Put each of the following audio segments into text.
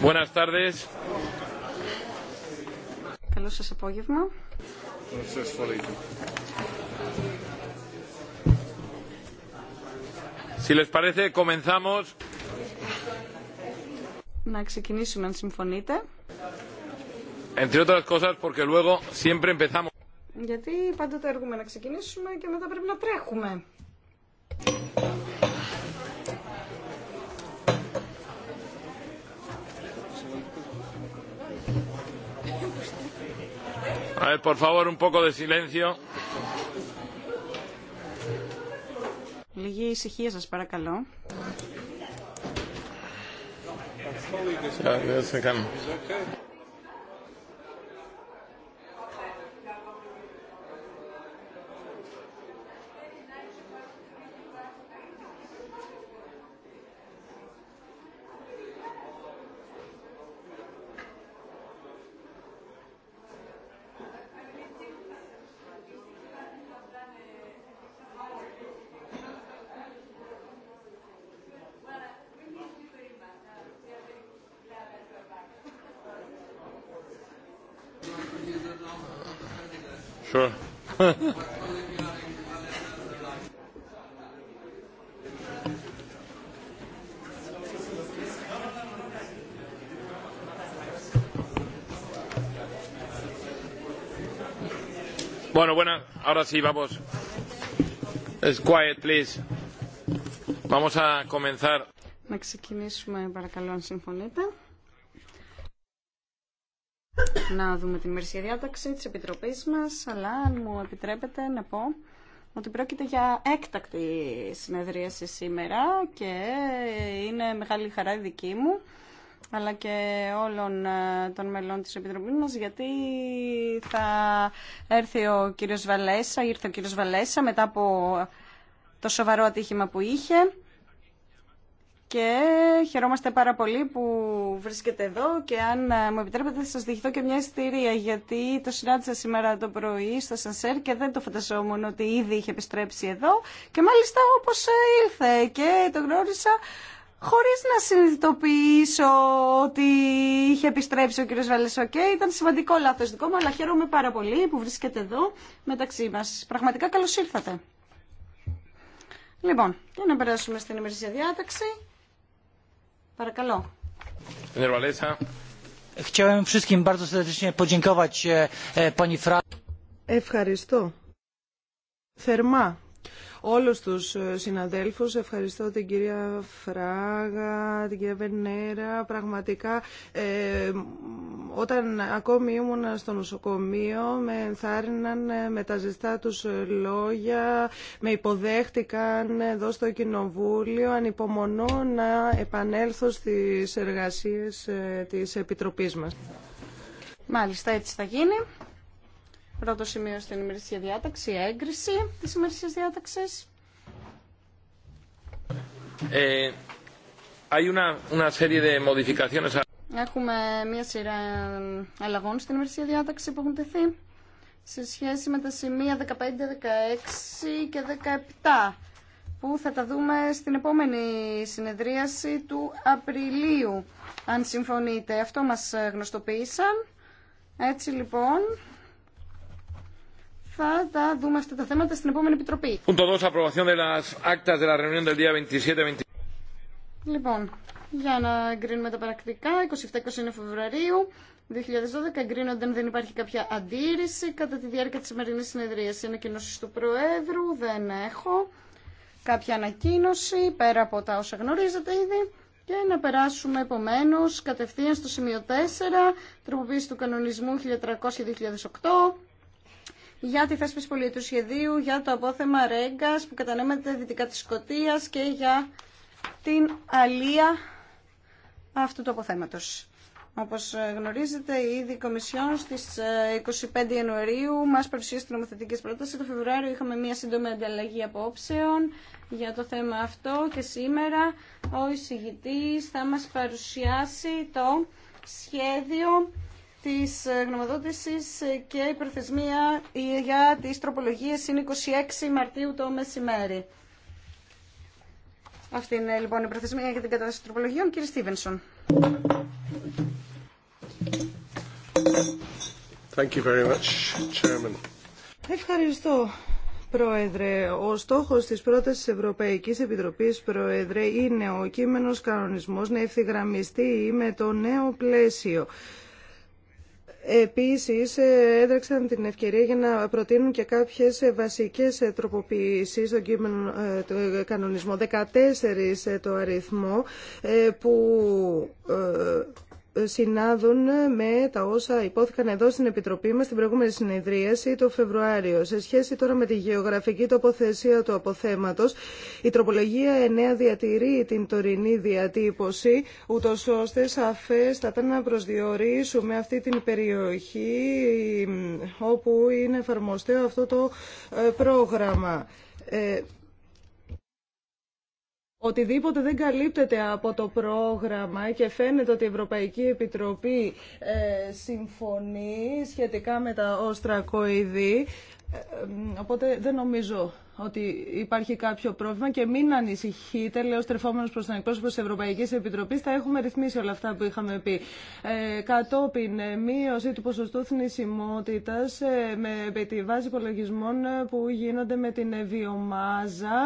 Buenas tardes. Καλό σας απόγευμα. Si les parece, comenzamos. Να ξεκινήσουμε αν συμφωνείτε. Entre otras cosas porque luego siempre empezamos. Γιατί πάντοτε έργουμε να ξεκινήσουμε και μετά πρέπει να τρέχουμε. A ver, por favor, un poco de silencio. Λίγη ησυχία σας παρακαλώ. Yeah, Bueno, bueno, ahora sí, vamos. Es quiet, please. Vamos a comenzar. Να ξεκινήσουμε, παρακαλώ, αν συμφωνείτε. να δούμε την ημερησία διάταξη της Επιτροπής μας, αλλά αν μου επιτρέπετε να πω ότι πρόκειται για έκτακτη συνεδρίαση σήμερα και είναι μεγάλη χαρά η δική μου αλλά και όλων ε, των μελών της Επιτροπής μας, γιατί θα έρθει ο κύριος Βαλέσα, ήρθε ο κύριος Βαλέσα μετά από το σοβαρό ατύχημα που είχε και χαιρόμαστε πάρα πολύ που βρίσκεται εδώ και αν ε, μου επιτρέπετε θα σας διηγηθώ και μια ειστηρία γιατί το συνάντησα σήμερα το πρωί στο Σανσέρ και δεν το φανταζόμουν ότι ήδη είχε επιστρέψει εδώ και μάλιστα όπως ε, ήλθε και το γνώρισα χωρίς να συνειδητοποιήσω ότι είχε επιστρέψει ο κύριος Βαλεσό και ήταν σημαντικό λάθος δικό μου αλλά χαίρομαι πάρα πολύ που βρίσκεται εδώ μεταξύ μας. Πραγματικά καλώς ήρθατε. Λοιπόν, για να περάσουμε στην ημερήσια διάταξη. Παρακαλώ. E, e, Ευχαριστώ. Θερμά όλους τους ε, συναδέλφους. Ευχαριστώ την κυρία Φράγα, την κυρία Βενέρα. Πραγματικά, ε, όταν ακόμη ήμουνα στο νοσοκομείο, με ενθάρρυναν ε, με τα ζεστά τους λόγια, με υποδέχτηκαν εδώ στο Κοινοβούλιο. Ανυπομονώ να επανέλθω στις εργασίες της Επιτροπής μας. Μάλιστα, έτσι θα γίνει. Πρώτο σημείο στην ημερησία διάταξη, έγκριση της ημερησίας διάταξης. Ε, Έχουμε μία σειρά αλλαγών στην ημερησία διάταξη που έχουν τεθεί σε σχέση με τα σημεία 15, 16 και 17 που θα τα δούμε στην επόμενη συνεδρίαση του Απριλίου, αν συμφωνείτε. Αυτό μας γνωστοποίησαν. Έτσι λοιπόν, θα τα δούμε αυτά τα θέματα στην επόμενη επιτροπή. Λοιπόν, για να εγκρίνουμε τα παρακτικά, 27-29 Φεβρουαρίου 2012 εγκρίνονται αν δεν υπάρχει κάποια αντίρρηση κατά τη διάρκεια της σημερινής συνεδρίας. ανακοινώσει του Προέδρου δεν έχω. Κάποια ανακοίνωση πέρα από τα όσα γνωρίζετε ήδη. Και να περάσουμε επομένω κατευθείαν στο σημείο 4, τροποποίηση του κανονισμού 1300-2008 για τη θέσπιση πολιτικού σχεδίου, για το απόθεμα Ρέγκα που κατανέμεται δυτικά τη Σκωτία και για την αλία αυτού του αποθέματο. Όπω γνωρίζετε, ήδη η Κομισιόν στι 25 ε, Ιανουαρίου μα παρουσίασε την νομοθετική πρόταση. Το Φεβρουάριο είχαμε μία σύντομη ανταλλαγή απόψεων για το θέμα αυτό και σήμερα ο εισηγητή θα μα παρουσιάσει το σχέδιο της ε, γνωμοδότησης και η προθεσμία για τις τροπολογίες είναι 26 Μαρτίου το μεσημέρι. Αυτή είναι λοιπόν η προθεσμία για την κατάσταση τροπολογιών. Κύριε Στίβενσον. Thank you very much, Chairman. Ευχαριστώ. Πρόεδρε, ο στόχος της πρώτης Ευρωπαϊκής Επιτροπής, Πρόεδρε, είναι ο κείμενος κανονισμός να ευθυγραμμιστεί με το νέο πλαίσιο Επίση, ε, έδραξαν την ευκαιρία για να προτείνουν και κάποιες ε, βασικές ε, τροποποίησει στον κείμενο του κανονισμού. 14 το αριθμό που συνάδουν με τα όσα υπόθηκαν εδώ στην Επιτροπή μας στην προηγούμενη συνεδρίαση το Φεβρουάριο. Σε σχέση τώρα με τη γεωγραφική τοποθεσία του αποθέματος, η τροπολογία 9 διατηρεί την τωρινή διατύπωση, ούτω ώστε σαφέστατα να προσδιορίσουμε αυτή την περιοχή ε, όπου είναι εφαρμοστέο αυτό το ε, πρόγραμμα. Ε, Οτιδήποτε δεν καλύπτεται από το πρόγραμμα και φαίνεται ότι η Ευρωπαϊκή Επιτροπή ε, συμφωνεί σχετικά με τα οστρακοειδή ε, ε, οπότε δεν νομίζω ότι υπάρχει κάποιο πρόβλημα και μην ανησυχείτε, λέω στρεφόμενος προς τον εκπρόσωπο της Ευρωπαϊκής Επιτροπής, θα έχουμε ρυθμίσει όλα αυτά που είχαμε πει. Ε, κατόπιν, ε, μείωση του ποσοστού θνησιμότητας με τη βάση υπολογισμών που γίνονται με την βιομάζα,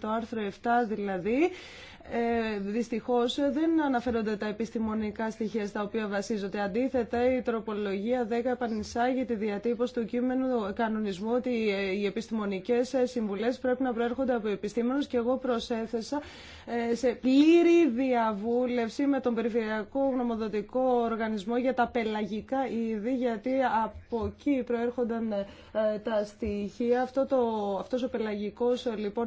το άρθρο 7 δηλαδή, ε, δυστυχώς δεν αναφέρονται τα επιστημονικά στοιχεία στα οποία βασίζονται. Αντίθετα, η τροπολογία 10 επανεισάγει τη διατύπωση του κείμενου κανονισμού ότι ε, οι επιστημονικές ε, συμβουλές πρέπει να προέρχονται από επιστήμονες και εγώ προσέθεσα ε, σε πλήρη διαβούλευση με τον Περιφερειακό Γνωμοδοτικό Οργανισμό για τα πελαγικά είδη, γιατί από εκεί προέρχονταν τα στοιχεία. Αυτό το, αυτός ο πελαγικός λοιπόν,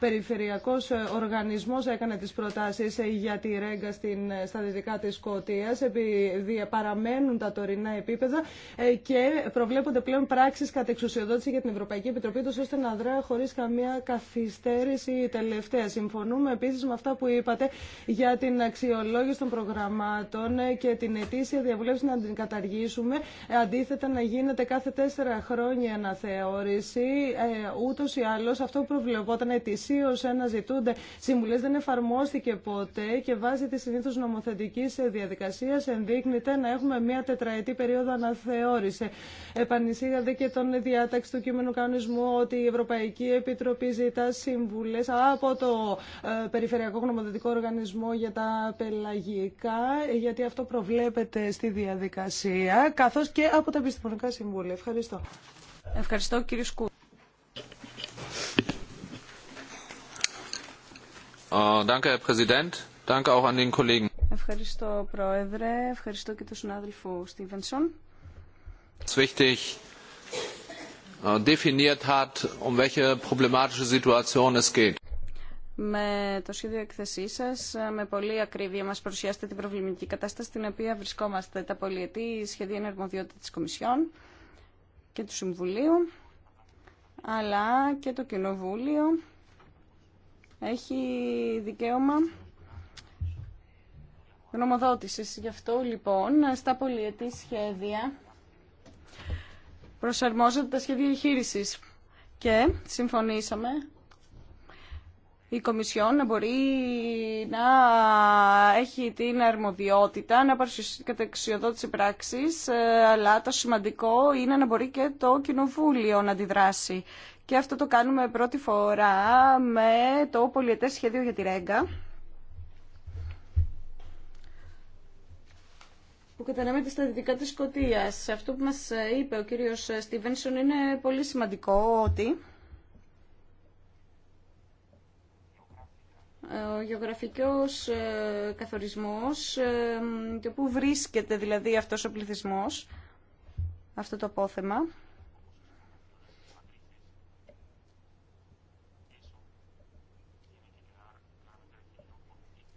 περιφερειακός οργανισμός έκανε τις προτάσεις ε, για τη Ρέγκα στην, ε, στα δυτικά της Σκοτίας επειδή παραμένουν τα τωρινά επίπεδα ε, και προβλέπονται πλέον πράξεις κατ' εξουσιοδότηση για την Ευρωπαϊκή Επιτροπή τους ώστε να δράει χωρίς καμία καθυστέρηση τελευταία. Συμφωνούμε επίσης με αυτά που είπατε για την αξιολόγηση των προγραμμάτων και την αιτήσια διαβούλευση να την καταργήσουμε. Αντίθετα να γίνεται κάθε τέσσερα χρόνια αναθεώρηση. Ούτως ή άλλως αυτό προβλεπόταν ετησίως ένα ζητούνται συμβουλές δεν εφαρμόστηκε ποτέ και βάσει τη συνήθω νομοθετική διαδικασία ενδείκνυται να έχουμε μια τετραετή περίοδο αναθεώρηση. Επανησύγατε και τον διάταξη του κείμενου κανονισμού ότι η Ευρωπαϊκή Επιτροπή ζητά συμβουλές από το ε, Περιφερειακό Γνωμοδοτικό Οργανισμό για τα πελαγικά, γιατί αυτό προβλέπεται στη διαδικασία, καθώ και από τα επιστημονικά συμβούλια. Ευχαριστώ. Ευχαριστώ κύριε Äh, Ευχαριστώ, Πρόεδρε. Ευχαριστώ και τον συνάδελφο Στίβενσον. Με το σχέδιο εκθεσή σα, ε, με πολύ ακρίβεια μα παρουσιάσετε την προβληματική κατάσταση στην οποία βρισκόμαστε. Τα πολιετή σχεδία είναι τη Κομισιόν και του Συμβουλίου, αλλά και το Κοινοβούλιο έχει δικαίωμα γνωμοδότησης. Γι' αυτό λοιπόν στα πολιετή σχέδια προσαρμόζονται τα σχέδια εγχείρησης. και συμφωνήσαμε η Κομισιόν να μπορεί να έχει την αρμοδιότητα να παρουσιάσει κατεξιοδότηση πράξης, ε, αλλά το σημαντικό είναι να μπορεί και το Κοινοβούλιο να αντιδράσει και αυτό το κάνουμε πρώτη φορά με το πολιετές σχέδιο για τη Ρέγκα. που κατανέμεται στα δυτικά της Σκοτίας. Αυτό που μας είπε ο κύριος Στίβενσον είναι πολύ σημαντικό ότι ο γεωγραφικός ε, καθορισμός, ε, και που βρίσκεται δηλαδή αυτός ο πληθυσμός, αυτό το απόθεμα,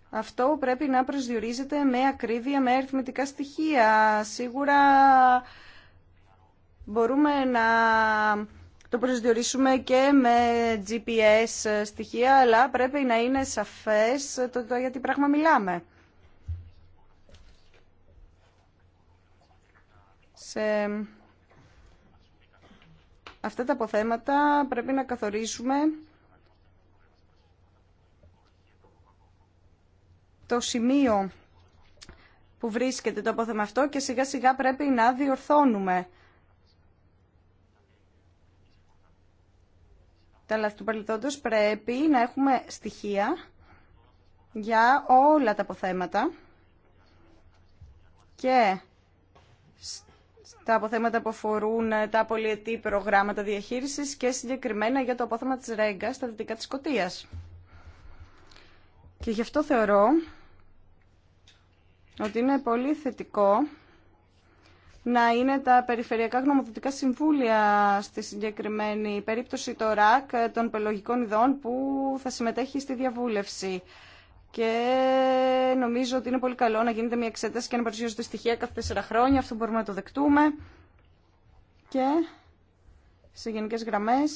αυτό πρέπει να προσδιορίζεται με ακρίβεια, με αριθμητικά στοιχεία. Σίγουρα μπορούμε να το προσδιορίσουμε και με GPS στοιχεία, αλλά πρέπει να είναι σαφές το, το για πράγμα μιλάμε. Σε αυτά τα αποθέματα πρέπει να καθορίσουμε το σημείο που βρίσκεται το απόθεμα αυτό και σιγά σιγά πρέπει να διορθώνουμε. Τα λάθη του πρέπει να έχουμε στοιχεία για όλα τα αποθέματα και τα αποθέματα που αφορούν τα πολυετή προγράμματα διαχείρισης και συγκεκριμένα για το απόθεμα της Ρέγκα στα δυτικά της Σκοτίας. Και γι' αυτό θεωρώ ότι είναι πολύ θετικό να είναι τα περιφερειακά γνωμοδοτικά συμβούλια στη συγκεκριμένη περίπτωση το ΡΑΚ των πελογικών ειδών που θα συμμετέχει στη διαβούλευση. Και νομίζω ότι είναι πολύ καλό να γίνεται μια εξέταση και να παρουσιάζονται στοιχεία κάθε τέσσερα χρόνια. Αυτό μπορούμε να το δεκτούμε. Και σε γενικές γραμμές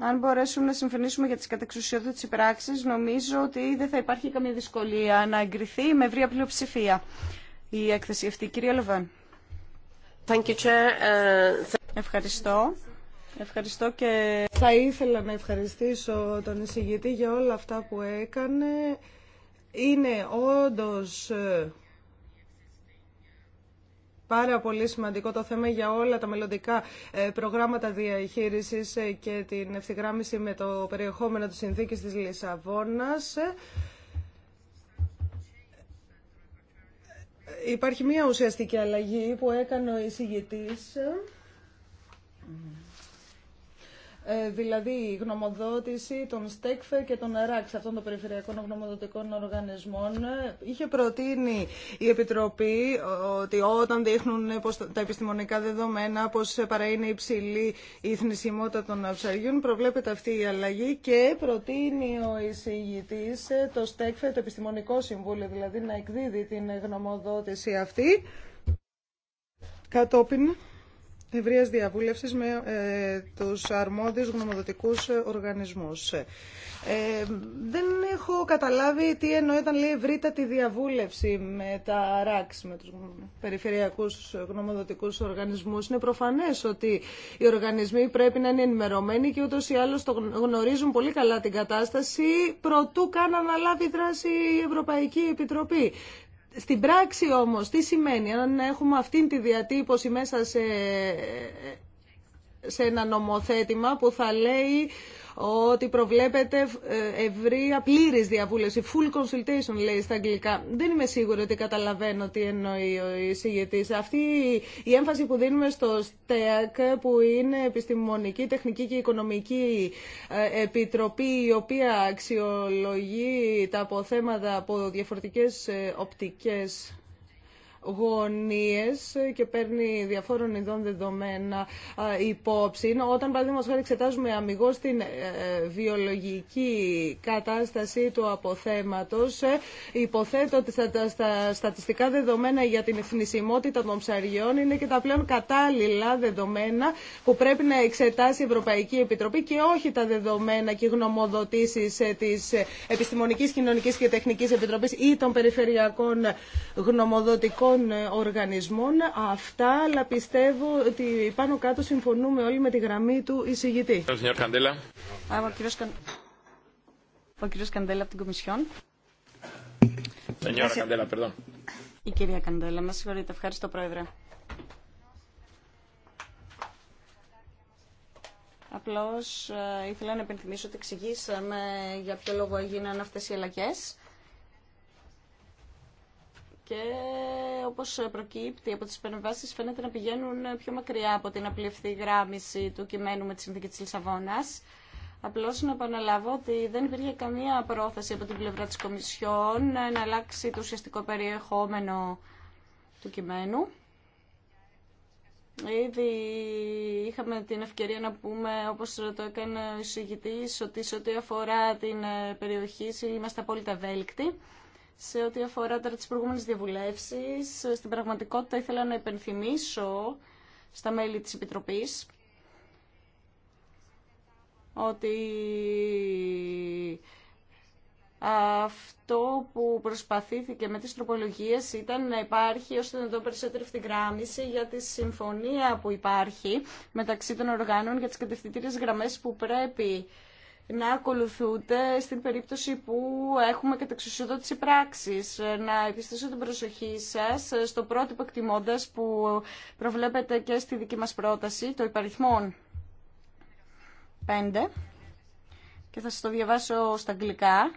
αν μπορέσουμε να συμφωνήσουμε για τις κατεξουσιοδότηση πράξεις, νομίζω ότι δεν θα υπάρχει καμία δυσκολία να εγκριθεί με ευρία πλειοψηφία η έκθεση αυτή. Κυρία Λεβάν. Ε, Ευχαριστώ. Ευχαριστώ και... Θα ήθελα να ευχαριστήσω τον εισηγητή για όλα αυτά που έκανε. Είναι όντως ε, πάρα πολύ σημαντικό το θέμα για όλα τα μελλοντικά ε, προγράμματα διαχείρισης ε, και την ευθυγράμμιση με το περιεχόμενο της συνθήκης της Λισαβόνας. Ε, υπάρχει μία ουσιαστική αλλαγή που έκανε ο εισηγητής. Ε, δηλαδή η γνωμοδότηση των ΣΤΕΚΦΕ και των σε αυτών των περιφερειακών γνωμοδοτικών οργανισμών. Είχε προτείνει η Επιτροπή ότι όταν δείχνουν ε, τα επιστημονικά δεδομένα πως ε, παρά είναι υψηλή η θνησιμότητα των ψαριών, προβλέπεται αυτή η αλλαγή και προτείνει ο εισηγητής το ΣΤΕΚΦΕ, το Επιστημονικό Συμβούλιο δηλαδή, να εκδίδει την γνωμοδότηση αυτή. Κατόπιν ευρεία διαβούλευση με ε, τους αρμόδιους γνωμοδοτικούς οργανισμούς. Ε, δεν έχω καταλάβει τι εννοεί όταν λέει ευρύτατη διαβούλευση με τα ΡΑΚΣ, με τους περιφερειακούς γνωμοδοτικούς οργανισμούς. Είναι προφανές ότι οι οργανισμοί πρέπει να είναι ενημερωμένοι και ούτως ή άλλως το γνωρίζουν πολύ καλά την κατάσταση προτού καν αναλάβει δράση η Ευρωπαϊκή Επιτροπή. Στην πράξη όμως τι σημαίνει αν έχουμε αυτή τη διατύπωση μέσα σε, σε ένα νομοθέτημα που θα λέει ότι προβλέπεται ε, ευρία πλήρης διαβούλευση, full consultation λέει στα αγγλικά. Δεν είμαι σίγουρη ότι καταλαβαίνω τι εννοεί ο εισηγητής. Αυτή η έμφαση που δίνουμε στο ΣΤΕΑΚ που είναι επιστημονική, τεχνική και οικονομική ε, επιτροπή η οποία αξιολογεί τα αποθέματα από διαφορετικές ε, οπτικές γωνίες και παίρνει διαφόρων ειδών δεδομένα υπόψη. Όταν, παραδείγματος χάρη, εξετάζουμε αμυγός την ε, βιολογική κατάσταση του αποθέματος, ε, υποθέτω ότι στα στατιστικά δεδομένα για την εθνισιμότητα των ψαριών είναι και τα πλέον κατάλληλα δεδομένα που πρέπει να εξετάσει η Ευρωπαϊκή Επιτροπή και όχι τα δεδομένα και γνωμοδοτήσεις ε, της Επιστημονικής, Κοινωνικής και Τεχνικής Επιτροπής ή των περιφερειακών γνωμοδοτικών των οργανισμών αυτά, αλλά πιστεύω ότι πάνω κάτω συμφωνούμε όλοι με τη γραμμή του εισηγητή. Ο κ. ο κύριος Καντέλα από την Κομισιόν. Καντέλα, perdón. Η κυρία Καντέλα, με συγχωρείτε. Ευχαριστώ, Πρόεδρε. Απλώς ε, ήθελα να επενθυμίσω ότι εξηγήσαμε για ποιο λόγο έγιναν αυτές οι αλλαγές και όπως προκύπτει από τις παρεμβάσεις φαίνεται να πηγαίνουν πιο μακριά από την απλή ευθυγράμμιση του κειμένου με τη συνθήκη της Λισαβόνας. Απλώς να επαναλάβω ότι δεν υπήρχε καμία πρόθεση από την πλευρά της Κομισιόν να αλλάξει το ουσιαστικό περιεχόμενο του κειμένου. Ήδη είχαμε την ευκαιρία να πούμε, όπως το έκανε ο εισηγητής, ότι σε ό,τι αφορά την περιοχή είμαστε απόλυτα ευέλικτοι σε ό,τι αφορά τώρα τις προηγούμενες διαβουλεύσεις, στην πραγματικότητα ήθελα να υπενθυμίσω στα μέλη της Επιτροπής ότι αυτό που προσπαθήθηκε με τις τροπολογίες ήταν να υπάρχει ώστε να δω περισσότερη ευθυγράμμιση για τη συμφωνία που υπάρχει μεταξύ των οργάνων για τις κατευθυντήριες γραμμές που πρέπει να ακολουθούνται στην περίπτωση που έχουμε καταξουσιοδότηση πράξης. Ε, να επιστήσω την προσοχή σας ε, στο πρότυπο εκτιμώντας που προβλέπετε και στη δική μας πρόταση, το υπαριθμόν 5 και θα σας το διαβάσω στα αγγλικά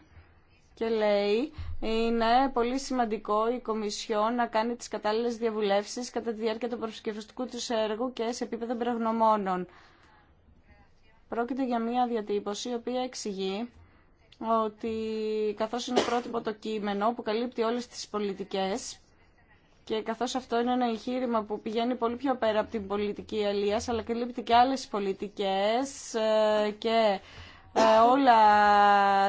και λέει είναι πολύ σημαντικό η Κομισιόν να κάνει τις κατάλληλες διαβουλεύσεις κατά τη διάρκεια του προσκευαστικού του έργου και σε επίπεδο εμπειρογνωμόνων. Πρόκειται για μια διατύπωση η οποία εξηγεί ότι καθώς είναι πρότυπο το κείμενο που καλύπτει όλες τις πολιτικές και καθώς αυτό είναι ένα εγχείρημα που πηγαίνει πολύ πιο πέρα από την πολιτική αλίας αλλά καλύπτει και άλλες πολιτικές ε, και ε, όλα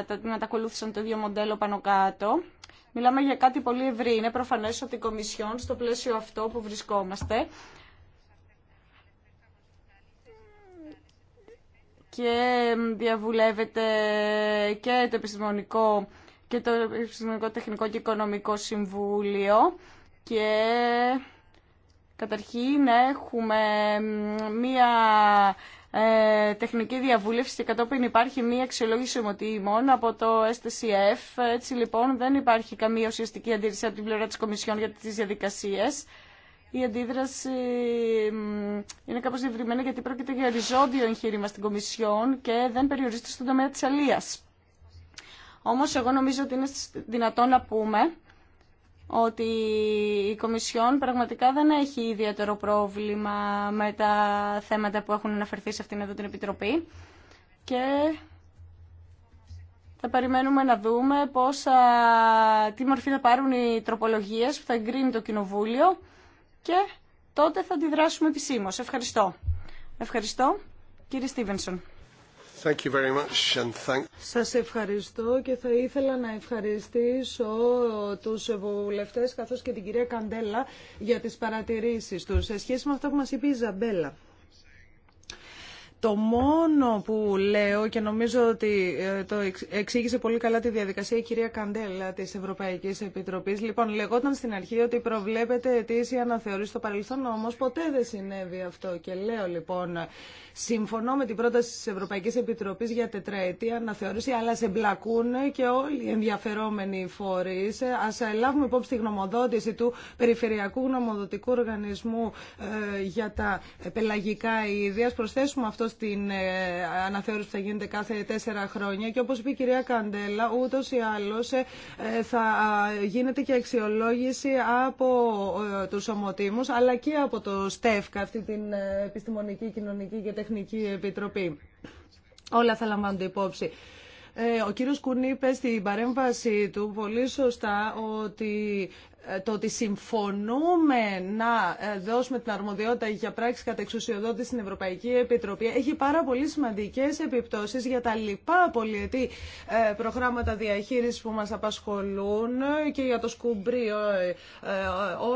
τα τμήματα ακολούθησαν το ίδιο μοντέλο πάνω κάτω. Μιλάμε για κάτι πολύ ευρύ. Είναι προφανές ότι η Κομισιόν στο πλαίσιο αυτό που βρισκόμαστε και διαβουλεύεται και το επιστημονικό και το επιστημονικό τεχνικό και οικονομικό συμβούλιο και καταρχήν έχουμε μία ε, τεχνική διαβούλευση και κατόπιν υπάρχει μία αξιολόγηση ομοτήμων από το STCF. Έτσι λοιπόν δεν υπάρχει καμία ουσιαστική αντίρρηση από την πλευρά της Κομισιόν για τις διαδικασίες η αντίδραση είναι κάπως διευρυμένη γιατί πρόκειται για οριζόντιο εγχείρημα στην Κομισιόν και δεν περιορίζεται στον τομέα της αλίας. Όμως εγώ νομίζω ότι είναι δυνατό να πούμε ότι η Κομισιόν πραγματικά δεν έχει ιδιαίτερο πρόβλημα με τα θέματα που έχουν αναφερθεί σε αυτήν εδώ την Επιτροπή και θα περιμένουμε να δούμε πώς, τι μορφή θα πάρουν οι τροπολογίες που θα εγκρίνει το Κοινοβούλιο και τότε θα αντιδράσουμε επισήμω. Ευχαριστώ. Ευχαριστώ, κύριε Στίβενσον. Thank you very much and thank... Σας ευχαριστώ και θα ήθελα να ευχαριστήσω τους βουλευτές καθώς και την κυρία Καντέλα για τις παρατηρήσεις τους σε σχέση με αυτό που μας είπε η Ζαμπέλα. Το μόνο που λέω και νομίζω ότι ε, το εξήγησε πολύ καλά τη διαδικασία η κυρία Καντέλα της Ευρωπαϊκής Επιτροπής. Λοιπόν, λεγόταν στην αρχή ότι προβλέπεται αιτήσια αναθεώρηση στο παρελθόν, όμως ποτέ δεν συνέβη αυτό. Και λέω λοιπόν, συμφωνώ με την πρόταση της Ευρωπαϊκής Επιτροπής για τετραετία αναθεώρηση, αλλά σε μπλακούν και όλοι οι ενδιαφερόμενοι φορεί. Ας ε, λάβουμε υπόψη τη γνωμοδότηση του Περιφερειακού Γνωμοδοτικού Οργανισμού ε, για τα πελαγικά είδη. προσθέσουμε αυτό στην ε, αναθεώρηση που θα γίνεται κάθε τέσσερα χρόνια και όπως είπε η κυρία Καντέλα, ούτως ή άλλως ε, θα γίνεται και αξιολόγηση από ε, τους ομοτήμους αλλά και από το ΣΤΕΦΚΑ, αυτή την Επιστημονική, Κοινωνική και Τεχνική Επιτροπή. Όλα θα λαμβάνονται υπόψη. Ο κύριος Κουνή είπε στην παρέμβασή του πολύ σωστά ότι το ότι συμφωνούμε να ε, δώσουμε την αρμοδιότητα για πράξη κατά εξουσιοδότηση στην Ευρωπαϊκή Επιτροπή έχει πάρα πολύ σημαντικέ επιπτώσεις για τα λοιπά πολιετή ε, προγράμματα διαχείρισης που μας απασχολούν και για το σκουμπρί ε,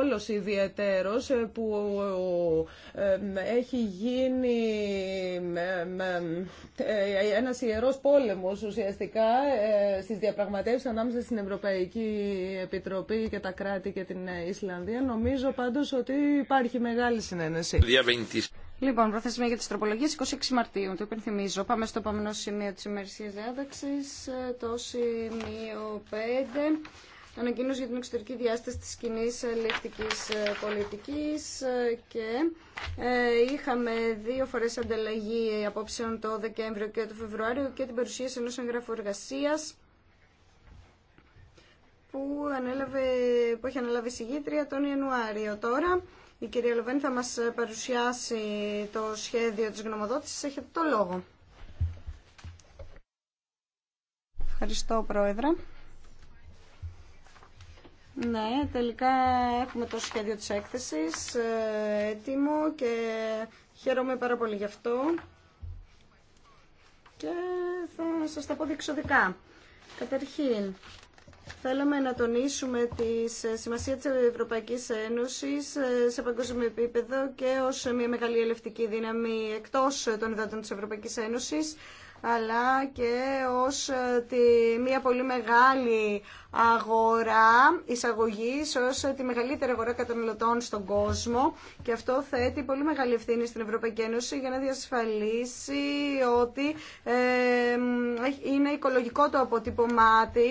όλο ιδιαίτερο που έχει γίνει ένας ιερό πόλεμος ουσιαστικά στι διαπραγματεύσει ανάμεσα στην Ευρωπαϊκή Επιτροπή και τα κράτη κάτι και την ε, Ισλανδία. Νομίζω πάντω ότι υπάρχει μεγάλη συνένεση. Λοιπόν, προθεσμία για τι τροπολογίε 26 Μαρτίου, το υπενθυμίζω. Πάμε στο επόμενο σημείο τη ημερησία διάταξη, ε, το σημείο 5. Ανακοίνωση για την εξωτερική διάσταση της κοινή ελεκτική ε, πολιτικής και είχαμε δύο φορές ανταλλαγή απόψεων το Δεκέμβριο και το Φεβρουάριο και την παρουσίαση ενός εγγράφου εργασία που, ανέλαβε, που έχει αναλάβει συγγήτρια τον Ιανουάριο. Τώρα η κυρία Λοβέν θα μας παρουσιάσει το σχέδιο της γνωμοδότησης. Έχετε το λόγο. Ευχαριστώ, Πρόεδρε. Ναι, τελικά έχουμε το σχέδιο της έκθεσης ε, έτοιμο και χαίρομαι πάρα πολύ γι' αυτό. Και θα σας τα πω διεξοδικά. Καταρχήν, Θέλαμε να τονίσουμε τη σημασία της Ευρωπαϊκής Ένωσης σε παγκόσμιο επίπεδο και ως μια μεγάλη ελευτική δύναμη εκτός των υδάτων της Ευρωπαϊκής Ένωσης αλλά και ως ε, τη, μια πολύ μεγάλη αγορά εισαγωγής ως ε, τη μεγαλύτερη αγορά καταναλωτών στον κόσμο και αυτό θέτει πολύ μεγάλη ευθύνη στην Ευρωπαϊκή Ένωση για να διασφαλίσει ότι ε, είναι οικολογικό το αποτύπωμά τη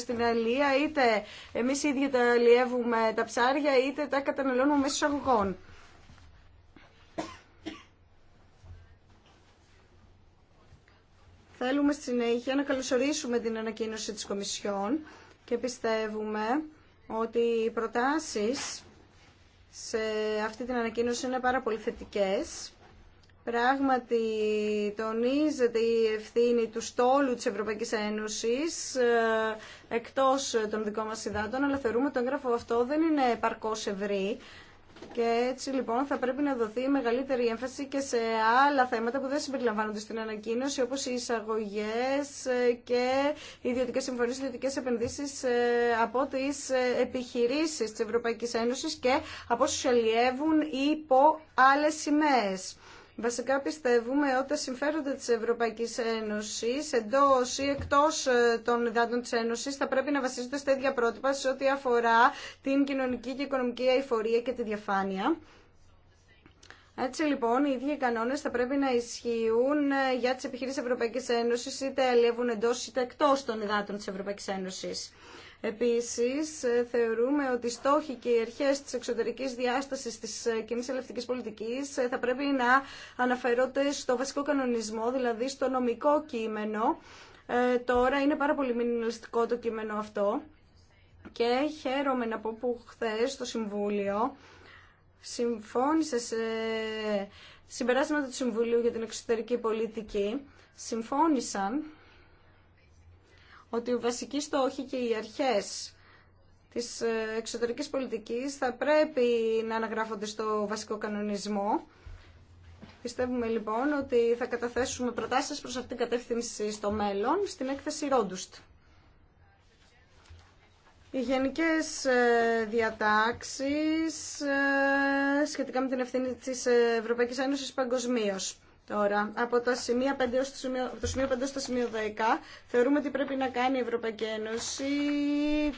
στην αλία είτε εμείς ίδιοι τα αλλιεύουμε τα ψάρια είτε τα καταναλώνουμε μέσω αγωγών. Θέλουμε στη συνέχεια να καλωσορίσουμε την ανακοίνωση της Κομισιόν και πιστεύουμε ότι οι προτάσεις σε αυτή την ανακοίνωση είναι πάρα πολύ θετικές. Πράγματι τονίζεται η ευθύνη του στόλου της Ευρωπαϊκής Ένωσης ε, εκτός των δικών μας υδάτων, αλλά θεωρούμε ότι το έγγραφο αυτό δεν είναι επαρκώς ευρύ, και έτσι λοιπόν θα πρέπει να δοθεί μεγαλύτερη έμφαση και σε άλλα θέματα που δεν συμπεριλαμβάνονται στην ανακοίνωση, όπως οι εισαγωγές ε, και οι ιδιωτικές συμφωνίες, οι ιδιωτικές επενδύσεις ε, από τις ε, επιχειρήσεις της Ευρωπαϊκής Ένωσης και από όσους αλλιεύουν υπό άλλες σημαίες. Βασικά πιστεύουμε ότι τα συμφέροντα της Ευρωπαϊκής Ένωσης εντός ή εκτός ε, των υδάτων της Ένωσης θα πρέπει να βασίζονται στα ίδια πρότυπα σε ό,τι αφορά την κοινωνική και οικονομική αηφορία και τη διαφάνεια. Έτσι λοιπόν, οι ίδιοι κανόνε θα πρέπει να ισχύουν ε, για τι επιχειρήσει Ευρωπαϊκή Ένωση, είτε αλλιεύουν εντό είτε εκτό των υδάτων τη Ευρωπαϊκή Ένωση. Επίσης, θεωρούμε ότι οι στόχοι και οι αρχές της εξωτερικής διάστασης της κοινή ελευθερικής πολιτικής θα πρέπει να αναφερόνται στο βασικό κανονισμό, δηλαδή στο νομικό κείμενο. Ε, τώρα είναι πάρα πολύ μινιμαλιστικό το κείμενο αυτό και χαίρομαι να πω που χθε το Συμβούλιο συμφώνησε σε συμπεράσματα του Συμβουλίου για την εξωτερική πολιτική συμφώνησαν ότι οι βασικοί στόχοι και οι αρχές της ε, εξωτερικής πολιτικής θα πρέπει να αναγράφονται στο βασικό κανονισμό. Πιστεύουμε λοιπόν ότι θα καταθέσουμε προτάσεις προς αυτήν την κατεύθυνση στο μέλλον στην έκθεση Ρόντουστ. Οι γενικές ε, διατάξεις ε, σχετικά με την ευθύνη της Ευρωπαϊκής Ένωσης παγκοσμίως. Τώρα, από, τα σημεία 5 το σημείο, το σημείο 5 στο σημείο 10, θεωρούμε ότι πρέπει να κάνει η Ευρωπαϊκή Ένωση,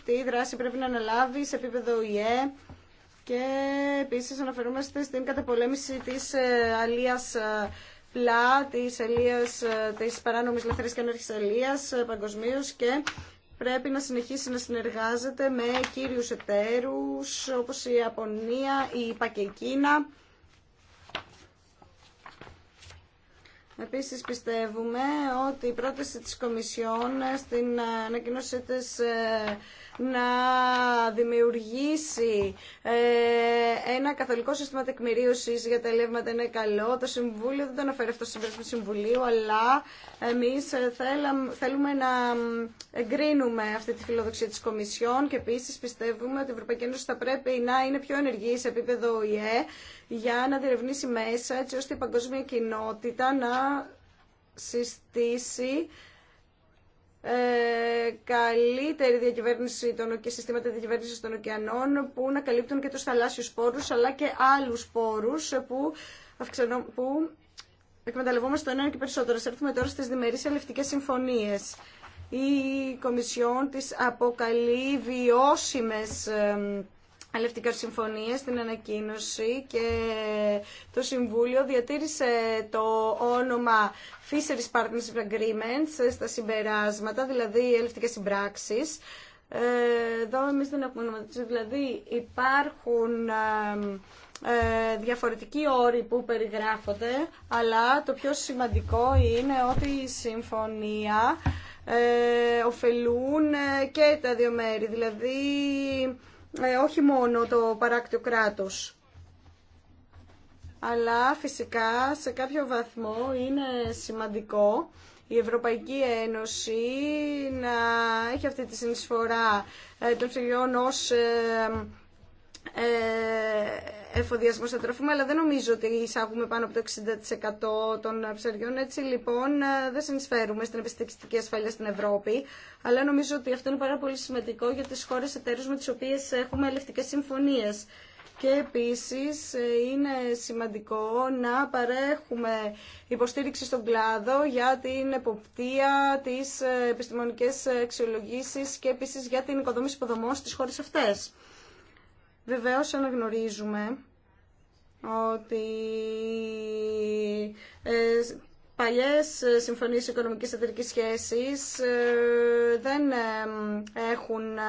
τι δράση πρέπει να αναλάβει σε επίπεδο ΙΕ και επίσης αναφερόμαστε στην καταπολέμηση της ε, αλίας ε, πλά, της, αλίας, ε, της παράνομης λαθρής και ανέρχης αλίας παγκοσμίω και πρέπει να συνεχίσει να συνεργάζεται με κύριους εταίρους όπως η Ιαπωνία, η Πακεκίνα. Επίσης πιστεύουμε ότι η πρόταση της Κομισιόν στην ανακοινώσή της ε, να δημιουργήσει ε, ένα καθολικό σύστημα τεκμηρίωσης για τα ελεύματα είναι καλό. Το Συμβούλιο δεν το αναφέρει αυτό στο Συμβούλιο, Συμβουλίου, αλλά εμείς ε, θέλουμε να εγκρίνουμε αυτή τη φιλοδοξία της Κομισιόν και επίσης πιστεύουμε ότι η Ευρωπαϊκή Ένωση θα πρέπει να είναι πιο ενεργή σε επίπεδο ΟΗΕ για να διερευνήσει μέσα έτσι ώστε η παγκόσμια κοινότητα να συστήσει ε, καλύτερη διακυβέρνηση των, και συστήματα διακυβέρνηση των ωκεανών που να καλύπτουν και τους θαλάσσιους πόρους αλλά και άλλους πόρους που, αυξανο, που εκμεταλλευόμαστε το ένα και περισσότερο. Έρθουμε τώρα στις διμερείς ελευτικές συμφωνίες. Η Κομισιόν της αποκαλεί βιώσιμες ε, Αλευτικές συμφωνίες την ανακοίνωση και το Συμβούλιο διατήρησε το όνομα Fisheries Partnership Agreements στα συμπεράσματα, δηλαδή αλευτικές συμπράξεις. Ε, εδώ εμείς δεν έχουμε ονοματίσει, δηλαδή υπάρχουν ε, διαφορετικοί όροι που περιγράφονται, αλλά το πιο σημαντικό είναι ότι η συμφωνία ε, ωφελούν ε, και τα δύο μέρη, δηλαδή ε, όχι μόνο το παράκτιο κράτος. Αλλά φυσικά σε κάποιο βαθμό είναι σημαντικό η Ευρωπαϊκή Ένωση να έχει αυτή τη συνεισφορά ε, των ψηλιών ως ε, εφοδιασμό στα τρόφιμα, αλλά δεν νομίζω ότι εισάγουμε πάνω από το 60% των ψαριών. Έτσι λοιπόν ε, δεν συνεισφέρουμε στην επιστημιστική ασφάλεια στην Ευρώπη. Αλλά νομίζω ότι αυτό είναι πάρα πολύ σημαντικό για τις χώρες εταίρου με τι οποίε έχουμε ελευτικέ συμφωνίε. Και επίσης ε, είναι σημαντικό να παρέχουμε υποστήριξη στον κλάδο για την εποπτεία, της ε, επιστημονικής αξιολογήσεις και επίσης για την οικοδόμηση υποδομών στις χώρες αυτές. Βεβαίως αναγνωρίζουμε ότι ε, παλιές συμφωνίες οικονομικής εταιρικής σχέσης ε, δεν ε, έχουν ε,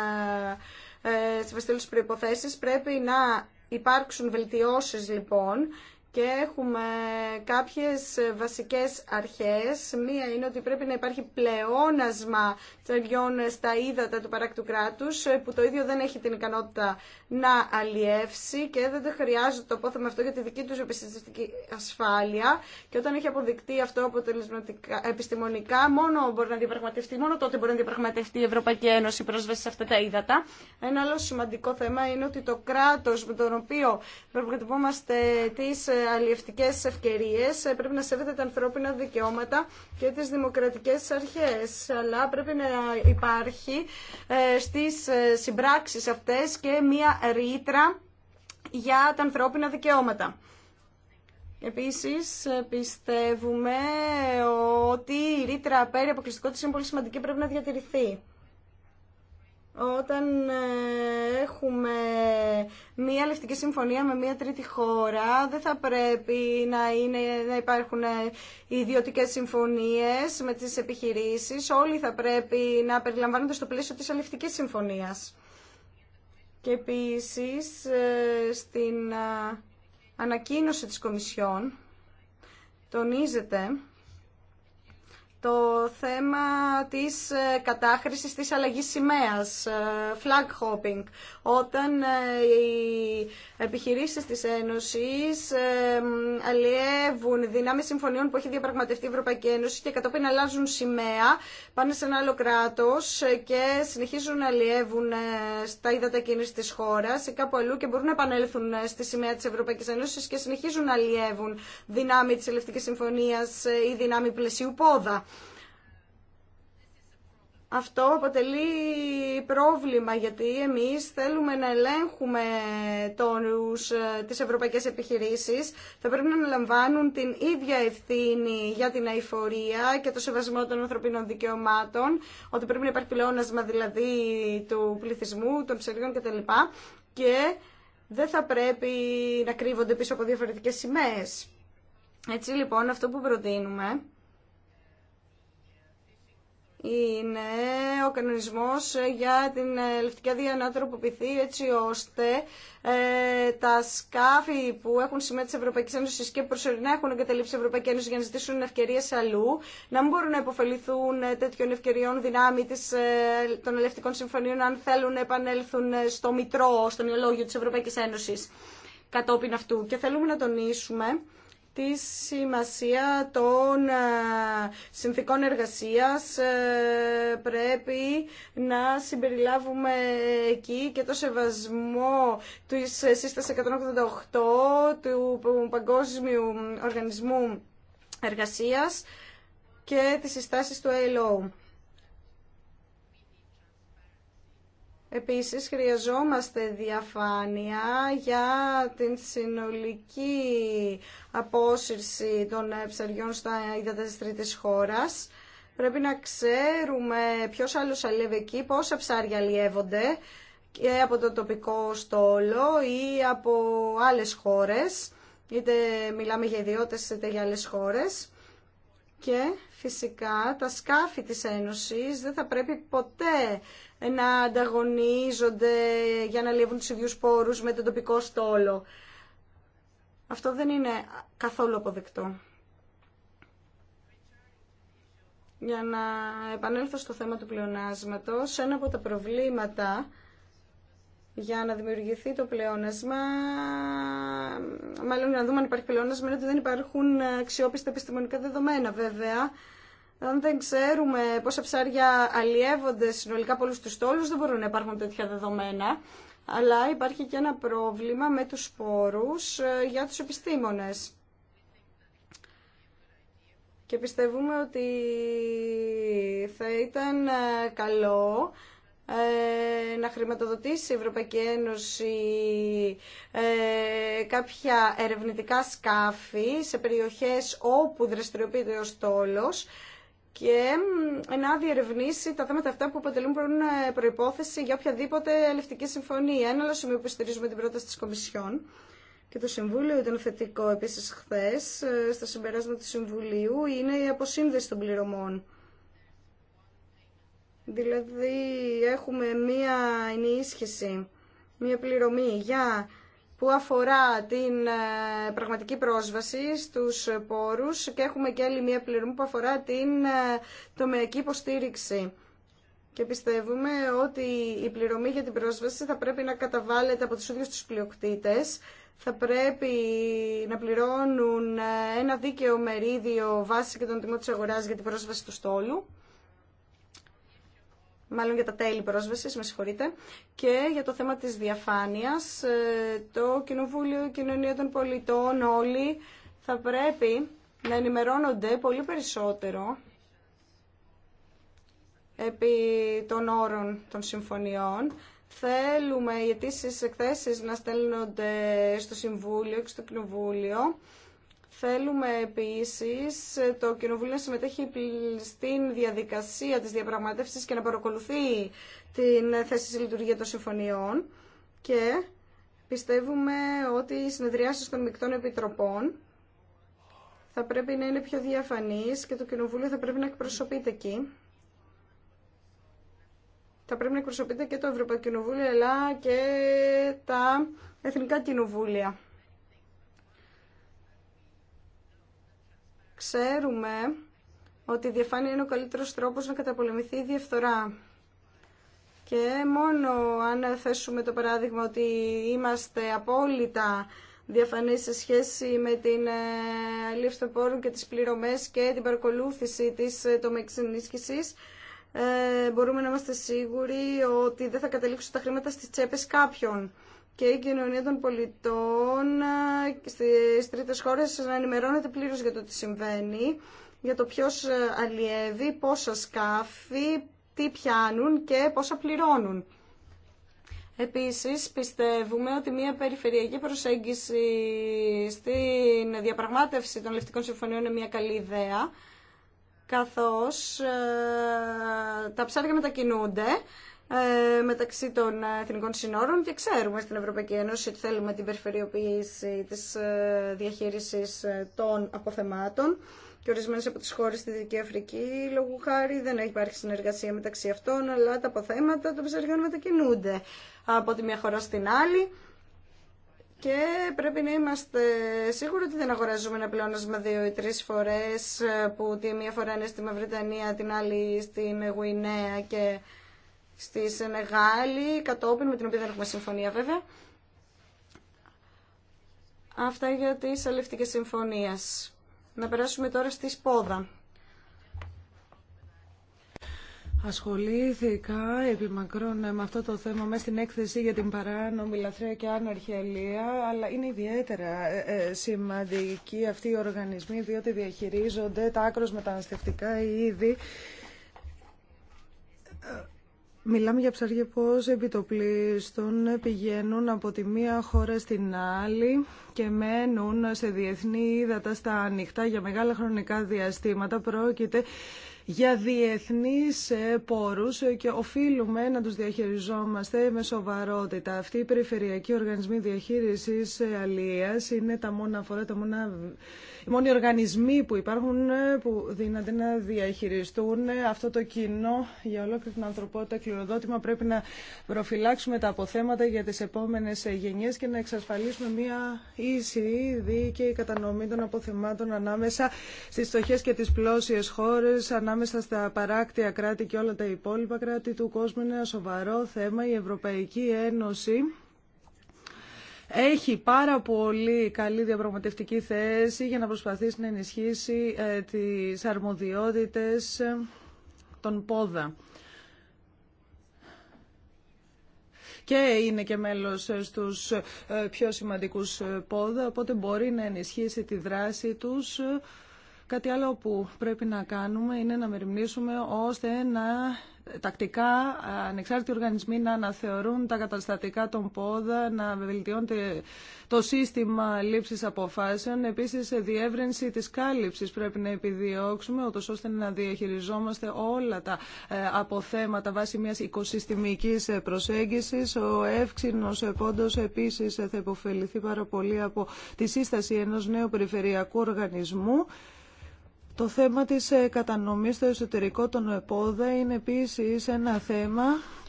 προποθέσει. προϋποθέσεις. Πρέπει να υπάρξουν βελτιώσεις λοιπόν και έχουμε κάποιες βασικές αρχές. Μία είναι ότι πρέπει να υπάρχει πλεόνασμα τσαριών στα ύδατα του παράκτου κράτους, που το ίδιο δεν έχει την ικανότητα να αλλιεύσει και δεν το χρειάζεται το απόθεμα αυτό για τη δική τους επιστημιστική ασφάλεια. Και όταν έχει αποδεικτεί αυτό αποτελεσματικά, επιστημονικά, μόνο μπορεί να διαπραγματευτεί, μόνο τότε μπορεί να διαπραγματευτεί η Ευρωπαϊκή Ένωση πρόσβαση σε αυτά τα ύδατα. Ένα άλλο σημαντικό θέμα είναι ότι το κράτος με τον οποίο πραγματευόμαστε τις αλλιευτικέ ευκαιρίε ε, πρέπει να σέβεται τα ανθρώπινα δικαιώματα και τις δημοκρατικές αρχές. Αλλά πρέπει να υπάρχει ε, στις ε, συμπράξει αυτές και μία ρήτρα για τα ανθρώπινα δικαιώματα. Επίσης, πιστεύουμε ότι η ρήτρα πέρι αποκλειστικότητα είναι πολύ σημαντική, πρέπει να διατηρηθεί όταν ε, έχουμε μία λευτική συμφωνία με μία τρίτη χώρα, δεν θα πρέπει να, είναι, να υπάρχουν ε, ιδιωτικές συμφωνίες με τις επιχειρήσεις. Όλοι θα πρέπει να περιλαμβάνονται στο πλαίσιο της αληφτικής συμφωνίας. Και επίσης ε, στην ανακοίνωση της Κομισιόν τονίζεται το θέμα της ε, κατάχρησης της αλλαγής σημαίας, ε, flag hopping, όταν ε, οι επιχειρήσεις της Ένωσης αλλιεύουν δυνάμεις συμφωνιών που έχει διαπραγματευτεί η Ευρωπαϊκή Ένωση και κατόπιν αλλάζουν σημαία, πάνε σε ένα άλλο κράτος και συνεχίζουν να αλλιεύουν στα ύδατα κίνηση της χώρας ή κάπου αλλού και μπορούν να επανέλθουν στη σημαία της Ευρωπαϊκής Ένωσης και συνεχίζουν να αλλιεύουν δυνάμει της Ελευτικής Συμφωνίας ή δυνάμει πλαισίου πόδα. Αυτό αποτελεί πρόβλημα γιατί εμείς θέλουμε να ελέγχουμε τόνους, ε, τις ευρωπαϊκές επιχειρήσεις. Θα πρέπει να αναλαμβάνουν την ίδια ευθύνη για την αηφορία και το σεβασμό των ανθρωπίνων δικαιωμάτων, ότι πρέπει να υπάρχει πλεόνασμα δηλαδή του πληθυσμού, των ψηλίων κτλ. Και δεν θα πρέπει να κρύβονται πίσω από διαφορετικές σημαίες. Έτσι λοιπόν αυτό που προτείνουμε είναι ο κανονισμός για την ελευτική άδεια να τροποποιηθεί έτσι ώστε ε, τα σκάφη που έχουν σημαίνει της Ευρωπαϊκής Ένωσης και προσωρινά έχουν εγκαταλείψει την Ευρωπαϊκή Ένωση για να ζητήσουν ευκαιρίε αλλού να μην μπορούν να υποφεληθούν ε, τέτοιων ευκαιριών δυνάμει ε, των ελευτικών συμφωνίων αν θέλουν να επανέλθουν στο μητρό, στο μυολόγιο της Ευρωπαϊκής Ένωσης κατόπιν αυτού. Και θέλουμε να τονίσουμε τη σημασία των ε, συνθήκων εργασίας ε, πρέπει να συμπεριλάβουμε εκεί και το σεβασμό του σύσταση 188 του Παγκόσμιου Οργανισμού Εργασίας και τις συστάσεις του ΕΛΟ. Επίσης, χρειαζόμαστε διαφάνεια για την συνολική απόσυρση των ε, ψαριών στα ύδατα της τρίτης χώρας. Πρέπει να ξέρουμε ποιος άλλος αλλιεύει εκεί, πόσα ψάρια αλλιεύονται και από το τοπικό στόλο ή από άλλες χώρες, είτε μιλάμε για ιδιώτες είτε για άλλες χώρες. Και φυσικά τα σκάφη της Ένωσης δεν θα πρέπει ποτέ να ανταγωνίζονται για να λιεύουν τους ίδιους πόρους με τον τοπικό στόλο. Αυτό δεν είναι καθόλου αποδεκτό. Για να επανέλθω στο θέμα του πλεονάσματος, ένα από τα προβλήματα για να δημιουργηθεί το πλεόνασμα, μάλλον να δούμε αν υπάρχει πλεόνασμα, είναι ότι δεν υπάρχουν αξιόπιστα επιστημονικά δεδομένα βέβαια. Αν δεν ξέρουμε πόσα ψάρια αλλιεύονται συνολικά από όλου του τόλου, δεν μπορούν να υπάρχουν τέτοια δεδομένα αλλά υπάρχει και ένα πρόβλημα με τους σπόρους ε, για τους επιστήμονες. Και πιστεύουμε ότι θα ήταν ε, καλό ε, να χρηματοδοτήσει η Ευρωπαϊκή Ένωση κάποια ερευνητικά σκάφη σε περιοχές όπου δραστηριοποιείται ο στόλος και να διερευνήσει τα θέματα αυτά που αποτελούν ε, προπόθεση για οποιαδήποτε ελευτική συμφωνία. Ένα άλλο σημείο που στηρίζουμε την πρόταση τη Κομισιόν και το Συμβούλιο ήταν θετικό επίση χθε ε, στα συμπεράσματα του Συμβουλίου είναι η αποσύνδεση των πληρωμών. Δηλαδή έχουμε μία ενίσχυση, μία πληρωμή για που αφορά την ε, πραγματική πρόσβαση στους πόρους και έχουμε και άλλη μία πληρωμή που αφορά την ε, τομεακή υποστήριξη. Και πιστεύουμε ότι η πληρωμή για την πρόσβαση θα πρέπει να καταβάλλεται από τους ίδιους τους πλειοκτήτες, θα πρέπει να πληρώνουν ε, ένα δίκαιο μερίδιο βάση και τον τιμό της αγοράς για την πρόσβαση του στόλου μάλλον για τα τέλη πρόσβασης, με συγχωρείτε, και για το θέμα της διαφάνειας, ε, το Κοινοβούλιο η Κοινωνία των Πολιτών, όλοι θα πρέπει να ενημερώνονται πολύ περισσότερο επί των όρων των συμφωνιών. Θέλουμε οι αιτήσει εκθέσεις να στέλνονται στο Συμβούλιο και στο Κοινοβούλιο Θέλουμε επίσης το Κοινοβούλιο να συμμετέχει στην διαδικασία της διαπραγματεύσης και να παρακολουθεί την θέση σε λειτουργία των συμφωνιών και πιστεύουμε ότι οι συνεδριάσεις των μεικτών επιτροπών θα πρέπει να είναι πιο διαφανείς και το Κοινοβούλιο θα πρέπει να εκπροσωπείται εκεί. Θα πρέπει να εκπροσωπείται και το Ευρωπαϊκό Κοινοβούλιο αλλά και τα Εθνικά Κοινοβούλια. Ξέρουμε ότι η διαφάνεια είναι ο καλύτερος τρόπος να καταπολεμηθεί η διαφθορά. Και μόνο αν θέσουμε το παράδειγμα ότι είμαστε απόλυτα διαφανείς σε σχέση με την ε, λήψη των πόρων και τις πληρωμές και την παρακολούθηση της ε, τομέας ενίσχυσης, ε, μπορούμε να είμαστε σίγουροι ότι δεν θα καταλήξουν τα χρήματα στις τσέπες κάποιων και η κοινωνία των πολιτών στις τρίτες χώρες να ενημερώνεται πλήρως για το τι συμβαίνει, για το ποιος ε, αλλιεύει, πόσα σκάφη, τι πιάνουν και πόσα πληρώνουν. Επίσης, πιστεύουμε ότι μια περιφερειακή προσέγγιση στην διαπραγμάτευση των λευτικών συμφωνιών είναι μια καλή ιδέα, καθώς ε, τα ψάρια μετακινούνται ε, μεταξύ των εθνικών συνόρων και ξέρουμε στην Ευρωπαϊκή Ένωση ότι θέλουμε την περιφερειοποίηση της ε, διαχείρισης ε, των αποθεμάτων και ορισμένε από τις χώρες στη Δυτική Αφρική, λόγου χάρη, δεν υπάρχει συνεργασία μεταξύ αυτών, αλλά τα αποθέματα των ψαριών μετακινούνται από τη μια χώρα στην άλλη. Και πρέπει να είμαστε σίγουροι ότι δεν αγοράζουμε ένα πλεόνασμα δύο ή τρει φορές που τη μία φορά είναι στη Μαυριτανία, την άλλη στην Γουινέα και στη Σενεγάλη, κατόπιν με την οποία δεν έχουμε συμφωνία βέβαια. Αυτά για τι αλευτικέ συμφωνίες. Να περάσουμε τώρα στη Σπόδα. Ασχολήθηκα επί μακρόν με αυτό το θέμα μέσα στην έκθεση για την παράνομη λαθρέα και άναρχη αλλά είναι ιδιαίτερα ε, ε, σημαντικοί αυτοί οι οργανισμοί, διότι διαχειρίζονται τα άκρος μεταναστευτικά ήδη. Μιλάμε για ψάρια πώς επιτοπλίστων πηγαίνουν από τη μία χώρα στην άλλη και μένουν σε διεθνή ύδατα στα ανοιχτά για μεγάλα χρονικά διαστήματα. Πρόκειται για διεθνείς ε, πόρους και οφείλουμε να τους διαχειριζόμαστε με σοβαρότητα. Αυτή η περιφερειακή οργανισμή διαχείρισης ε, αλίας είναι τα μόνα φορά, τα μόνα οι μόνοι οργανισμοί που υπάρχουν ε, που δύναται να διαχειριστούν ε, αυτό το κοινό για ολόκληρη την ανθρωπότητα κληροδότημα. Πρέπει να προφυλάξουμε τα αποθέματα για τις επόμενες ε, γενιές και να εξασφαλίσουμε μια ίση δίκαιη κατανομή των αποθεμάτων ανάμεσα στις στοχές και τις πλώσιες χώρες, ανάμεσα στα παράκτια κράτη και όλα τα υπόλοιπα κράτη του κόσμου. Είναι ένα σοβαρό θέμα. Η Ευρωπαϊκή Ένωση έχει πάρα πολύ καλή διαπραγματευτική θέση για να προσπαθήσει να ενισχύσει ε, τις αρμοδιότητες ε, των πόδα. και είναι και μέλος ε, στους πιο σημαντικούς πόδα, οπότε μπορεί να ενισχύσει τη δράση τους. Κάτι άλλο που πρέπει να κάνουμε είναι να μεριμνήσουμε ώστε να τακτικά ανεξάρτητοι οργανισμοί να αναθεωρούν τα καταστατικά των πόδα, να βελτιώνεται το σύστημα λήψης αποφάσεων. Επίσης, διεύρυνση της κάλυψης πρέπει να επιδιώξουμε, ώστε να διαχειριζόμαστε όλα τα ε, αποθέματα βάσει μιας οικοσυστημικής προσέγγιση. Ο εύξηνο πόντο επίσης θα υποφεληθεί πάρα πολύ από τη σύσταση ενό νέου περιφερειακού οργανισμού. Το θέμα της ε, κατανομής στο εσωτερικό των ΕΠΟΔΑ είναι επίσης ένα θέμα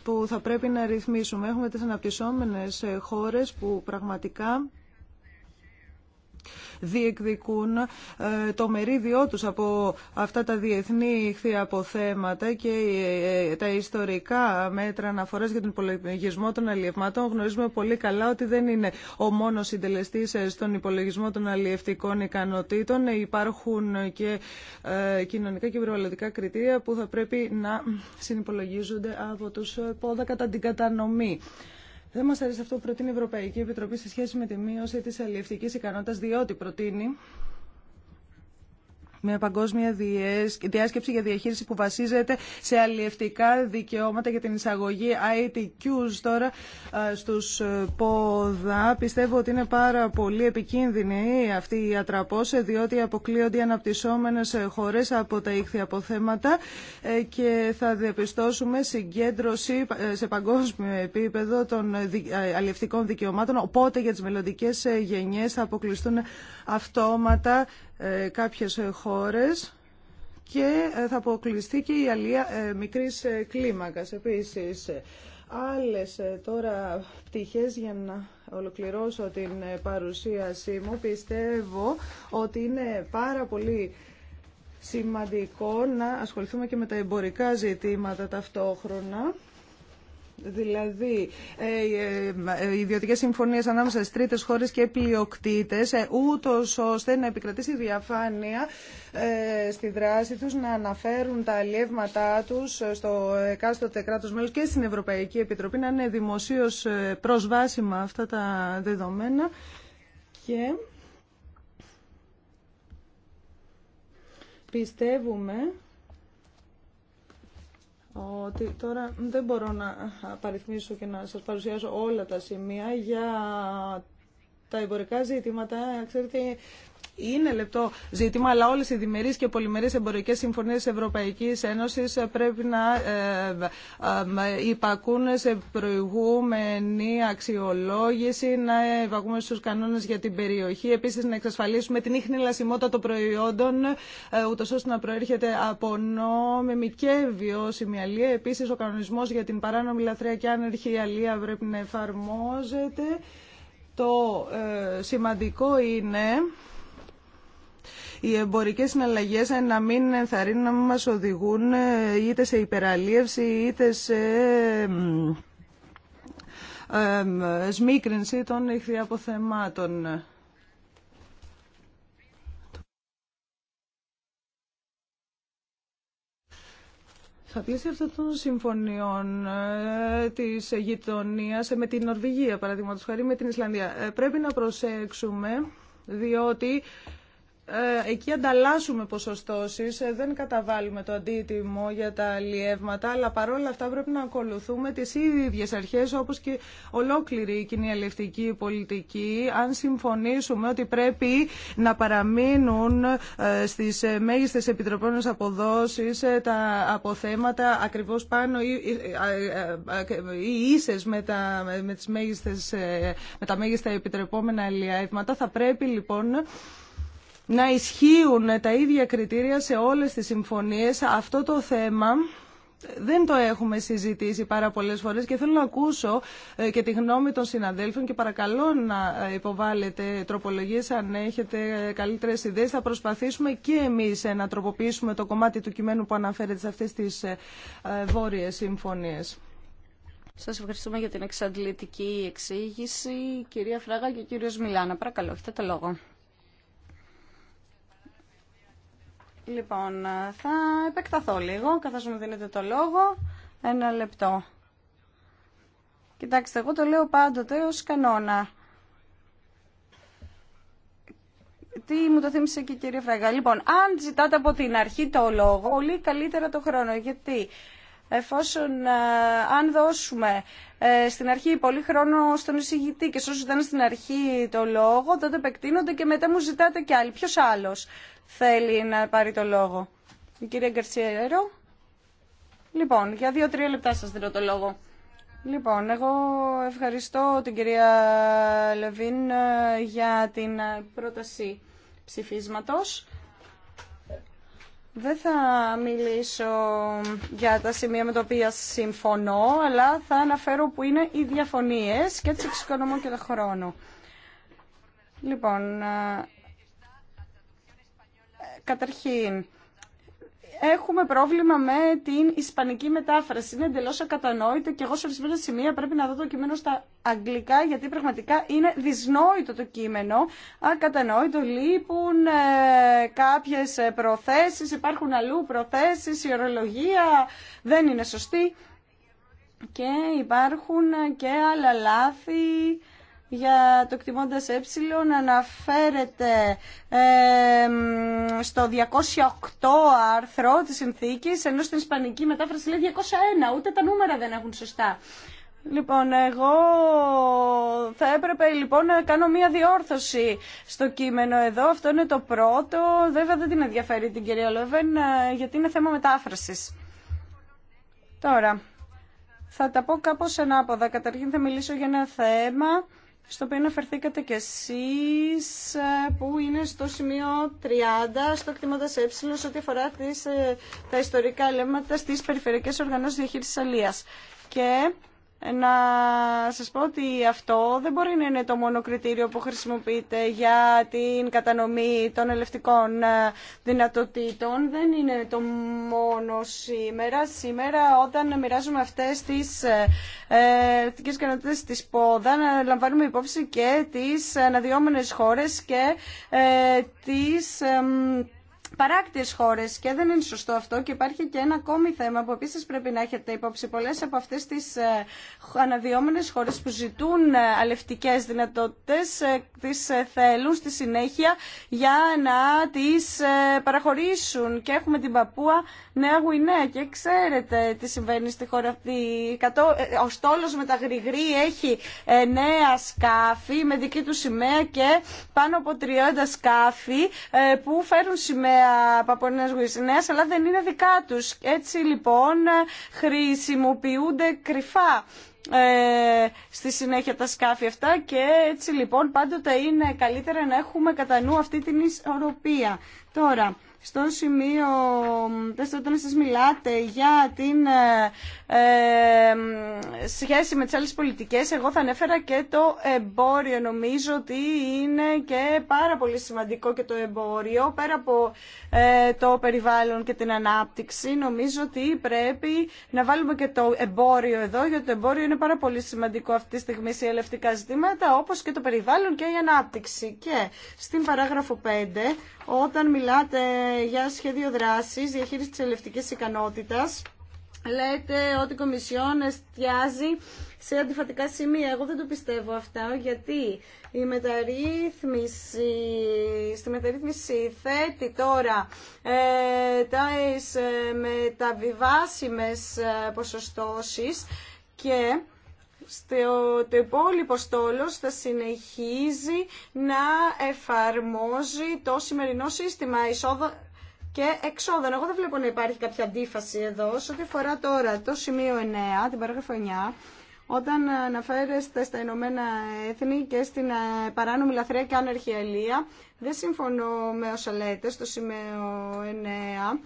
που θα πρέπει να ρυθμίσουμε. Έχουμε τις αναπτυσσόμενες ε, χώρες που πραγματικά διεκδικούν ε, το μερίδιό τους από αυτά τα διεθνή ηχθή αποθέματα και ε, τα ιστορικά μέτρα αναφορά για τον υπολογισμό των αλλιευμάτων γνωρίζουμε πολύ καλά ότι δεν είναι ο μόνος συντελεστής ε, στον υπολογισμό των αλλιευτικών ικανοτήτων. Υπάρχουν και κοινωνικά και προβολητικά κριτήρια που θα πρέπει να συνυπολογίζονται από τους πόδα κατά την κατανομή. Δεν μα αρέσει αυτό που προτείνει η Ευρωπαϊκή Επιτροπή σε σχέση με τη μείωση τη αλληλευτική ικανότητα, διότι προτείνει μια παγκόσμια διάσκεψη για διαχείριση που βασίζεται σε αλλιευτικά δικαιώματα για την εισαγωγή ITQs τώρα στους ε, ΠΟΔΑ. Πιστεύω ότι είναι πάρα πολύ επικίνδυνη αυτή η ατραπόσε διότι αποκλείονται οι αναπτυσσόμενες ε, χώρες από τα ήχθη αποθέματα ε, και θα διαπιστώσουμε συγκέντρωση σε παγκόσμιο επίπεδο των αλλιευτικών δικαιωμάτων οπότε για τις μελλοντικέ γενιές θα αποκλειστούν αυτόματα ε, κάποιες ε, χώρες και ε, θα αποκλειστεί και η αλία μικρής κλίμακας επίσης. Άλλες τώρα πτυχές για να ολοκληρώσω την παρουσίασή μου. Πιστεύω ότι είναι πάρα πολύ σημαντικό να ασχοληθούμε και με τα εμπορικά ζητήματα ταυτόχρονα. Δηλαδή, ε, ε, ε, ιδιωτικές συμφωνίες ανάμεσα στις τρίτες χώρες και πλειοκτήτες, ε, ούτως ώστε να επικρατήσει διαφάνεια ε, στη δράση τους, να αναφέρουν τα αλλιεύματά τους στο εκάστοτε κράτος μέλος και στην Ευρωπαϊκή Επιτροπή, να είναι δημοσίως προσβάσιμα αυτά τα δεδομένα. Και πιστεύουμε ότι τώρα δεν μπορώ να παριθμίσω και να σας παρουσιάσω όλα τα σημεία για τα εμπορικά ζητήματα. Ξέρετε, είναι λεπτό ζήτημα, αλλά όλε οι διμερεί και πολυμερεί εμπορικέ συμφωνίε τη Ευρωπαϊκή Ένωση πρέπει να ε, ε, ε, υπακούν σε προηγούμενη αξιολόγηση, να ευαγούμε στου κανόνε για την περιοχή. Επίση, να εξασφαλίσουμε την ίχνη λασιμότητα των προϊόντων, ούτω ώστε να προέρχεται από νόμιμη και βιώσιμη αλία. Επίση, ο κανονισμό για την παράνομη λαθρέα και άνερχη αλία πρέπει να εφαρμόζεται. Το σημαντικό είναι οι εμπορικές συναλλαγές να μην ενθαρρύνουν, να μην μας οδηγούν ε, είτε σε υπεραλίευση είτε σε σμίκρινση των ηχθιαποθεμάτων. Στα πλαίσια αυτών των συμφωνιών ε, της τη γειτονία ε, με την Νορβηγία, παραδείγματο χάρη με την Ισλανδία, πρέπει να προσέξουμε διότι ε, εκεί ανταλλάσσουμε ποσοστώσεις, ε, δεν καταβάλουμε το αντίτιμο για τα αλλιεύματα, αλλά παρόλα αυτά πρέπει να ακολουθούμε τι ίδιες αρχές όπως και ολόκληρη η κοινιαλευτική πολιτική. Αν συμφωνήσουμε ότι πρέπει να παραμείνουν ε, στις μέγιστες επιτροπές αποδόσεις τα αποθέματα ακριβώς πάνω ή, ίσε με τα, με, με τα μέγιστα επιτρεπόμενα αλλιεύματα, θα πρέπει λοιπόν να ισχύουν τα ίδια κριτήρια σε όλες τις συμφωνίες. Αυτό το θέμα δεν το έχουμε συζητήσει πάρα πολλές φορές και θέλω να ακούσω ε, και τη γνώμη των συναδέλφων και παρακαλώ να ε, υποβάλλετε τροπολογίες αν έχετε ε, καλύτερες ιδέες. Θα προσπαθήσουμε και εμείς να τροποποιήσουμε το κομμάτι του κειμένου που αναφέρεται σε αυτές τις βόρειες συμφωνίες. Σας ευχαριστούμε για την εξαντλητική εξήγηση. Κυρία Φράγα και κύριος Μιλάνα, παρακαλώ, έχετε το λόγο. Λοιπόν, θα επεκταθώ λίγο, καθώς μου δίνετε το λόγο. Ένα λεπτό. Κοιτάξτε, εγώ το λέω πάντοτε ως κανόνα. Τι μου το θύμισε και η κυρία Φράγκα. Λοιπόν, αν ζητάτε από την αρχή το λόγο, πολύ καλύτερα το χρόνο. Γιατί εφόσον ε, αν δώσουμε ε, στην αρχή πολύ χρόνο στον εισηγητή και σε ήταν στην αρχή το λόγο, τότε επεκτείνονται και μετά μου ζητάτε κι άλλοι. Ποιος άλλος θέλει να πάρει το λόγο. Η κυρία Γκαρσιέρο. Λοιπόν, για δύο-τρία λεπτά σας δίνω το λόγο. Λοιπόν, εγώ ευχαριστώ την κυρία Λεβίν ε, για την πρόταση ψηφίσματος. Δεν θα μιλήσω για τα σημεία με τα οποία συμφωνώ, αλλά θα αναφέρω που είναι οι διαφωνίες και έτσι εξοικονομώ και το χρόνο. Λοιπόν, ε, καταρχήν, έχουμε πρόβλημα με την ισπανική μετάφραση. Είναι εντελώ ακατανόητο και εγώ σε ορισμένα σημεία πρέπει να δω το κείμενο στα αγγλικά γιατί πραγματικά είναι δυσνόητο το κείμενο. Ακατανόητο λείπουν ε, κάποιες προθέσεις, υπάρχουν αλλού προθέσεις, η ορολογία δεν είναι σωστή και υπάρχουν και άλλα λάθη για το κτιμώντας ε αναφέρεται στο 208 άρθρο της συνθήκης, ενώ στην ισπανική μετάφραση λέει 201, ούτε τα νούμερα δεν έχουν σωστά. Λοιπόν, εγώ θα έπρεπε λοιπόν να κάνω μία διόρθωση στο κείμενο εδώ. Αυτό είναι το πρώτο. Βέβαια δεν την ενδιαφέρει την κυρία Λόβεν ε, γιατί είναι θέμα μετάφρασης. Τώρα, θα τα πω κάπως ανάποδα. Καταρχήν θα μιλήσω για ένα θέμα στο οποίο αναφερθήκατε κι εσείς, ε, που είναι στο σημείο 30, στο κτήματος ε, ό,τι αφορά ε, τα ιστορικά ελέγματα στις περιφερειακές οργανώσεις διαχείρισης αλίας. Και να σας πω ότι αυτό δεν μπορεί να είναι το μόνο κριτήριο που χρησιμοποιείτε για την κατανομή των ελευτικών ε, δυνατοτήτων. Δεν είναι το μόνο σήμερα. Σήμερα όταν μοιράζουμε αυτές τις ελευτικές κανότητες της πόδα να λαμβάνουμε υπόψη και τις αναδυόμενες χώρες και ε, τις παράκτιε χώρε και δεν είναι σωστό αυτό και υπάρχει και ένα ακόμη θέμα που επίση πρέπει να έχετε υπόψη. πολλέ από αυτές τις ε, αναδυόμενε χώρε που ζητούν ε, αλευτικέ δυνατότητες ε, τις θέλουν στη συνέχεια για να τις παραχωρήσουν και έχουμε την Παππούα Νέα Γουινέα και ξέρετε τι συμβαίνει στη χώρα αυτή. Ο στόλος με τα γρηγρή έχει νέα σκάφη με δική του σημαία και πάνω από 30 σκάφη που φέρουν σημαία Παπονέας Γουισινέας, αλλά δεν είναι δικά τους. Έτσι λοιπόν χρησιμοποιούνται κρυφά ε, στη συνέχεια τα σκάφη αυτά και έτσι λοιπόν πάντοτε είναι καλύτερα να έχουμε κατά νου αυτή την ισορροπία. Τώρα, στο σημείο, όταν σας μιλάτε για την ε, ε, σχέση με τις άλλες πολιτικές, εγώ θα ανέφερα και το εμπόριο. Νομίζω ότι είναι και πάρα πολύ σημαντικό και το εμπόριο, πέρα από ε, το περιβάλλον και την ανάπτυξη. Νομίζω ότι πρέπει να βάλουμε και το εμπόριο εδώ, γιατί το εμπόριο είναι πάρα πολύ σημαντικό αυτή τη στιγμή σε ελευτικά ζητήματα, όπως και το περιβάλλον και η ανάπτυξη. Και στην παράγραφο 5, όταν μιλάτε για σχέδιο δράση, διαχείριση τη ελευτικής ικανότητα, Λέτε ότι η Κομισιόν εστιάζει σε αντιφατικά σημεία. Εγώ δεν το πιστεύω αυτά, γιατί η μεταρρύθμιση, στη μεταρρύθμιση θέτει τώρα ε, τα ε, μεταβιβάσιμες ε, ποσοστώσεις και το υπόλοιπο στόλος θα συνεχίζει να εφαρμόζει το σημερινό σύστημα εισόδων και εξόδων. Εγώ δεν βλέπω να υπάρχει κάποια αντίφαση εδώ. Σε ό,τι αφορά τώρα το σημείο 9, την παράγραφο 9, όταν αναφέρεστε στα Ηνωμένα Έθνη και στην ε, παράνομη λαθρεία και ανερχίαλια, δεν συμφωνώ με όσα λέτε στο σημείο 9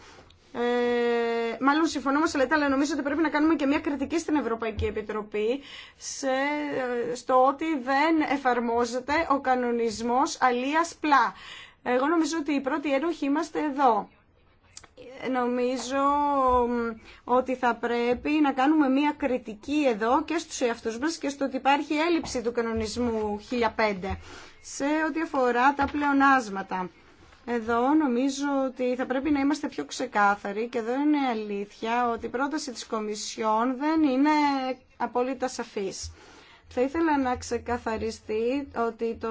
ε, μάλλον συμφωνώ σε αλλά νομίζω ότι πρέπει να κάνουμε και μια κριτική στην Ευρωπαϊκή Επιτροπή σε, ε, στο ότι δεν εφαρμόζεται ο κανονισμός αλίας πλά. Εγώ νομίζω ότι οι πρώτοι ένοχοι είμαστε εδώ. Νομίζω ότι θα πρέπει να κάνουμε μια κριτική εδώ και στους εαυτούς μας και στο ότι υπάρχει έλλειψη του κανονισμού 1005 σε ό,τι αφορά τα πλεονάσματα. Εδώ νομίζω ότι θα πρέπει να είμαστε πιο ξεκάθαροι και εδώ είναι αλήθεια ότι η πρόταση της Κομισιόν δεν είναι απόλυτα σαφής. Θα ήθελα να ξεκαθαριστεί ότι το,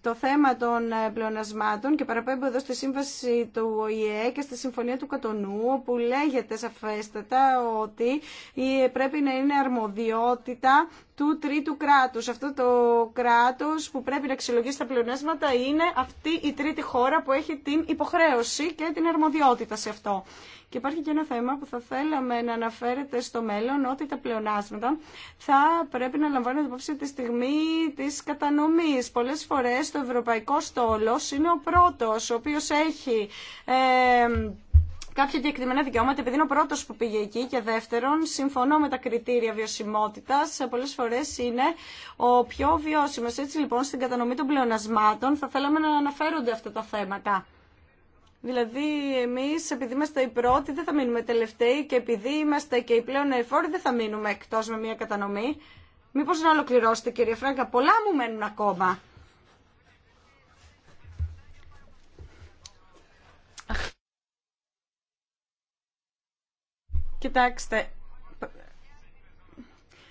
το θέμα των ε, πλεονασμάτων και παραπέμπω εδώ στη σύμβαση του ΟΗΕ και στη συμφωνία του Κατονού όπου λέγεται σαφέστατα ότι πρέπει να είναι αρμοδιότητα του τρίτου κράτους. Αυτό το κράτος που πρέπει να αξιολογήσει τα πλεονέσματα είναι αυτή η τρίτη χώρα που έχει την υποχρέωση και την αρμοδιότητα σε αυτό. Και υπάρχει και ένα θέμα που θα θέλαμε να αναφέρετε στο μέλλον, ότι τα πλεονάσματα θα πρέπει να λαμβάνονται υπόψη τη στιγμή τη κατανομή. Πολλέ φορέ το ευρωπαϊκό στόλο είναι ο πρώτο, ο οποίο έχει. Ε, κάποια διακριμένα δικαιώματα, επειδή είναι ο πρώτο που πήγε εκεί. Και δεύτερον, συμφωνώ με τα κριτήρια βιωσιμότητα. Ε, Πολλέ φορέ είναι ο πιο βιώσιμο. Έτσι λοιπόν, στην κατανομή των πλεονασμάτων θα θέλαμε να αναφέρονται αυτά τα θέματα. Δηλαδή, εμεί επειδή είμαστε οι πρώτοι, δεν θα μείνουμε τελευταίοι και επειδή είμαστε και οι πλέον εφόροι, δεν θα μείνουμε εκτό με μια κατανομή. Μήπω να ολοκληρώσετε, κυρία Φράγκα, πολλά μου μένουν ακόμα. Κοιτάξτε,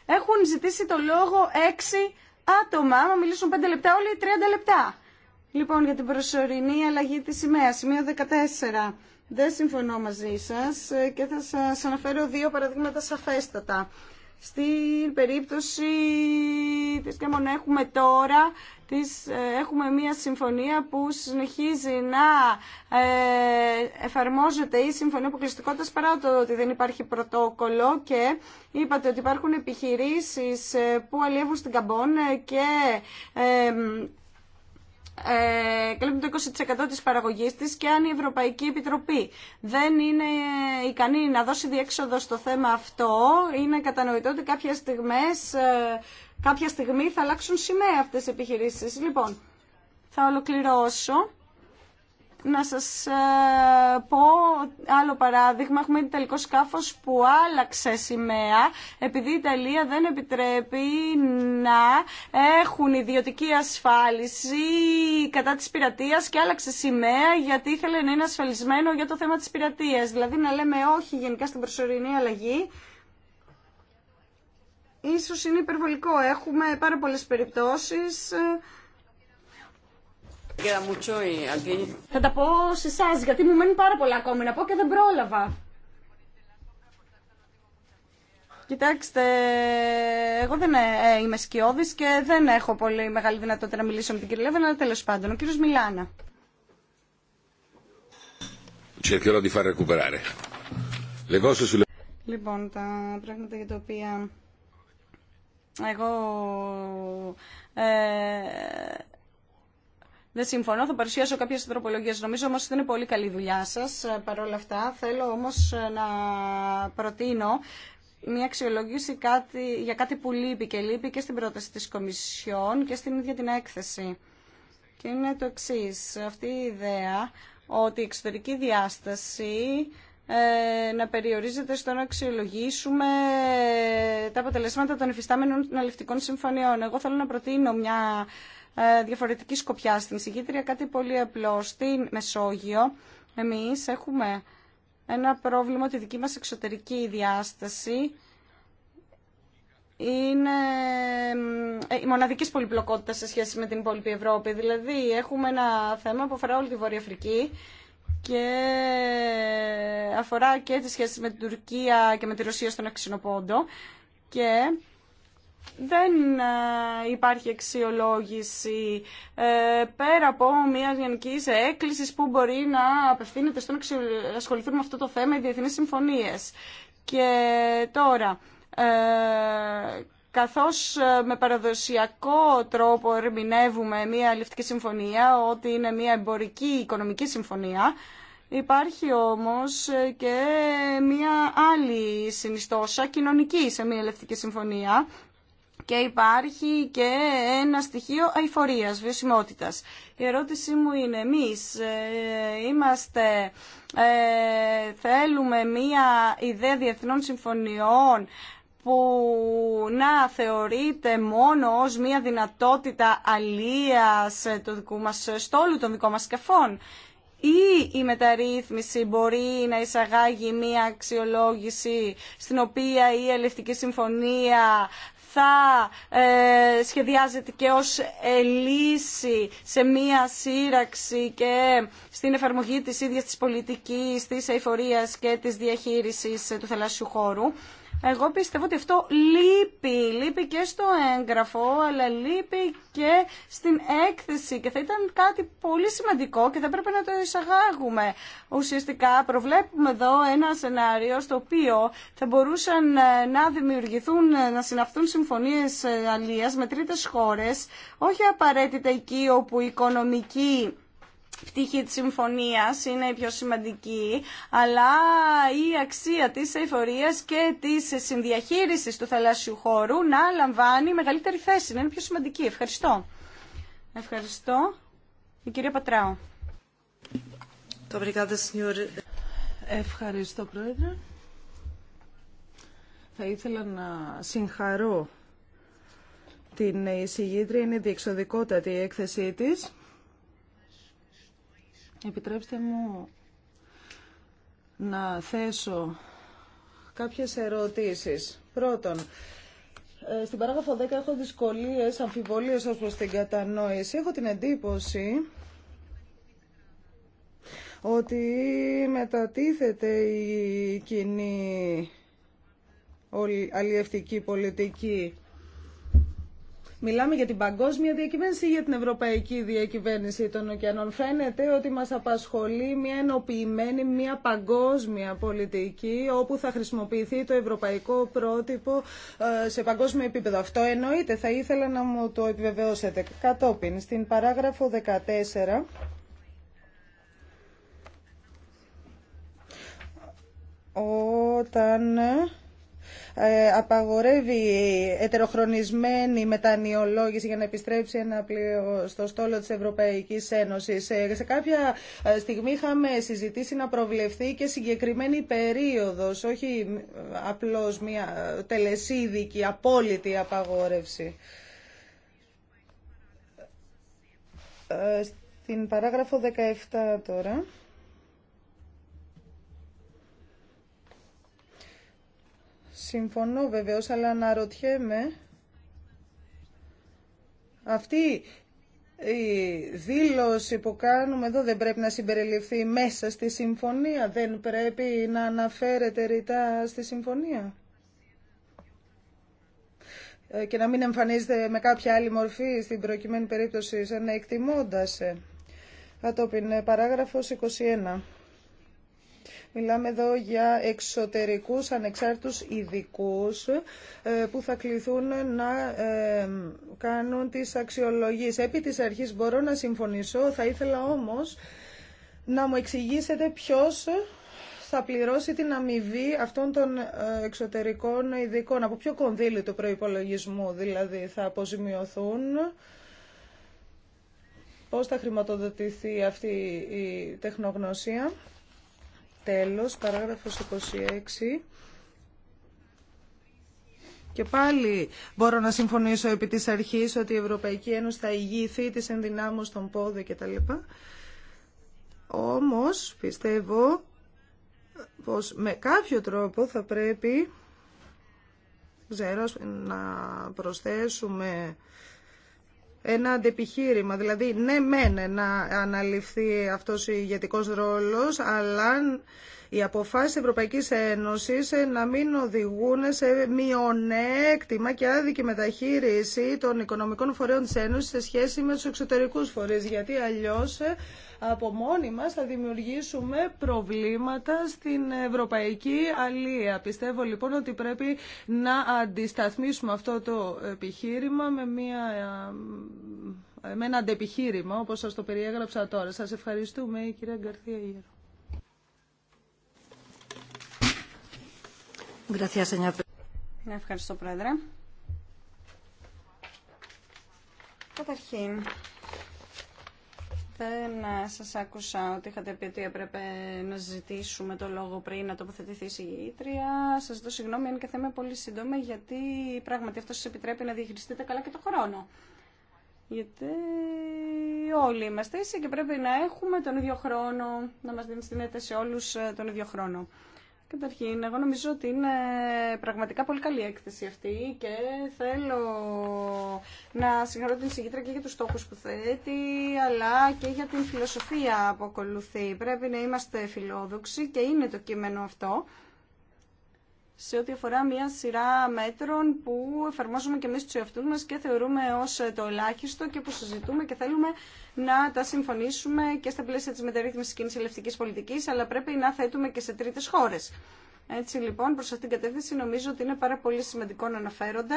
έχουν ζητήσει το λόγο έξι άτομα. Άμα μιλήσουν πέντε λεπτά, όλοι 30 λεπτά. Λοιπόν, για την προσωρινή αλλαγή της σημαία, σημείο 14. Δεν συμφωνώ μαζί σας και θα σας αναφέρω δύο παραδείγματα σαφέστατα. Στην περίπτωση της μόνο έχουμε τώρα της, ε, έχουμε μια συμφωνία που συνεχίζει να ε, εφαρμόζεται η συμφωνία αποκλειστικότητα παρά το ότι δεν υπάρχει πρωτόκολλο και είπατε ότι υπάρχουν επιχειρήσεις ε, που αλλιεύουν στην Καμπόν και ε, κλείνουν το 20% της παραγωγής της και αν η Ευρωπαϊκή Επιτροπή δεν είναι ικανή να δώσει διέξοδο στο θέμα αυτό, είναι κατανοητό ότι κάποιες στιγμές κάποια στιγμή θα αλλάξουν σημαία αυτές οι επιχειρήσεις. Λοιπόν, θα ολοκληρώσω. Να σας ε, πω άλλο παράδειγμα. Έχουμε ιταλικό σκάφος που άλλαξε σημαία επειδή η Ιταλία δεν επιτρέπει να έχουν ιδιωτική ασφάλιση κατά της πειρατείας και άλλαξε σημαία γιατί ήθελε να είναι ασφαλισμένο για το θέμα της πειρατείας. Δηλαδή να λέμε όχι γενικά στην προσωρινή αλλαγή ίσως είναι υπερβολικό. Έχουμε πάρα πολλές περιπτώσεις. Θα τα πω σε εσά γιατί μου μένουν πάρα πολλά ακόμη να πω και δεν πρόλαβα. Κοιτάξτε, εγώ δεν ε, είμαι σκιώδη και δεν έχω πολύ μεγάλη δυνατότητα να μιλήσω με την κυρία Λέβεν, αλλά τέλο πάντων, ο κύριο Μιλάνα. Λοιπόν, τα πράγματα για τα οποία εγώ ε, δεν συμφωνώ, θα παρουσιάσω κάποιες τροπολογίες. Νομίζω όμως ότι είναι πολύ καλή δουλειά σας. Ε, παρόλα αυτά θέλω όμως ε, να προτείνω μια αξιολόγηση κάτι, για κάτι που λείπει και λείπει και στην πρόταση της Κομισιόν και στην ίδια την έκθεση. Και είναι το εξής, αυτή η ιδέα ότι η εξωτερική διάσταση ε, να περιορίζεται στο να αξιολογήσουμε τα αποτελέσματα των εφιστάμενων αναλυτικών συμφωνιών. Εγώ θέλω να προτείνω μια ε, διαφορετική σκοπιά στην συγκήτρια, κάτι πολύ απλό. Στην Μεσόγειο εμείς έχουμε ένα πρόβλημα ότι η δική μας εξωτερική διάσταση είναι ε, η μοναδική πολυπλοκότητα σε σχέση με την υπόλοιπη Ευρώπη. Δηλαδή, έχουμε ένα θέμα που αφορά όλη τη Βόρεια Αφρική και αφορά και τις σχέσεις με την Τουρκία και με τη Ρωσία στον Αξινοπόντο και δεν ε, υπάρχει αξιολόγηση ε, πέρα από μια γενική έκκληση που μπορεί να απευθύνεται στο να ασχοληθούν με αυτό το θέμα οι διεθνείς συμφωνίες. Και τώρα, ε, καθώς ε, με παραδοσιακό τρόπο ερμηνεύουμε μια αλληλευτική συμφωνία, ότι είναι μια εμπορική οικονομική συμφωνία, υπάρχει όμως ε, και μια άλλη συνιστόσα κοινωνική σε μια αλληλευτική συμφωνία και υπάρχει και ένα στοιχείο αηφορίας, βιωσιμότητας. Η ερώτησή μου είναι εμείς ε, είμαστε, θέλουμε μια ιδέα διεθνών συμφωνιών που να θεωρείται μόνο ως μια δυνατότητα αλίας ε, του δικού μας ε, στόλου, των δικών μας σκαφών. Ή η μεταρρύθμιση μπορεί να εισαγάγει μια αξιολόγηση στην οποία η ελευτική συμφωνία θα ε, σχεδιάζεται και ως λύση σε μία σύραξη και στην εφαρμογή της ίδιας της πολιτικής, της αηφορίας και της διαχείρισης του θαλάσσιου χώρου. Εγώ πιστεύω ότι αυτό λείπει. Λείπει και στο έγγραφο, αλλά λείπει και στην έκθεση. Και θα ήταν κάτι πολύ σημαντικό και θα πρέπει να το εισαγάγουμε. Ουσιαστικά προβλέπουμε εδώ ένα σενάριο στο οποίο θα μπορούσαν ε, να δημιουργηθούν, ε, να συναυτούν συμφωνίες ε, αλίας με τρίτες χώρες, όχι απαραίτητα εκεί όπου η οικονομική πτυχή της συμφωνίας είναι η πιο σημαντική, αλλά η αξία της εφορίας και της συνδιαχείρισης του θαλάσσιου χώρου να λαμβάνει μεγαλύτερη θέση, να είναι πιο σημαντική. Ευχαριστώ. Ευχαριστώ. Η κυρία Πατράου. Ευχαριστώ, Πρόεδρε. Θα ήθελα να συγχαρώ την εισηγήτρια, είναι διεξοδικότατη η έκθεσή της. Επιτρέψτε μου να θέσω κάποιες ερωτήσεις. Πρώτον, ε, στην παράγραφο 10 έχω δυσκολίες, αμφιβολίες ως προς την κατανόηση. Έχω την εντύπωση ότι μετατίθεται η κοινή αλλιευτική πολιτική Μιλάμε για την παγκόσμια διακυβέρνηση ή για την ευρωπαϊκή διακυβέρνηση των ωκεανών. Φαίνεται ότι μας απασχολεί μια ενοποιημένη, μια παγκόσμια πολιτική όπου θα χρησιμοποιηθεί το ευρωπαϊκό πρότυπο ε, σε παγκόσμιο επίπεδο. Αυτό εννοείται. Θα ήθελα να μου το επιβεβαιώσετε. Κατόπιν, στην παράγραφο 14... Όταν ε, απαγορεύει ετεροχρονισμένη μετανιολόγηση για να επιστρέψει ένα πλοίο στο στόλο της Ευρωπαϊκής Ένωσης. Ε, σε κάποια ε, στιγμή είχαμε συζητήσει να προβλεφθεί και συγκεκριμένη περίοδος, όχι απλώς μια τελεσίδικη, απόλυτη απαγόρευση. Στην παράγραφο 17 τώρα. Συμφωνώ βεβαίως, αλλά αναρωτιέμαι αυτή η δήλωση που κάνουμε εδώ δεν πρέπει να συμπεριληφθεί μέσα στη συμφωνία. Δεν πρέπει να αναφέρεται ρητά στη συμφωνία. Ε, και να μην εμφανίζεται με κάποια άλλη μορφή στην προκειμένη περίπτωση σαν εκτιμώντας. Ε. Κατόπιν, ε, παράγραφος 21. Μιλάμε εδώ για εξωτερικούς ανεξάρτητους ειδικού ε, που θα κληθούν να ε, κάνουν τις αξιολογίες. Επί της αρχής μπορώ να συμφωνήσω, θα ήθελα όμως να μου εξηγήσετε ποιος θα πληρώσει την αμοιβή αυτών των ε, εξωτερικών ειδικών. Από ποιο κονδύλι του προϋπολογισμού δηλαδή θα αποζημιωθούν. Πώς θα χρηματοδοτηθεί αυτή η τεχνογνωσία. Τέλος, παράγραφος 26. Και πάλι μπορώ να συμφωνήσω επί της αρχής ότι η Ευρωπαϊκή Ένωση θα ηγηθεί της ενδυνάμωσης των πόδων κτλ. Όμως πιστεύω πως με κάποιο τρόπο θα πρέπει ξέρω, να προσθέσουμε ένα αντεπιχείρημα. Δηλαδή, ναι μένει να αναλυφθεί αυτός ο ηγετικός ρόλος, αλλά οι αποφάσεις Ευρωπαϊκής Ένωση ε, να μην οδηγούν σε μειονέκτημα και άδικη μεταχείριση των οικονομικών φορέων τη Ένωση σε σχέση με τους εξωτερικούς φορείς, γιατί αλλιώς ε, από μόνοι μας θα δημιουργήσουμε προβλήματα στην ευρωπαϊκή αλία. Πιστεύω λοιπόν ότι πρέπει να αντισταθμίσουμε αυτό το επιχείρημα με μια ε, με ένα αντεπιχείρημα, όπως σας το περιέγραψα τώρα. Σας ευχαριστούμε, η κυρία Γκαρθία Ιερό. Ευχαριστώ, Πρόεδρε. Καταρχήν, δεν σας άκουσα ότι είχατε πει ότι έπρεπε να ζητήσουμε το λόγο πριν να τοποθετηθεί η συγγήτρια. Σας ζητώ συγγνώμη, είναι και θα πολύ σύντομα, γιατί πράγματι αυτό σας επιτρέπει να διαχειριστείτε καλά και το χρόνο. Γιατί όλοι είμαστε ίσοι και πρέπει να έχουμε τον ίδιο χρόνο, να μας δίνει σε όλους ε, τον ίδιο χρόνο. Καταρχήν, εγώ νομίζω ότι είναι πραγματικά πολύ καλή έκθεση αυτή και θέλω να συγχαρώ την συγκήτρα και για τους στόχους που θέτει, αλλά και για την φιλοσοφία που ακολουθεί. Πρέπει να είμαστε φιλόδοξοι και είναι το κείμενο αυτό σε ό,τι αφορά μια σειρά μέτρων που εφαρμόζουμε και εμείς τους εαυτούς μας και θεωρούμε ως το ελάχιστο και που συζητούμε και θέλουμε να τα συμφωνήσουμε και στα πλαίσια της μεταρρύθμισης κοινής ελευτική πολιτικής, αλλά πρέπει να θέτουμε και σε τρίτες χώρες. Έτσι λοιπόν, προς αυτήν την κατεύθυνση νομίζω ότι είναι πάρα πολύ σημαντικό να αναφέρονται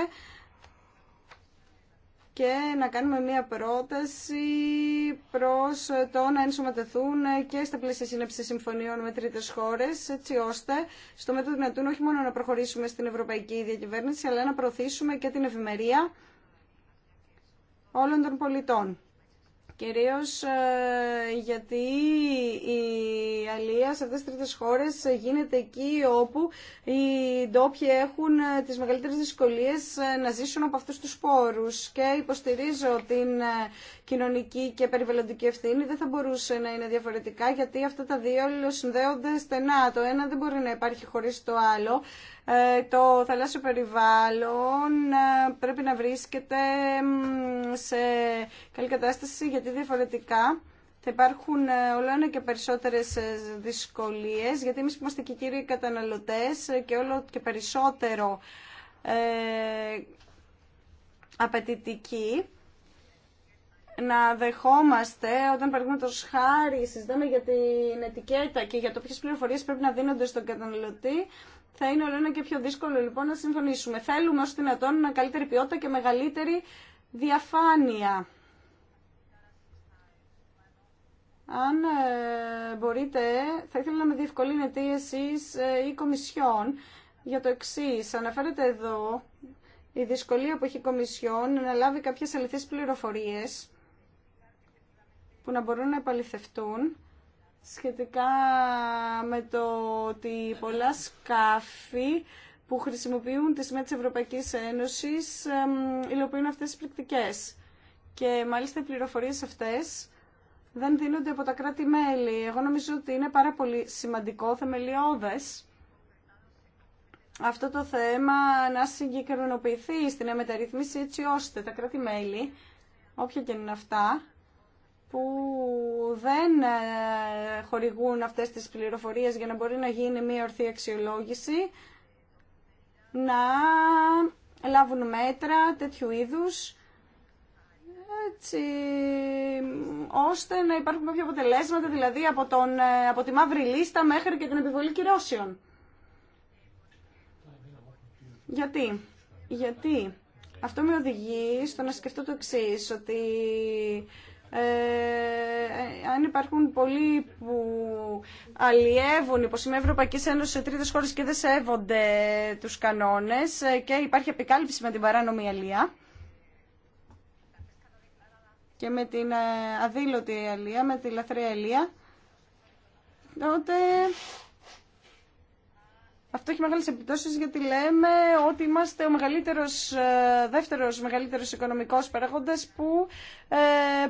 και να κάνουμε μία πρόταση προς το να ενσωματεθούν και στα πλαίσια σύννεψη συμφωνιών με τρίτες χώρες, έτσι ώστε στο μέτρο δυνατούν όχι μόνο να προχωρήσουμε στην ευρωπαϊκή διακυβέρνηση, αλλά να προωθήσουμε και την ευημερία όλων των πολιτών. Κυρίως ε, γιατί η αλία σε αυτές τις τρίτες χώρες γίνεται εκεί όπου οι ντόπιοι έχουν ε, τις μεγαλύτερες δυσκολίες ε, να ζήσουν από αυτούς τους σπόρους και υποστηρίζω την κοινωνική και περιβαλλοντική ευθύνη δεν θα μπορούσε να είναι διαφορετικά γιατί αυτά τα δύο συνδέονται στενά. Το ένα δεν μπορεί να υπάρχει χωρίς το άλλο. Ε, το θαλάσσιο περιβάλλον ε, πρέπει να βρίσκεται σε καλή κατάσταση γιατί διαφορετικά θα υπάρχουν ε, όλο ένα και περισσότερες δυσκολίες γιατί εμείς που είμαστε και κύριοι καταναλωτές και όλο και περισσότερο ε, απαιτητικοί να δεχόμαστε όταν παραδείγματο χάρη συζητάμε για την ετικέτα και για το ποιε πληροφορίε πρέπει να δίνονται στον καταναλωτή, θα είναι όλο ένα και πιο δύσκολο λοιπόν να συμφωνήσουμε. Θέλουμε ως δυνατόν να καλύτερη ποιότητα και μεγαλύτερη διαφάνεια. Αν ε, μπορείτε, θα ήθελα να με διευκολύνετε ή εσείς ή ε, Κομισιόν για το εξή. Αναφέρεται εδώ η δυσκολία που έχει η Κομισιόν να λάβει κάποιες αληθείς πληροφορίες που να μπορούν να επαληθευτούν σχετικά με το ότι πολλά σκάφη που χρησιμοποιούν τις μέτρες της Ευρωπαϊκής Ένωσης υλοποιούν αυτές τις πρακτικές. Και μάλιστα οι πληροφορίες αυτές δεν δίνονται από τα κράτη-μέλη. Εγώ νομίζω ότι είναι πάρα πολύ σημαντικό, θεμελιώδες, αυτό το θέμα να συγκεκριμενοποιηθεί στην αμεταρρύθμιση έτσι ώστε τα κράτη-μέλη, όποια και είναι αυτά, που δεν ε, χορηγούν αυτές τις πληροφορίες για να μπορεί να γίνει μια ορθή αξιολόγηση να λάβουν μέτρα τέτοιου είδους έτσι, ώστε να υπάρχουν κάποια αποτελέσματα δηλαδή από, τον, ε, από τη μαύρη λίστα μέχρι και την επιβολή κυρώσεων. Γιατί, γιατί αυτό με οδηγεί στο να σκεφτώ το εξή ότι ε, αν υπάρχουν πολλοί που αλλιεύουν υπό σημεία Ευρωπαϊκή Ένωση σε τρίτε χώρε και δεν σέβονται του κανόνε ε, και υπάρχει επικάλυψη με την παράνομη αλλία και με την ε, αδήλωτη αλία, με τη λαθρέα αλία, τότε αυτό έχει μεγάλε επιπτώσει γιατί λέμε ότι είμαστε ο μεγαλύτερος, ε, δεύτερος μεγαλύτερος οικονομικός παράγοντας που ε,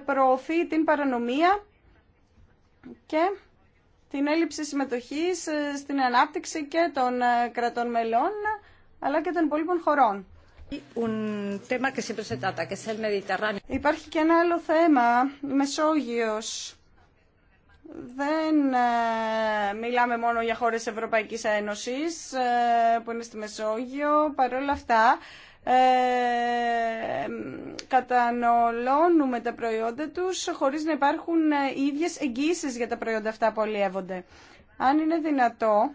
προωθεί την παρανομία και την έλλειψη συμμετοχή ε, στην ανάπτυξη και των κρατών μελών αλλά και των υπόλοιπων χωρών. Υπάρχει και ένα άλλο θέμα, η Μεσόγειος δεν ε, μιλάμε μόνο για χώρες Ευρωπαϊκής Ένωσης ε, που είναι στη Μεσόγειο. Παρ' όλα αυτά, ε, κατανολώνουμε τα προϊόντα τους χωρίς να υπάρχουν ε, ίδιες εγγύσεις για τα προϊόντα αυτά που αλλιεύονται. Αν είναι δυνατό,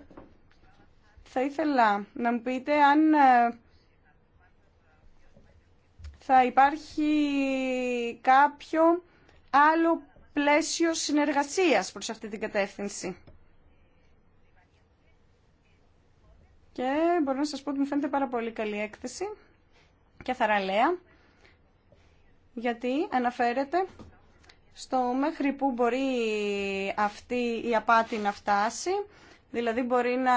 θα ήθελα να μου πείτε αν θα υπάρχει κάποιο άλλο πλαίσιο συνεργασίας προς αυτή την κατεύθυνση. Και μπορώ να σας πω ότι μου φαίνεται πάρα πολύ καλή έκθεση και θαραλέα, γιατί αναφέρεται στο μέχρι που μπορεί αυτή η απάτη να φτάσει, δηλαδή μπορεί να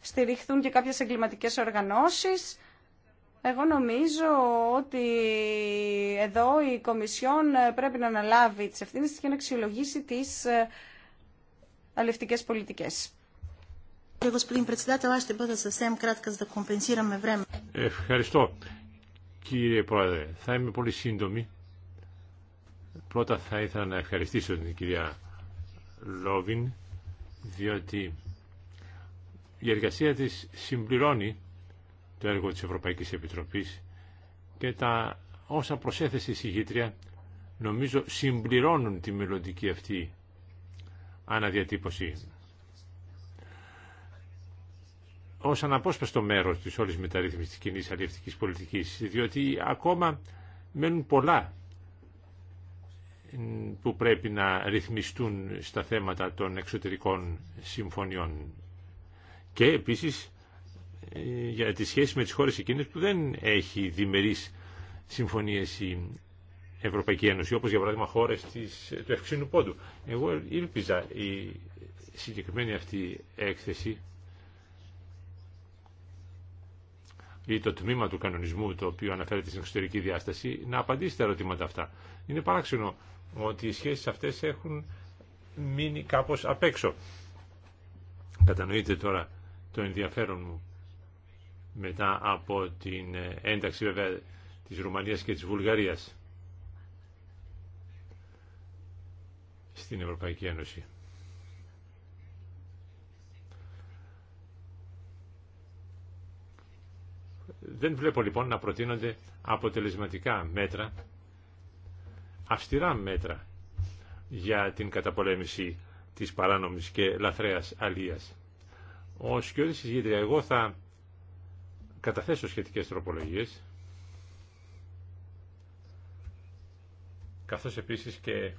στηριχθούν και κάποιες εγκληματικές οργανώσεις, εγώ νομίζω ότι εδώ η Κομισιόν πρέπει να αναλάβει τις ευθύνες και να αξιολογήσει τις ε, αλευτικές πολιτικές. Ε, Ευχαριστώ. Κύριε Πρόεδρε, θα είμαι πολύ σύντομη. Πρώτα θα ήθελα να ευχαριστήσω την κυρία Λόβιν, διότι η εργασία της συμπληρώνει το έργο της Ευρωπαϊκής Επιτροπής και τα όσα προσέθεσε η συγγήτρια νομίζω συμπληρώνουν τη μελλοντική αυτή αναδιατύπωση. Ως αναπόσπαστο μέρος της όλης μεταρρύθμισης της κοινής αλληλευτικής πολιτικής, διότι ακόμα μένουν πολλά που πρέπει να ρυθμιστούν στα θέματα των εξωτερικών συμφωνιών. Και επίσης για τη σχέση με τις χώρες εκείνες που δεν έχει διμερείς συμφωνίες η Ευρωπαϊκή Ένωση, όπως για παράδειγμα χώρες της, του Ευξήνου Πόντου. Εγώ ήλπιζα η συγκεκριμένη αυτή έκθεση ή το τμήμα του κανονισμού το οποίο αναφέρεται στην εξωτερική διάσταση να απαντήσει τα ερωτήματα αυτά. Είναι παράξενο ότι οι σχέσεις αυτές έχουν μείνει κάπως απ' έξω. Κατανοείτε τώρα το ενδιαφέρον μου μετά από την ένταξη βέβαια της Ρουμανίας και της Βουλγαρίας στην Ευρωπαϊκή Ένωση. Δεν βλέπω λοιπόν να προτείνονται αποτελεσματικά μέτρα, αυστηρά μέτρα για την καταπολέμηση της παράνομης και λαθρέας αλίας. Ως κοιόδης εισηγήτρια, εγώ θα καταθέσω σχετικές τροπολογίες καθώς επίσης και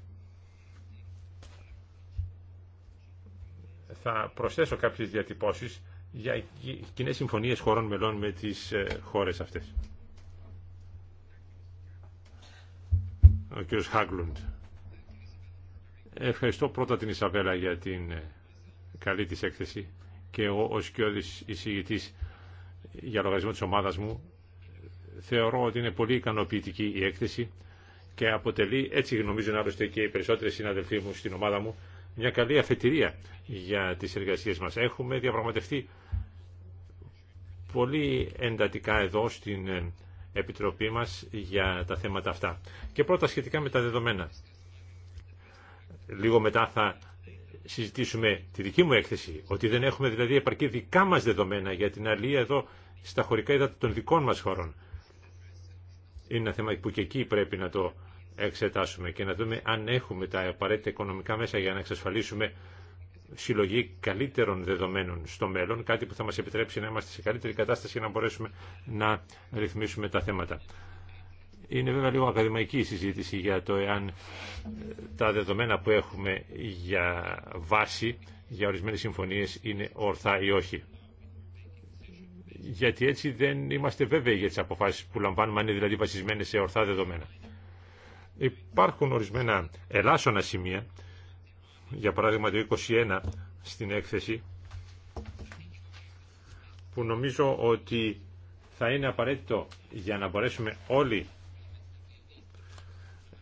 θα προσθέσω κάποιες διατυπώσεις για κοινέ συμφωνίες χωρών μελών με τις ε, χώρες αυτές. Ο κ. Χάγκλουντ. Ευχαριστώ πρώτα την Ισαβέλα για την ε, καλή της έκθεση και εγώ ως κοιόδης εισηγητής για λογαριασμό της ομάδας μου. Θεωρώ ότι είναι πολύ ικανοποιητική η έκθεση και αποτελεί, έτσι γνωρίζουν άλλωστε και οι περισσότεροι συναδελφοί μου στην ομάδα μου, μια καλή αφετηρία για τις εργασίες μας. Έχουμε διαπραγματευτεί πολύ εντατικά εδώ στην ε, Επιτροπή μας για τα θέματα αυτά. Και πρώτα σχετικά με τα δεδομένα. Λίγο μετά θα συζητήσουμε τη δική μου έκθεση, ότι δεν έχουμε δηλαδή επαρκή δικά μας δεδομένα για την αλληλεία εδώ στα χωρικά ύδατα των δικών μας χωρών. Είναι ένα θέμα που και εκεί πρέπει να το εξετάσουμε και να δούμε αν έχουμε τα απαραίτητα οικονομικά μέσα για να εξασφαλίσουμε συλλογή καλύτερων δεδομένων στο μέλλον, κάτι που θα μας επιτρέψει να είμαστε σε καλύτερη κατάσταση για να μπορέσουμε να ρυθμίσουμε τα θέματα. Είναι βέβαια λίγο ακαδημαϊκή η συζήτηση για το εάν ε, τα δεδομένα που έχουμε για βάση, για ορισμένες συμφωνίες, είναι ορθά ή όχι. Γιατί έτσι δεν είμαστε βέβαιοι για τις αποφάσεις που λαμβάνουμε, αν είναι δηλαδή βασισμένες σε ορθά δεδομένα. Υπάρχουν ορισμένα ελάσσονα σημεία, για παράδειγμα το 21 στην έκθεση, που νομίζω ότι θα είναι απαραίτητο για να μπορέσουμε όλοι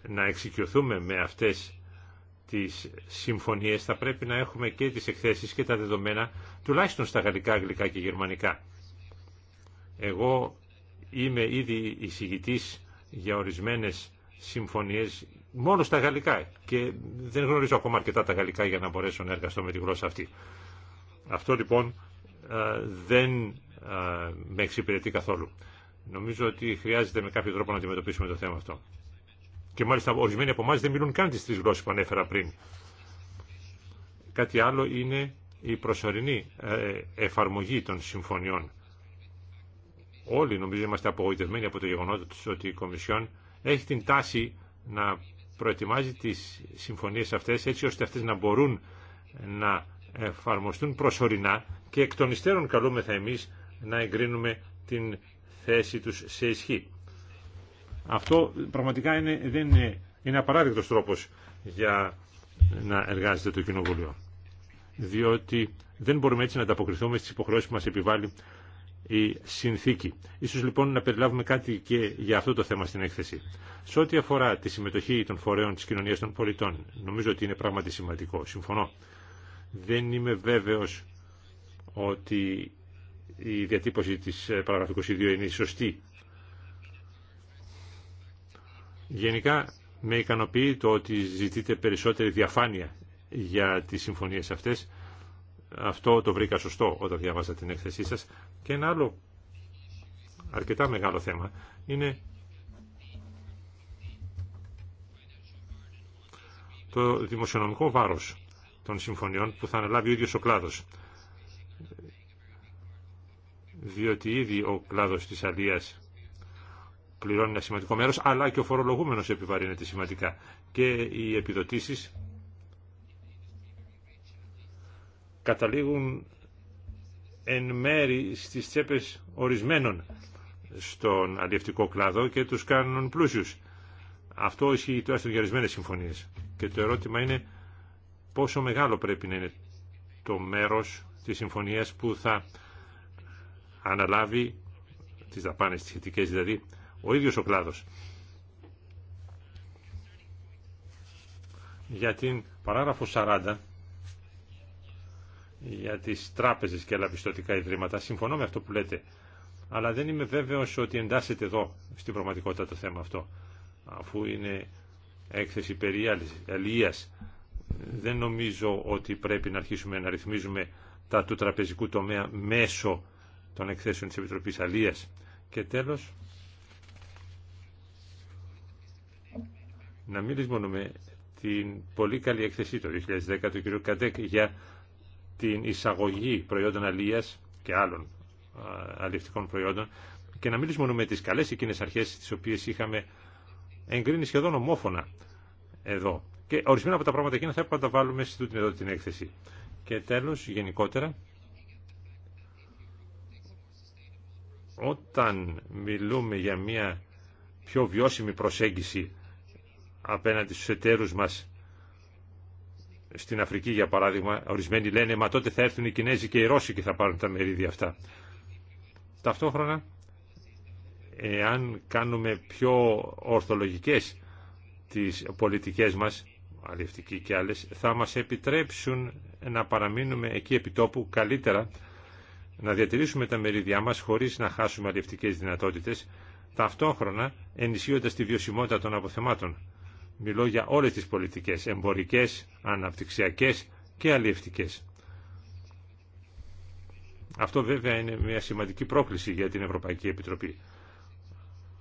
να εξοικειωθούμε με αυτές τις συμφωνίες θα πρέπει να έχουμε και τις εκθέσεις και τα δεδομένα τουλάχιστον στα γαλλικά, αγγλικά και γερμανικά. Εγώ είμαι ήδη εισηγητής για ορισμένες συμφωνίες μόνο στα γαλλικά και δεν γνωρίζω ακόμα αρκετά τα γαλλικά για να μπορέσω να εργαστώ με τη γλώσσα αυτή. Αυτό λοιπόν ε, δεν ε, με εξυπηρετεί καθόλου. Νομίζω ότι χρειάζεται με κάποιο τρόπο να αντιμετωπίσουμε το θέμα αυτό. Και μάλιστα ορισμένοι από εμά δεν μιλούν καν τι τρει γλώσσε που ανέφερα πριν. Κάτι άλλο είναι η προσωρινή ε, εφαρμογή των συμφωνιών. Όλοι νομίζω είμαστε απογοητευμένοι από το γεγονό ότι η Κομισιόν έχει την τάση να προετοιμάζει τι συμφωνίε αυτέ, έτσι ώστε αυτέ να μπορούν να εφαρμοστούν προσωρινά και εκ των υστέρων καλούμεθα εμεί να εγκρίνουμε την θέση τους σε ισχύ. Αυτό πραγματικά είναι, δεν είναι, είναι τρόπος για να εργάζεται το Κοινοβούλιο. Διότι δεν μπορούμε έτσι να ανταποκριθούμε στις υποχρεώσεις που μας επιβάλλει η συνθήκη. Ίσως λοιπόν να περιλάβουμε κάτι και για αυτό το θέμα στην έκθεση. Σε ό,τι αφορά τη συμμετοχή των φορέων της κοινωνίας των πολιτών, νομίζω ότι είναι πράγματι σημαντικό. Συμφωνώ. Δεν είμαι βέβαιος ότι η διατύπωση της παραγραφικού 22 είναι σωστή Γενικά με ικανοποιεί το ότι ζητείτε περισσότερη διαφάνεια για τις συμφωνίες αυτές. Αυτό το βρήκα σωστό όταν διάβαζα την έκθεσή σας. Και ένα άλλο αρκετά μεγάλο θέμα είναι το δημοσιονομικό βάρος των συμφωνιών που θα αναλάβει ο ίδιος ο κλάδος. Διότι ήδη ο κλάδος της Αλίας πληρώνει ένα σημαντικό μέρος, αλλά και ο φορολογούμενος επιβαρύνεται σημαντικά. Και οι επιδοτήσεις καταλήγουν εν μέρη στις τσέπες ορισμένων στον αλλιευτικό κλάδο και τους κάνουν πλούσιους. Αυτό ισχύει τώρα για ορισμένες συμφωνίες. Και το ερώτημα είναι πόσο μεγάλο πρέπει να είναι το μέρος της συμφωνίας που θα αναλάβει τις δαπάνες τις σχετικές δηλαδή ο ίδιος ο κλάδος. Για την παράγραφο 40 για τις τράπεζες και πιστωτικά ιδρύματα. Συμφωνώ με αυτό που λέτε, αλλά δεν είμαι βέβαιος ότι εντάσσεται εδώ στην πραγματικότητα το θέμα αυτό, αφού είναι έκθεση περί αλληλείας. Δεν νομίζω ότι πρέπει να αρχίσουμε να ρυθμίζουμε τα του τραπεζικού τομέα μέσω των εκθέσεων της Επιτροπής Αλίας. Και τέλος, να μην λησμονούμε την πολύ καλή έκθεση το 2010 του κ. Κατέκ για την εισαγωγή προϊόντων αλίας και άλλων αλληλευτικών προϊόντων και να μην λησμονούμε τις καλές εκείνες αρχές τις οποίες είχαμε εγκρίνει σχεδόν ομόφωνα εδώ. Και ορισμένα από τα πράγματα εκείνα θα έπρεπε να τα βάλουμε τούτην εδώ την έκθεση. Και τέλος, γενικότερα, όταν μιλούμε για μια πιο βιώσιμη προσέγγιση απέναντι στους εταίρους μας στην Αφρική για παράδειγμα ορισμένοι λένε μα τότε θα έρθουν οι Κινέζοι και οι Ρώσοι και θα πάρουν τα μερίδια αυτά ταυτόχρονα εάν κάνουμε πιο ορθολογικές τις πολιτικές μας αλληλευτικοί και άλλες θα μας επιτρέψουν να παραμείνουμε εκεί επιτόπου καλύτερα να διατηρήσουμε τα μερίδια μας χωρίς να χάσουμε αλληλευτικές δυνατότητες ταυτόχρονα ενισχύοντας τη βιωσιμότητα των αποθεμάτων Μιλώ για όλες τις πολιτικές, εμπορικές, αναπτυξιακές και αλλιευτικές. Αυτό βέβαια είναι μια σημαντική πρόκληση για την Ευρωπαϊκή Επιτροπή.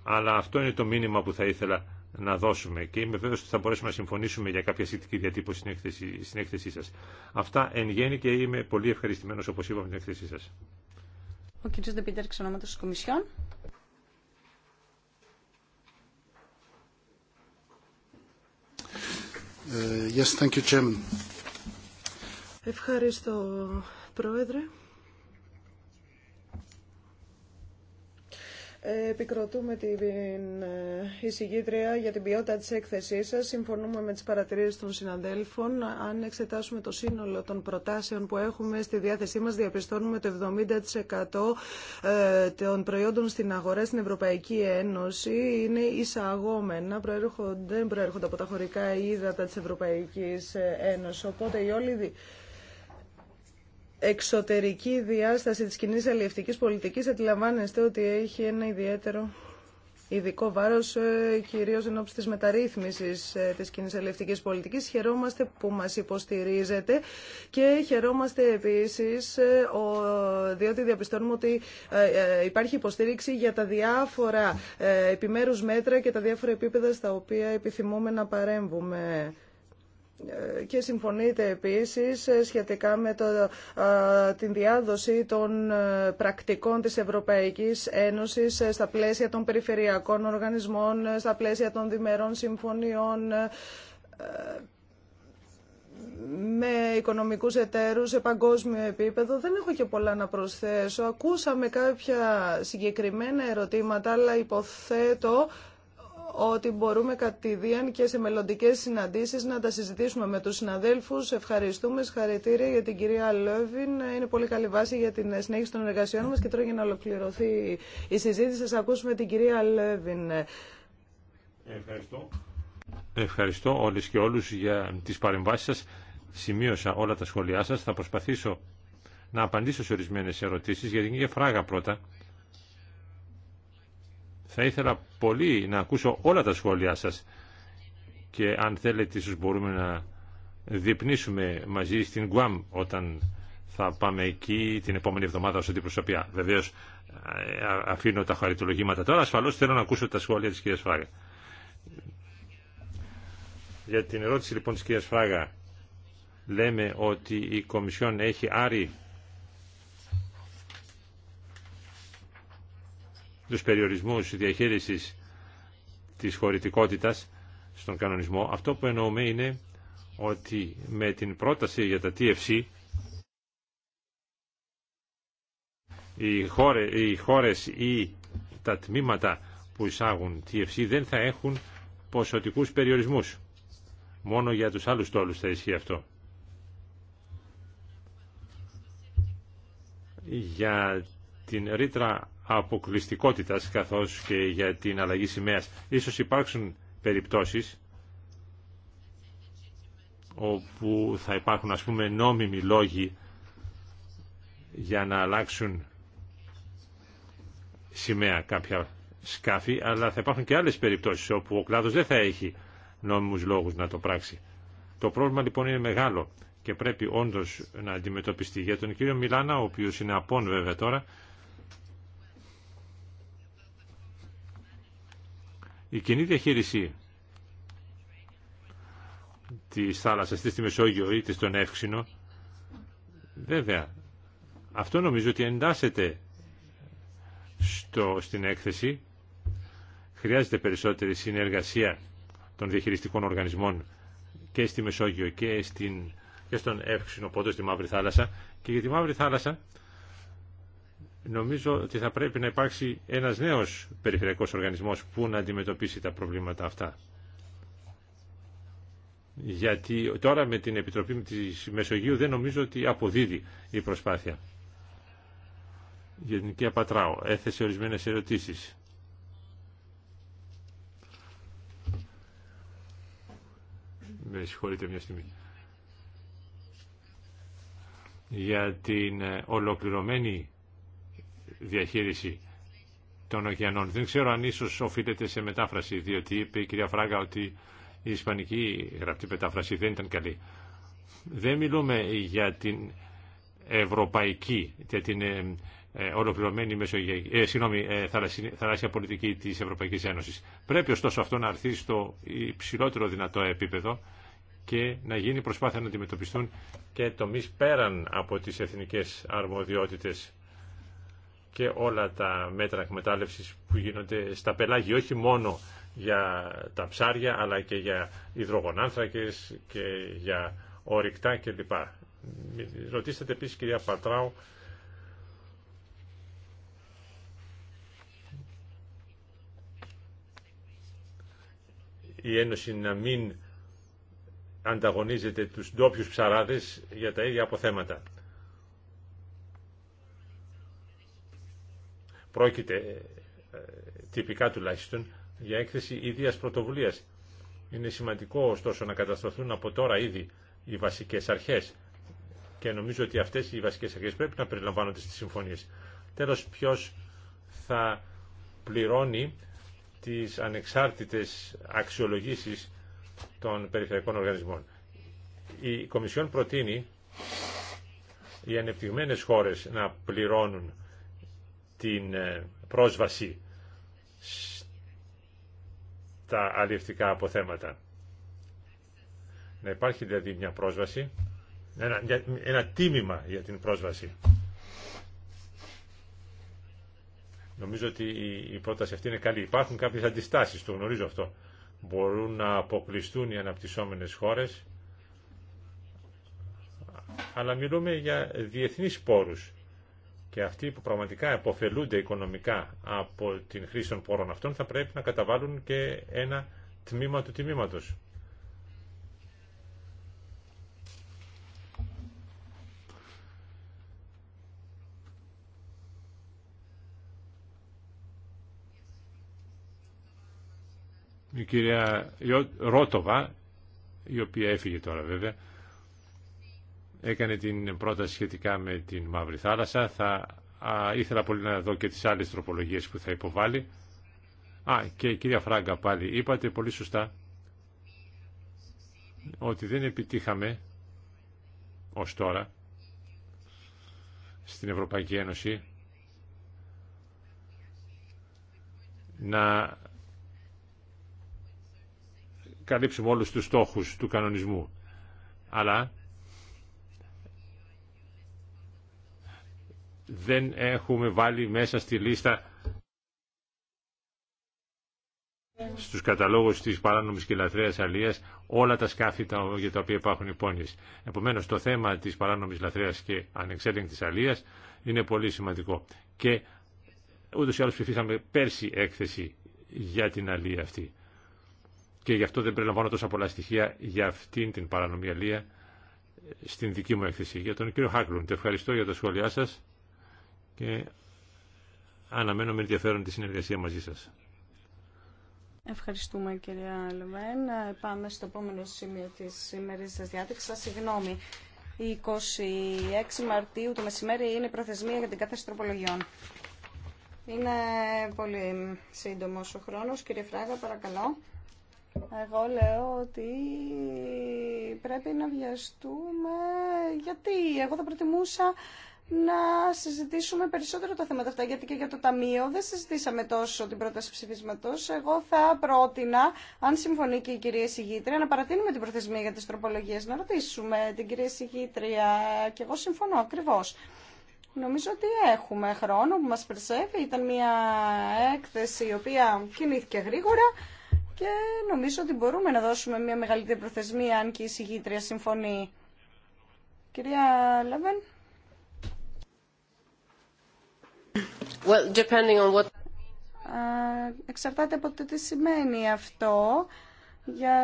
Αλλά αυτό είναι το μήνυμα που θα ήθελα να δώσουμε και είμαι βέβαιος ότι θα μπορέσουμε να συμφωνήσουμε για κάποια σχετική διατύπωση στην έκθεση, στην σας. Αυτά εν γέννη και είμαι πολύ ευχαριστημένος όπως είπαμε, την έκθεσή σας. Ο κ. Δεπίτερ, εξ της Κομισιόν. Yes, thank you, Chairman. Ευχαριστώ, Πρόεδρε. επικροτούμε την ε, εισηγήτρια για την ποιότητα της έκθεσής σας. Συμφωνούμε με τις παρατηρήσεις των συναδέλφων. Αν εξετάσουμε το σύνολο των προτάσεων που έχουμε στη διάθεσή μας, διαπιστώνουμε το 70% ε, των προϊόντων στην αγορά στην Ευρωπαϊκή Ένωση είναι εισαγόμενα, προέρχονται, προέρχονται από τα χωρικά ύδατα της Ευρωπαϊκής Ένωσης. Οπότε η όλη εξωτερική διάσταση της κοινή αλληλευτικής πολιτικής αντιλαμβάνεστε ότι έχει ένα ιδιαίτερο ειδικό βάρος ε, κυρίως εν της μεταρρύθμισης ε, της κοινή αλληλευτικής πολιτικής. Χαιρόμαστε που μας υποστηρίζετε και χαιρόμαστε επίσης ε, διότι διαπιστώνουμε ότι υπάρχει υποστήριξη για τα διάφορα επιμέρους μέτρα και τα διάφορα επίπεδα στα οποία επιθυμούμε να παρέμβουμε και συμφωνείτε επίσης σχετικά με το, την διάδοση των ε, πρακτικών της Ευρωπαϊκής Ένωσης ε, στα πλαίσια των περιφερειακών οργανισμών, ε, στα πλαίσια των διμερών συμφωνιών, με οικονομικούς εταίρους σε παγκόσμιο επίπεδο. Δεν έχω και πολλά να προσθέσω. Ακούσαμε κάποια συγκεκριμένα ερωτήματα, αλλά υποθέτω ότι μπορούμε κατηδίαν και σε μελλοντικέ συναντήσεις να τα συζητήσουμε με τους συναδέλφους. Ευχαριστούμε, συγχαρητήρια για την κυρία Λόβιν. Είναι πολύ καλή βάση για την συνέχιση των εργασιών μας και τώρα για να ολοκληρωθεί η συζήτηση σας ακούσουμε την κυρία Λόβιν. Ευχαριστώ. Ευχαριστώ όλες και όλους για τις παρεμβάσεις σας. Σημείωσα όλα τα σχόλιά σας. Θα προσπαθήσω να απαντήσω σε ορισμένες ερωτήσεις, γιατί είναι φράγα πρώτα. Θα ήθελα πολύ να ακούσω όλα τα σχόλιά σας και αν θέλετε ίσως μπορούμε να διπνήσουμε μαζί στην Γκουάμ όταν θα πάμε εκεί την επόμενη εβδομάδα ως αντιπροσωπιά. Βεβαίως αφήνω τα χαριτολογήματα τώρα, ασφαλώς θέλω να ακούσω τα σχόλια της κυρίας Φράγα. Για την ερώτηση λοιπόν της κυρίας Φράγα λέμε ότι η Κομισιόν έχει άρει τους περιορισμούς διαχείρισης της χωρητικότητας στον κανονισμό, αυτό που εννοούμε είναι ότι με την πρόταση για τα TFC οι, χώρε, χώρες ή τα τμήματα που εισάγουν TFC δεν θα έχουν ποσοτικούς περιορισμούς. Μόνο για τους άλλους τόλους θα ισχύει αυτό. Για την ρήτρα αποκλειστικότητας καθώς και για την αλλαγή σημαίας. Ίσως υπάρξουν περιπτώσεις όπου θα υπάρχουν ας πούμε νόμιμοι λόγοι για να αλλάξουν σημαία κάποια σκάφη, αλλά θα υπάρχουν και άλλες περιπτώσεις όπου ο κλάδος δεν θα έχει νόμιμους λόγους να το πράξει. Το πρόβλημα λοιπόν είναι μεγάλο και πρέπει όντως να αντιμετωπιστεί. Για τον κύριο Μιλάνα, ο οποίος είναι απόν βέβαια τώρα, Η κοινή διαχείριση της θάλασσας, είτε στη Μεσόγειο είτε στον Εύξηνο, βέβαια, αυτό νομίζω ότι εντάσσεται στο, στην έκθεση. Χρειάζεται περισσότερη συνεργασία των διαχειριστικών οργανισμών και στη Μεσόγειο και, στην, και στον Εύξηνο οπότε στη Μαύρη Θάλασσα. Και για τη Μαύρη Θάλασσα νομίζω ότι θα πρέπει να υπάρξει ένας νέος περιφερειακός οργανισμός που να αντιμετωπίσει τα προβλήματα αυτά. Γιατί τώρα με την Επιτροπή της Μεσογείου δεν νομίζω ότι αποδίδει η προσπάθεια. Γενική Απατράω έθεσε ορισμένες ερωτήσεις. Με συγχωρείτε μια στιγμή. Για την ε, ολοκληρωμένη διαχείριση των ωκεανών. Δεν ξέρω αν ίσως οφείλεται σε μετάφραση, διότι είπε η κυρία Φράγκα ότι η ισπανική γραπτή μετάφραση δεν ήταν καλή. Δεν μιλούμε για την ευρωπαϊκή, για την ε, ε, ολοκληρωμένη ε, συγγνώμη, ε, θαλάσσια πολιτική της Ευρωπαϊκής Ένωσης. Πρέπει ωστόσο αυτό να έρθει στο υψηλότερο δυνατό επίπεδο και να γίνει προσπάθεια να αντιμετωπιστούν και τομείς πέραν από τις εθνικές αρμοδιότητες και όλα τα μέτρα εκμετάλλευσης που γίνονται στα πελάγια, όχι μόνο για τα ψάρια, αλλά και για υδρογονάνθρακες και για ορυκτά κλπ. Ρωτήσατε επίσης κυρία Πατράου, η Ένωση να μην ανταγωνίζεται τους ντόπιου ψαράδες για τα ίδια αποθέματα. Πρόκειται ε, ε, τυπικά τουλάχιστον για έκθεση ιδίας πρωτοβουλίας. Είναι σημαντικό ωστόσο να κατασταθούν από τώρα ήδη οι βασικές αρχές και νομίζω ότι αυτές οι βασικές αρχές πρέπει να περιλαμβάνονται στις συμφωνίες. Τέλος, ποιος θα πληρώνει τις ανεξάρτητες αξιολογήσεις των περιφερειακών οργανισμών. Η Κομισιόν προτείνει οι ανεπτυγμένες χώρες να πληρώνουν την ε, πρόσβαση στα αλληλευτικά αποθέματα. Να υπάρχει δηλαδή μια πρόσβαση, ένα, τίμημα για την πρόσβαση. Νομίζω ότι η πρόταση αυτή είναι καλή. Υπάρχουν κάποιες αντιστάσεις, το γνωρίζω αυτό. Μπορούν να αποκλειστούν οι αναπτυσσόμενες χώρες, αλλά μιλούμε για διεθνείς πόρους και αυτοί που πραγματικά αποφελούνται οικονομικά από την χρήση των πόρων αυτών θα πρέπει να καταβάλουν και ένα τμήμα του τιμήματος. Η κυρία Ρότοβα, η οποία έφυγε τώρα βέβαια, έκανε την πρόταση σχετικά με την Μαύρη Θάλασσα. Θα α, ήθελα πολύ να δω και τις άλλες τροπολογίες που θα υποβάλει. Α, και κυρία Φράγκα πάλι, είπατε πολύ σωστά ότι δεν επιτύχαμε ως τώρα στην Ευρωπαϊκή Ένωση να καλύψουμε όλους τους στόχους του κανονισμού. Αλλά δεν έχουμε βάλει μέσα στη λίστα στους καταλόγους της παράνομης και λαθρέας αλίας όλα τα σκάφη για τα οποία υπάρχουν υπόνοιες. Επομένως το θέμα της παράνομης λαθρέας και ανεξέλεγκτης αλίας είναι πολύ σημαντικό. Και ούτως ή άλλως ψηφίσαμε πέρσι έκθεση για την αλία αυτή. Και γι' αυτό δεν περιλαμβάνω τόσα πολλά στοιχεία για αυτήν την αλία στην δική μου έκθεση. Για τον κύριο Χάκλουντ, ευχαριστώ για τα σχόλιά σας και αναμένω με ενδιαφέρον τη συνεργασία μαζί σας. Ευχαριστούμε κυρία Λεβέν. Ε, πάμε στο επόμενο σημείο της σημερινής σας διάταξης. Σας συγγνώμη. 26 Μαρτίου το μεσημέρι είναι η προθεσμία για την κάθεση τροπολογιών. Είναι πολύ σύντομος ο χρόνος. Κύριε Φράγα, παρακαλώ. Εγώ λέω ότι πρέπει να βιαστούμε γιατί εγώ θα προτιμούσα να συζητήσουμε περισσότερο τα θέματα αυτά, γιατί και για το Ταμείο δεν συζητήσαμε τόσο την πρόταση ψηφισματο. Εγώ θα πρότεινα, αν συμφωνεί και η κυρία Σιγήτρια, να παρατείνουμε την προθεσμία για τι τροπολογίε να ρωτήσουμε την κυρία Σιγήτρια, και εγώ συμφωνώ ακριβώ. Νομίζω ότι έχουμε χρόνο που μας περισσεύει. Ήταν μια έκθεση η οποία κινήθηκε γρήγορα και νομίζω ότι μπορούμε να δώσουμε μια μεγαλύτερη προθεσμία αν και η συγγήτρια συμφωνεί. Κυρία Λαβέν. Εξαρτάται από το τι σημαίνει αυτό για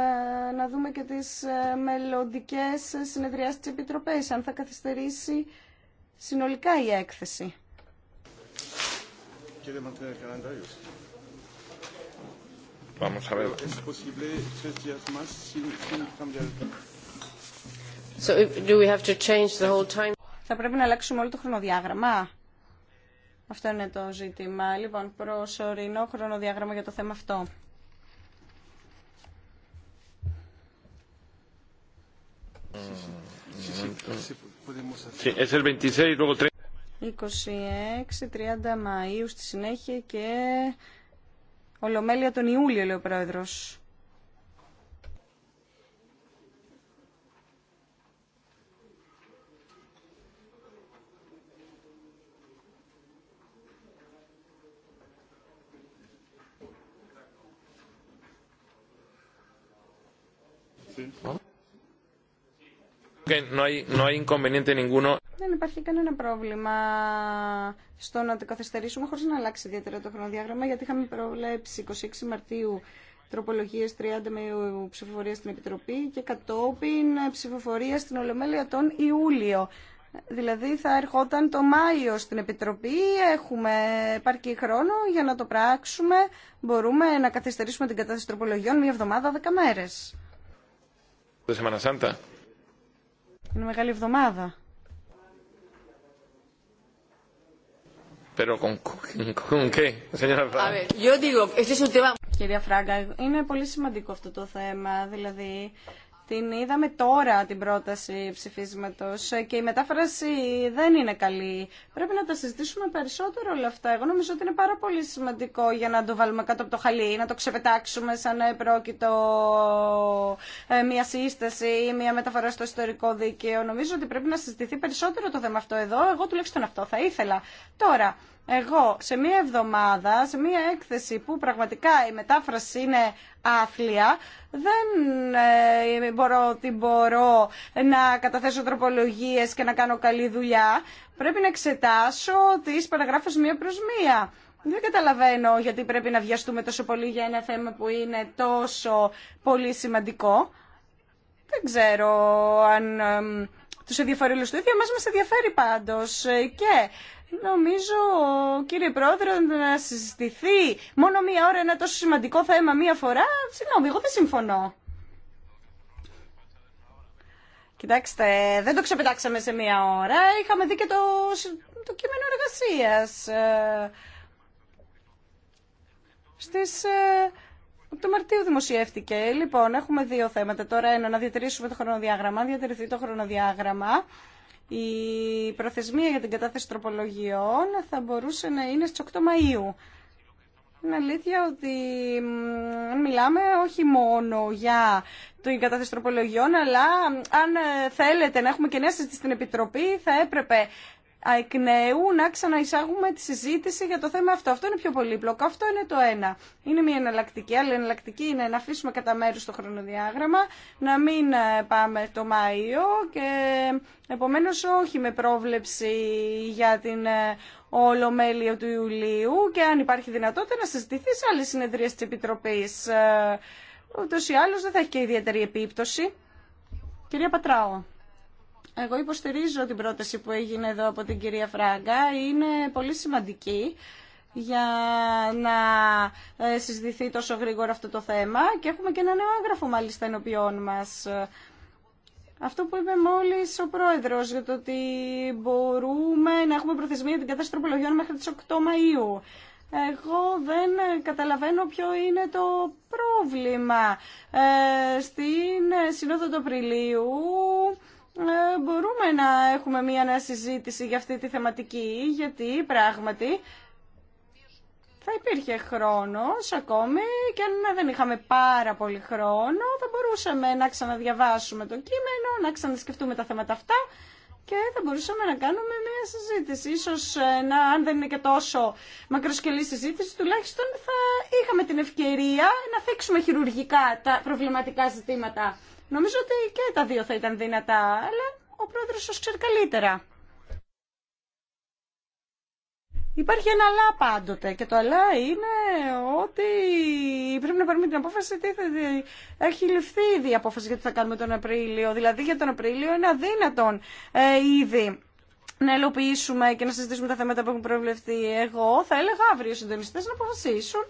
να δούμε και τις ε, μελλοντικέ συνεδριάσεις της Επιτροπής, αν θα καθυστερήσει συνολικά η έκθεση. Θα πρέπει να αλλάξουμε όλο το χρονοδιάγραμμα. Αυτό είναι το ζήτημα. Λοιπόν, προσωρινό χρονοδιάγραμμα για το θέμα αυτό. 26-30 Μαΐου στη συνέχεια και Ολομέλεια τον Ιούλιο, λέει ο Πρόεδρος. Δεν υπάρχει κανένα πρόβλημα στο να το καθυστερήσουμε χωρίς να αλλάξει ιδιαίτερα το χρονοδιάγραμμα γιατί είχαμε προβλέψει 26 Μαρτίου τροπολογίες 30 με ψηφοφορία στην Επιτροπή και κατόπιν ψηφοφορία στην Ολομέλεια τον Ιούλιο. Δηλαδή θα ερχόταν το Μάιο στην Επιτροπή, έχουμε επαρκή χρόνο για να το πράξουμε, μπορούμε να καθυστερήσουμε την κατάσταση τροπολογιών μία εβδομάδα, δέκα μέρες. Είναι μεγάλη εβδομάδα. Κυρία Φράγκα, είναι πολύ σημαντικό αυτό το θέμα. Δηλαδή, την είδαμε τώρα την πρόταση ψηφίσματο και η μετάφραση δεν είναι καλή. Πρέπει να τα συζητήσουμε περισσότερο όλα αυτά. Εγώ νομίζω ότι είναι πάρα πολύ σημαντικό για να το βάλουμε κάτω από το χαλί, να το ξεπετάξουμε σαν να επρόκειτο ε, μια σύσταση ή μια μεταφορά στο ιστορικό δίκαιο. Νομίζω ότι πρέπει να συζητηθεί περισσότερο το θέμα αυτό εδώ. Εγώ τουλάχιστον αυτό θα ήθελα. Τώρα, εγώ σε μία εβδομάδα, σε μία έκθεση που πραγματικά η μετάφραση είναι άθλια, δεν ε, μπορώ ότι μπορώ να καταθέσω τροπολογίες και να κάνω καλή δουλειά. Πρέπει να εξετάσω τις παραγράφους μία προς μία. Δεν καταλαβαίνω γιατί πρέπει να βιαστούμε τόσο πολύ για ένα θέμα που είναι τόσο πολύ σημαντικό. Δεν ξέρω αν... τους ενδιαφέρει όλους το ίδιο, εμάς μα ενδιαφέρει πάντως ε, Και Νομίζω, κύριε Πρόεδρε, να συζητηθεί μόνο μία ώρα ένα τόσο σημαντικό θέμα μία φορά. Συγγνώμη, εγώ δεν συμφωνώ. Κοιτάξτε, δεν το ξεπετάξαμε σε μία ώρα. Είχαμε δει και το, το κείμενο εργασίας. Ε, στις... Ε, το Μαρτίου δημοσιεύτηκε. Λοιπόν, έχουμε δύο θέματα. Τώρα ένα, να διατηρήσουμε το χρονοδιάγραμμα, Αν διατηρηθεί το χρονοδιάγραμμα. Η προθεσμία για την κατάθεση τροπολογιών θα μπορούσε να είναι στις 8 Μαΐου. Είναι αλήθεια ότι μιλάμε όχι μόνο για την κατάθεση τροπολογιών, αλλά αν ε, θέλετε να έχουμε και νέα συζήτηση στην Επιτροπή, θα έπρεπε εκ νέου να ξαναεισάγουμε τη συζήτηση για το θέμα αυτό. Αυτό είναι πιο πολύπλοκο. Αυτό είναι το ένα. Είναι μια εναλλακτική. Άλλη εναλλακτική είναι να αφήσουμε κατά μέρου το χρονοδιάγραμμα, να μην ε, πάμε το Μάιο και επομένω όχι με πρόβλεψη για την ε, ολομέλεια του Ιουλίου και αν υπάρχει δυνατότητα να συζητηθεί σε άλλε συνεδρίε τη Επιτροπή. Ε, Ούτω ή άλλω δεν θα έχει και ιδιαίτερη επίπτωση. Κυρία Πατράω. Εγώ υποστηρίζω την πρόταση που έγινε εδώ από την κυρία Φράγκα. Είναι πολύ σημαντική για να ε, συζητηθεί τόσο γρήγορα αυτό το θέμα και έχουμε και ένα νέο άγγραφο μάλιστα ενωπιών μας. Αυτό που είπε μόλις ο πρόεδρος για το ότι μπορούμε να έχουμε προθεσμία την κατάσταση τροπολογιών μέχρι τις 8 Μαΐου. Εγώ δεν καταλαβαίνω ποιο είναι το πρόβλημα. Ε, στην Συνόδο του Απριλίου ε, μπορούμε να έχουμε μία ανασυζήτηση για αυτή τη θεματική, γιατί πράγματι θα υπήρχε χρόνος ακόμη και αν δεν είχαμε πάρα πολύ χρόνο θα μπορούσαμε να ξαναδιαβάσουμε το κείμενο, να ξανασκεφτούμε τα θέματα αυτά και θα μπορούσαμε να κάνουμε μια συζήτηση. Ίσως ε, να, αν δεν είναι και τόσο μακροσκελή συζήτηση, τουλάχιστον θα είχαμε την ευκαιρία να θίξουμε χειρουργικά τα προβληματικά ζητήματα. Νομίζω ότι και τα δύο θα ήταν δυνατά, αλλά ο πρόεδρος σας ξέρει καλύτερα. Υπάρχει ένα αλλά πάντοτε και το αλλά είναι ότι πρέπει να πάρουμε την απόφαση έχει ληφθεί ήδη η απόφαση γιατί θα κάνουμε τον Απρίλιο. Δηλαδή για τον Απρίλιο είναι αδύνατον ε, ήδη να ελοποιήσουμε και να συζητήσουμε τα θέματα που έχουν προβλεφθεί. Εγώ θα έλεγα αύριο οι συντονιστέ να αποφασίσουν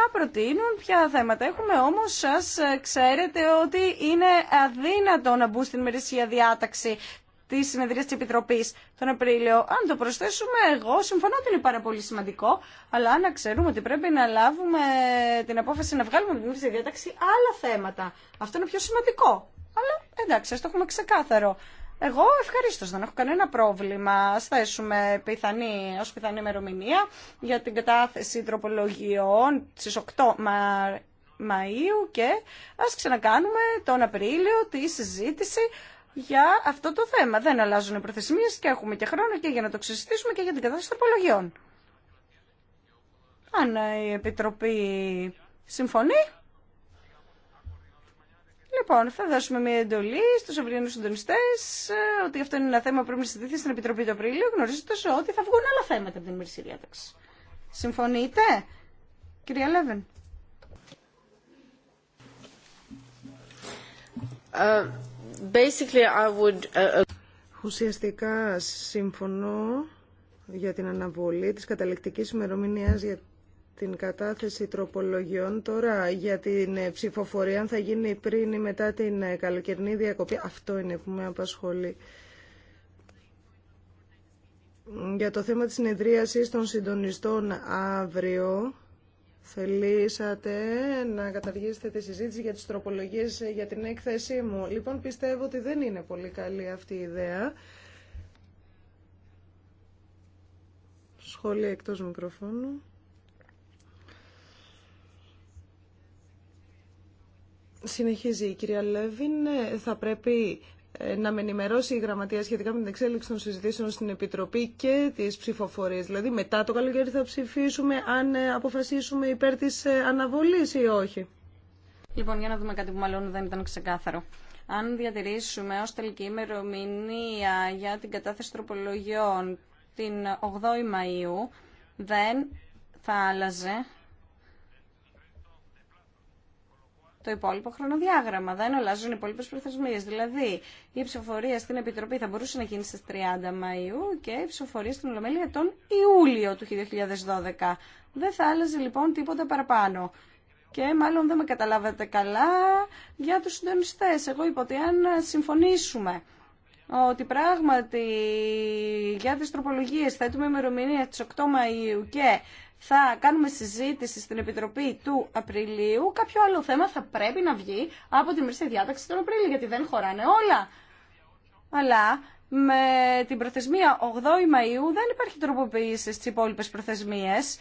να προτείνουν ποια θέματα έχουμε, όμως σας ε, ξέρετε ότι είναι αδύνατο να μπουν στην ημερήσια διάταξη τη συνεδρία τη Επιτροπή τον Απρίλιο. Αν το προσθέσουμε, εγώ συμφωνώ ότι είναι πάρα πολύ σημαντικό, αλλά να ξέρουμε ότι πρέπει να λάβουμε την απόφαση να βγάλουμε την ημερησία διάταξη άλλα θέματα. Αυτό είναι πιο σημαντικό. Αλλά εντάξει, α το έχουμε ξεκάθαρο. Εγώ ευχαρίστω, δεν έχω κανένα πρόβλημα. Α θέσουμε πιθανή, ως πιθανή ημερομηνία για την κατάθεση τροπολογιών στις 8 Μα... Μαΐου και ας ξανακάνουμε τον Απρίλιο τη συζήτηση για αυτό το θέμα. Δεν αλλάζουν οι προθεσμίες και έχουμε και χρόνο και για να το συζητήσουμε και για την κατάθεση τροπολογιών. Αν η Επιτροπή συμφωνεί, Λοιπόν, θα δώσουμε μια εντολή στου αυριανού συντονιστέ ε, ότι αυτό είναι ένα θέμα που πρέπει να συζητηθεί στην Επιτροπή του Απρίλιο γνωρίζοντα ότι θα βγουν άλλα θέματα από την ημερήσια διάταξη. Συμφωνείτε, κυρία Λέβεν. Ε, ε, Ουσιαστικά συμφωνώ για την αναβολή της καταληκτικής ημερομηνία για την κατάθεση τροπολογιών τώρα για την ε, ψηφοφορία, αν θα γίνει πριν ή μετά την ε, καλοκαιρινή διακοπή. Αυτό είναι που με απασχολεί. Για το θέμα της συνεδρίασης των συντονιστών αύριο, θελήσατε να καταργήσετε τη συζήτηση για τις τροπολογίες ε, για την έκθεσή μου. Λοιπόν, πιστεύω ότι δεν είναι πολύ καλή αυτή η ιδέα. Σχόλια εκτός μικροφώνου. Συνεχίζει η κυρία Λέβιν. Ναι, θα πρέπει ε, να με ενημερώσει η γραμματεία σχετικά με την εξέλιξη των συζητήσεων στην Επιτροπή και τι ψηφοφορίε. Δηλαδή, μετά το καλοκαίρι θα ψηφίσουμε αν ε, αποφασίσουμε υπέρ τη ε, αναβολή ή όχι. Λοιπόν, για να δούμε κάτι που μάλλον δεν ήταν ξεκάθαρο. Αν διατηρήσουμε ως τελική ημερομηνία για την κατάθεση τροπολογιών την 8η Μαΐου, δεν θα άλλαζε το υπόλοιπο χρονοδιάγραμμα. Δεν αλλάζουν οι υπόλοιπε προθεσμίε. Δηλαδή, η ψηφοφορία στην Επιτροπή θα μπορούσε να γίνει στι 30 Μαου και η ψηφοφορία στην Ολομέλεια τον Ιούλιο του 2012. Δεν θα άλλαζε λοιπόν τίποτα παραπάνω. Και μάλλον δεν με καταλάβατε καλά για τους συντονιστές. Εγώ είπα ότι αν συμφωνήσουμε ότι πράγματι για τις τροπολογίες θέτουμε ημερομηνία στις 8 Μαΐου και θα κάνουμε συζήτηση στην Επιτροπή του Απριλίου, κάποιο άλλο θέμα θα πρέπει να βγει από την μερική διάταξη τον Απρίλιο, γιατί δεν χωράνε όλα. Αλλά με την προθεσμία 8 8η Μαΐου δεν υπάρχει τροποποίηση στις υπόλοιπες προθεσμίες.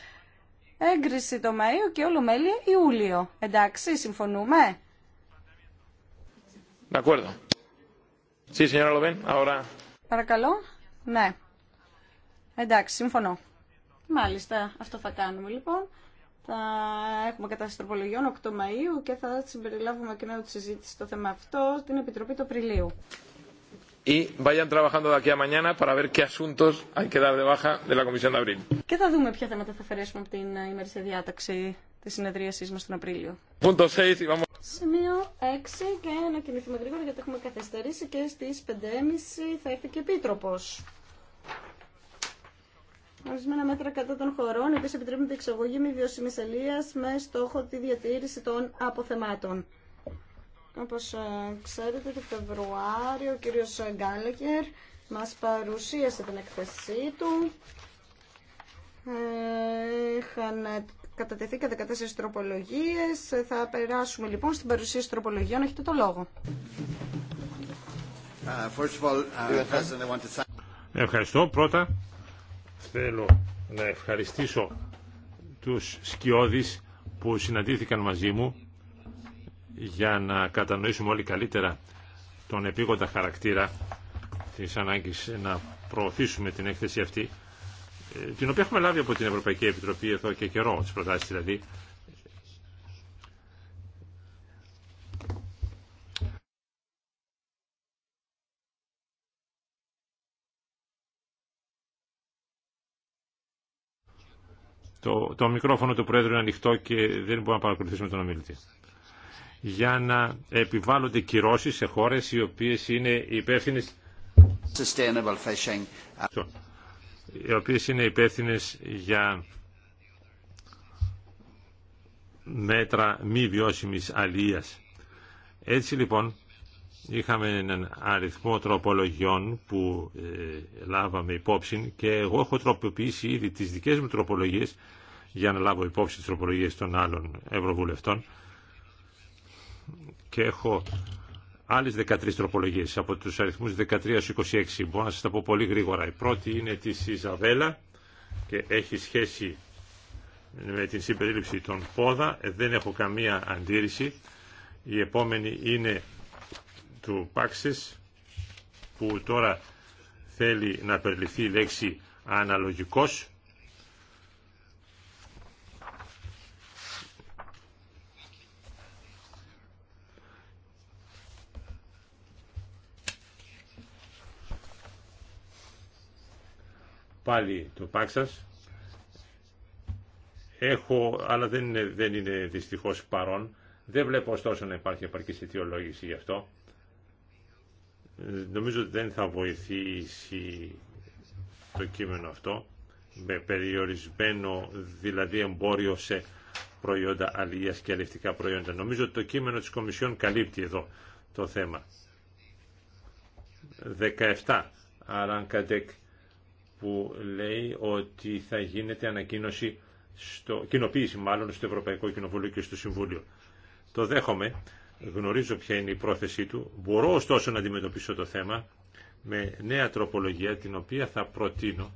Έγκριση το Μαΐο και όλο μέλη Ιούλιο. Εντάξει, συμφωνούμε. Παρακαλώ. Ναι. Εντάξει, συμφωνώ. Μάλιστα, αυτό θα κάνουμε λοιπόν. Θα έχουμε κατάσταση τροπολογιών 8 Μαΐου και θα συμπεριλάβουμε και νέο τη συζήτηση το θέμα αυτό στην Επιτροπή του Απριλίου. Και θα δούμε ποια θέματα θα αφαιρέσουμε από την ημερήσια διάταξη τη συνεδρίασή μα τον Απρίλιο. Σημείο 6 και να κινηθούμε γρήγορα γιατί έχουμε καθυστερήσει και στι 5.30 θα έρθει και επίτροπο ορισμένα μέτρα κατά των χωρών, επίση επιτρέπουν την εξαγωγή μη βιώσιμη αλεία με στόχο τη διατήρηση των αποθεμάτων. Όπω ε, ξέρετε, το Φεβρουάριο ο κύριο Γκάλεκερ μα παρουσίασε την εκθεσή του. Είχαν κατατεθεί και 14 τροπολογίε. Θα περάσουμε λοιπόν στην παρουσίαση τροπολογιών. Έχετε το λόγο. Uh, uh, Ευχαριστώ. Πρώτα Θέλω να ευχαριστήσω τους σκιώδεις που συναντήθηκαν μαζί μου για να κατανοήσουμε όλοι καλύτερα τον επίγοντα χαρακτήρα της ανάγκης να προωθήσουμε την έκθεση αυτή ε, την οποία έχουμε λάβει από την Ευρωπαϊκή Επιτροπή εδώ και καιρό, τις προτάσεις δηλαδή Το, το μικρόφωνο του Πρόεδρου είναι ανοιχτό και δεν μπορούμε να παρακολουθήσουμε τον ομιλητή. Για να επιβάλλονται κυρώσεις σε χώρες οι οποίες είναι υπεύθυνε οι οποίες είναι υπεύθυνε για μέτρα μη βιώσιμης αλίας. Έτσι λοιπόν είχαμε έναν αριθμό τροπολογιών που ε, λάβαμε υπόψη και εγώ έχω τροποποιήσει ήδη τις δικές μου τροπολογίες για να λάβω υπόψη τις τροπολογίες των άλλων ευρωβουλευτών και έχω άλλες 13 τροπολογίες από τους αριθμούς 13-26 μπορώ να σας τα πω πολύ γρήγορα η πρώτη είναι της Ιζαβέλα και έχει σχέση με την συμπερίληψη των πόδα ε, δεν έχω καμία αντίρρηση η επόμενη είναι του Πάξης που τώρα θέλει να περιληφθεί η λέξη αναλογικός πάλι του Πάξας έχω αλλά δεν είναι, δεν είναι δυστυχώς παρόν δεν βλέπω ωστόσο να υπάρχει επαρκής αιτιολόγηση γι' αυτό νομίζω ότι δεν θα βοηθήσει το κείμενο αυτό με περιορισμένο δηλαδή εμπόριο σε προϊόντα αλληλείας και αλληλευτικά προϊόντα. Νομίζω ότι το κείμενο της Κομισιόν καλύπτει εδώ το θέμα. 17. Αραν κατεκ που λέει ότι θα γίνεται ανακοίνωση, στο, κοινοποίηση μάλλον στο Ευρωπαϊκό Κοινοβούλιο και στο Συμβούλιο. Το δέχομαι, γνωρίζω ποια είναι η πρόθεσή του. Μπορώ ωστόσο να αντιμετωπίσω το θέμα με νέα τροπολογία την οποία θα προτείνω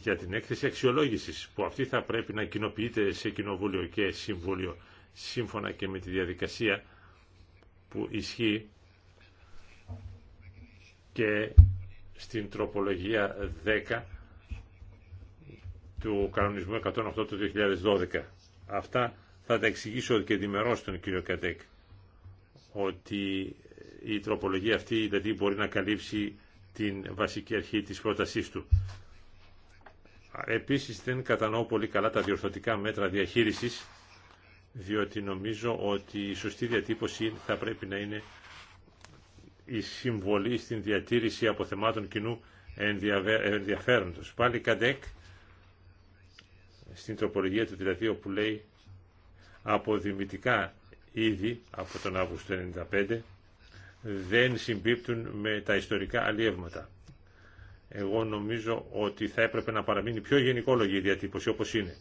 για την έκθεση αξιολόγησης που αυτή θα πρέπει να κοινοποιείται σε κοινοβούλιο και συμβούλιο σύμφωνα και με τη διαδικασία που ισχύει και στην τροπολογία 10 του κανονισμού 108 του 2012. Αυτά θα τα εξηγήσω και διμερώ τον κύριο Κατέκ, ότι η τροπολογία αυτή δηλαδή μπορεί να καλύψει την βασική αρχή της πρότασής του. Επίσης δεν κατανοώ πολύ καλά τα διορθωτικά μέτρα διαχείρισης, διότι νομίζω ότι η σωστή διατύπωση θα πρέπει να είναι η συμβολή στην διατήρηση αποθεμάτων κοινού ενδιαφέροντος. Πάλι Κατέκ στην τροπολογία του δηλαδή όπου λέει αποδημητικά ήδη από τον Αύγουστο 1995 δεν συμπίπτουν με τα ιστορικά αλλιεύματα. Εγώ νομίζω ότι θα έπρεπε να παραμείνει πιο γενικόλογη η διατύπωση όπως είναι.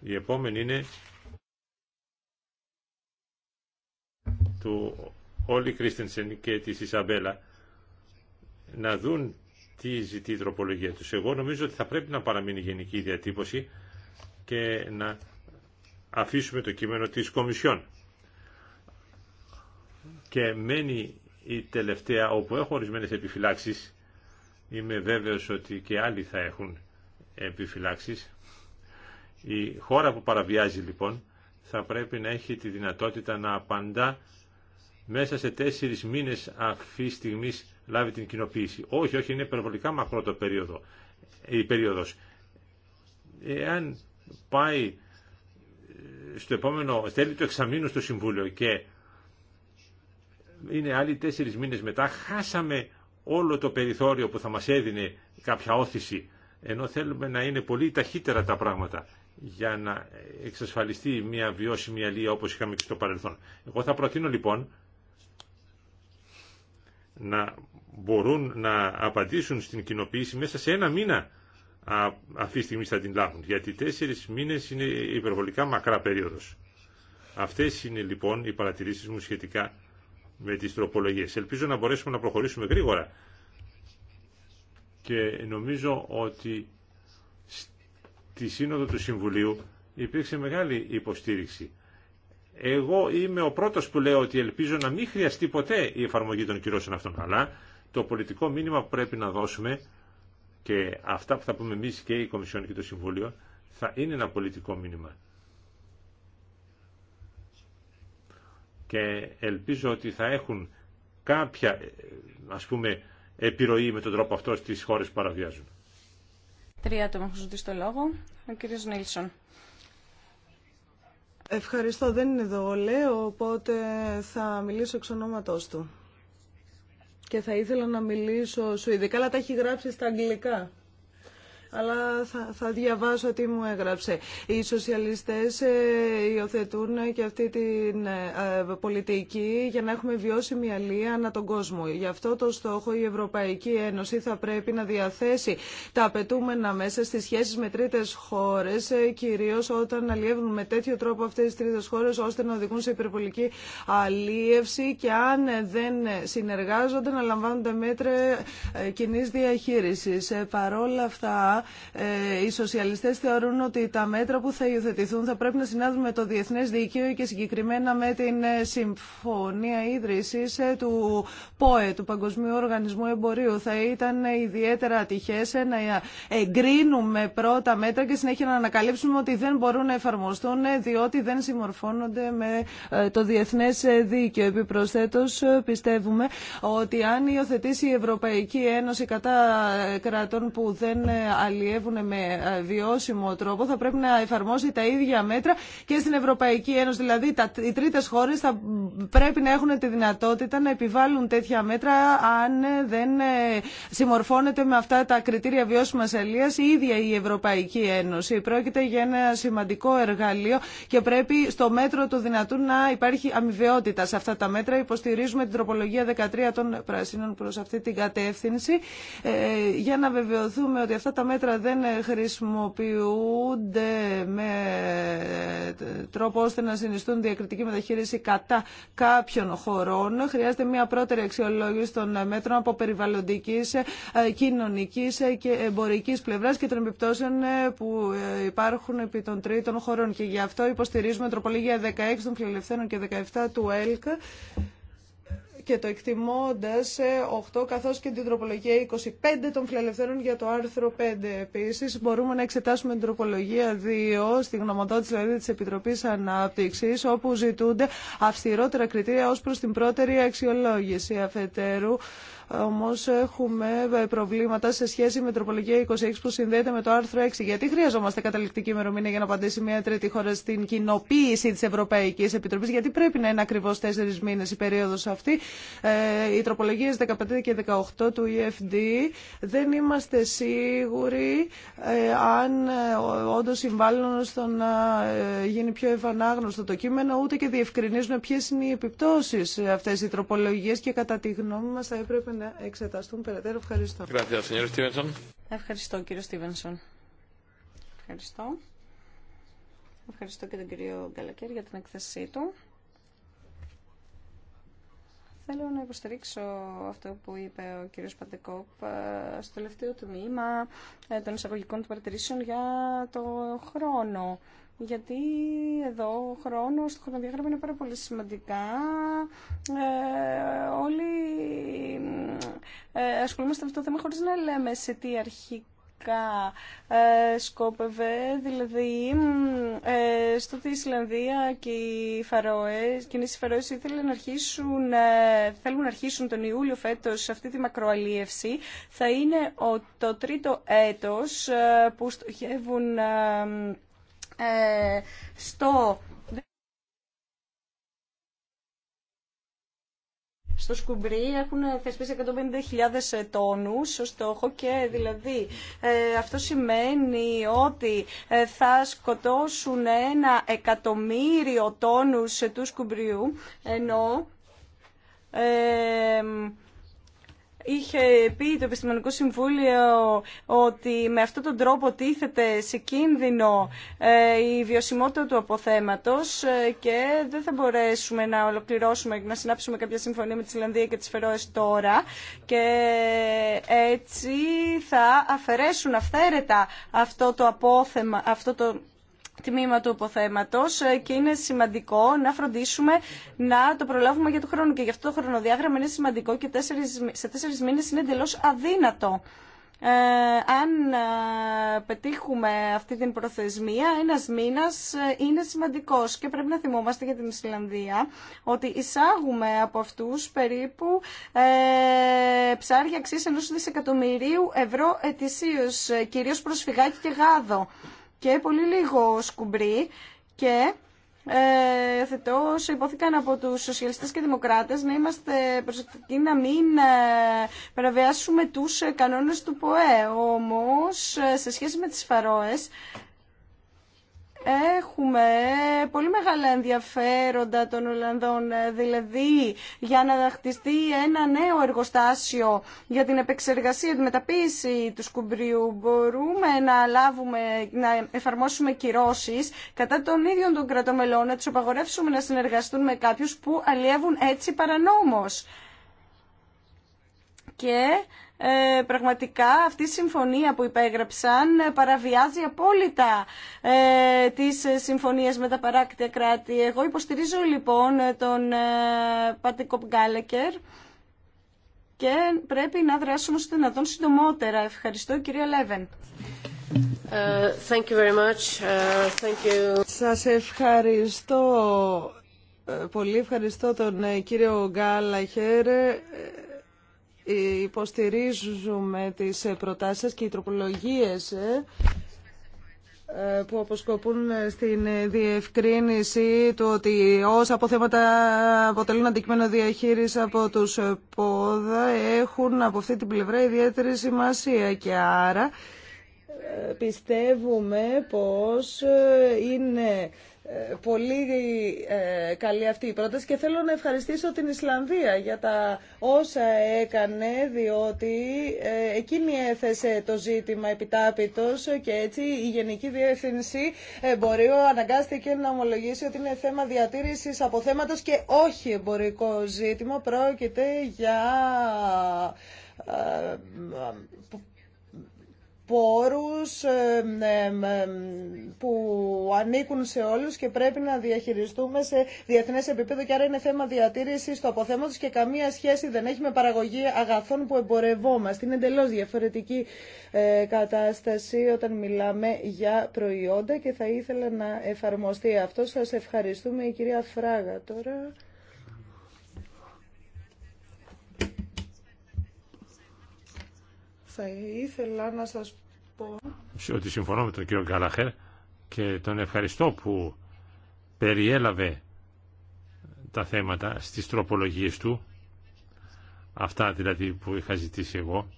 Η επόμενη είναι του Όλη Κρίστενσεν και της Ισαμπέλα να δουν τι ζητεί η τροπολογία τους. Εγώ νομίζω ότι θα πρέπει να παραμείνει γενική διατύπωση και να αφήσουμε το κείμενο της Κομισιόν. Και μένει η τελευταία, όπου έχω ορισμένε επιφυλάξεις, είμαι βέβαιος ότι και άλλοι θα έχουν επιφυλάξεις. Η χώρα που παραβιάζει λοιπόν θα πρέπει να έχει τη δυνατότητα να απαντά μέσα σε τέσσερις μήνες αυτή στιγμής λάβει την κοινοποίηση. Όχι, όχι, είναι υπερβολικά μακρό το περίοδο, η περίοδος. Εάν πάει ε, στο επόμενο, θέλει το εξαμήνου στο Συμβούλιο και είναι άλλοι τέσσερις μήνες μετά, χάσαμε όλο το περιθώριο που θα μας έδινε κάποια όθηση, ενώ θέλουμε να είναι πολύ ταχύτερα τα πράγματα για να εξασφαλιστεί μια βιώσιμη αλία όπως είχαμε και στο παρελθόν. Εγώ θα προτείνω λοιπόν να μπορούν να απαντήσουν στην κοινοποίηση μέσα σε ένα μήνα αυτή τη στιγμή θα την λάβουν. Γιατί τέσσερις μήνες είναι υπερβολικά μακρά περίοδος. Αυτές είναι λοιπόν οι παρατηρήσεις μου σχετικά με τις τροπολογίες. Ελπίζω να μπορέσουμε να προχωρήσουμε γρήγορα. Και νομίζω ότι στη Σύνοδο του Συμβουλίου υπήρξε μεγάλη υποστήριξη εγώ είμαι ο πρώτος που λέω ότι ελπίζω να μην χρειαστεί ποτέ η εφαρμογή των κυρώσεων αυτών. Αλλά το πολιτικό μήνυμα που πρέπει να δώσουμε και αυτά που θα πούμε εμείς και η Κομισιόν και το Συμβούλιο θα είναι ένα πολιτικό μήνυμα. Και ελπίζω ότι θα έχουν κάποια ας πούμε επιρροή με τον τρόπο αυτό στις χώρες που παραβιάζουν. Τρία άτομα έχουν ζητήσει το λόγο. Ο κύριος Νίλσον. Ευχαριστώ. Δεν είναι εδώ ο οπότε θα μιλήσω εξ ονόματός του. Και θα ήθελα να μιλήσω σου ειδικά, αλλά τα έχει γράψει στα αγγλικά αλλά θα, θα διαβάσω τι μου έγραψε. Οι σοσιαλιστές ε, υιοθετούν και αυτή την ε, ε, πολιτική για να έχουμε βιώσιμη αλία ανά τον κόσμο. Γι' αυτό το στόχο η Ευρωπαϊκή Ένωση θα πρέπει να διαθέσει τα απαιτούμενα μέσα στις σχέσεις με τρίτες χώρες, κυρίως όταν αλλιεύουν με τέτοιο τρόπο αυτές τις τρίτες χώρες, ώστε να οδηγούν σε υπερβολική αλίευση και αν δεν συνεργάζονται να λαμβάνονται μέτρα κοινή διαχείρισης. Παρόλα αυτά, ε, οι σοσιαλιστές θεωρούν ότι τα μέτρα που θα υιοθετηθούν θα πρέπει να συνάδουν με το διεθνές δίκαιο και συγκεκριμένα με την ε, συμφωνία ίδρυσης ε, του ΠΟΕ, του Παγκοσμίου Οργανισμού Εμπορίου. Θα ήταν ιδιαίτερα ατυχές να εγκρίνουμε πρώτα μέτρα και συνέχεια να ανακαλύψουμε ότι δεν μπορούν να εφαρμοστούν διότι δεν συμμορφώνονται με το διεθνές δίκαιο. Επιπροσθέτως πιστεύουμε ότι αν υιοθετήσει η Ευρωπαϊκή Ένωση κατά κρατών που δεν αλλιεύουν με ε, βιώσιμο τρόπο θα πρέπει να εφαρμόσει τα ίδια μέτρα και στην Ευρωπαϊκή Ένωση. Δηλαδή οι τρίτες χώρες θα πρέπει να έχουν τη δυνατότητα να επιβάλλουν τέτοια μέτρα αν ε, δεν ε, συμμορφώνεται με αυτά τα κριτήρια βιώσιμας αλλία η ίδια η Ευρωπαϊκή Ένωση. Πρόκειται για ένα σημαντικό εργαλείο και πρέπει στο μέτρο του δυνατού να υπάρχει αμοιβαιότητα σε αυτά τα μέτρα. Υποστηρίζουμε την τροπολογία 13 των πρασίνων προς αυτή την κατεύθυνση για να βεβαιωθούμε ότι αυτά τα μέτρα μέτρα δεν χρησιμοποιούνται με τρόπο ώστε να συνιστούν διακριτική μεταχείριση κατά κάποιων χωρών. Χρειάζεται μια πρώτερη αξιολόγηση των μέτρων από περιβαλλοντική, κοινωνική και εμπορική πλευρά και των επιπτώσεων που υπάρχουν επί των τρίτων χωρών. Και γι' αυτό υποστηρίζουμε τροπολογία 16 των φιλελευθέρων και 17 του ΕΛΚ και το εκτιμώντα 8 καθώς και την τροπολογία 25 των φιλελευθέρων για το άρθρο 5. Επίσης μπορούμε να εξετάσουμε την τροπολογία 2 στη γνωμοδότηση δηλαδή, της Επιτροπής Ανάπτυξης όπου ζητούνται αυστηρότερα κριτήρια ως προς την πρώτερη αξιολόγηση αφετέρου Όμω έχουμε ε, προβλήματα σε σχέση με τροπολογία 26 που συνδέεται με το άρθρο 6. Γιατί χρειαζόμαστε καταληκτική ημερομηνία για να απαντήσει μια τρίτη χώρα στην κοινοποίηση τη Ευρωπαϊκή Επιτροπής. Γιατί πρέπει να είναι ακριβώ τέσσερι μήνε η περίοδο αυτή. Ε, οι τροπολογίε 15 και 18 του EFD δεν είμαστε σίγουροι ε, αν όντω συμβάλλουν στο να γίνει πιο ευανάγνωστο το κείμενο, ούτε και διευκρινίζουν ποιε είναι οι επιπτώσει αυτέ οι τροπολογίε και κατά τη γνώμη μα θα έπρεπε να εξεταστούν περαιτέρω. Ευχαριστώ. Ευχαριστώ κύριο Στίβενσον. Ευχαριστώ. Ευχαριστώ και τον κύριο Γκαλακέρ για την εκθεσή του. Θέλω να υποστηρίξω αυτό που είπε ο κύριος Παντεκόπ ε, στο τελευταίο τμήμα ε, των εισαγωγικών του παρατηρήσεων για το χρόνο γιατί εδώ ο χρόνος, το χρονοδιάγραμμα είναι πάρα πολύ σημαντικά. Ε, όλοι ε, ασχολούμαστε με αυτό το θέμα χωρίς να λέμε σε τι αρχικά ε, σκόπευε, δηλαδή ε, στο ότι η Ισλανδία και οι Φαρόες, και οι Φαρόες ήθελαν να αρχίσουν, ε, θέλουν να αρχίσουν τον Ιούλιο φέτος αυτή τη μακροαλίευση, θα είναι ο, το τρίτο έτος ε, που στοχεύουν ε, στο στο Σκουμπρί έχουν θεσπίσει 150.000 ε, τόνους στο στόχο και δηλαδή ε, αυτό σημαίνει ότι θα σκοτώσουν ένα εκατομμύριο τόνους του Σκουμπριού ενώ είχε πει το Επιστημονικό Συμβούλιο ότι με αυτόν τον τρόπο τίθεται σε κίνδυνο ε, η βιωσιμότητα του αποθέματος ε, και δεν θα μπορέσουμε να ολοκληρώσουμε να συνάψουμε κάποια συμφωνία με τη Ισλανδία και τις Φερόες τώρα και έτσι θα αφαιρέσουν αυθαίρετα αυτό το απόθεμα, αυτό το τμήμα του υποθέματος ε, και είναι σημαντικό να φροντίσουμε να το προλάβουμε για το χρόνο. Και γι' αυτό το χρονοδιάγραμμα είναι σημαντικό και σε τέσσερις μήνες είναι εντελώ αδύνατο. Ε, αν ε, πετύχουμε αυτή την προθεσμία, ένας μήνας ε, είναι σημαντικός και πρέπει να θυμόμαστε για την Ισλανδία ότι εισάγουμε από αυτούς περίπου ε, ψάρια αξία ενό δισεκατομμυρίου ευρώ ετησίως, κυρίως προσφυγάκι και γάδο και πολύ λίγο σκουμπρί και ε, θετώ υπόθηκαν από τους σοσιαλιστές και δημοκράτες να είμαστε προσεκτικοί να μην ε, παραβιάσουμε τους κανόνες του ΠΟΕ. Όμως, ε, σε σχέση με τις Φαρόες, Έχουμε πολύ μεγάλα ενδιαφέροντα των Ολλανδών, ε, δηλαδή για να χτιστεί ένα νέο εργοστάσιο για την επεξεργασία, τη μεταποίηση του σκουμπριού. Μπορούμε να, λάβουμε, να εφαρμόσουμε κυρώσεις κατά των ίδιων των κρατομελών, να τους απαγορεύσουμε να συνεργαστούν με κάποιους που αλλιεύουν έτσι παρανόμως και ε, πραγματικά αυτή η συμφωνία που υπέγραψαν ε, παραβιάζει απόλυτα ε, τις συμφωνίες με τα παράκτια κράτη. Εγώ υποστηρίζω λοιπόν τον ε, Πατικοπ Γκάλεκερ και πρέπει να δράσουμε στο δυνατόν συντομότερα. Ευχαριστώ κυρία Λέβεν. Uh, very much. thank you. Σας ευχαριστώ πολύ. Ευχαριστώ τον κύριο Γκάλαχερ υποστηρίζουμε τις προτάσεις και οι τροπολογίες ε, που αποσκοπούν στην διευκρίνηση του ότι όσα αποθέματα αποτελούν αντικείμενο διαχείριση από τους πόδα έχουν από αυτή την πλευρά ιδιαίτερη σημασία και άρα ε, πιστεύουμε πως ε, είναι πολύ ε, καλή αυτή η πρόταση και θέλω να ευχαριστήσω την Ισλανδία για τα όσα έκανε διότι ε, εκείνη έθεσε το ζήτημα επιτάπητος και έτσι η Γενική Διεύθυνση Εμπορίου αναγκάστηκε να ομολογήσει ότι είναι θέμα διατήρησης αποθέματος και όχι εμπορικό ζήτημα. Πρόκειται για ε, πόρους που ανήκουν σε όλους και πρέπει να διαχειριστούμε σε διεθνές επίπεδο και άρα είναι θέμα διατήρησης του αποθέματος και καμία σχέση δεν έχει με παραγωγή αγαθών που εμπορευόμαστε. Είναι εντελώς διαφορετική ε, κατάσταση όταν μιλάμε για προϊόντα και θα ήθελα να εφαρμοστεί αυτό. Σας ευχαριστούμε η κυρία Φράγα τώρα. θα ήθελα να σας πω... Ότι συμφωνώ με τον κύριο Γκάλαχερ και τον ευχαριστώ που περιέλαβε τα θέματα στις τροπολογίες του, αυτά δηλαδή που είχα ζητήσει εγώ.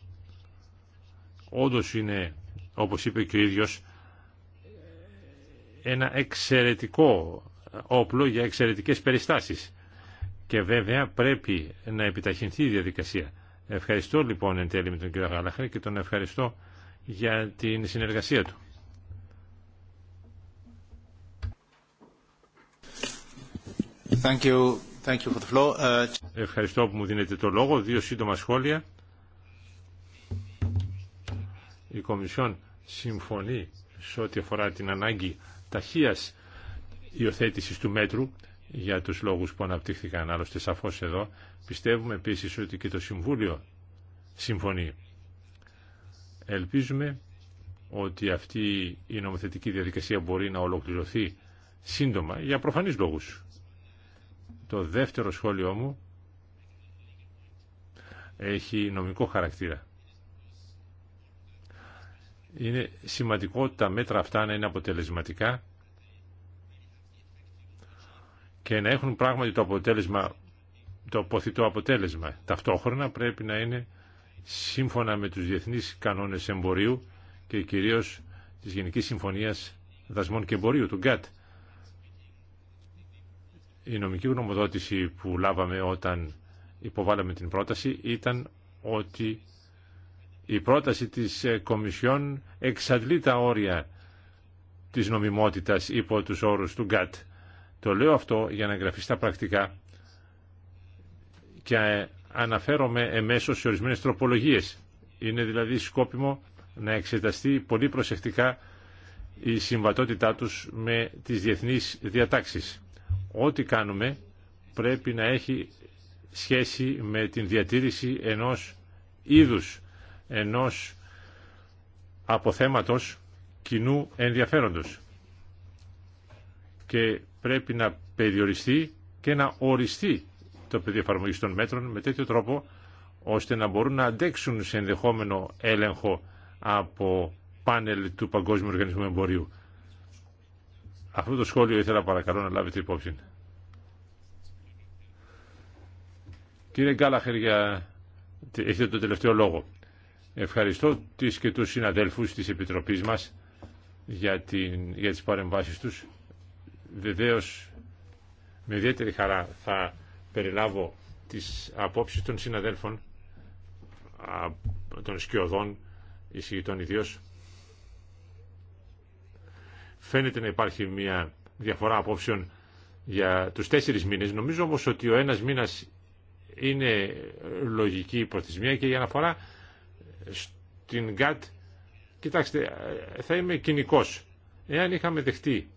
Όντως είναι, όπως είπε και ο ίδιος, ένα εξαιρετικό όπλο για εξαιρετικές περιστάσεις. Και βέβαια πρέπει να επιταχυνθεί η διαδικασία. Ευχαριστώ λοιπόν εν τέλει με τον κύριο Γαλαχρή και τον ευχαριστώ για την συνεργασία του. Thank you. Thank you for the uh, Ευχαριστώ που μου δίνετε το λόγο. Δύο σύντομα σχόλια. Η Κομισιόν συμφωνεί σε ό,τι αφορά την ανάγκη ταχείας υιοθέτησης του μέτρου για τους λόγους που αναπτύχθηκαν άλλωστε σαφώς εδώ Πιστεύουμε επίσης ότι και το Συμβούλιο συμφωνεί. Ελπίζουμε ότι αυτή η νομοθετική διαδικασία μπορεί να ολοκληρωθεί σύντομα για προφανείς λόγους. Το δεύτερο σχόλιο μου έχει νομικό χαρακτήρα. Είναι σημαντικό τα μέτρα αυτά να είναι αποτελεσματικά και να έχουν πράγματι το αποτέλεσμα το αποτέλεσμα. Ταυτόχρονα πρέπει να είναι σύμφωνα με τους διεθνείς κανόνες εμπορίου και κυρίως της Γενικής Συμφωνίας Δασμών και Εμπορίου, του ΓΚΑΤ. Η νομική γνωμοδότηση που λάβαμε όταν υποβάλαμε την πρόταση ήταν ότι η πρόταση της ε, Κομισιόν εξαντλεί τα όρια της νομιμότητας υπό τους όρους του ΓΚΑΤ. Το λέω αυτό για να εγγραφεί στα πρακτικά και ε, αναφέρομαι εμέσως σε ορισμένες τροπολογίες. Είναι δηλαδή σκόπιμο να εξεταστεί πολύ προσεκτικά η συμβατότητά τους με τις διεθνείς διατάξεις. Ό,τι κάνουμε πρέπει να έχει σχέση με την διατήρηση ενός είδους, ενός αποθέματος κοινού ενδιαφέροντος. Και πρέπει να περιοριστεί και να οριστεί το πεδίο εφαρμογή των μέτρων με τέτοιο τρόπο ώστε να μπορούν να αντέξουν σε ενδεχόμενο έλεγχο από πάνελ του Παγκόσμιου Οργανισμού Εμπορίου. Αυτό το σχόλιο ήθελα παρακαλώ να λάβετε υπόψη. Κύριε Γκάλαχερ, για... έχετε το τελευταίο λόγο. Ευχαριστώ τις και τους συναδέλφους της Επιτροπής μας για, την... για τις παρεμβάσεις τους. Βεβαίως, με ιδιαίτερη χαρά θα περιλάβω τις απόψεις των συναδέλφων, των σκιωδών, εισηγητών ιδίως. Φαίνεται να υπάρχει μια διαφορά απόψεων για τους τέσσερις μήνες. Νομίζω όμως ότι ο ένας μήνας είναι λογική υποθυσμία και για αναφορά στην ΓΑΤ κοιτάξτε, θα είμαι κοινικός. Εάν είχαμε δεχτεί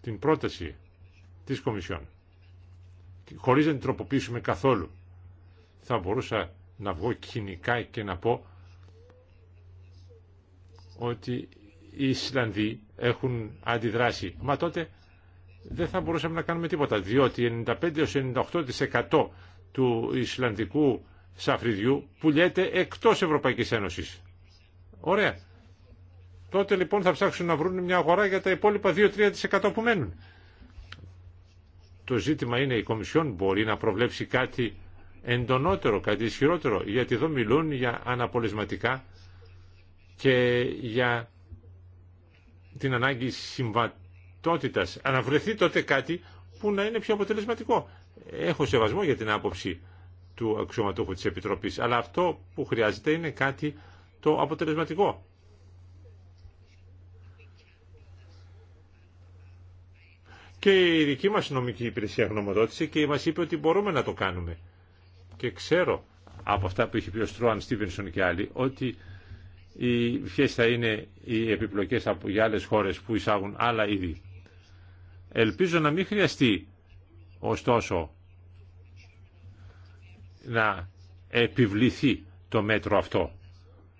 την πρόταση της Κομισιόν χωρίς να την τροποποιήσουμε καθόλου. Θα μπορούσα να βγω κοινικά και να πω ότι οι Ισλανδοί έχουν αντιδράσει. Μα τότε δεν θα μπορούσαμε να κάνουμε τίποτα, διότι 95-98% του Ισλανδικού σαφριδιού πουλιέται εκτός Ευρωπαϊκής Ένωσης. Ωραία. Τότε λοιπόν θα ψάξουν να βρουν μια αγορά για τα υπόλοιπα 2-3% που μένουν. Το ζήτημα είναι η Κομισιόν μπορεί να προβλέψει κάτι εντονότερο, κάτι ισχυρότερο, γιατί εδώ μιλούν για αναπολεσματικά και για την ανάγκη συμβατότητας. Αναβρεθεί τότε κάτι που να είναι πιο αποτελεσματικό. Έχω σεβασμό για την άποψη του αξιωματούχου της Επιτροπής, αλλά αυτό που χρειάζεται είναι κάτι το αποτελεσματικό. Και η δική μας νομική υπηρεσία γνωμοδότησε και μας είπε ότι μπορούμε να το κάνουμε. Και ξέρω από αυτά που είχε πει ο Στρόαν Στίβενσον και άλλοι ότι οι ποιε θα είναι οι επιπλοκές από, για άλλες χώρες που εισάγουν άλλα είδη. Ελπίζω να μην χρειαστεί ωστόσο να επιβληθεί το μέτρο αυτό.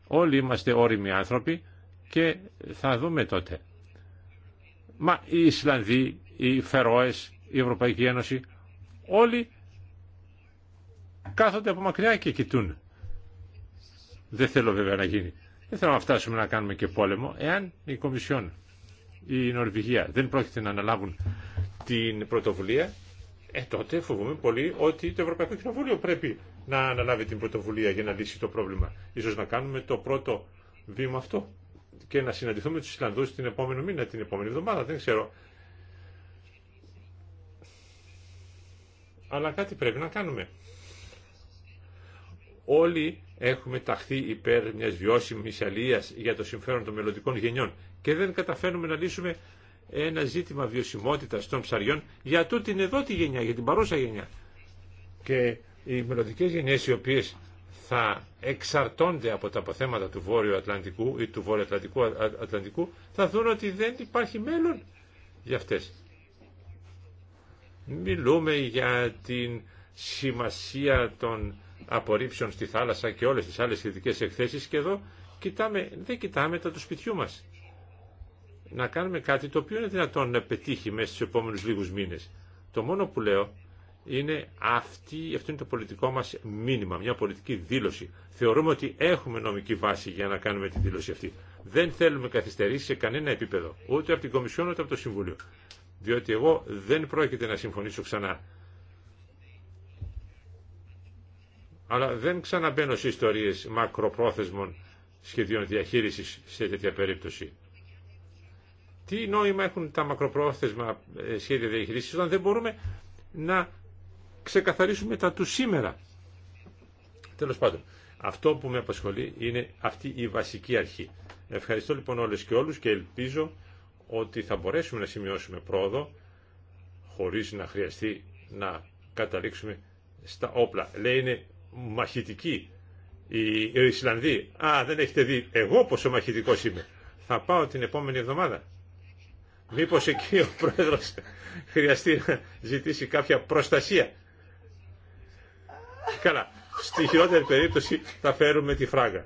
Όλοι είμαστε όριμοι άνθρωποι και θα δούμε τότε. Μα οι Ισλανδοί οι Φερόες, η Ευρωπαϊκή Ένωση, όλοι κάθονται από μακριά και κοιτούν. Δεν θέλω βέβαια να γίνει. Δεν θέλω να φτάσουμε να κάνουμε και πόλεμο. Εάν η Κομισιόν, η Νορβηγία δεν πρόκειται να αναλάβουν την πρωτοβουλία, ε, τότε φοβούμε πολύ ότι το Ευρωπαϊκό Κοινοβούλιο πρέπει να αναλάβει την πρωτοβουλία για να λύσει το πρόβλημα. Ίσως να κάνουμε το πρώτο βήμα αυτό και να συναντηθούμε τους Ισλανδούς την επόμενη μήνα, την επόμενη εβδομάδα. Δεν ξέρω αλλά κάτι πρέπει να κάνουμε. Όλοι έχουμε ταχθεί υπέρ μια βιώσιμη αλληλεία για το συμφέρον των μελλοντικών γενιών και δεν καταφέρνουμε να λύσουμε ένα ζήτημα βιωσιμότητα των ψαριών για τούτη την εδώ τη γενιά, για την παρούσα γενιά. Και οι μελλοντικέ γενιές οι οποίες θα εξαρτώνται από τα αποθέματα του Βόρειου Ατλαντικού ή του Βόρειο Ατλαντικού, Ατλαντικού θα δουν ότι δεν υπάρχει μέλλον για αυτές. Μιλούμε για την σημασία των απορρίψεων στη θάλασσα και όλες τις άλλες σχετικές εκθέσεις και εδώ κοιτάμε, δεν κοιτάμε τα του σπιτιού μας. Να κάνουμε κάτι το οποίο είναι δυνατόν να πετύχει μέσα στους επόμενους λίγους μήνες. Το μόνο που λέω είναι αυτή, αυτό είναι το πολιτικό μας μήνυμα, μια πολιτική δήλωση. Θεωρούμε ότι έχουμε νομική βάση για να κάνουμε τη δήλωση αυτή. Δεν θέλουμε καθυστερήσει σε κανένα επίπεδο, ούτε από την Κομισιόν ούτε από το Συμβούλιο διότι εγώ δεν πρόκειται να συμφωνήσω ξανά. Αλλά δεν ξαναμπαίνω σε ιστορίες μακροπρόθεσμων σχεδίων διαχείρισης σε τέτοια περίπτωση. Τι νόημα έχουν τα μακροπρόθεσμα ε, σχέδια διαχείρισης όταν δεν μπορούμε να ξεκαθαρίσουμε τα του σήμερα. Τέλος πάντων, αυτό που με απασχολεί είναι αυτή η βασική αρχή. Ευχαριστώ λοιπόν όλες και όλους και ελπίζω ότι θα μπορέσουμε να σημειώσουμε πρόοδο χωρίς να χρειαστεί να καταλήξουμε στα όπλα. Λέει είναι μαχητική οι Ισλανδοί. Α, δεν έχετε δει εγώ πόσο μαχητικός είμαι. Θα πάω την επόμενη εβδομάδα. Μήπως εκεί ο πρόεδρος χρειαστεί να ζητήσει κάποια προστασία. Καλά, στη χειρότερη περίπτωση θα φέρουμε τη φράγα.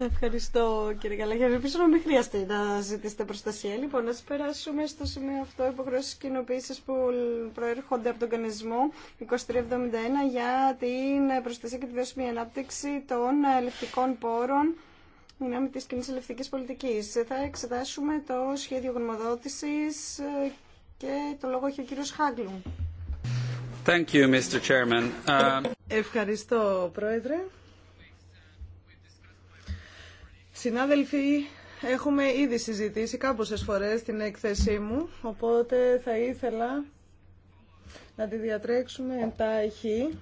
Ευχαριστώ κύριε Καλαγιάννη. Ελπίζω να μην χρειαστεί να ζητήσετε προστασία. Λοιπόν, να περάσουμε στο σημείο αυτό υποχρεώσει κοινοποίηση που προέρχονται από τον κανονισμό 2371 για την προστασία και τη βιώσιμη ανάπτυξη των ελευτικών πόρων δυνάμει τη κοινή ελευτική πολιτική. Θα εξετάσουμε το σχέδιο γνωμοδότηση και το λόγο έχει ο κύριο Χάγκλου. Ευχαριστώ, Πρόεδρε. Συνάδελφοι, έχουμε ήδη συζητήσει κάποιες φορές την έκθεσή μου, οπότε θα ήθελα να τη διατρέξουμε εντάχει.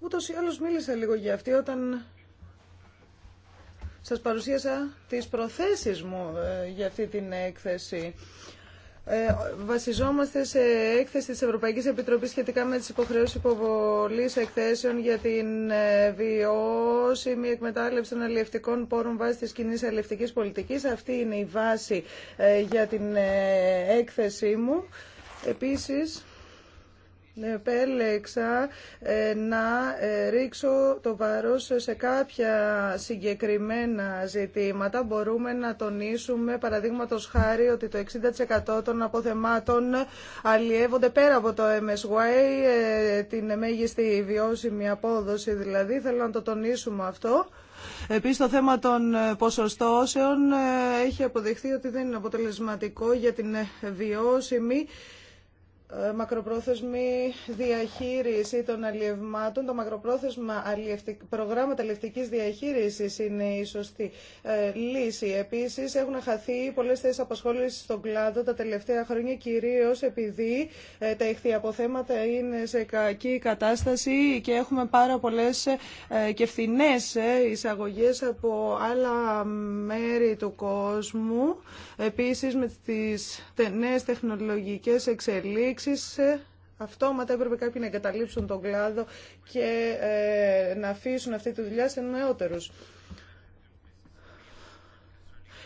Ούτως ή άλλως μίλησα λίγο για αυτή όταν σας παρουσίασα τις προθέσεις μου ε, για αυτή την έκθεση. Ε, βασιζόμαστε σε έκθεση της Ευρωπαϊκής Επιτροπής σχετικά με τις υποχρεώσεις υποβολής εκθέσεων για την ε, βιώσιμη εκμετάλλευση των αλληλευτικών πόρων βάσει της κοινής αλληλευτικής πολιτικής. Αυτή είναι η βάση ε, για την έκθεσή μου. Επίσης, επέλεξα ε, να ε, ρίξω το βάρος σε κάποια συγκεκριμένα ζητήματα. Μπορούμε να τονίσουμε, παραδείγματος χάρη, ότι το 60% των αποθεμάτων αλλιεύονται πέρα από το MSY, ε, την μέγιστη βιώσιμη απόδοση δηλαδή. Θέλω να το τονίσουμε αυτό. Επίσης το θέμα των ποσοστώσεων έχει αποδειχθεί ότι δεν είναι αποτελεσματικό για την βιώσιμη ε, μακροπρόθεσμη διαχείριση των αλλιευμάτων, Το μακροπρόθεσμα αλλιευτικ... προγράμματα αλλιευτικής διαχείρισης είναι η σωστή ε, λύση. Επίσης έχουν χαθεί πολλές θέσεις απασχόλησης στον κλάδο τα τελευταία χρόνια κυρίως επειδή ε, τα ηχθιαποθέματα είναι σε κακή κατάσταση και έχουμε πάρα πολλές και φθηνέ εισαγωγές από άλλα μέρη του κόσμου. Επίσης με τις νέες τεχνολογικές εξελίξεις εξή. Ε, αυτόματα έπρεπε κάποιοι να εγκαταλείψουν τον κλάδο και ε, να αφήσουν αυτή τη δουλειά σε νεότερου.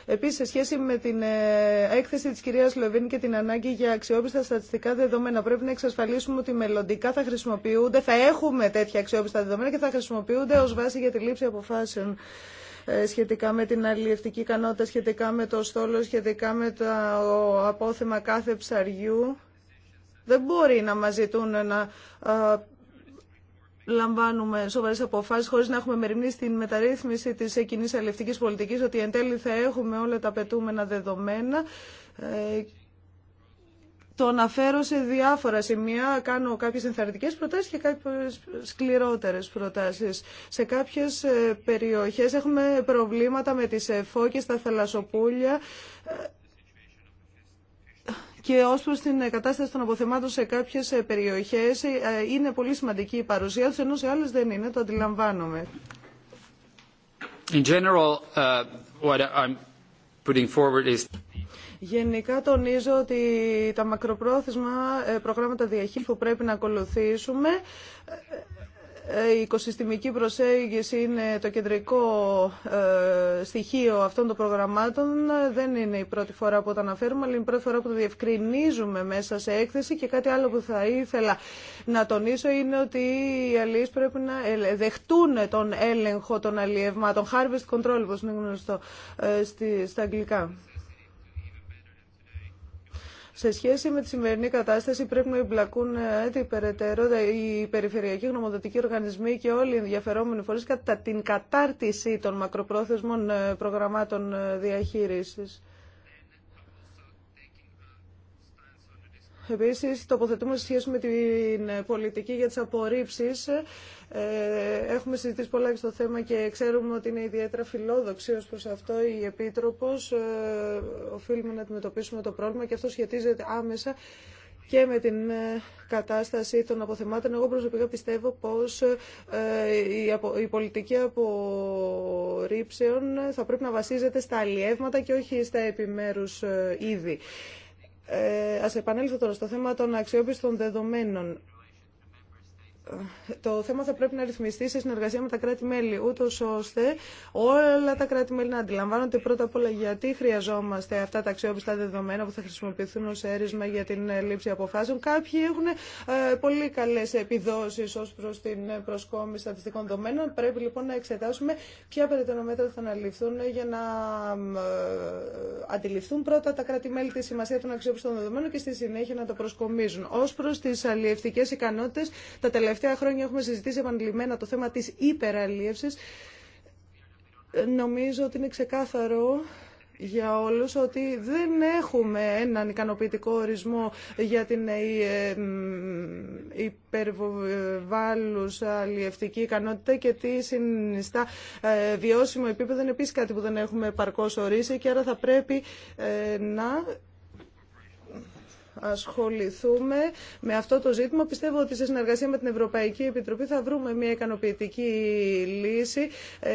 Επίσης, σε σχέση με την ε, έκθεση της κυρίας Λεβίν και την ανάγκη για αξιόπιστα στατιστικά δεδομένα, πρέπει να εξασφαλίσουμε ότι μελλοντικά θα χρησιμοποιούνται, θα έχουμε τέτοια αξιόπιστα δεδομένα και θα χρησιμοποιούνται ως βάση για τη λήψη αποφάσεων ε, σχετικά με την αλληλευτική ικανότητα, σχετικά με το στόλο, σχετικά με το απόθεμα κάθε ψαριού. Δεν μπορεί να μας ζητούν να λαμβάνουμε σοβαρέ αποφάσει χωρί να έχουμε μεριμνήσει την μεταρρύθμιση τη κοινή αλληλευτική πολιτική, ότι εν τέλει θα έχουμε όλα τα απαιτούμενα δεδομένα. Ε, το αναφέρω σε διάφορα σημεία, κάνω κάποιες ενθαρρυντικές προτάσεις και κάποιες σκληρότερες προτάσεις. Σε κάποιες ε, περιοχές έχουμε προβλήματα με τις φώκες, τα θαλασσοπούλια, ε, και ω προ την κατάσταση των αποθεμάτων σε κάποιε περιοχέ ε, είναι πολύ σημαντική η παρουσία του, ενώ σε άλλε δεν είναι, το αντιλαμβάνομαι. Uh, Γενικά τονίζω ότι τα μακροπρόθεσμα ε, προγράμματα διαχείρισης που πρέπει να ακολουθήσουμε ε, ε, η οικοσυστημική προσέγγιση είναι το κεντρικό ε, στοιχείο αυτών των προγραμμάτων. Δεν είναι η πρώτη φορά που τα αναφέρουμε, αλλά είναι η πρώτη φορά που το διευκρινίζουμε μέσα σε έκθεση. Και κάτι άλλο που θα ήθελα να τονίσω είναι ότι οι αλληλεί πρέπει να δεχτούν τον έλεγχο των αλλιευμάτων. Harvest control, όπω είναι γνωστό ε, στα αγγλικά. Σε σχέση με τη σημερινή κατάσταση πρέπει να εμπλακούν ε, έτσι περαιτέρω οι περιφερειακοί γνωμοδοτικοί οργανισμοί και όλοι οι ενδιαφερόμενοι φορείς κατά την κατάρτιση των μακροπρόθεσμων ε, προγραμμάτων ε, διαχείρισης. Επίση, τοποθετούμε σε σχέση με την ε, πολιτική για τις Ε, Έχουμε συζητήσει πολλά στο θέμα και ξέρουμε ότι είναι ιδιαίτερα φιλόδοξη ω προς αυτό η Επίτροπος. Ε, οφείλουμε να αντιμετωπίσουμε το πρόβλημα και αυτό σχετίζεται άμεσα και με την ε, κατάσταση των αποθεμάτων. Εγώ προσωπικά πιστεύω πως η πολιτική απορρίψεων θα πρέπει να βασίζεται στα αλλιεύματα και όχι στα επιμέρους είδη. Ε, ας επανέλθω τώρα στο θέμα των αξιόπιστων δεδομένων το θέμα θα πρέπει να ρυθμιστεί σε συνεργασία με τα κράτη-μέλη, ούτω ώστε όλα τα κράτη-μέλη να αντιλαμβάνονται πρώτα απ' όλα γιατί χρειαζόμαστε αυτά τα αξιόπιστα δεδομένα που θα χρησιμοποιηθούν ω αίρισμα για την ε, λήψη αποφάσεων. Κάποιοι έχουν ε, πολύ καλέ επιδόσει ω προ την ε, προσκόμιση στατιστικών δεδομένων. Πρέπει λοιπόν να εξετάσουμε ποια περαιτέρω θα αναλυφθούν για να αντιληφθούν πρώτα τα κράτη-μέλη τη σημασία των αξιόπιστων δεδομένων και στη συνέχεια να τα προσκομίζουν. Ω προ τι αλλιευτικέ ικανότητε, τα τελευταία χρόνια έχουμε συζητήσει επανειλημμένα το θέμα της υπεραλίευσης. Νομίζω ότι είναι ξεκάθαρο για όλους ότι δεν έχουμε έναν ικανοποιητικό ορισμό για την ε, υπερβάλλουσα αλλιευτική ικανότητα και τι συνιστά ε, βιώσιμο επίπεδο είναι επίσης κάτι που δεν έχουμε παρκώς ορίσει και άρα θα πρέπει ε, να ασχοληθούμε με αυτό το ζήτημα. Πιστεύω ότι σε συνεργασία με την Ευρωπαϊκή Επιτροπή θα βρούμε μια ικανοποιητική λύση, ε,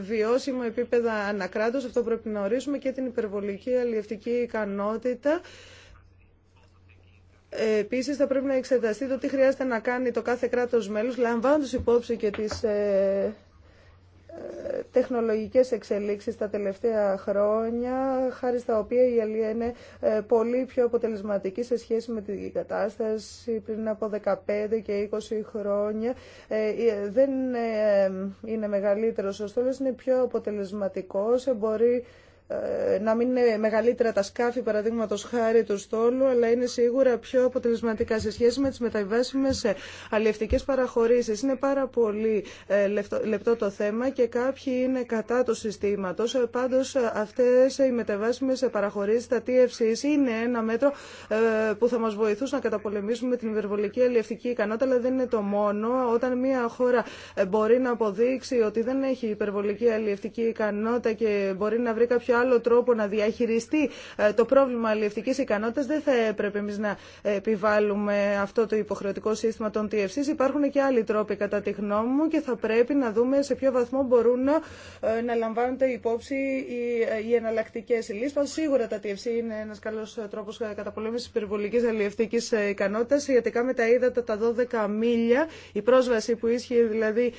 βιώσιμο επίπεδα ανακράτως, αυτό πρέπει να ορίσουμε και την υπερβολική αλλιευτική ικανότητα. Επίση, θα πρέπει να εξεταστεί το τι χρειάζεται να κάνει το κάθε κράτο μέλο, λαμβάνοντα υπόψη και τι ε, τεχνολογικές εξελίξεις τα τελευταία χρόνια, χάρη στα οποία η Αλία είναι ε, πολύ πιο αποτελεσματική σε σχέση με την κατάσταση πριν από 15 και 20 χρόνια. Ε, ε, δεν είναι μεγαλύτερος ο στόλος, είναι πιο αποτελεσματικός, μπορεί ε, να μην είναι μεγαλύτερα τα σκάφη παραδείγματο χάρη του στόλου αλλά είναι σίγουρα πιο αποτελεσματικά σε σχέση με τι μεταβάσιμες ε, αλλιευτικέ παραχωρήσει. Είναι πάρα πολύ ε, λεπτό το θέμα και κάποιοι είναι κατά του συστήματο. Πάντως αυτές οι μεταβάσιμες παραχωρήσει τα TFCs είναι ένα μέτρο που θα μα βοηθούσε να καταπολεμήσουμε την υπερβολική αλλιευτική ικανότητα αλλά δεν είναι το μόνο. Όταν μια χώρα μπορεί να αποδείξει ότι δεν έχει υπερβολική αλλιευτική ικανότητα και μπορεί να βρει κάποιο κάποιο άλλο τρόπο να διαχειριστεί ε, το πρόβλημα αλληλευτικής ικανότητα. δεν θα έπρεπε εμεί να επιβάλλουμε αυτό το υποχρεωτικό σύστημα των TFC. Υπάρχουν και άλλοι τρόποι κατά τη γνώμη μου και θα πρέπει να δούμε σε ποιο βαθμό μπορούν να, ε, να λαμβάνονται υπόψη οι, ε, οι εναλλακτικέ λύσει. Σίγουρα τα TFC είναι ένα καλό τρόπο καταπολέμηση υπερβολική αλληλευτική ικανότητα. Σχετικά με τα ύδατα τα 12 μίλια, η πρόσβαση που ίσχυε δηλαδή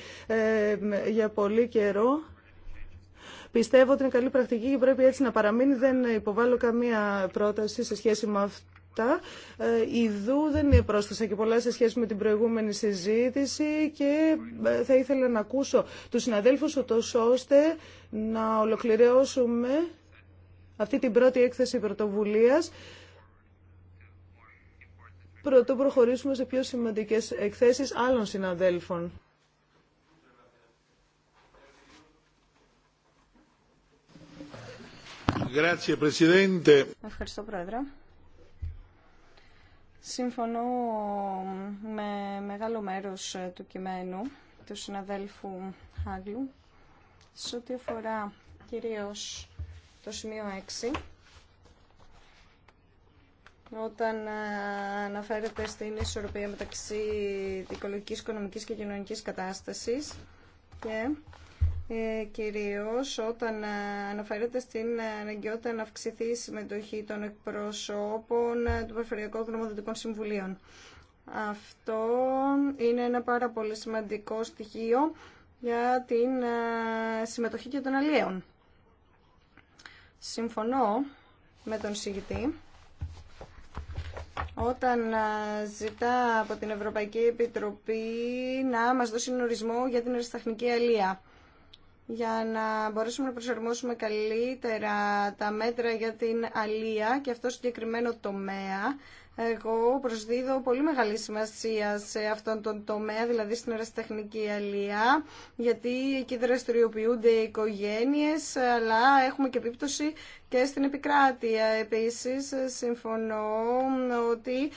για πολύ καιρό Πιστεύω ότι είναι καλή πρακτική και πρέπει έτσι να παραμείνει. Δεν υποβάλλω καμία πρόταση σε σχέση με αυτά. Ε, ιδού δεν πρόσθεσα και πολλά σε σχέση με την προηγούμενη συζήτηση και ε, θα ήθελα να ακούσω τους συναδέλφους ώστε να ολοκληρώσουμε αυτή την πρώτη έκθεση πρωτοβουλίας πρωτού προχωρήσουμε σε πιο σημαντικές εκθέσεις άλλων συναδέλφων. Ευχαριστώ, Πρόεδρε. Συμφωνώ με μεγάλο μέρος του κειμένου του συναδέλφου Χάγλου σε ό,τι αφορά κυρίως το σημείο 6 όταν ε, αναφέρεται στην ισορροπία μεταξύ οικολογικής, οικονομικής και κοινωνικής κατάστασης και ε, κυρίως όταν ε, αναφέρεται στην αναγκαιότητα να αυξηθεί η συμμετοχή των εκπροσώπων ε, του Περιφερειακού Γνωμοδοτικών Συμβουλίων. Αυτό είναι ένα πάρα πολύ σημαντικό στοιχείο για την ε, συμμετοχή και των αλλιέων. Συμφωνώ με τον συγητή όταν ζητά από την Ευρωπαϊκή Επιτροπή να μας δώσει ορισμό για την αρισταχνική αλία για να μπορέσουμε να προσαρμόσουμε καλύτερα τα μέτρα για την αλία και αυτό συγκεκριμένο τομέα εγώ προσδίδω πολύ μεγάλη σημασία σε αυτόν τον τομέα, δηλαδή στην ερασιτεχνική αλία, γιατί εκεί δραστηριοποιούνται οι οικογένειες, αλλά έχουμε και επίπτωση και στην επικράτεια. Επίσης, συμφωνώ ότι οι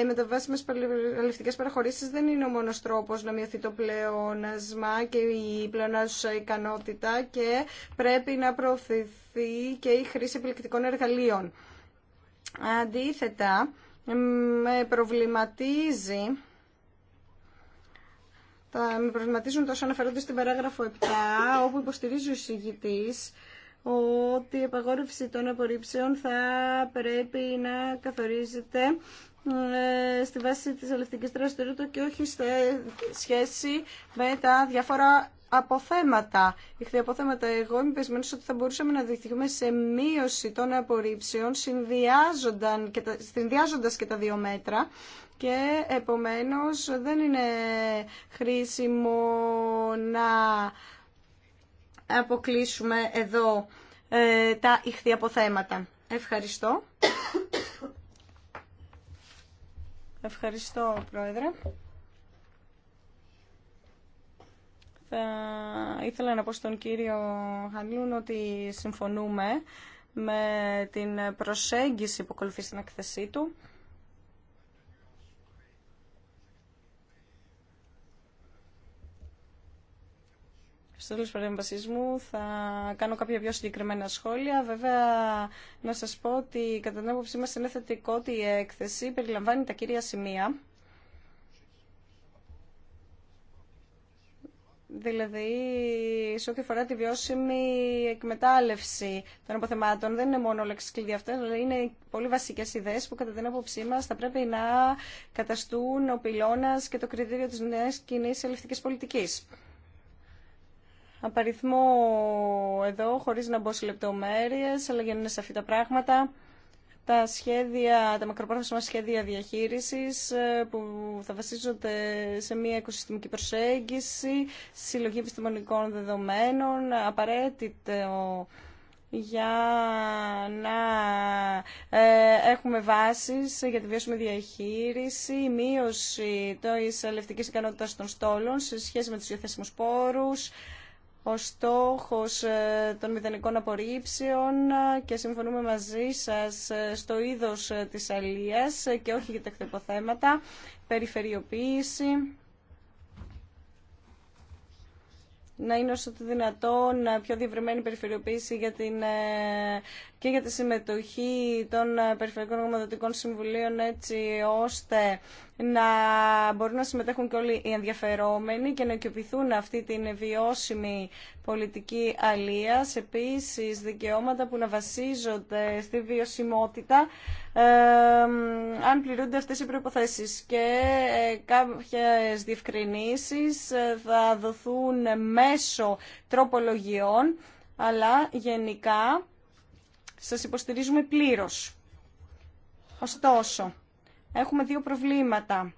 ε, μεταβάσιμες αλληλευτικές παραχωρήσεις δεν είναι ο μόνος τρόπος να μειωθεί το πλεόνασμα και η πλεονάζουσα ικανότητα και πρέπει να προωθηθεί και η χρήση επιλεκτικών εργαλείων. Αντίθετα, με προβληματίζει με προβληματίζουν τόσο αναφέρονται στην παράγραφο 7, όπου υποστηρίζει ο εισηγητής ότι η απαγόρευση των απορρίψεων θα πρέπει να καθορίζεται ε, στη βάση της αλευτικής δραστηριότητας και όχι σε σχέση με τα διάφορα αποθέματα, αποθέματα. Εγώ είμαι πεσμένος ότι θα μπορούσαμε να διεκδικούμε σε μείωση των απορρίψεων και και τα δύο μέτρα και επομένως δεν είναι χρήσιμο να αποκλείσουμε εδώ ε, τα αποθέματα. Ευχαριστώ. Ευχαριστώ, Πρόεδρε. Θα ήθελα να πω στον κύριο Χανλούν ότι συμφωνούμε με την προσέγγιση που ακολουθεί στην εκθεσή του. στο τέλος παρέμβασής μου θα κάνω κάποια πιο συγκεκριμένα σχόλια. Βέβαια, να σας πω ότι κατά την άποψή μας είναι θετικό ότι η έκθεση περιλαμβάνει τα κύρια σημεία Δηλαδή, σε ό,τι αφορά τη βιώσιμη εκμετάλλευση των αποθεμάτων, δεν είναι μόνο λέξει κλειδί αυτέ, αλλά είναι πολύ βασικέ ιδέε που, κατά την άποψή μα, θα πρέπει να καταστούν ο πυλώνα και το κριτήριο τη νέα κοινή ελευθερική πολιτική. Απαριθμό εδώ, χωρί να μπω σε λεπτομέρειε, αλλά για να είναι σαφή τα πράγματα τα σχέδια, τα μακροπρόθεσμα σχέδια διαχείρισης ε, που θα βασίζονται σε μια οικοσυστημική προσέγγιση, συλλογή επιστημονικών δεδομένων, απαραίτητο για να ε, έχουμε βάσεις για τη βιώσιμη διαχείριση, μείωση της ελευτικής ικανότητας των στόλων σε σχέση με τους διαθέσιμους πόρους, ο στόχος ε, των μηδενικών απορρίψεων ε, και συμφωνούμε μαζί σας ε, στο είδος της αλίας και όχι για τα εκτεποθέματα, περιφερειοποίηση, να είναι όσο το δυνατόν πιο διευρυμένη περιφερειοποίηση για την και για τη συμμετοχή των ε, Περιφερειακών Γνωματοτικών Συμβουλίων έτσι ώστε να μπορούν να συμμετέχουν και όλοι οι ενδιαφερόμενοι και να οικειοποιηθούν αυτή την βιώσιμη πολιτική αλίας. Επίσης, δικαιώματα που να βασίζονται στη βιωσιμότητα αν πληρούνται αυτές οι προϋποθέσεις και ε, κάποιες διευκρινήσεις ε, θα δοθούν μέσω τροπολογιών αλλά γενικά σας υποστηρίζουμε πλήρως. Ωστόσο, έχουμε δύο προβλήματα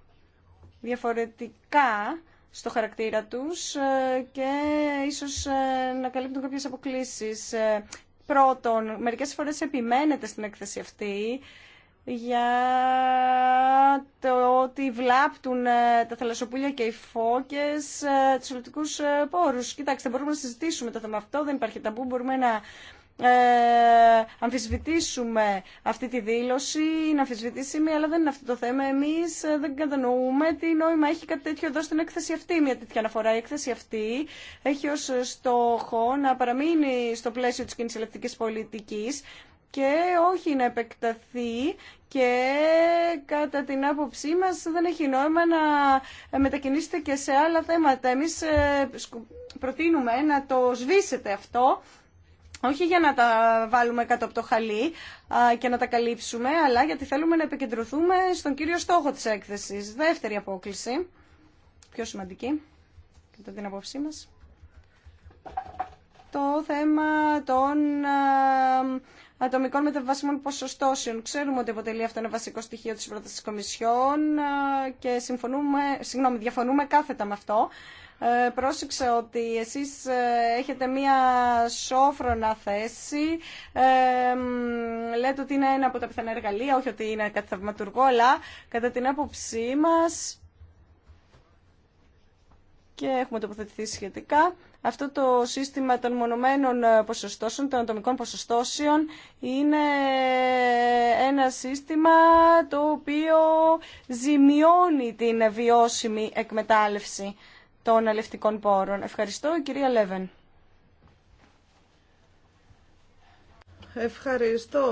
διαφορετικά στο χαρακτήρα τους ε, και ίσως ε, να καλύπτουν κάποιες αποκλήσεις. Ε, πρώτον, μερικές φορές επιμένετε στην έκθεση αυτή για το ότι βλάπτουν τα θαλασσοπούλια και οι φώκες τους ολοτικούς πόρους. Κοιτάξτε, μπορούμε να συζητήσουμε το θέμα αυτό, δεν υπάρχει ταμπού, μπορούμε να ε, αμφισβητήσουμε αυτή τη δήλωση, είναι αμφισβητήσιμη, αλλά δεν είναι αυτό το θέμα. Εμείς ε, δεν κατανοούμε τι νόημα έχει κάτι τέτοιο εδώ στην έκθεση αυτή, μια τέτοια αναφορά. Η έκθεση αυτή έχει ως στόχο να παραμείνει στο πλαίσιο της κοινής πολιτική και όχι να επεκταθεί και κατά την άποψή μας δεν έχει νόημα να μετακινήσετε και σε άλλα θέματα. Εμείς ε, προτείνουμε να το σβήσετε αυτό όχι για να τα βάλουμε κάτω από το χαλί και να τα καλύψουμε, αλλά γιατί θέλουμε να επικεντρωθούμε στον κύριο στόχο της έκθεσης. Δεύτερη απόκληση, πιο σημαντική, κατά την απόψή μας, το θέμα των ατομικών μεταβάσιμων ποσοστώσεων. Ξέρουμε ότι αποτελεί αυτό ένα βασικό στοιχείο της πρότασης της και συμφωνούμε, συγγνώμη, διαφωνούμε κάθετα με αυτό. Ε, πρόσεξε ότι εσείς ε, έχετε μία σόφρονα θέση. Ε, λέτε ότι είναι ένα από τα πιθανά εργαλεία, όχι ότι είναι κάτι θαυματουργό, αλλά κατά την άποψή μας και έχουμε τοποθετηθεί σχετικά. Αυτό το σύστημα των μονομένων ποσοστώσεων, των ατομικών ποσοστώσεων, είναι ένα σύστημα το οποίο ζημιώνει την βιώσιμη εκμετάλλευση των αλευτικών πόρων. Ευχαριστώ, κυρία Λέβεν. Ευχαριστώ.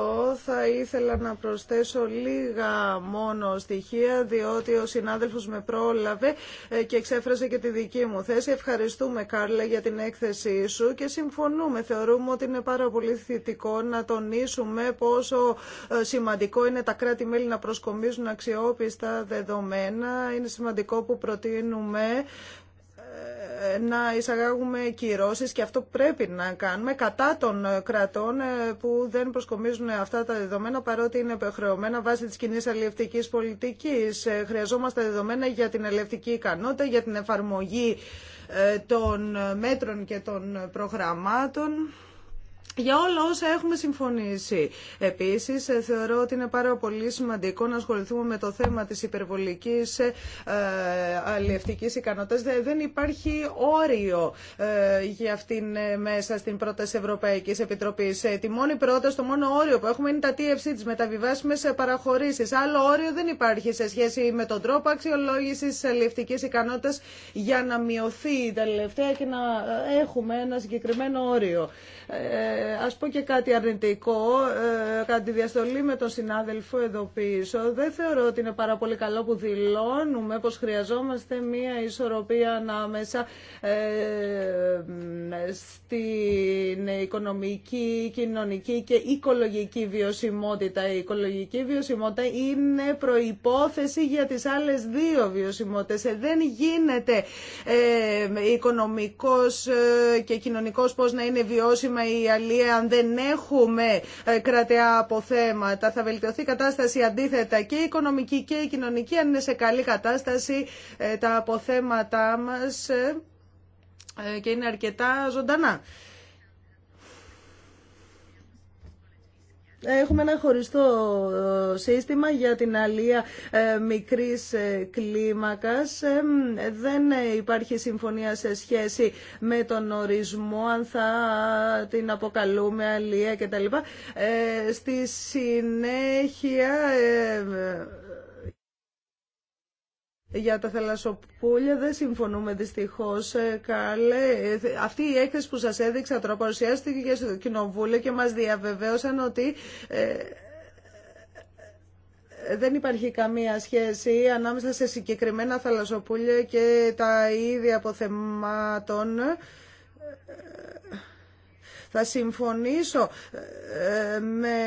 Θα ήθελα να προσθέσω λίγα μόνο στοιχεία, διότι ο συνάδελφος με πρόλαβε ε, και εξέφρασε και τη δική μου θέση. Ευχαριστούμε, Κάρλα, για την έκθεσή σου και συμφωνούμε. Θεωρούμε ότι είναι πάρα πολύ θετικό να τονίσουμε πόσο ε, σημαντικό είναι τα κράτη-μέλη να προσκομίζουν αξιόπιστα δεδομένα. Είναι σημαντικό που προτείνουμε να εισαγάγουμε κυρώσεις και αυτό πρέπει να κάνουμε κατά των κρατών ε, που δεν προσκομίζουν αυτά τα δεδομένα παρότι είναι επεχρεωμένα βάσει της κοινή αλληλευτικής πολιτικής. Ε, χρειαζόμαστε δεδομένα για την αλληλευτική ικανότητα, για την εφαρμογή ε, των μέτρων και των προγραμμάτων για όλα όσα έχουμε συμφωνήσει. Επίση, θεωρώ ότι είναι πάρα πολύ σημαντικό να ασχοληθούμε με το θέμα τη υπερβολικής ε, ικανότητα. ικανότητας. Δεν υπάρχει όριο ε, για αυτήν ε, μέσα στην πρόταση Ευρωπαϊκής Επιτροπής. Ε, τη μόνη πρόταση, το μόνο όριο που έχουμε είναι τα TFC, τι μεταβιβάσιμε παραχωρήσει. Άλλο όριο δεν υπάρχει σε σχέση με τον τρόπο αξιολόγηση τη αλληλευτική ικανότητα για να μειωθεί η τελευταία και να έχουμε ένα συγκεκριμένο όριο ας πω και κάτι αρνητικό, ε, κατά τη διαστολή με τον συνάδελφο εδώ πίσω, δεν θεωρώ ότι είναι πάρα πολύ καλό που δηλώνουμε πως χρειαζόμαστε μία ισορροπία ανάμεσα ε, στην οικονομική, κοινωνική και οικολογική βιωσιμότητα. Η οικολογική βιωσιμότητα είναι προϋπόθεση για τις άλλες δύο βιωσιμότητες. Ε, δεν γίνεται οικονομικός και κοινωνικός πώς να είναι βιώσιμα η εργαλεία αν δεν έχουμε ε, κρατεά αποθέματα. Θα βελτιωθεί η κατάσταση αντίθετα και η οικονομική και η κοινωνική αν είναι σε καλή κατάσταση ε, τα αποθέματά μας ε, και είναι αρκετά ζωντανά. Έχουμε ένα χωριστό ε, σύστημα για την αλία ε, μικρής ε, κλίμακας. Δεν υπάρχει συμφωνία σε σχέση με τον ορισμό, αν θα την αποκαλούμε αλία κτλ. Στη συνέχεια για τα θαλασσοπούλια δεν συμφωνούμε δυστυχώς ε, καλέ. Αυτή η έκθεση που σας έδειξα τώρα παρουσιάστηκε και στο Κοινοβούλιο και μας διαβεβαίωσαν ότι ε, ε, δεν υπάρχει καμία σχέση ανάμεσα σε συγκεκριμένα θαλασσοπούλια και τα ίδια αποθεμάτων. Θα συμφωνήσω με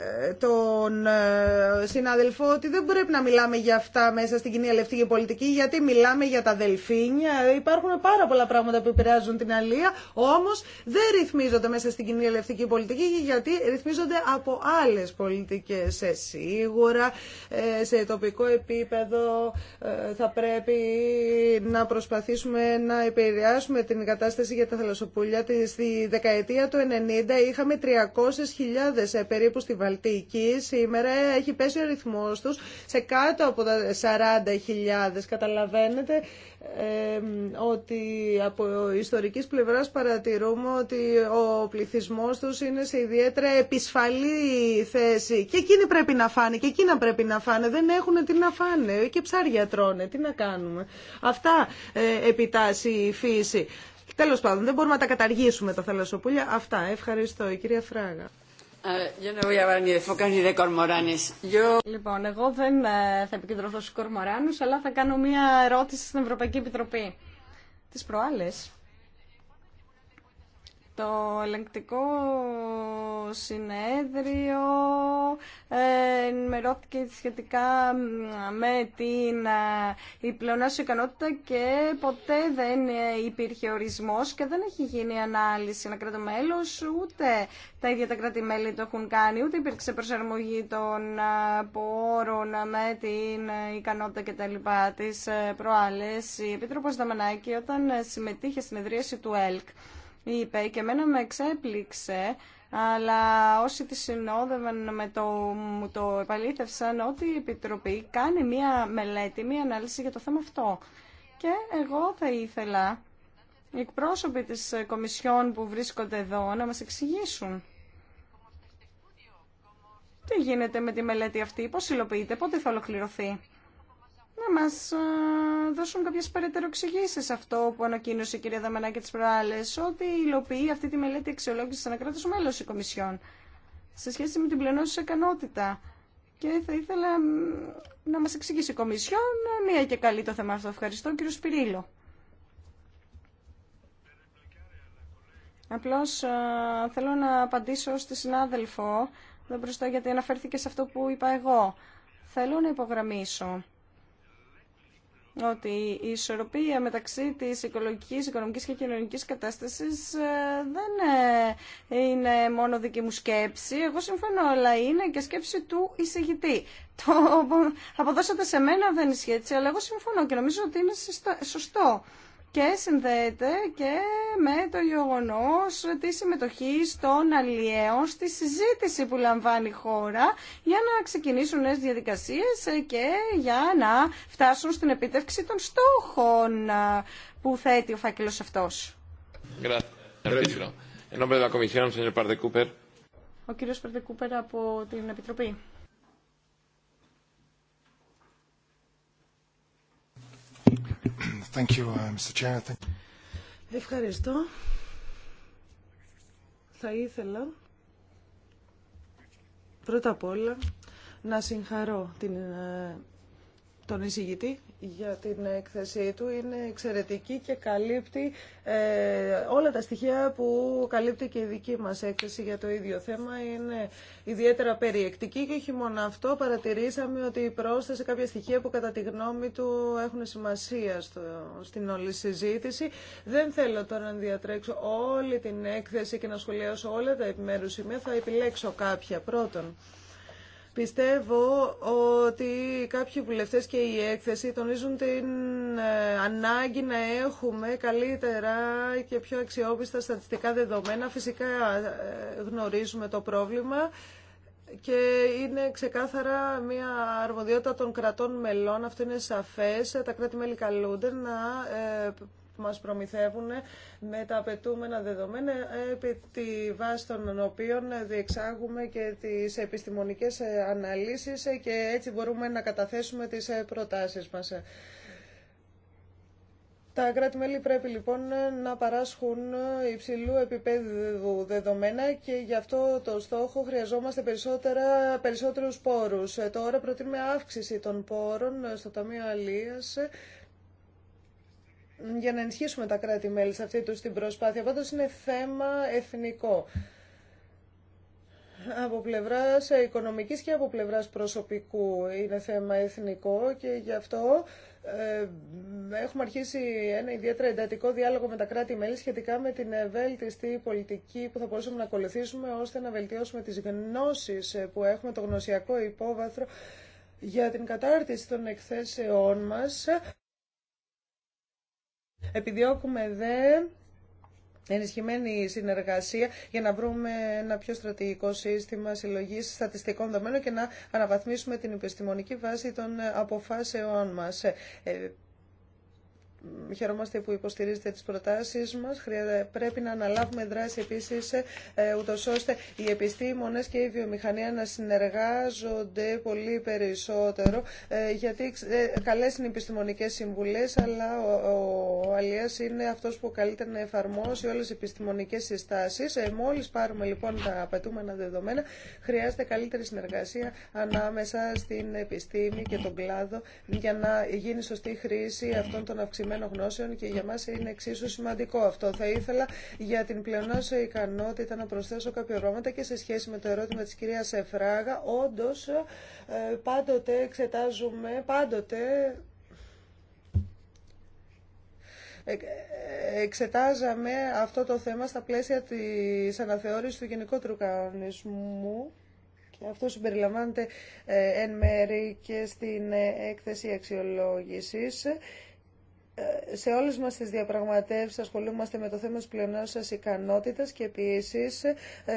ε, τον ε, συναδελφό ότι δεν πρέπει να μιλάμε για αυτά μέσα στην κοινή ελευτική πολιτική γιατί μιλάμε για τα δελφίνια, υπάρχουν πάρα πολλά πράγματα που επηρεάζουν την αλία Όμω, δεν ρυθμίζονται μέσα στην κοινή ελευτική πολιτική γιατί ρυθμίζονται από άλλε πολιτικέ. σε σίγουρα, ε, σε τοπικό επίπεδο θα πρέπει να προσπαθήσουμε να επηρεάσουμε την κατάσταση για τα θαλασσοπούλια στη δεκαετία του 90 είχαμε 300.000 περίπου στη Βαλτική σήμερα έχει πέσει ο ρυθμός τους σε κάτω από τα 40.000. Καταλαβαίνετε ε, ότι από ιστορικής πλευράς παρατηρούμε ότι ο πληθυσμός τους είναι σε ιδιαίτερα επισφαλή θέση. Και εκείνοι πρέπει να φάνε και εκείνα πρέπει να φάνε. Δεν έχουν τι να φάνε και ψάρια τρώνε. Τι να κάνουμε. Αυτά ε, επιτάσσει η φύση. Τέλος πάντων, δεν μπορούμε να τα καταργήσουμε τα θαλασσοπούλια. Αυτά. Ευχαριστώ. κυρία Φράγα. Ε, λοιπόν, εγώ δεν ε, θα επικεντρωθώ στους κορμοράνους, αλλά θα κάνω μία ερώτηση στην Ευρωπαϊκή Επιτροπή. Τις προάλλες, το ελεγκτικό συνέδριο ε, ενημερώθηκε σχετικά με την ε, η ικανότητα και ποτέ δεν υπήρχε ορισμός και δεν έχει γίνει ανάλυση ένα κράτο ούτε τα ίδια τα κράτη-μέλη το έχουν κάνει, ούτε υπήρξε προσαρμογή των ε, πόρων με την ικανότητα και τα λοιπά της προάλλες. Η Επίτροπος Δαμανάκη όταν συμμετείχε στην εδρίαση του ΕΛΚ είπε και εμένα με εξέπληξε αλλά όσοι τη συνόδευαν με το, μου το επαλήθευσαν ότι η Επιτροπή κάνει μία μελέτη, μία ανάλυση για το θέμα αυτό. Και εγώ θα ήθελα οι εκπρόσωποι της Κομισιόν που βρίσκονται εδώ να μας εξηγήσουν. Τι γίνεται με τη μελέτη αυτή, πώς υλοποιείται, πότε θα ολοκληρωθεί να μα δώσουν κάποιε περαιτέρω εξηγήσει σε αυτό που ανακοίνωσε η κυρία Δαμανάκη τη προάλλες, ότι υλοποιεί αυτή τη μελέτη αξιολόγηση σαν κράτο μέλο Κομισιόν σε σχέση με την τη ικανότητα. Και θα ήθελα να μα εξηγήσει η Κομισιόν ε, μία και καλή το θέμα αυτό. Ευχαριστώ κύριο Σπυρίλο. Απλώ θέλω να απαντήσω στη συνάδελφο, δεν μπροστά γιατί αναφέρθηκε σε αυτό που είπα εγώ. Θέλω να υπογραμμίσω ότι η ισορροπία μεταξύ της οικολογικής, οικονομικής και κοινωνικής κατάστασης ε, δεν ε, είναι μόνο δική μου σκέψη. Εγώ συμφωνώ, αλλά είναι και σκέψη του εισηγητή. Το αποδώσατε σε μένα δεν είναι έτσι, αλλά εγώ συμφωνώ και νομίζω ότι είναι σωστό και συνδέεται και με το γεγονός της συμμετοχής των αλλιέων στη συζήτηση που λαμβάνει η χώρα για να ξεκινήσουν νέες διαδικασίες και για να φτάσουν στην επίτευξη των στόχων που θέτει ο φάκελος αυτός. Ο κύριος Παρδεκούπερ από την Επιτροπή. Thank you, uh, Mr. Ευχαριστώ. Θα ήθελα πρώτα απ' όλα να συγχαρώ την, ε, τον εισηγητή για την έκθεσή του. Είναι εξαιρετική και καλύπτει ε, όλα τα στοιχεία που καλύπτει και η δική μας έκθεση για το ίδιο θέμα. Είναι ιδιαίτερα περιεκτική και όχι μόνο αυτό. Παρατηρήσαμε ότι πρόσθεσε κάποια στοιχεία που κατά τη γνώμη του έχουν σημασία στο, στην όλη συζήτηση. Δεν θέλω τώρα να διατρέξω όλη την έκθεση και να σχολιάσω όλα τα επιμέρους σημεία. Θα επιλέξω κάποια. Πρώτον, Πιστεύω ότι κάποιοι βουλευτές και η έκθεση τονίζουν την ε, ανάγκη να έχουμε καλύτερα και πιο αξιόπιστα στατιστικά δεδομένα. Φυσικά ε, γνωρίζουμε το πρόβλημα και είναι ξεκάθαρα μια αρμοδιότητα των κρατών μελών, αυτό είναι σαφές. Τα κράτη-μέλη καλούνται να ε, που μας προμηθεύουν με τα απαιτούμενα δεδομένα επί τη βάση των οποίων διεξάγουμε και τις επιστημονικές αναλύσεις και έτσι μπορούμε να καταθέσουμε τις προτάσεις μας. Τα κράτη-μέλη πρέπει λοιπόν να παράσχουν υψηλού επίπεδου δεδομένα και γι' αυτό το στόχο χρειαζόμαστε περισσότερα, περισσότερους πόρους. Τώρα προτείνουμε αύξηση των πόρων στο Ταμείο Αλίας για να ενισχύσουμε τα κράτη-μέλη σε αυτή τους την προσπάθεια. Πάντως είναι θέμα εθνικό. Από πλευράς οικονομικής και από πλευράς προσωπικού είναι θέμα εθνικό και γι' αυτό ε, έχουμε αρχίσει ένα ιδιαίτερα εντατικό διάλογο με τα κράτη-μέλη σχετικά με την ευέλτιστη πολιτική που θα μπορούσαμε να ακολουθήσουμε ώστε να βελτιώσουμε τις γνώσεις που έχουμε, το γνωσιακό υπόβαθρο για την κατάρτιση των εκθέσεών μας. Επιδιώκουμε δε ενισχυμένη συνεργασία για να βρούμε ένα πιο στρατηγικό σύστημα συλλογή στατιστικών δεδομένων και να αναβαθμίσουμε την επιστημονική βάση των αποφάσεών μας. Ε, χαιρόμαστε που υποστηρίζετε τις προτάσεις μας. Πρέπει να αναλάβουμε δράση επίσης ε, ούτως ώστε οι επιστήμονες και η βιομηχανία να συνεργάζονται πολύ περισσότερο ε, γιατί ε, καλές είναι οι επιστημονικές συμβουλές αλλά ο Αλίας είναι αυτός που καλύτερα να εφαρμόσει όλες τις επιστημονικές συστάσεις. Μόλις πάρουμε λοιπόν τα απαιτούμενα δεδομένα χρειάζεται καλύτερη συνεργασία ανάμεσα στην επιστήμη και τον κλάδο για να γίνει σωστή χρήση αυτών των αυξημένων και για μας είναι εξίσου σημαντικό αυτό. Θα ήθελα για την πλεονάσια ικανότητα να προσθέσω κάποια πράγματα και σε σχέση με το ερώτημα της κυρίας Εφράγα. Όντως, ε, πάντοτε εξετάζουμε, πάντοτε ε, εξετάζαμε αυτό το θέμα στα πλαίσια της αναθεώρησης του γενικότερου κανονισμού και αυτό συμπεριλαμβάνεται ε, εν μέρη και στην έκθεση αξιολόγησης σε όλες μας τις διαπραγματεύσεις ασχολούμαστε με το θέμα της πλεονάσας ικανότητας και επίσης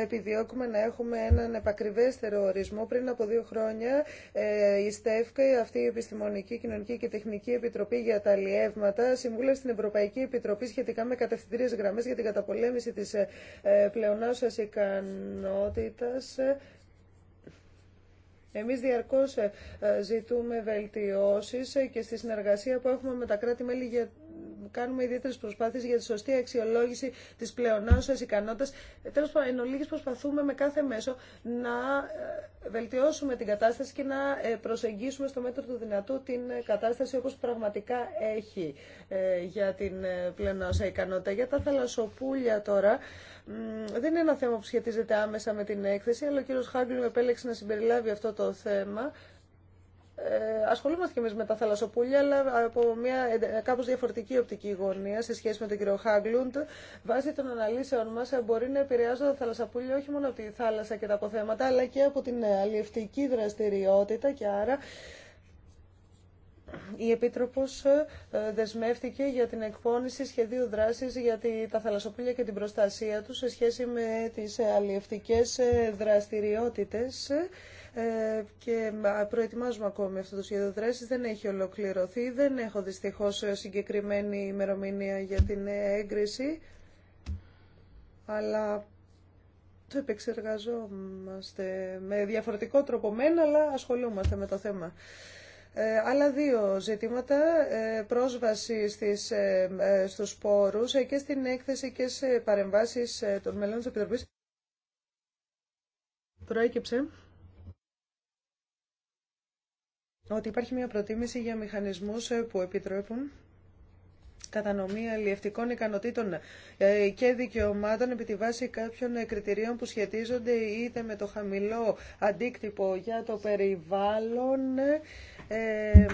επιδιώκουμε να έχουμε έναν επακριβέστερο ορισμό. Πριν από δύο χρόνια ε, η ΣΤΕΦΚΑ, αυτή η Επιστημονική, Κοινωνική και Τεχνική Επιτροπή για τα Αλλιεύματα, συμβούλευε στην Ευρωπαϊκή Επιτροπή σχετικά με κατευθυντήριες γραμμές για την καταπολέμηση της ε, ε, πλεονάσας ικανότητας εμείς διαρκώς ε, ε, ζητούμε βελτιώσεις ε, και στη συνεργασία που έχουμε με τα κράτη-μέλη για κάνουμε ιδιαίτερε προσπάθειε για τη σωστή αξιολόγηση τη πλεονάσια ικανότητα. Ε, Τέλο πάντων, εν ολίγη προσπαθούμε με κάθε μέσο να ε, βελτιώσουμε την κατάσταση και να ε, προσεγγίσουμε στο μέτρο του δυνατού την κατάσταση όπω πραγματικά έχει για την πλεονάσια ικανότητα. Για τα θαλασσοπούλια τώρα, δεν είναι ένα θέμα που σχετίζεται άμεσα με την έκθεση, αλλά ο κύριο Χάγκλου επέλεξε να συμπεριλάβει αυτό το θέμα ε, ασχολούμαστε και εμεί με τα θαλασσοπούλια, αλλά από μια κάπως διαφορετική οπτική γωνία σε σχέση με τον κύριο Χάγκλουντ. Βάσει των αναλύσεων μας ε, μπορεί να επηρεάζονται τα θαλασσοπούλια όχι μόνο από τη θάλασσα και τα αποθέματα, αλλά και από την αλλιευτική δραστηριότητα και άρα η Επίτροπος ε, ε, δεσμεύτηκε για την εκπόνηση σχεδίου δράσης για τα θαλασσοπούλια και την προστασία τους σε σχέση με τις ε, αλλιευτικές δραστηριότητες και προετοιμάζουμε ακόμη αυτό το σχέδιο δράσης. Δεν έχει ολοκληρωθεί, δεν έχω δυστυχώς συγκεκριμένη ημερομηνία για την έγκριση, αλλά το επεξεργαζόμαστε με διαφορετικό τρόπο μένα, αλλά ασχολούμαστε με το θέμα. Ε, άλλα δύο ζητήματα, ε, πρόσβαση στις, ε, στους πόρους και στην έκθεση και σε παρεμβάσεις των μελών της Επιτροπής. Προέκυψε ότι υπάρχει μια προτίμηση για μηχανισμούς που επιτρέπουν κατανομή αλλιευτικών ικανοτήτων και δικαιωμάτων επί τη βάση κάποιων κριτηρίων που σχετίζονται είτε με το χαμηλό αντίκτυπο για το περιβάλλον ε,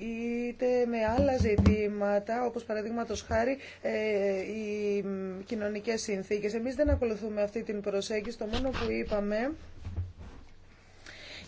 είτε με άλλα ζητήματα, όπως παραδείγματο χάρη ε, οι κοινωνικές συνθήκες. Εμείς δεν ακολουθούμε αυτή την προσέγγιση. Το μόνο που είπαμε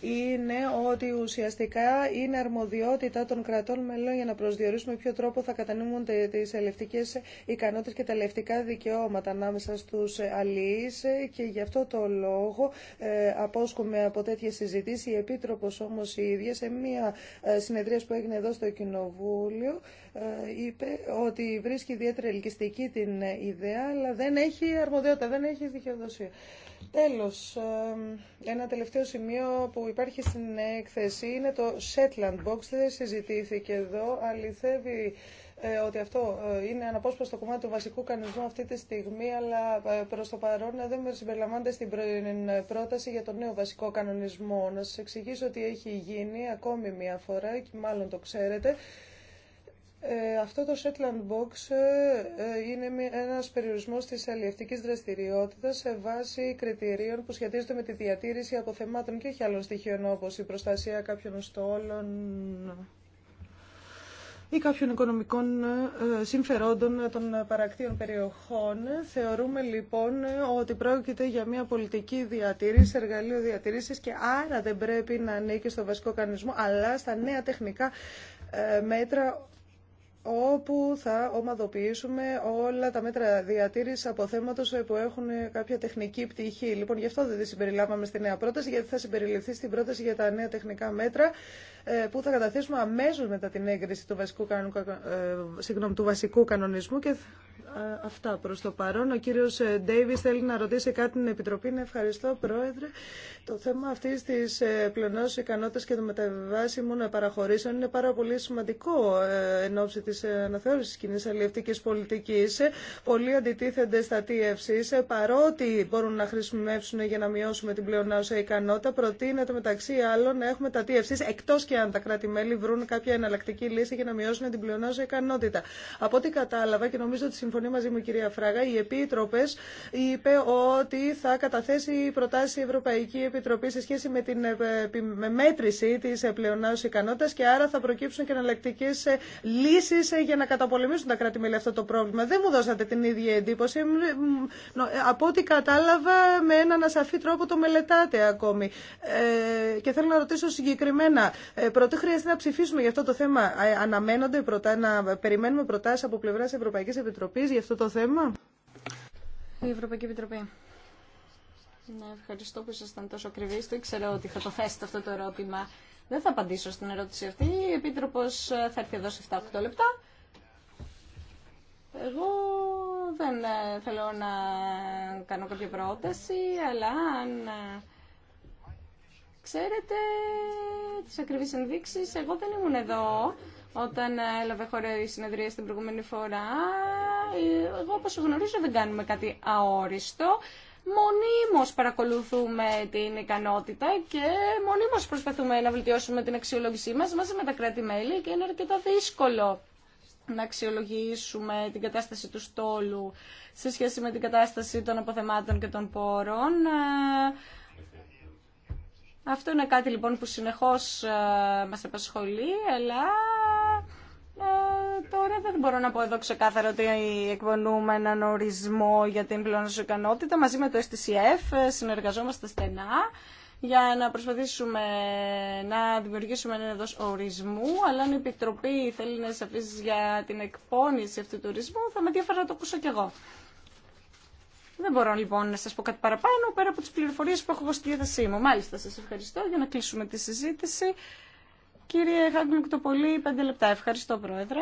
είναι ότι ουσιαστικά είναι αρμοδιότητα των κρατών μελών για να προσδιορίσουμε ποιο τρόπο θα κατανείμουν τι ελευτικέ ικανότητε και τα ελευτικά δικαιώματα ανάμεσα στου αλληλεί και γι' αυτό το λόγο ε, απόσχομαι από τέτοιε συζητήσει. Η Επίτροπο όμω η ίδια σε μία ε, συνεδρία που έγινε εδώ στο Κοινοβούλιο ε, είπε ότι βρίσκει ιδιαίτερα ελκυστική την ιδέα αλλά δεν έχει αρμοδιότητα, δεν έχει δικαιοδοσία. Τέλος, ένα τελευταίο σημείο που υπάρχει στην έκθεση είναι το Shetland Box. Δεν συζητήθηκε εδώ. Αληθεύει ε, ότι αυτό ε, είναι αναπόσπαστο κομμάτι του βασικού κανονισμού αυτή τη στιγμή, αλλά ε, προς το παρόν δεν συμπεριλαμβάνεται στην πρόταση για τον νέο βασικό κανονισμό. Να σας εξηγήσω ότι έχει γίνει ακόμη μία φορά, και μάλλον το ξέρετε, ε, αυτό το Shetland Box ε, ε, είναι ένας περιορισμός της αλλιευτικής δραστηριότητας σε βάση κριτηρίων που σχετίζονται με τη διατήρηση αποθεμάτων και όχι άλλων στοιχείων όπως η προστασία κάποιων στόλων ή κάποιων οικονομικών συμφερόντων των παρακτήων περιοχών. Θεωρούμε λοιπόν ότι πρόκειται για μια πολιτική διατήρηση, εργαλείο διατήρησης και άρα δεν πρέπει να ανήκει στο βασικό κανονισμό αλλά στα νέα τεχνικά μέτρα όπου θα ομαδοποιήσουμε όλα τα μέτρα διατήρησης αποθέματος που έχουν κάποια τεχνική πτυχή. Λοιπόν, γι' αυτό δεν τη συμπεριλάβαμε στη νέα πρόταση, γιατί θα συμπεριληφθεί στην πρόταση για τα νέα τεχνικά μέτρα ε, που θα καταθέσουμε αμέσω μετά την έγκριση του βασικού, ε, συγγνώμη, του βασικού κανονισμού και ε, αυτά προς το παρόν. Ο κύριος Ντέιβις θέλει να ρωτήσει κάτι την Επιτροπή. Ναι, ευχαριστώ, Πρόεδρε. Το θέμα αυτής της πλενώσης ικανότητα και των μεταβιβάσιμων παραχωρήσεων είναι πάρα πολύ σημαντικό εν ώψη αναθεώρηση τη κοινή αλληλευτική πολιτική. Πολλοί αντιτίθενται στα TFC, παρότι μπορούν να χρησιμεύσουν για να μειώσουμε την πλεονάωσα ικανότητα. Προτείνεται μεταξύ άλλων να έχουμε τα TFC, εκτό και αν τα κράτη-μέλη βρουν κάποια εναλλακτική λύση για να μειώσουν την πλεονάωσα ικανότητα. Από ό,τι κατάλαβα και νομίζω ότι συμφωνεί μαζί μου η κυρία Φράγα, οι επίτροπε είπε ότι θα καταθέσει προτάσει η Ευρωπαϊκή Επιτροπή σε σχέση με την ε, μέτρηση τη ικανότητα και άρα θα προκύψουν και εναλλακτικέ ε, λύσει ε, για να καταπολεμήσουν τα κράτη-μέλη αυτό το πρόβλημα. Δεν μου δώσατε την ίδια εντύπωση. Ε, ε, από ό,τι κατάλαβα, με έναν ασαφή τρόπο το μελετάτε ακόμη. Ε, και θέλω να ρωτήσω συγκεκριμένα, ε, πρωτού χρειάζεται να ψηφίσουμε για αυτό το θέμα. Ε, αναμένονται πρωτά, να περιμένουμε προτάσει από πλευρά Ευρωπαϊκή Επιτροπή για αυτό το θέμα. Η Ευρωπαϊκή Επιτροπή. Ναι, ευχαριστώ που ήσασταν τόσο ακριβείς. Το ήξερα ότι θα το θέσετε αυτό το ερώτημα. Δεν θα απαντήσω στην ερώτηση αυτή. Η Επίτροπος θα έρθει εδώ σε 7-8 λεπτά. Εγώ δεν ε, θέλω να κάνω κάποια πρόταση, αλλά αν ε, ξέρετε τις ακριβείς ενδείξεις, εγώ δεν ήμουν εδώ όταν έλαβε χώρα η συνεδρία στην προηγούμενη φορά. Ε, εγώ όπως γνωρίζω δεν κάνουμε κάτι αόριστο μονίμως παρακολουθούμε την ικανότητα και μονίμως προσπαθούμε να βελτιώσουμε την αξιολόγησή μας μαζί με τα κράτη-μέλη και είναι αρκετά δύσκολο να αξιολογήσουμε την κατάσταση του στόλου σε σχέση με την κατάσταση των αποθεμάτων και των πόρων. Αυτό είναι κάτι λοιπόν που συνεχώς ε, μας απασχολεί, αλλά ε, τώρα δεν μπορώ να πω εδώ ξεκάθαρα ότι εκπονούμε έναν ορισμό για την πλειονότητα ικανότητα. Μαζί με το STCF ε, συνεργαζόμαστε στενά για να προσπαθήσουμε να δημιουργήσουμε έναν έδω ορισμού, αλλά αν η Επιτροπή θέλει να σα αφήσει για την εκπόνηση αυτού του ορισμού, θα με ενδιαφέρει να το ακούσω κι εγώ. Δεν μπορώ λοιπόν να σα πω κάτι παραπάνω, πέρα από τι πληροφορίε που έχω εγώ στη διάθεσή μου. Μάλιστα, σα ευχαριστώ για να κλείσουμε τη συζήτηση. Κύριε Χάγκλουκ, το πολύ πέντε λεπτά. Ευχαριστώ, Πρόεδρε.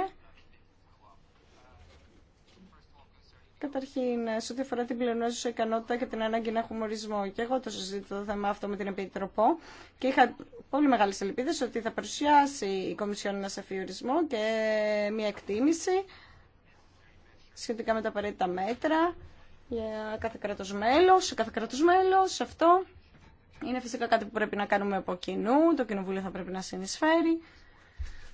Καταρχήν, σε ό,τι αφορά την πλεονάζουσα ικανότητα και την ανάγκη να έχουμε ορισμό. Και εγώ το συζήτησα το θέμα αυτό με την Επιτροπό και είχα πολύ μεγάλε ελπίδε ότι θα παρουσιάσει η Κομισιόν ένα σαφή ορισμό και μια εκτίμηση σχετικά με τα απαραίτητα μέτρα για κάθε κράτο μέλο. Σε κάθε κράτο μέλο, αυτό είναι φυσικά κάτι που πρέπει να κάνουμε από κοινού. Το Κοινοβούλιο θα πρέπει να συνεισφέρει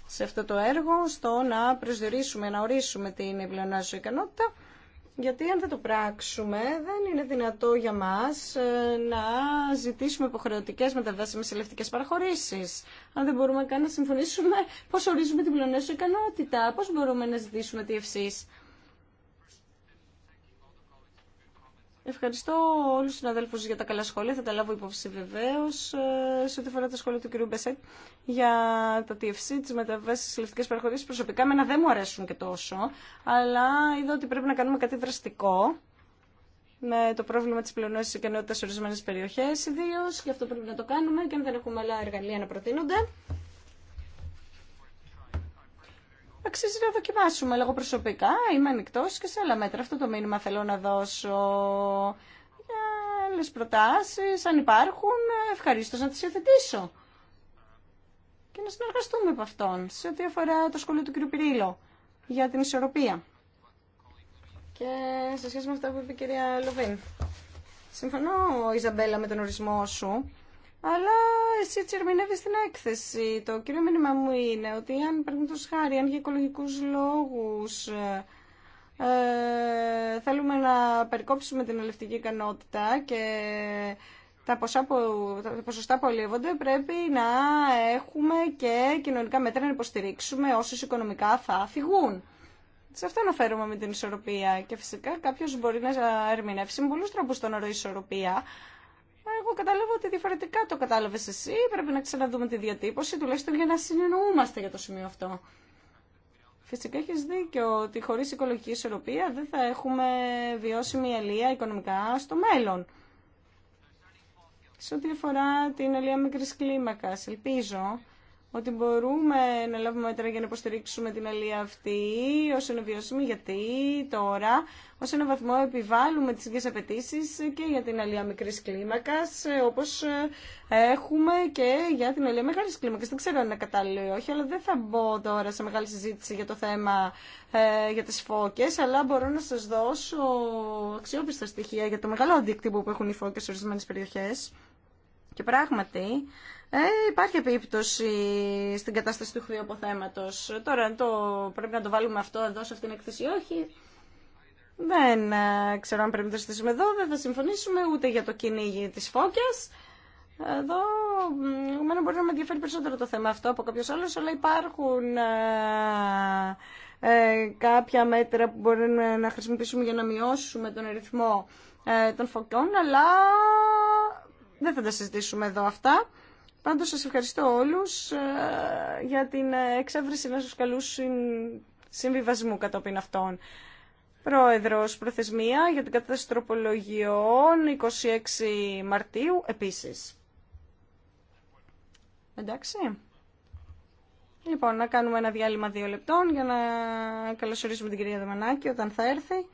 σε αυτό το έργο, στο να προσδιορίσουμε, να ορίσουμε την πλεονάζουσα ικανότητα γιατί αν δεν το πράξουμε, δεν είναι δυνατό για μας ε, να ζητήσουμε υποχρεωτικές με ελευτικές παραχωρήσεις. Αν δεν μπορούμε καν να συμφωνήσουμε πώς ορίζουμε την πλονέσου ικανότητα, πώς μπορούμε να ζητήσουμε τι ευσύς. Ευχαριστώ όλου του συναδέλφου για τα καλά σχόλια. Θα τα λάβω υπόψη βεβαίω ε, σε ό,τι αφορά τα σχόλια του κ. Μπεσέτ για τα TFC, τι μεταβάσει στι ελευθερικέ παραχωρήσει. Προσωπικά, εμένα δεν μου αρέσουν και τόσο, αλλά είδα ότι πρέπει να κάνουμε κάτι δραστικό με το πρόβλημα τη και ικανότητα σε ορισμένε περιοχέ ιδίω, γι' αυτό πρέπει να το κάνουμε και αν δεν έχουμε άλλα εργαλεία να προτείνονται αξίζει να δοκιμάσουμε. λέγω προσωπικά είμαι ανοιχτό και σε άλλα μέτρα. Αυτό το μήνυμα θέλω να δώσω. Για άλλε προτάσει, αν υπάρχουν, ευχαρίστω να τι υιοθετήσω. Και να συνεργαστούμε από αυτόν σε ό,τι αφορά το σχολείο του κ. Πυρίλο για την ισορροπία. Και σε σχέση με αυτά που είπε η κυρία Λοβίν. Συμφωνώ, Ιζαμπέλα, με τον ορισμό σου αλλά εσύ έτσι ερμηνεύει την έκθεση. Το κύριο μήνυμα μου είναι ότι αν το χάρη, αν για οικολογικού λόγου, ε, ε, θέλουμε να περικόψουμε την ελευτική ικανότητα και τα, ποσά που, τα ποσοστά που αλλιεύονται πρέπει να έχουμε και κοινωνικά μέτρα να υποστηρίξουμε όσους οικονομικά θα φυγούν. Σε αυτό αναφέρομαι με την ισορροπία. Και φυσικά κάποιο μπορεί να ερμηνεύσει με πολλού τρόπου τον όρο ισορροπία. Εγώ κατάλαβα ότι διαφορετικά το κατάλαβε εσύ. Πρέπει να ξαναδούμε τη διατύπωση, τουλάχιστον για να συνεννοούμαστε για το σημείο αυτό. Φυσικά έχει δίκιο ότι χωρί οικολογική ισορροπία δεν θα έχουμε βιώσιμη ελεία οικονομικά στο μέλλον. Σε ό,τι αφορά την ελεία μικρή κλίμακα, ελπίζω ότι μπορούμε να λάβουμε μέτρα για να υποστηρίξουμε την αλία αυτή όσο είναι βιώσιμη, γιατί τώρα ως ένα βαθμό επιβάλλουμε τις ίδιες απαιτήσει και για την αλία μικρής κλίμακας, όπως ε, έχουμε και για την αλία μεγάλης κλίμακας. Δεν ξέρω αν είναι κατάλληλο ή όχι, αλλά δεν θα μπω τώρα σε μεγάλη συζήτηση για το θέμα ε, για τις φώκες, αλλά μπορώ να σας δώσω αξιόπιστα στοιχεία για το μεγάλο αντίκτυπο που έχουν οι φώκες σε ορισμένες περιοχές. Και πράγματι ε, υπάρχει επίπτωση στην κατάσταση του χρειοποθέματος. Τώρα το, πρέπει να το βάλουμε αυτό εδώ σε αυτήν την εκθέση όχι. Δεν ε, ξέρω αν πρέπει να το συζητήσουμε εδώ, δεν θα συμφωνήσουμε ούτε για το κυνήγι της φώκιας. Εδώ, εμένα μπορεί να με ενδιαφέρει περισσότερο το θέμα αυτό από κάποιο άλλο, αλλά υπάρχουν ε, ε, κάποια μέτρα που μπορούμε να χρησιμοποιήσουμε για να μειώσουμε τον αριθμό ε, των φωκιών, αλλά δεν θα τα συζητήσουμε εδώ αυτά. Πάντως σας ευχαριστώ όλους ε, για την ε, εξέβριση ενός καλού συμβιβασμού κατόπιν αυτών. Πρόεδρος Προθεσμία για την κατάσταση τροπολογιών 26 Μαρτίου επίσης. Εντάξει. Λοιπόν, να κάνουμε ένα διάλειμμα δύο λεπτών για να καλωσορίσουμε την κυρία Δεμανάκη όταν θα έρθει.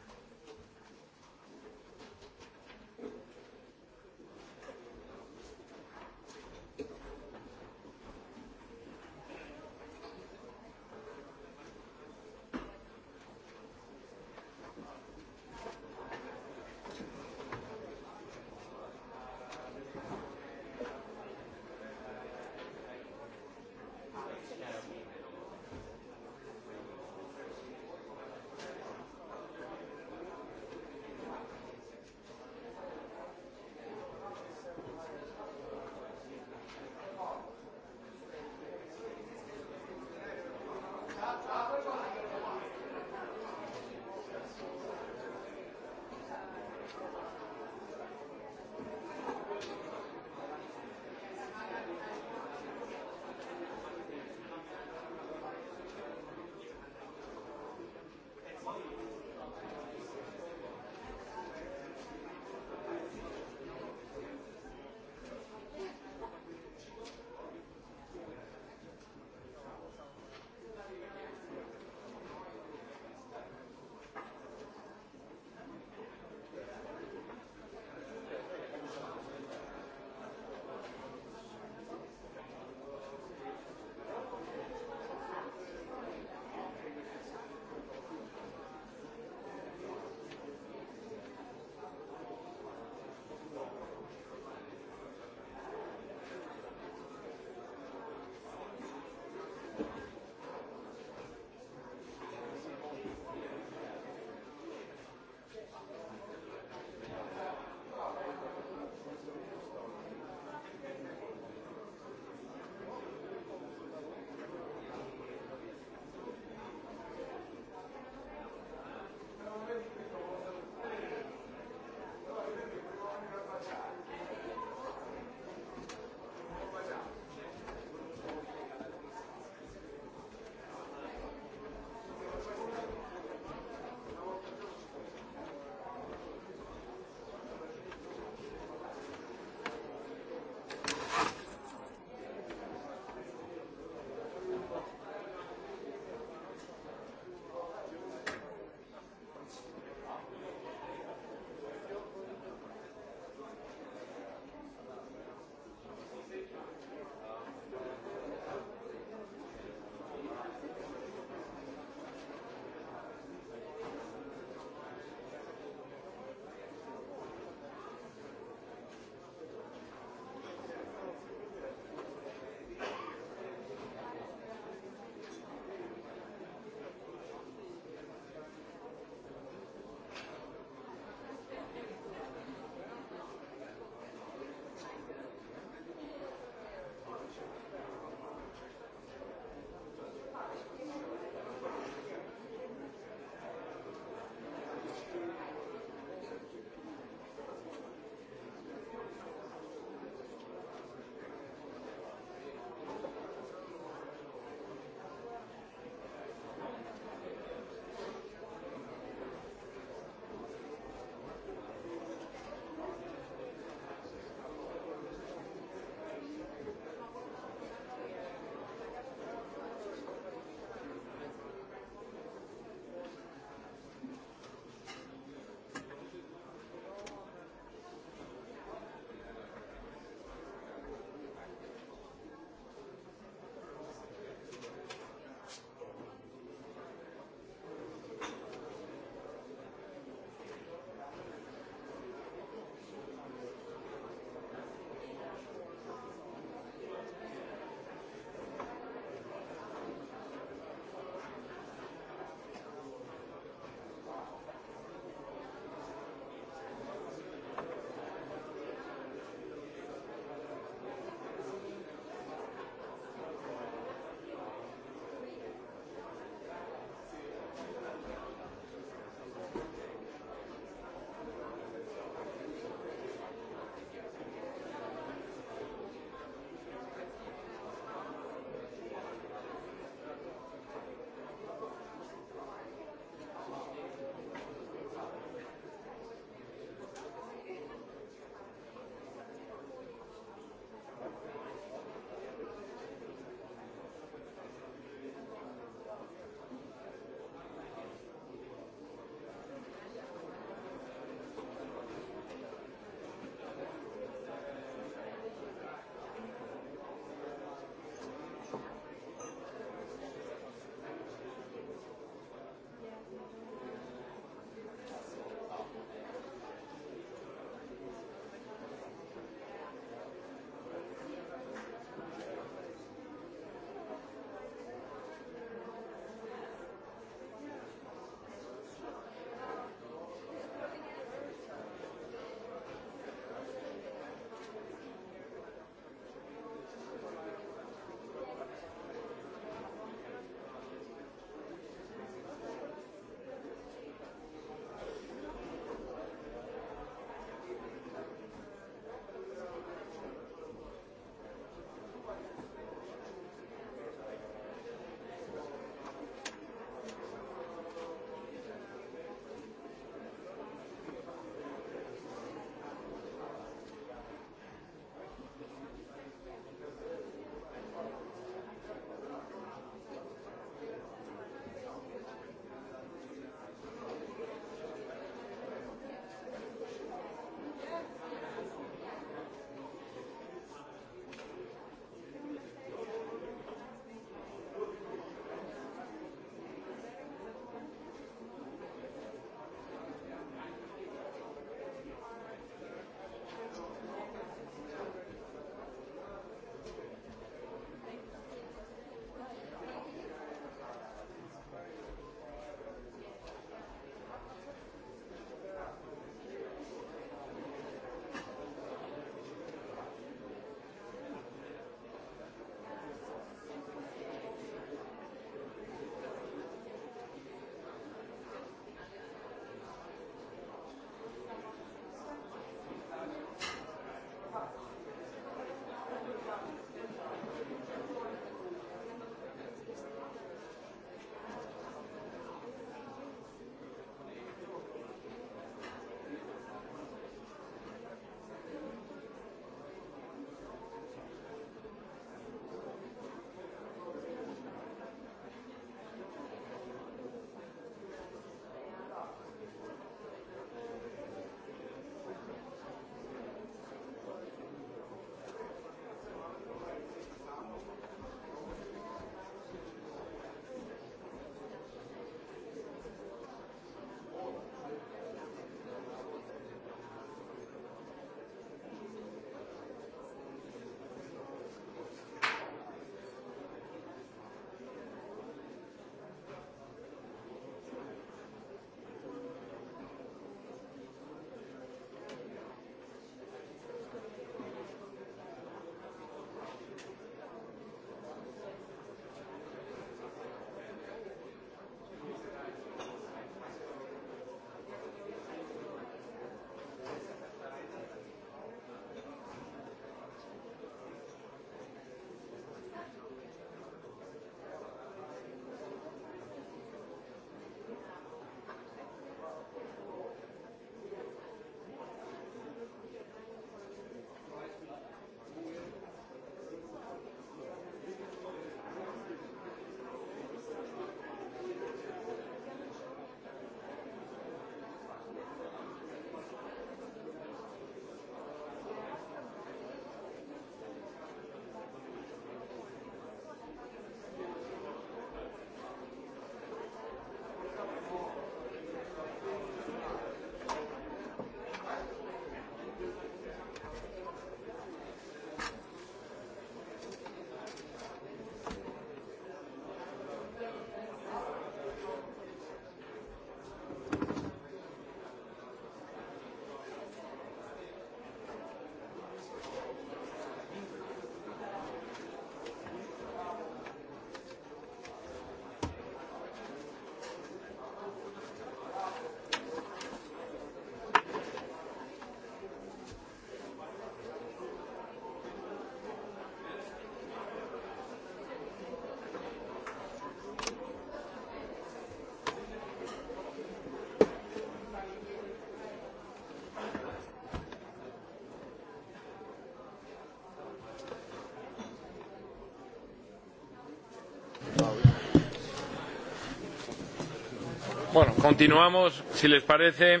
Bueno, continuamos, si les parece.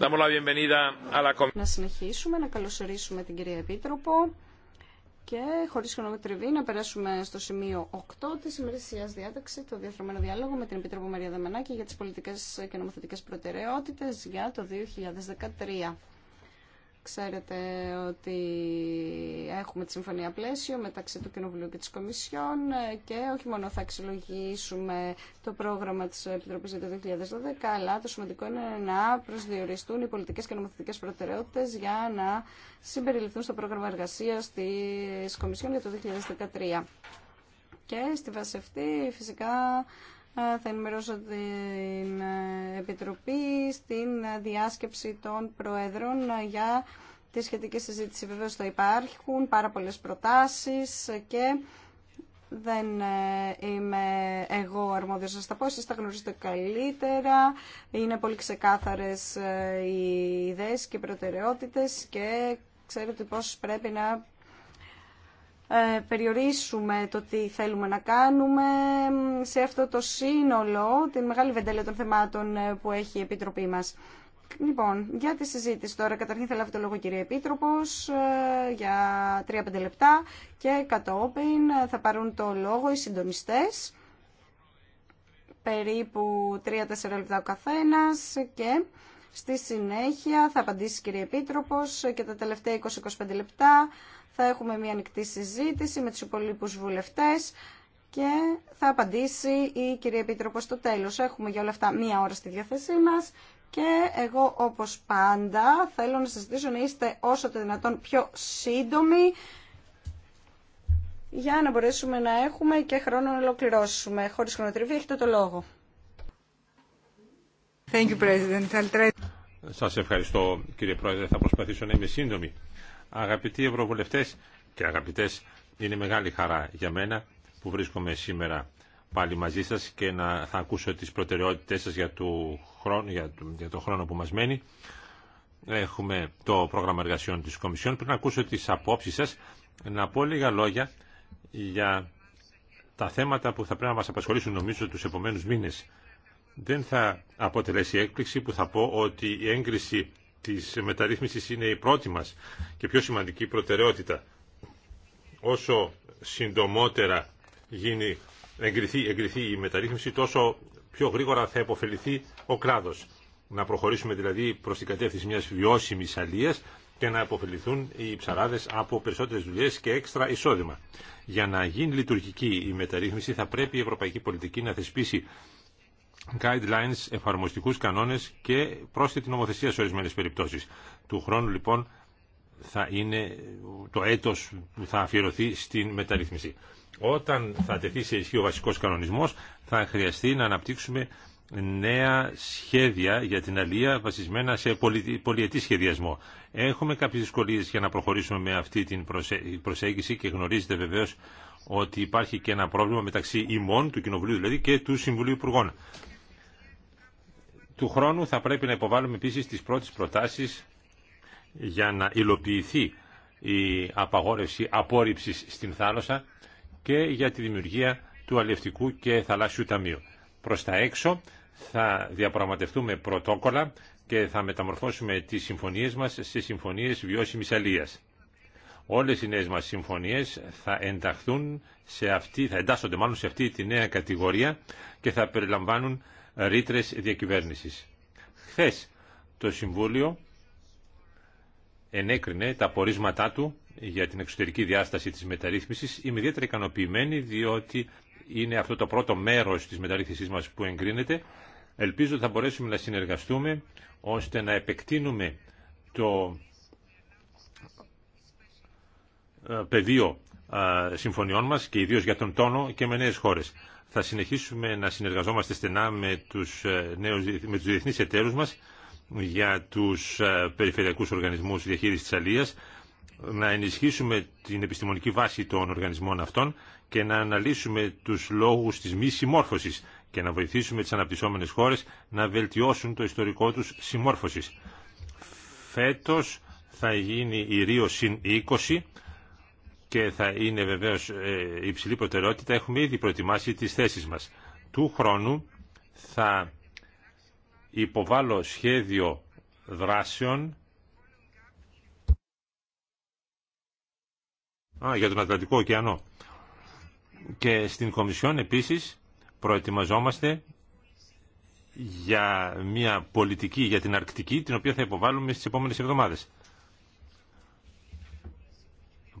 Damos la bienvenida a la Να συνεχίσουμε, να καλωσορίσουμε την κυρία Επίτροπο και χωρίς χρονομετριβή να περάσουμε στο σημείο 8 της ημερησίας διάταξη, το διαφρομένο διάλογο με την Επίτροπο Μαρία Δεμενάκη για τις πολιτικές και νομοθετικές προτεραιότητες για το 2013. Ξέρετε ότι έχουμε τη συμφωνία πλαίσιο μεταξύ του Κοινοβουλίου και της Κομισιόν και όχι μόνο θα αξιολογήσουμε το πρόγραμμα της Επιτροπής για το 2012, αλλά το σημαντικό είναι να προσδιοριστούν οι πολιτικές και νομοθετικές προτεραιότητες για να συμπεριληφθούν στο πρόγραμμα εργασίας της Κομισιόν για το 2013. Και στη βάση αυτή φυσικά θα ενημερώσω την Επιτροπή στην διάσκεψη των Προέδρων για τη σχετική συζήτηση. Βεβαίω θα υπάρχουν πάρα πολλέ προτάσεις και δεν ε, είμαι εγώ αρμόδιος να τα πω, εσείς τα γνωρίζετε καλύτερα, είναι πολύ ξεκάθαρες ε, οι ιδέες και οι προτεραιότητες και ξέρετε πώς πρέπει να ε, περιορίσουμε το τι θέλουμε να κάνουμε σε αυτό το σύνολο, την μεγάλη βεντέλεια των θεμάτων ε, που έχει η Επιτροπή μας. Λοιπόν, για τη συζήτηση τώρα, καταρχήν θα λάβει το λόγο κυρία Επίτροπος ε, για 3-5 λεπτά και κατόπιν θα πάρουν το λόγο οι συντονιστές, περίπου 3-4 λεπτά ο καθένας και στη συνέχεια θα απαντήσει η κυρία Επίτροπος και τα τελευταία 20-25 λεπτά θα έχουμε μια ανοιχτή συζήτηση με τους υπολείπους βουλευτές και θα απαντήσει η κυρία Επίτροπο στο τέλος. Έχουμε για όλα αυτά μία ώρα στη διάθεσή μας και εγώ όπως πάντα θέλω να σας ζητήσω να είστε όσο το δυνατόν πιο σύντομοι για να μπορέσουμε να έχουμε και χρόνο να ολοκληρώσουμε. Χωρίς χρονοτριβή έχετε το λόγο. Thank Σας ευχαριστώ κύριε Πρόεδρε. Θα προσπαθήσω να είμαι σύντομη. Αγαπητοί Ευρωβουλευτές και αγαπητές, είναι μεγάλη χαρά για μένα που βρίσκομαι σήμερα πάλι μαζί σας και να θα ακούσω τις προτεραιότητές σας για το χρόνο, για το, το χρόνο που μας μένει. Έχουμε το πρόγραμμα εργασιών της Κομισιόν. Πριν ακούσω τις απόψεις σας, να πω λίγα λόγια για τα θέματα που θα πρέπει να μας απασχολήσουν νομίζω τους επόμενους μήνες. Δεν θα αποτελέσει έκπληξη που θα πω ότι η έγκριση της μεταρρύθμισης είναι η πρώτη μας και πιο σημαντική προτεραιότητα. Όσο συντομότερα γίνει, εγκριθεί, εγκριθεί η μεταρρύθμιση, τόσο πιο γρήγορα θα επωφεληθεί ο κράτος. Να προχωρήσουμε δηλαδή προς την κατεύθυνση μιας βιώσιμης αλίας και να υποφεληθούν οι ψαράδες από περισσότερες δουλειές και έξτρα εισόδημα. Για να γίνει λειτουργική η μεταρρύθμιση θα πρέπει η ευρωπαϊκή πολιτική να θεσπίσει guidelines, εφαρμοστικούς κανόνες και πρόσθετη νομοθεσία σε ορισμένες περιπτώσεις. Του χρόνου λοιπόν θα είναι το έτος που θα αφιερωθεί στην μεταρρύθμιση. Όταν θα τεθεί σε ισχύ ο βασικός κανονισμός θα χρειαστεί να αναπτύξουμε νέα σχέδια για την αλία βασισμένα σε πολιετή σχεδιασμό. Έχουμε κάποιες δυσκολίες για να προχωρήσουμε με αυτή την προσέγγιση και γνωρίζετε βεβαίως ότι υπάρχει και ένα πρόβλημα μεταξύ ημών, του Κοινοβουλίου δηλαδή, και του Συμβουλίου Υπουργών. Του χρόνου θα πρέπει να υποβάλουμε επίσης τις πρώτες προτάσεις για να υλοποιηθεί η απαγόρευση απόρριψης στην θάλασσα και για τη δημιουργία του αλλιευτικού και θαλάσσιου ταμείου. Προς τα έξω θα διαπραγματευτούμε πρωτόκολλα και θα μεταμορφώσουμε τις συμφωνίες μας σε συμφωνίες βιώσιμης αλίας. Όλες οι νέες μας συμφωνίες θα ενταχθούν σε αυτή, θα εντάσσονται μάλλον σε αυτή τη νέα κατηγορία και θα περιλαμβάνουν ρήτρε διακυβέρνησης. Χθε το Συμβούλιο ενέκρινε τα πορίσματά του για την εξωτερική διάσταση της μεταρρύθμισης. Είμαι ιδιαίτερα ικανοποιημένη διότι είναι αυτό το πρώτο μέρος της μεταρρύθμισής μας που εγκρίνεται. Ελπίζω ότι θα μπορέσουμε να συνεργαστούμε ώστε να επεκτείνουμε το ε, πεδίο ε, συμφωνιών μας και ιδίως για τον τόνο και με νέες χώρες. Θα συνεχίσουμε να συνεργαζόμαστε στενά με τους, ε, νέους, με τους διεθνείς εταίρους μας για τους ε, περιφερειακούς οργανισμούς διαχείρισης της αλίας, να ενισχύσουμε την επιστημονική βάση των οργανισμών αυτών και να αναλύσουμε τους λόγους της μη συμμόρφωσης και να βοηθήσουμε τις αναπτυσσόμενες χώρες να βελτιώσουν το ιστορικό τους συμμόρφωσης. Φέτος θα γίνει η Ρίο και θα είναι βεβαίως ε, υψηλή προτεραιότητα, έχουμε ήδη προετοιμάσει τις θέσεις μας. Του χρόνου θα υποβάλω σχέδιο δράσεων Α, για τον Ατλαντικό ωκεανό. Και στην Κομισιόν επίσης προετοιμαζόμαστε για μια πολιτική για την Αρκτική, την οποία θα υποβάλουμε στις επόμενες εβδομάδες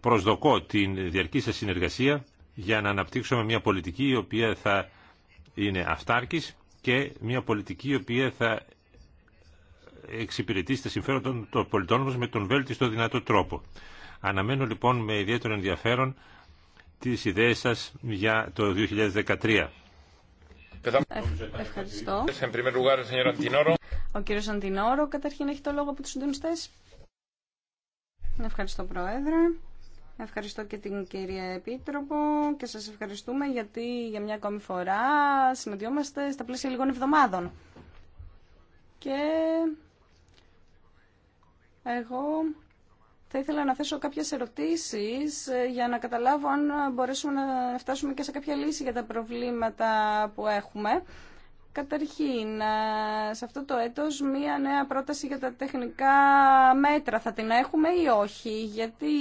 προσδοκώ την διαρκή σας συνεργασία για να αναπτύξουμε μια πολιτική η οποία θα είναι αυτάρκης και μια πολιτική η οποία θα εξυπηρετήσει τα συμφέροντα των πολιτών μας με τον βέλτιστο δυνατό τρόπο. Αναμένω λοιπόν με ιδιαίτερο ενδιαφέρον τις ιδέες σας για το 2013. Ευχαριστώ. Ο κύριο Αντινόρο καταρχήν έχει το λόγο από του συντονιστέ. Ευχαριστώ Πρόεδρε. Ευχαριστώ και την κυρία Επίτροπο και σας ευχαριστούμε γιατί για μια ακόμη φορά συναντιόμαστε στα πλαίσια λίγων εβδομάδων. Και εγώ θα ήθελα να θέσω κάποιες ερωτήσεις ε, για να καταλάβω αν μπορέσουμε να φτάσουμε και σε κάποια λύση για τα προβλήματα που έχουμε. Καταρχήν, ε, σε αυτό το έτος μία νέα πρόταση για τα τεχνικά μέτρα θα την έχουμε ή όχι, γιατί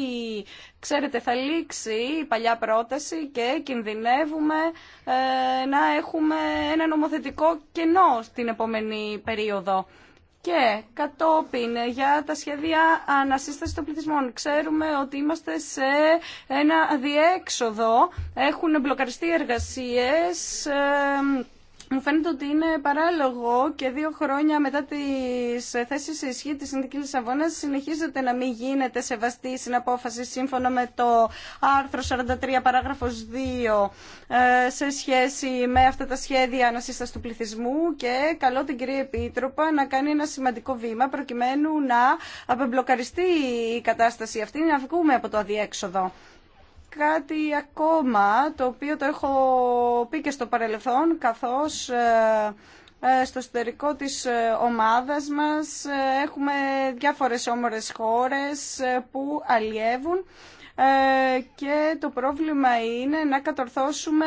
ξέρετε θα λήξει η παλιά πρόταση και κινδυνεύουμε ε, να έχουμε ένα νομοθετικό κενό στην επόμενη περίοδο. Και κατόπιν ε, για τα σχέδια ανασύσταση των πληθυσμών. Ξέρουμε ότι είμαστε σε ένα διέξοδο, έχουν μπλοκαριστεί εργασίες μου φαίνεται ότι είναι παράλογο και δύο χρόνια μετά τι θέσει σε ισχύ τη Συνδική Λισαβόνα συνεχίζεται να μην γίνεται σεβαστή συναπόφαση σύμφωνα με το άρθρο 43 παράγραφος 2 ε, σε σχέση με αυτά τα σχέδια ανασύσταση του πληθυσμού και καλώ την κυρία Επίτροπα να κάνει ένα σημαντικό βήμα προκειμένου να απεμπλοκαριστεί η κατάσταση αυτή να βγούμε από το αδιέξοδο κάτι ακόμα το οποίο το έχω πει και στο παρελθόν καθώς ε, ε, στο εσωτερικό της ε, ομάδας μας έχουμε διάφορες όμορες χώρες που αλλιεύουν ε, και το πρόβλημα είναι να κατορθώσουμε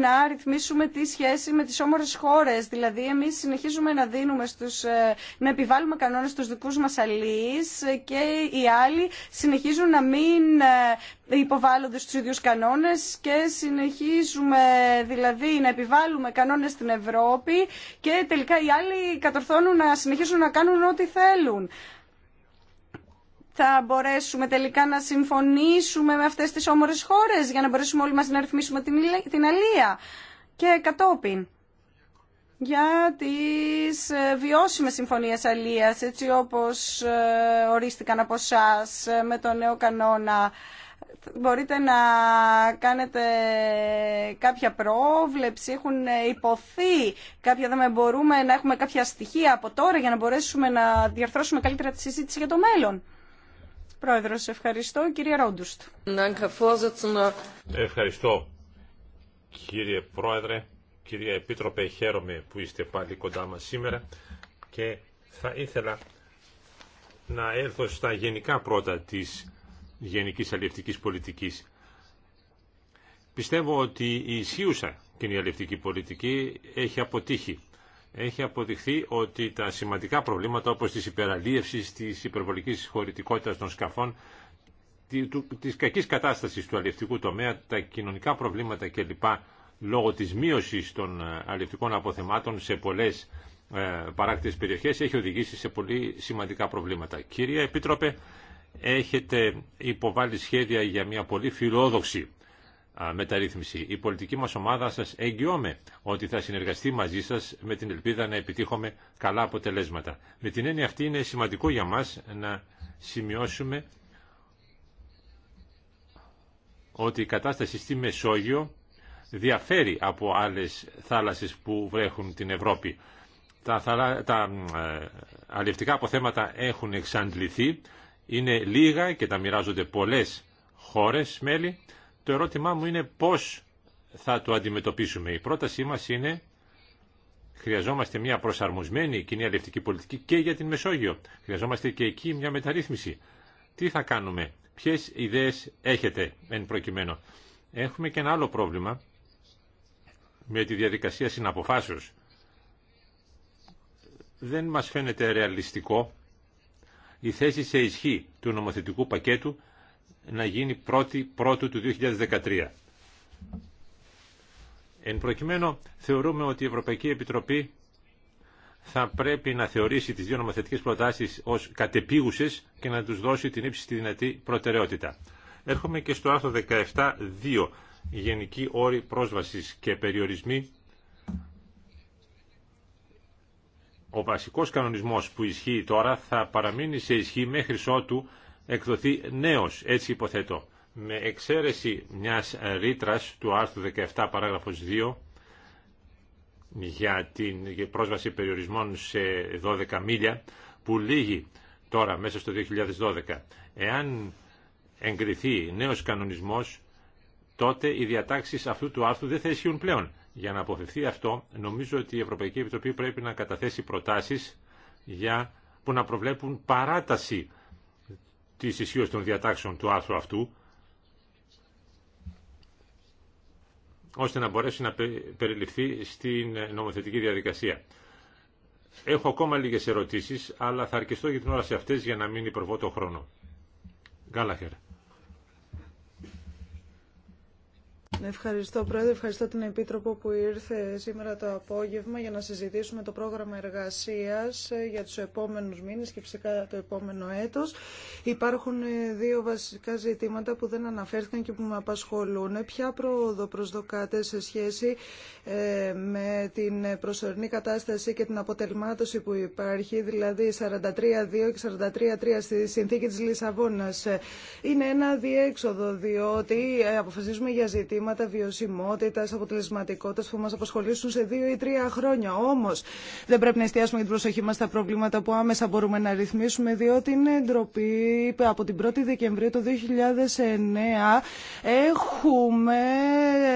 να ρυθμίσουμε τη σχέση με τις όμορες χώρες. Δηλαδή εμείς συνεχίζουμε να δίνουμε στους, ε, να επιβάλλουμε κανόνες στους δικούς μας αλληλείς και οι άλλοι συνεχίζουν να μην ε, υποβάλλονται στους ίδιους κανόνες και συνεχίζουμε δηλαδή να επιβάλλουμε κανόνες στην Ευρώπη και τελικά οι άλλοι κατορθώνουν να συνεχίζουν να κάνουν ό,τι θέλουν θα μπορέσουμε τελικά να συμφωνήσουμε με αυτές τις όμορες χώρες για να μπορέσουμε όλοι μας να ρυθμίσουμε την, την αλία. Και κατόπιν για τις ε, βιώσιμες συμφωνίες αλίας, έτσι όπως ε, ορίστηκαν από εσά με το νέο κανόνα. Μπορείτε να κάνετε κάποια πρόβλεψη, έχουν υποθεί κάποια, δεν μπορούμε να έχουμε κάποια στοιχεία από τώρα για να μπορέσουμε να διαρθρώσουμε καλύτερα τη συζήτηση για το μέλλον ευχαριστώ. κύριε Ευχαριστώ. Κύριε Πρόεδρε, κύριε Επίτροπε, χαίρομαι που είστε πάλι κοντά μας σήμερα και θα ήθελα να έρθω στα γενικά πρώτα της γενικής αλληλευτικής πολιτικής. Πιστεύω ότι η ισχύουσα κοινή αλληλευτική πολιτική έχει αποτύχει έχει αποδειχθεί ότι τα σημαντικά προβλήματα όπως της υπεραλίευσης, της υπερβολικής χωρητικότητας των σκαφών, της κακής κατάστασης του αλληλευτικού τομέα, τα κοινωνικά προβλήματα κλπ. λόγω της μείωσης των ε, αλληλευτικών αποθεμάτων σε πολλές ε, παράκτητες περιοχές έχει οδηγήσει σε πολύ σημαντικά προβλήματα. Κυρία Επίτροπε, έχετε υποβάλει σχέδια για μια πολύ φιλόδοξη μεταρρύθμιση. Η πολιτική μας ομάδα σας εγγυώμαι ότι θα συνεργαστεί μαζί σας με την ελπίδα να επιτύχουμε καλά αποτελέσματα. Με την έννοια αυτή είναι σημαντικό για μας να σημειώσουμε ότι η κατάσταση στη Μεσόγειο διαφέρει από άλλες θάλασσες που βρέχουν την Ευρώπη. Τα, τα ε, αλληλευτικά αποθέματα έχουν εξαντληθεί, είναι λίγα και τα μοιράζονται πολλές χώρες μέλη το ερώτημά μου είναι πώς θα το αντιμετωπίσουμε. Η πρότασή μας είναι χρειαζόμαστε μια προσαρμοσμένη κοινή αλληλευτική πολιτική και για την Μεσόγειο. Χρειαζόμαστε και εκεί μια μεταρρύθμιση. Τι θα κάνουμε, ποιες ιδέες έχετε εν προκειμένου. Έχουμε και ένα άλλο πρόβλημα με τη διαδικασία συναποφάσεως. Δεν μας φαίνεται ρεαλιστικό η θέση σε ισχύ του νομοθετικού πακέτου να γινει πρώτη πρώτου του 2013. Εν προκειμένου θεωρούμε ότι η Ευρωπαϊκή Επιτροπή θα πρέπει να θεωρήσει τις δύο νομοθετικές προτάσεις ως κατεπίγουσες και να τους δώσει την ύψιστη δυνατή προτεραιότητα. Έρχομαι και στο άρθρο 17.2 Γενική όρη πρόσβασης και περιορισμοί ο βασικός κανονισμός που ισχύει τώρα θα παραμείνει σε ισχύ μέχρι ότου εκδοθεί νέος, έτσι υποθέτω, με εξαίρεση μιας ρήτρα του άρθρου 17 παράγραφος 2 για την πρόσβαση περιορισμών σε 12 μίλια που λύγει τώρα μέσα στο 2012. Εάν εγκριθεί νέος κανονισμός, τότε οι διατάξεις αυτού του άρθρου δεν θα ισχύουν πλέον. Για να αποφευθεί αυτό, νομίζω ότι η Ευρωπαϊκή Επιτροπή πρέπει να καταθέσει προτάσεις για, που να προβλέπουν παράταση της ισχύω των διατάξεων του άρθρου αυτού, ώστε να μπορέσει να περιληφθεί στην νομοθετική διαδικασία. Έχω ακόμα λίγες ερωτήσεις, αλλά θα αρκεστώ για την ώρα σε αυτές για να μην υπερβώ το χρόνο. Γκάλαχερ. Ευχαριστώ Πρόεδρε, ευχαριστώ την Επίτροπο που ήρθε σήμερα το απόγευμα για να συζητήσουμε το πρόγραμμα εργασίας για τους επόμενους μήνες και φυσικά το επόμενο έτος. Υπάρχουν δύο βασικά ζητήματα που δεν αναφέρθηκαν και που με απασχολούν. Ποια πρόοδο προσδοκάτε σε σχέση ε, με την προσωρινή κατάσταση και την αποτελμάτωση που υπάρχει, δηλαδή 43-2 και 43-3 στη συνθήκη της Λισαβόνας. Είναι ένα διέξοδο διότι ε, αποφασίζουμε για ζητήματα ζητήματα βιωσιμότητα, αποτελεσματικότητα που μα απασχολήσουν σε δύο ή τρία χρόνια. Όμω δεν πρέπει να εστιάσουμε την προσοχή μα στα προβλήματα που άμεσα μπορούμε να ρυθμίσουμε, διότι είναι ντροπή. Από την 1η Δεκεμβρίου του 2009 έχουμε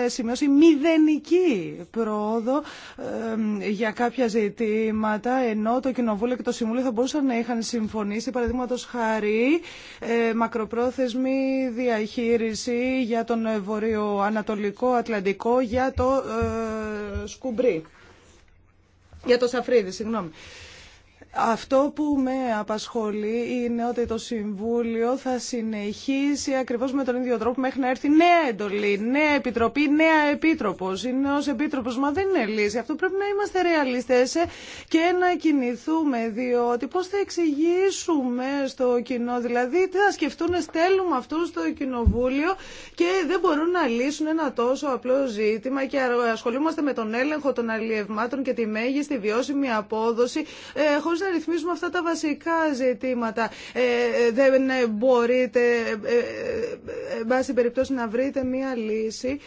σημειώσει μηδενική πρόοδο για κάποια ζητήματα, ενώ το Κοινοβούλιο και το Συμβούλιο θα μπορούσαν να είχαν συμφωνήσει, παραδείγματο χάρη, ε, μακροπρόθεσμη διαχείριση για τον βορείο Ανατολικό Ατλαντικό για το ε, σκουμπρί. Για το σαφρίδι, συγγνώμη. Αυτό που με απασχολεί είναι ότι το Συμβούλιο θα συνεχίσει ακριβώς με τον ίδιο τρόπο μέχρι να έρθει νέα εντολή, νέα επιτροπή, νέα επίτροπος. Είναι ως επίτροπος, μα δεν είναι λύση. Αυτό πρέπει να είμαστε ρεαλιστές ε, και να κινηθούμε, διότι πώς θα εξηγήσουμε στο κοινό. Δηλαδή, τι θα σκεφτούν, στέλνουμε αυτού στο κοινοβούλιο και δεν μπορούν να λύσουν ένα τόσο απλό ζήτημα και ασχολούμαστε με τον έλεγχο των αλλιευμάτων και τη μέγιστη βιώσιμη απόδοση, ε, να αυτά τα βασικά ζητήματα. Ε, ε, δεν μπορείτε, ε, εν πάση περιπτώσει, να βρείτε μία λύση.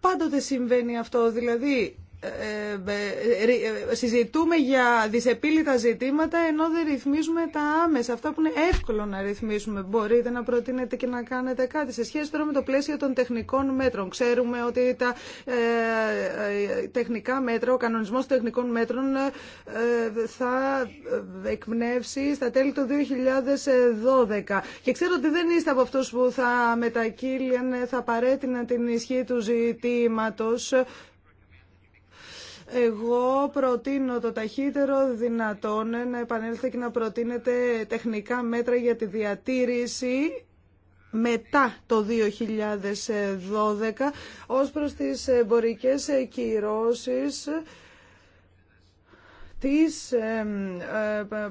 Πάντοτε συμβαίνει αυτό, δηλαδή ε, ε, ε, συζητούμε για δυσεπίλητα ζητήματα ενώ δεν ρυθμίζουμε τα άμεσα αυτά που είναι εύκολο να ρυθμίσουμε μπορείτε να προτείνετε και να κάνετε κάτι σε σχέση τώρα με το πλαίσιο των τεχνικών μέτρων ξέρουμε ότι τα ε, τεχνικά μέτρα ο κανονισμός των τεχνικών μέτρων θα εκπνεύσει στα τέλη του 2012 και ξέρω ότι δεν είστε από αυτούς που θα μετακύλιαν θα παρέτειναν την ισχύ του ζητήματος εγώ προτείνω το ταχύτερο δυνατόν να επανέλθετε και να προτείνετε τεχνικά μέτρα για τη διατήρηση μετά το 2012 ως προς τις εμπορικές κυρώσεις τις ε,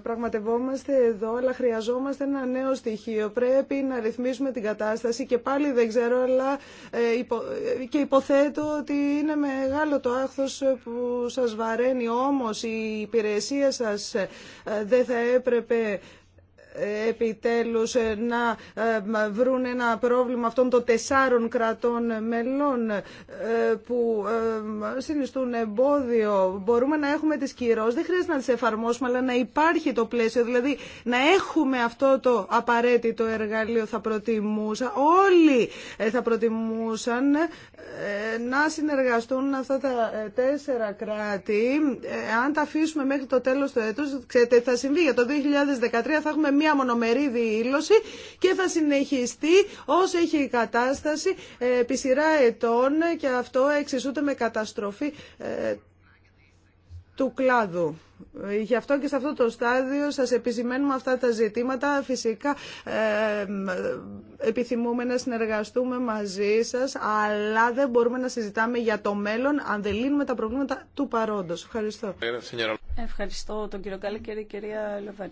πραγματευόμαστε εδώ, αλλά χρειαζόμαστε ένα νέο στοιχείο. Πρέπει να ρυθμίσουμε την κατάσταση και πάλι δεν ξέρω, αλλά ε, ε, και υποθέτω ότι είναι μεγάλο το άχθος που σας βαραίνει. Όμως η υπηρεσία σας δεν θα έπρεπε επιτέλους ε, να ε, βρουν ένα πρόβλημα αυτών των τεσσάρων κρατών μελών ε, που συνιστούν εμπόδιο. Μπορούμε να έχουμε τις κυρώσεις, δεν χρειάζεται να τις εφαρμόσουμε, αλλά να υπάρχει το πλαίσιο, δηλαδή να έχουμε αυτό το απαραίτητο εργαλείο θα προτιμούσα, όλοι θα προτιμούσαν να συνεργαστούν αυτά τα τέσσερα κράτη. Αν τα αφήσουμε μέχρι το τέλος του έτους, ξέρετε, θα συμβεί για το 2013 θα έχουμε μία μια μονομερή δήλωση και θα συνεχιστεί όσο έχει η κατάσταση ε, επί σειρά ετών και αυτό εξισούται με καταστροφή ε, του κλάδου. Ε, γι' αυτό και σε αυτό το στάδιο σας επισημαίνουμε αυτά τα ζητήματα. Φυσικά επιθυμούμε να συνεργαστούμε μαζί σας, αλλά δεν μπορούμε να συζητάμε για το μέλλον αν δεν λύνουμε τα προβλήματα του παρόντος. Ευχαριστώ. Ευχαριστώ τον κύριο Κάλλη και κυρία Λεβέντη.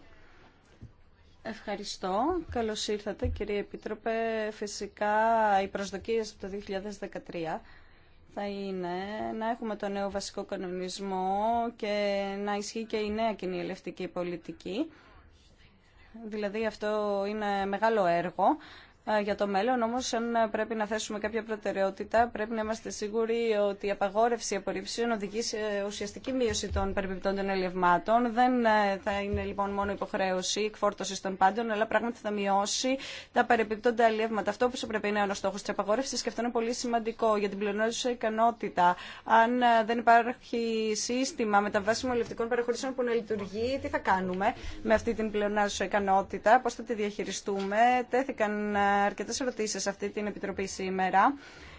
Ευχαριστώ. Καλώς ήρθατε κύριε Επίτροπε. Φυσικά οι προσδοκίες από το 2013 θα είναι να έχουμε το νέο βασικό κανονισμό και να ισχύει και η νέα κοινή ελευτική πολιτική. Δηλαδή αυτό είναι μεγάλο έργο για το μέλλον, όμως αν πρέπει να θέσουμε κάποια προτεραιότητα, πρέπει να είμαστε σίγουροι ότι η απαγόρευση απορρίψεων οδηγεί σε ουσιαστική μείωση των περιπτώτων των ελευμάτων. Δεν ε, θα είναι λοιπόν μόνο υποχρέωση εκφόρτωση των πάντων, αλλά πράγματι θα μειώσει τα περιπτώντα ελεύματα. Αυτό που πρέπει να είναι ο στόχο τη απαγόρευση και αυτό είναι πολύ σημαντικό για την πλειονότητα ικανότητα. Αν ε, δεν υπάρχει σύστημα μεταβάσιμων ελευτικών παραχωρήσεων που να λειτουργεί, τι θα κάνουμε με αυτή την πλεονάζουσα ικανότητα, πώ θα τη διαχειριστούμε. Τέθηκαν ε, αρκετές ερωτήσεις αυτή την Επιτροπή σήμερα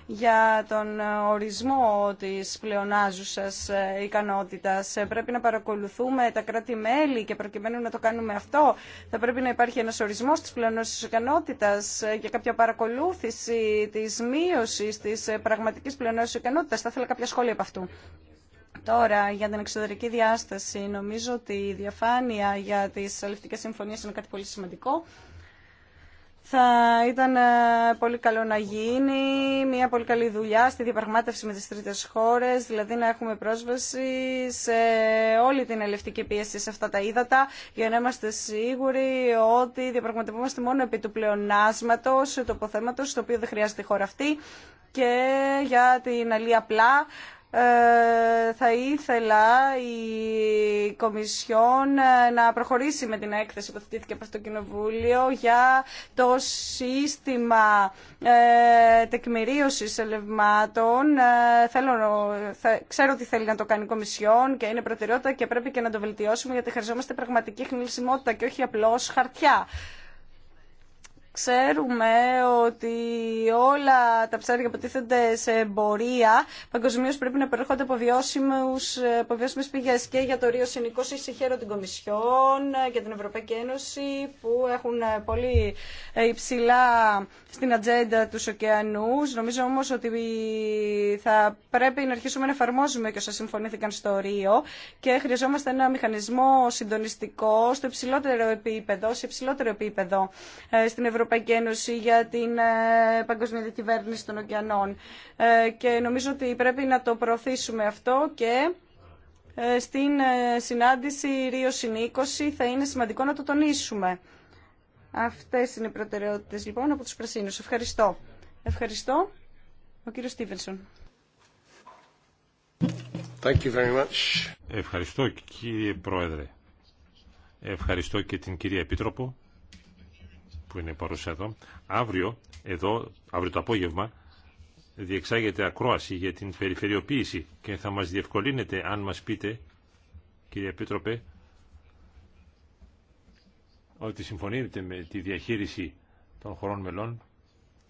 για τον ορισμό της πλεονάζουσας ικανότητας. Πρέπει να παρακολουθούμε τα κράτη-μέλη και προκειμένου να το κάνουμε αυτό θα πρέπει να υπάρχει ένας ορισμός της πλεονάζουσας ικανότητας και κάποια παρακολούθηση της μείωσης της πραγματικής πλεονάζουσας ικανότητας. Θα ήθελα κάποια σχόλια από αυτού. Τώρα, για την εξωτερική διάσταση, νομίζω ότι η διαφάνεια για τις αλευτικές συμφωνίες είναι κάτι πολύ σημαντικό. Θα ήταν ε, πολύ καλό να γίνει μια πολύ καλή δουλειά στη διαπραγμάτευση με τις τρίτες χώρες, δηλαδή να έχουμε πρόσβαση σε όλη την ελευτική πίεση σε αυτά τα ύδατα, για να είμαστε σίγουροι ότι διαπραγματευόμαστε μόνο επί του πλεονάσματος, του αποθέματος, το οποίο δεν χρειάζεται η χώρα αυτή, και για την αλλή απλά ε, θα ήθελα η Κομισιόν ε, να προχωρήσει με την έκθεση που θετήθηκε από το Κοινοβούλιο για το σύστημα ε, τεκμηρίωσης ελευμάτων. Θέλω, θα, ξέρω ότι θέλει να το κάνει η Κομισιόν και είναι προτεραιότητα και πρέπει και να το βελτιώσουμε γιατί χρειαζόμαστε πραγματική χνηλσιμότητα και όχι απλώς χαρτιά. Ξέρουμε ότι όλα τα ψάρια που τίθενται σε εμπορία παγκοσμίω πρέπει να προέρχονται από, βιώσιμε πηγέ και για το Ρίο Συνικό. Συγχαίρω την Κομισιόν και την Ευρωπαϊκή Ένωση που έχουν πολύ ε, υψηλά στην ατζέντα του ωκεανού. Νομίζω όμω ότι θα πρέπει να αρχίσουμε να εφαρμόζουμε και όσα συμφωνήθηκαν στο Ρίο και χρειαζόμαστε ένα μηχανισμό συντονιστικό στο υψηλότερο επίπεδο, σε υψηλότερο επίπεδο ε, στην Ευρωπαϊκή Ευρωπαϊκή για την ε, παγκόσμια διακυβέρνηση των ωκεανών. Ε, και νομίζω ότι πρέπει να το προωθήσουμε αυτό και ε, στην συνάντηση Ρίο 20 θα είναι σημαντικό να το τονίσουμε. Αυτές είναι οι προτεραιότητες λοιπόν από τους Πρασίνους. Ευχαριστώ. Ευχαριστώ. Ο κύριος Στίβενσον. Thank you very much. Ευχαριστώ κύριε Πρόεδρε. Ευχαριστώ και την κυρία Επίτροπο που είναι παρούσα εδώ. Αύριο, εδώ, αύριο το απόγευμα, διεξάγεται ακρόαση για την περιφερειοποίηση και θα μας διευκολύνετε αν μας πείτε, κύριε Επίτροπε, ότι συμφωνείτε με τη διαχείριση των χωρών μελών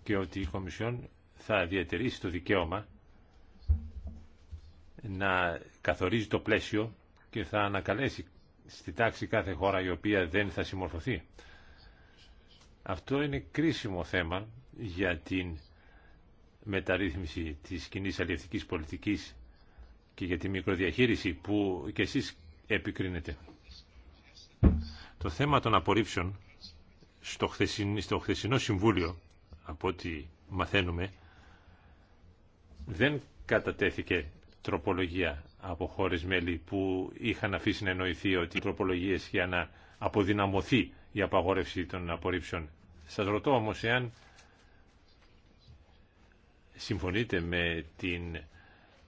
και ότι η Κομισιόν θα διατηρήσει το δικαίωμα να καθορίζει το πλαίσιο και θα ανακαλέσει στη τάξη κάθε χώρα η οποία δεν θα συμμορφωθεί. Αυτό είναι κρίσιμο θέμα για την μεταρρύθμιση της κοινή αλληλευτικής πολιτικής και για τη μικροδιαχείριση που και εσείς επικρίνετε. Το θέμα των απορρίψεων στο, στο χθεσινό συμβούλιο, από ό,τι μαθαίνουμε, δεν κατατέθηκε τροπολογία από χώρες μέλη που είχαν αφήσει να εννοηθεί ότι οι τροπολογίες για να αποδυναμωθεί η απαγόρευση των απορρίψεων. Σας ρωτώ όμως εάν συμφωνείτε με την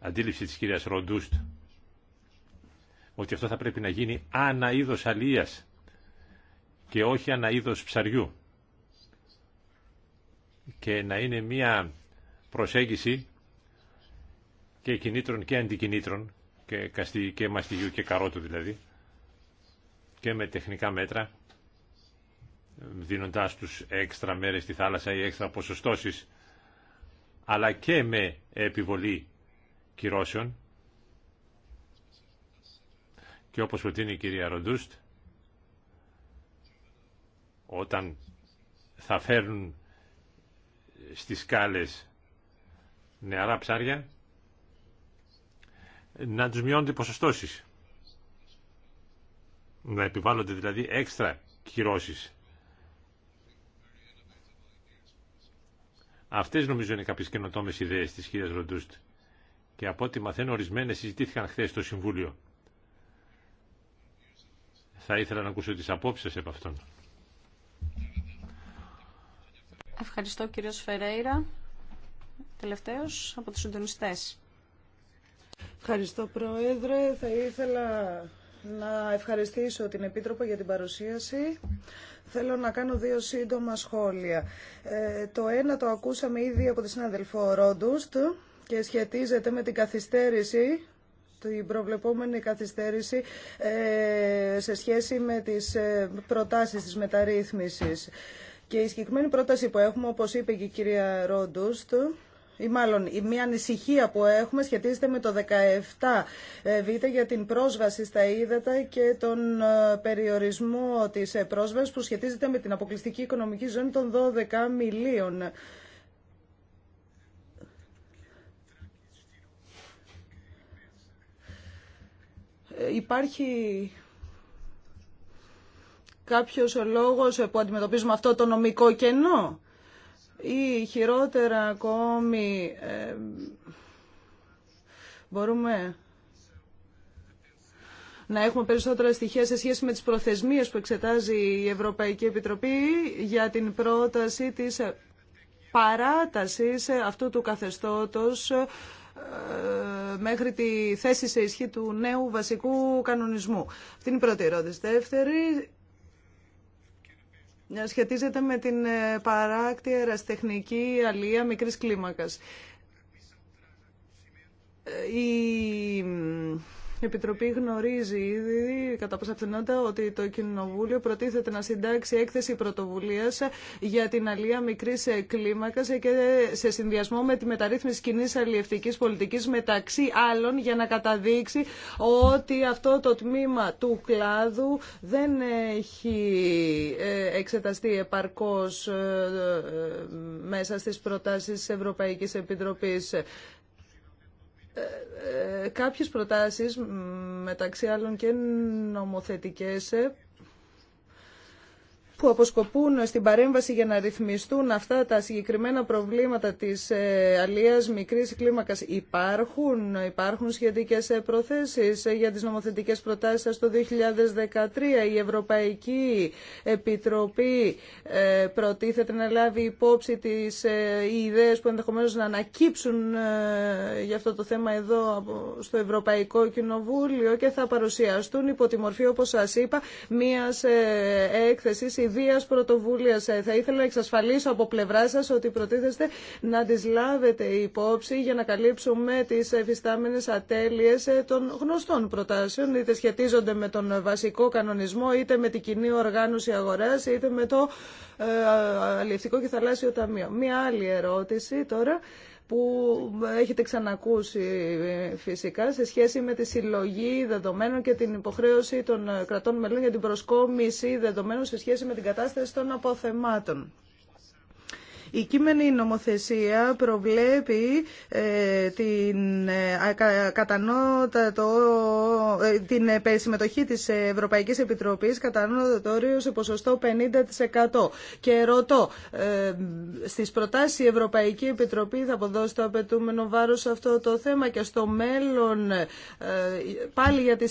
αντίληψη της κυρίας Ροντούστ ότι αυτό θα πρέπει να γίνει ανά είδος αλίας και όχι ανά είδος ψαριού και να είναι μια προσέγγιση και κινήτρων και αντικινήτρων και, και μαστιγιού και καρότου δηλαδή και με τεχνικά μέτρα δίνοντάς τους έξτρα μέρες στη θάλασσα ή έξτρα ποσοστώσεις, αλλά και με επιβολή κυρώσεων. Και όπως προτείνει η κυρία Ροντούστ, όταν θα φέρουν στις σκάλες νεαρά ψάρια, να τους μειώνουν οι ποσοστώσεις. Να επιβάλλονται δηλαδή έξτρα κυρώσεις Αυτές νομίζω είναι κάποιε καινοτόμε ιδέες της κυρία Ροντούστ. Και από ό,τι μαθαίνω ορισμένε συζητήθηκαν χθε στο Συμβούλιο. Θα ήθελα να ακούσω τις απόψεις από αυτόν. Ευχαριστώ κύριο Φερέιρα. Τελευταίος από τους συντονιστές. Ευχαριστώ Πρόεδρε. Θα ήθελα να ευχαριστήσω την Επίτροπο για την παρουσίαση. Θέλω να κάνω δύο σύντομα σχόλια. Ε, το ένα το ακούσαμε ήδη από τη συνάδελφο Ρόντουστ και σχετίζεται με την καθυστέρηση την προβλεπόμενη καθυστέρηση ε, σε σχέση με τις ε, προτάσεις της μεταρρύθμισης. Και η συγκεκριμένη πρόταση που έχουμε, όπως είπε και η κυρία Ρόντουστ, ή μάλλον η μία ανησυχία που έχουμε σχετίζεται με το 17 β για την πρόσβαση στα ύδατα και τον ε, περιορισμό της ε, πρόσβασης που σχετίζεται με την αποκλειστική οικονομική ζώνη των 12 μιλίων. Ε, υπάρχει κάποιος λόγος που αντιμετωπίζουμε αυτό το νομικό κενό ή χειρότερα ακόμη ε, μπορούμε να έχουμε περισσότερα στοιχεία σε σχέση με τις προθεσμίες που εξετάζει η Ευρωπαϊκή Επιτροπή για την πρόταση της παράτασης αυτού του καθεστώτος ε, μέχρι τη θέση σε ισχύ του νέου βασικού κανονισμού. Αυτή είναι η πρώτη ερώτηση. Δεύτερη, ε, σχετίζεται με την ε, παράκτη αεραστεχνική αλία μικρής κλίμακας. Ε, η Επιτροπή γνωρίζει ήδη κατά πάσα πιθανότητα ότι το Κοινοβούλιο προτίθεται να συντάξει έκθεση πρωτοβουλία για την αλία μικρή κλίμακα και σε συνδυασμό με τη μεταρρύθμιση κοινή αλλιευτική πολιτική μεταξύ άλλων για να καταδείξει ότι αυτό το τμήμα του κλάδου δεν έχει ε, εξεταστεί επαρκώς ε, ε, μέσα στι προτάσει τη Ευρωπαϊκής Επιτροπής. Ε, ε, κάποιες προτάσεις μεταξύ άλλων και νομοθετικές ε, που αποσκοπούν στην παρέμβαση για να ρυθμιστούν αυτά τα συγκεκριμένα προβλήματα της ε, αλίας μικρής κλίμακας υπάρχουν, υπάρχουν σχετικές ε, προθέσεις ε, για τις νομοθετικές προτάσεις σας το 2013. Η Ευρωπαϊκή Επιτροπή προτίθεται να λάβει υπόψη τις ιδέες που ενδεχομένως να ανακύψουν για αυτό το θέμα εδώ στο Ευρωπαϊκό Κοινοβούλιο και θα παρουσιαστούν υπό τη μορφή, όπως σας είπα, μιας έκθεσης ιδίας πρωτοβούλια. Ε, θα ήθελα να εξασφαλίσω από πλευρά σα ότι προτίθεστε να τι λάβετε υπόψη για να καλύψουμε τι εφιστάμενες ατέλειες ε, των γνωστών προτάσεων, είτε σχετίζονται με τον βασικό κανονισμό, είτε με την κοινή οργάνωση αγορά, είτε με το ε, αλληλευτικό και θαλάσσιο ταμείο. Μία άλλη ερώτηση τώρα που έχετε ξανακούσει ε, φυσικά σε σχέση με τη συλλογή δεδομένων και την υποχρέωση των κρατών μελών για την προσκόμιση δεδομένων σε σχέση με την κατάσταση των αποθεμάτων. Η κείμενη νομοθεσία προβλέπει ε, την ε, ε, την συμμετοχή της Ευρωπαϊκής Επιτροπής κατά όριο σε ποσοστό 50%. Και ρωτώ, στις προτάσεις η Ευρωπαϊκή Επιτροπή θα αποδώσει το απαιτούμενο βάρος σε αυτό το θέμα και στο μέλλον πάλι για τη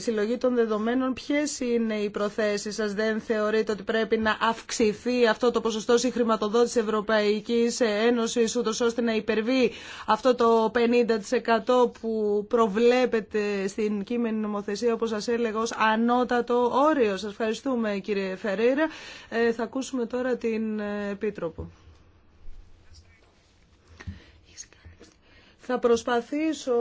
συλλογή των δεδομένων ποιες είναι οι προθέσεις σας. Δεν θεωρείτε ότι πρέπει να αυξηθεί αυτό το ποσοστό χρηματοδότηση Ευρωπαϊκής Ένωση, ούτω ώστε να υπερβεί αυτό το 50% που προβλέπεται στην κείμενη νομοθεσία όπως σα έλεγα ω ανώτατο όριο. Σας ευχαριστούμε κύριε Φερέιρα. Ε, θα ακούσουμε τώρα την Επίτροπο. Θα προσπαθήσω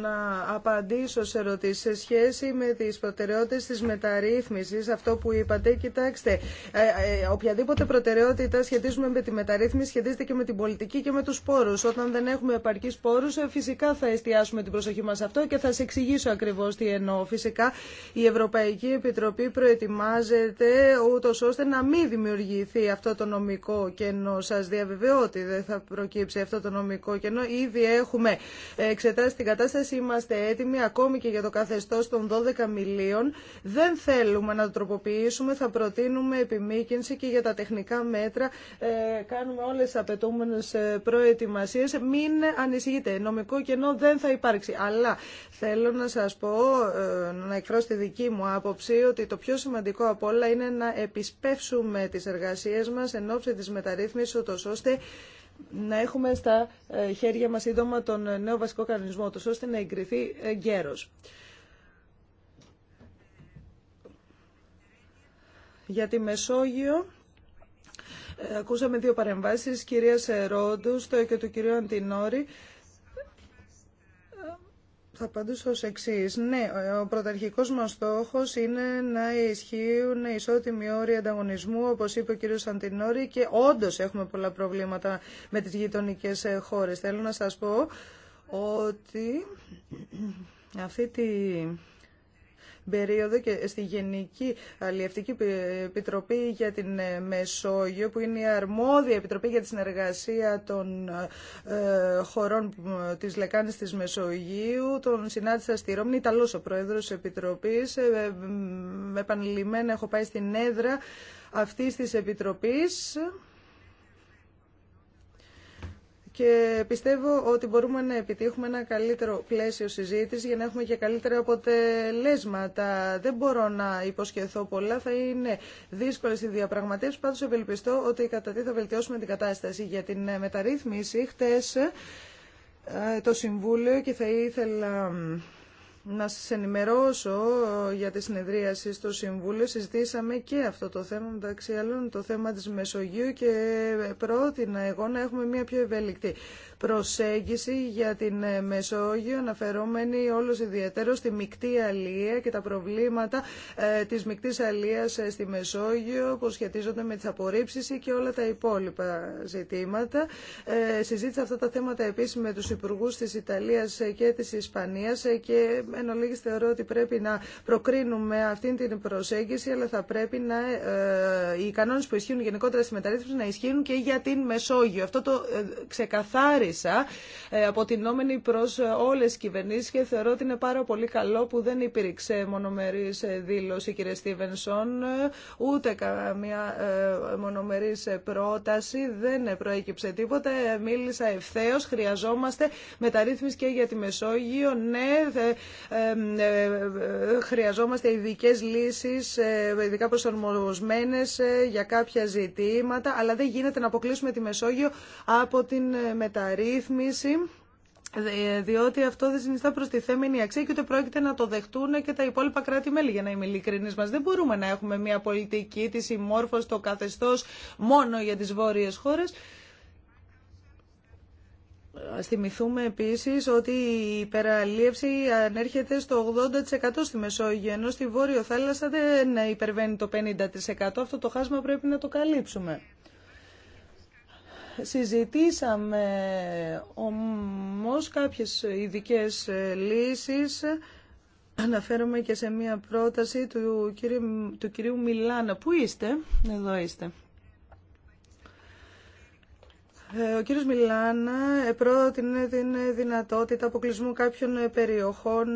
να απαντήσω σε ερωτήσεις σε σχέση με τις προτεραιότητες της μεταρρύθμισης, αυτό που είπατε. Κοιτάξτε, ε, ε, οποιαδήποτε προτεραιότητα σχετίζουμε με τη μεταρρύθμιση σχετίζεται και με την πολιτική και με τους πόρους. Όταν δεν έχουμε επαρκείς πόρους, ε, φυσικά θα εστιάσουμε την προσοχή μας σε αυτό και θα σε εξηγήσω ακριβώς τι εννοώ. Φυσικά, η Ευρωπαϊκή Επιτροπή προετοιμάζεται ούτω ώστε να μην δημιουργηθεί αυτό το νομικό κενό. Σας διαβεβαιώ ότι δεν θα προκύψει αυτό το νομικό κενό. Ήδη έχουμε εξετάσει την κατάσταση, είμαστε έτοιμοι ακόμη και για το καθεστώ των 12 μιλίων. Δεν θέλουμε να το τροποποιήσουμε, θα προτείνουμε επιμήκυνση και για τα τεχνικά μέτρα ε, κάνουμε όλε τι απαιτούμενε προετοιμασίε. Μην ανησυχείτε, νομικό κενό δεν θα υπάρξει. Αλλά θέλω να σα πω, ε, να εκφράσω τη δική μου άποψη, ότι το πιο σημαντικό από όλα είναι να επισπεύσουμε τι εργασίε μα εν ώψη της μεταρρύθμισης, ώστε να έχουμε στα ε, χέρια μας σύντομα τον ε, νέο βασικό κανονισμό τους, ώστε να εγκριθεί γέρος. Για τη Μεσόγειο, ε, ακούσαμε δύο παρεμβάσεις, κυρίας το και του κυρίου Αντινόρη. Θα απαντήσω ως εξή. Ναι, ο πρωταρχικός μας στόχος είναι να ισχύουν ισότιμοι όροι ανταγωνισμού, όπως είπε ο κύριος Σαντινόρη, και όντως έχουμε πολλά προβλήματα με τις γειτονικέ χώρες. Θέλω να σας πω ότι αυτή τη περίοδο και στη Γενική Αλληλευτική Επιτροπή για την ε, Μεσόγειο, που είναι η αρμόδια επιτροπή για τη συνεργασία των ε, χωρών της Λεκάνης της Μεσογείου. Τον συνάντησα στη Ρώμη, Ιταλός ο πρόεδρος της Επιτροπής. Ε, επανειλημμένα έχω πάει στην έδρα αυτή της Επιτροπής και πιστεύω ότι μπορούμε να επιτύχουμε ένα καλύτερο πλαίσιο συζήτηση για να έχουμε και καλύτερα αποτελέσματα. Δεν μπορώ να υποσχεθώ πολλά, θα είναι δύσκολε οι διαπραγματεύσει. Πάντω ευελπιστώ ότι κατά τι θα βελτιώσουμε την κατάσταση για την ε, μεταρρύθμιση. Χτε ε, το Συμβούλιο και θα ήθελα να σας ενημερώσω για τη συνεδρίαση στο Συμβούλιο. Συζητήσαμε και αυτό το θέμα, μεταξύ άλλων το θέμα της Μεσογείου και πρότεινα εγώ να έχουμε μια πιο ευέλικτη προσέγγιση για την ε, Μεσόγειο αναφερόμενη όλος ιδιαίτερο στη μεικτή αλία και τα προβλήματα ε, της μικτής αλίας ε, στη Μεσόγειο που σχετίζονται με τις απορρίψεις και όλα τα υπόλοιπα ζητήματα. συζήτησα αυτά τα θέματα επίσης με τους υπουργούς της Ιταλίας και της Ισπανίας και εν ολίγης θεωρώ ότι πρέπει να προκρίνουμε αυτή την προσέγγιση αλλά θα πρέπει να, οι κανόνες που ισχύουν γενικότερα στη μεταρρύθμιση να ισχύουν και για την Μεσόγειο. Αυτό το ξεκαθάρισε ε, αποτινόμενη προς ε, όλες τις κυβερνήσεις και θεωρώ ότι είναι πάρα πολύ καλό που δεν υπήρξε μονομερής ε, δήλωση κύριε Στίβενσον ε, ούτε καμία μονομερής πρόταση δεν προέκυψε τίποτα μίλησα ευθέω. χρειαζόμαστε μεταρρύθμιση και για τη Μεσόγειο ναι χρειαζόμαστε ειδικέ λύσεις ειδικά προσαρμοσμένες για κάποια ζητήματα αλλά δεν γίνεται να αποκλείσουμε τη Μεσόγειο από την μεταρρύθμιση ρύθμιση διότι αυτό δεν συνιστά τη θέμένη αξία και ούτε πρόκειται να το δεχτούν και τα υπόλοιπα κράτη-μέλη. Για να είμαι ειλικρινή μα, δεν μπορούμε να έχουμε μια πολιτική τη συμμόρφωση, το καθεστώ μόνο για τι βόρειε χώρε. Ας θυμηθούμε επίσης ότι η υπεραλίευση ανέρχεται στο 80% στη Μεσόγειο, ενώ στη Βόρειο Θάλασσα δεν υπερβαίνει το 50%. Αυτό το χάσμα πρέπει να το καλύψουμε. Συζητήσαμε όμως κάποιες ειδικέ λύσεις. Αναφέρομαι και σε μία πρόταση του κυρίου, του κυρίου Μιλάνα. Πού είστε? Εδώ είστε. Ε, ο κύριο Μιλάνα ε, πρότεινε την δυνατότητα αποκλεισμού κάποιων ε, περιοχών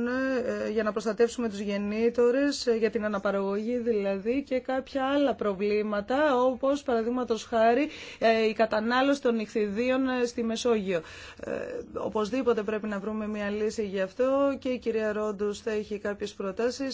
για να προστατεύσουμε τους γεννήτορε, για την αναπαραγωγή δηλαδή και κάποια άλλα προβλήματα όπως παραδείγματο χάρη η κατανάλωση των νυχθιδίων στη Μεσόγειο. Οπωσδήποτε πρέπει να βρούμε μια λύση γι' αυτό και η κυρία ρόντου θα έχει κάποιε προτάσει.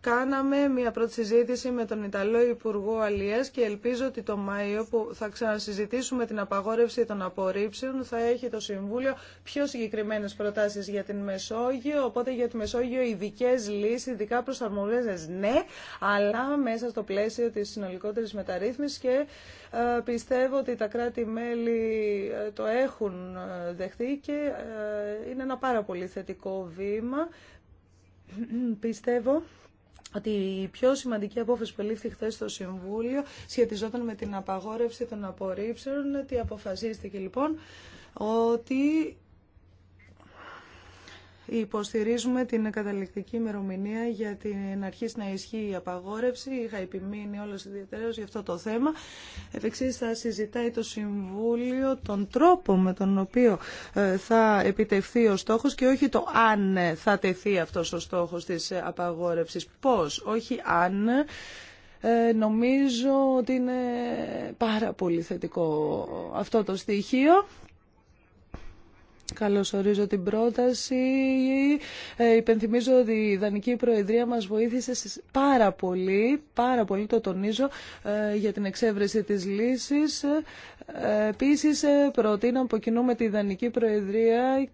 Κάναμε μια πρώτη συζήτηση με τον Ιταλό Υπουργό Αλία και ελπίζω ότι το Μάιο που θα ξανασυζητήσουμε την απαγόρευση ή των απορρίψεων θα έχει το Συμβούλιο πιο συγκεκριμένε προτάσει για την Μεσόγειο. Οπότε για τη Μεσόγειο ειδικέ λύσει, ειδικά προσαρμογέ, ναι, αλλά μέσα στο πλαίσιο τη συνολικότερη μεταρρύθμιση και ε, πιστεύω ότι τα κράτη-μέλη ε, το έχουν ε, δεχτεί και είναι ένα πάρα πολύ θετικό βήμα. Πιστεύω ότι η πιο σημαντική απόφαση που ελήφθη χθε στο Συμβούλιο σχετιζόταν με την απαγόρευση των απορρίψεων, ότι αποφασίστηκε λοιπόν ότι Υποστηρίζουμε την καταληκτική ημερομηνία για την αρχή να ισχύει η απαγόρευση. Είχα επιμείνει όλο ιδιαίτερα για αυτό το θέμα. Επεξή, θα συζητάει το Συμβούλιο τον τρόπο με τον οποίο ε, θα επιτευχθεί ο στόχο και όχι το αν θα τεθεί αυτό ο στόχο τη απαγόρευση. Πώ, όχι αν. Ε, νομίζω ότι είναι πάρα πολύ θετικό αυτό το στοιχείο. Καλωσορίζω την πρόταση. Ε, υπενθυμίζω ότι η Δανική Προεδρία μας βοήθησε πάρα πολύ, πάρα πολύ το τονίζω, ε, για την εξέβρεση της λύσης. Ε, επίσης, ε, προτείνω από κοινού με τη Δανική Προεδρία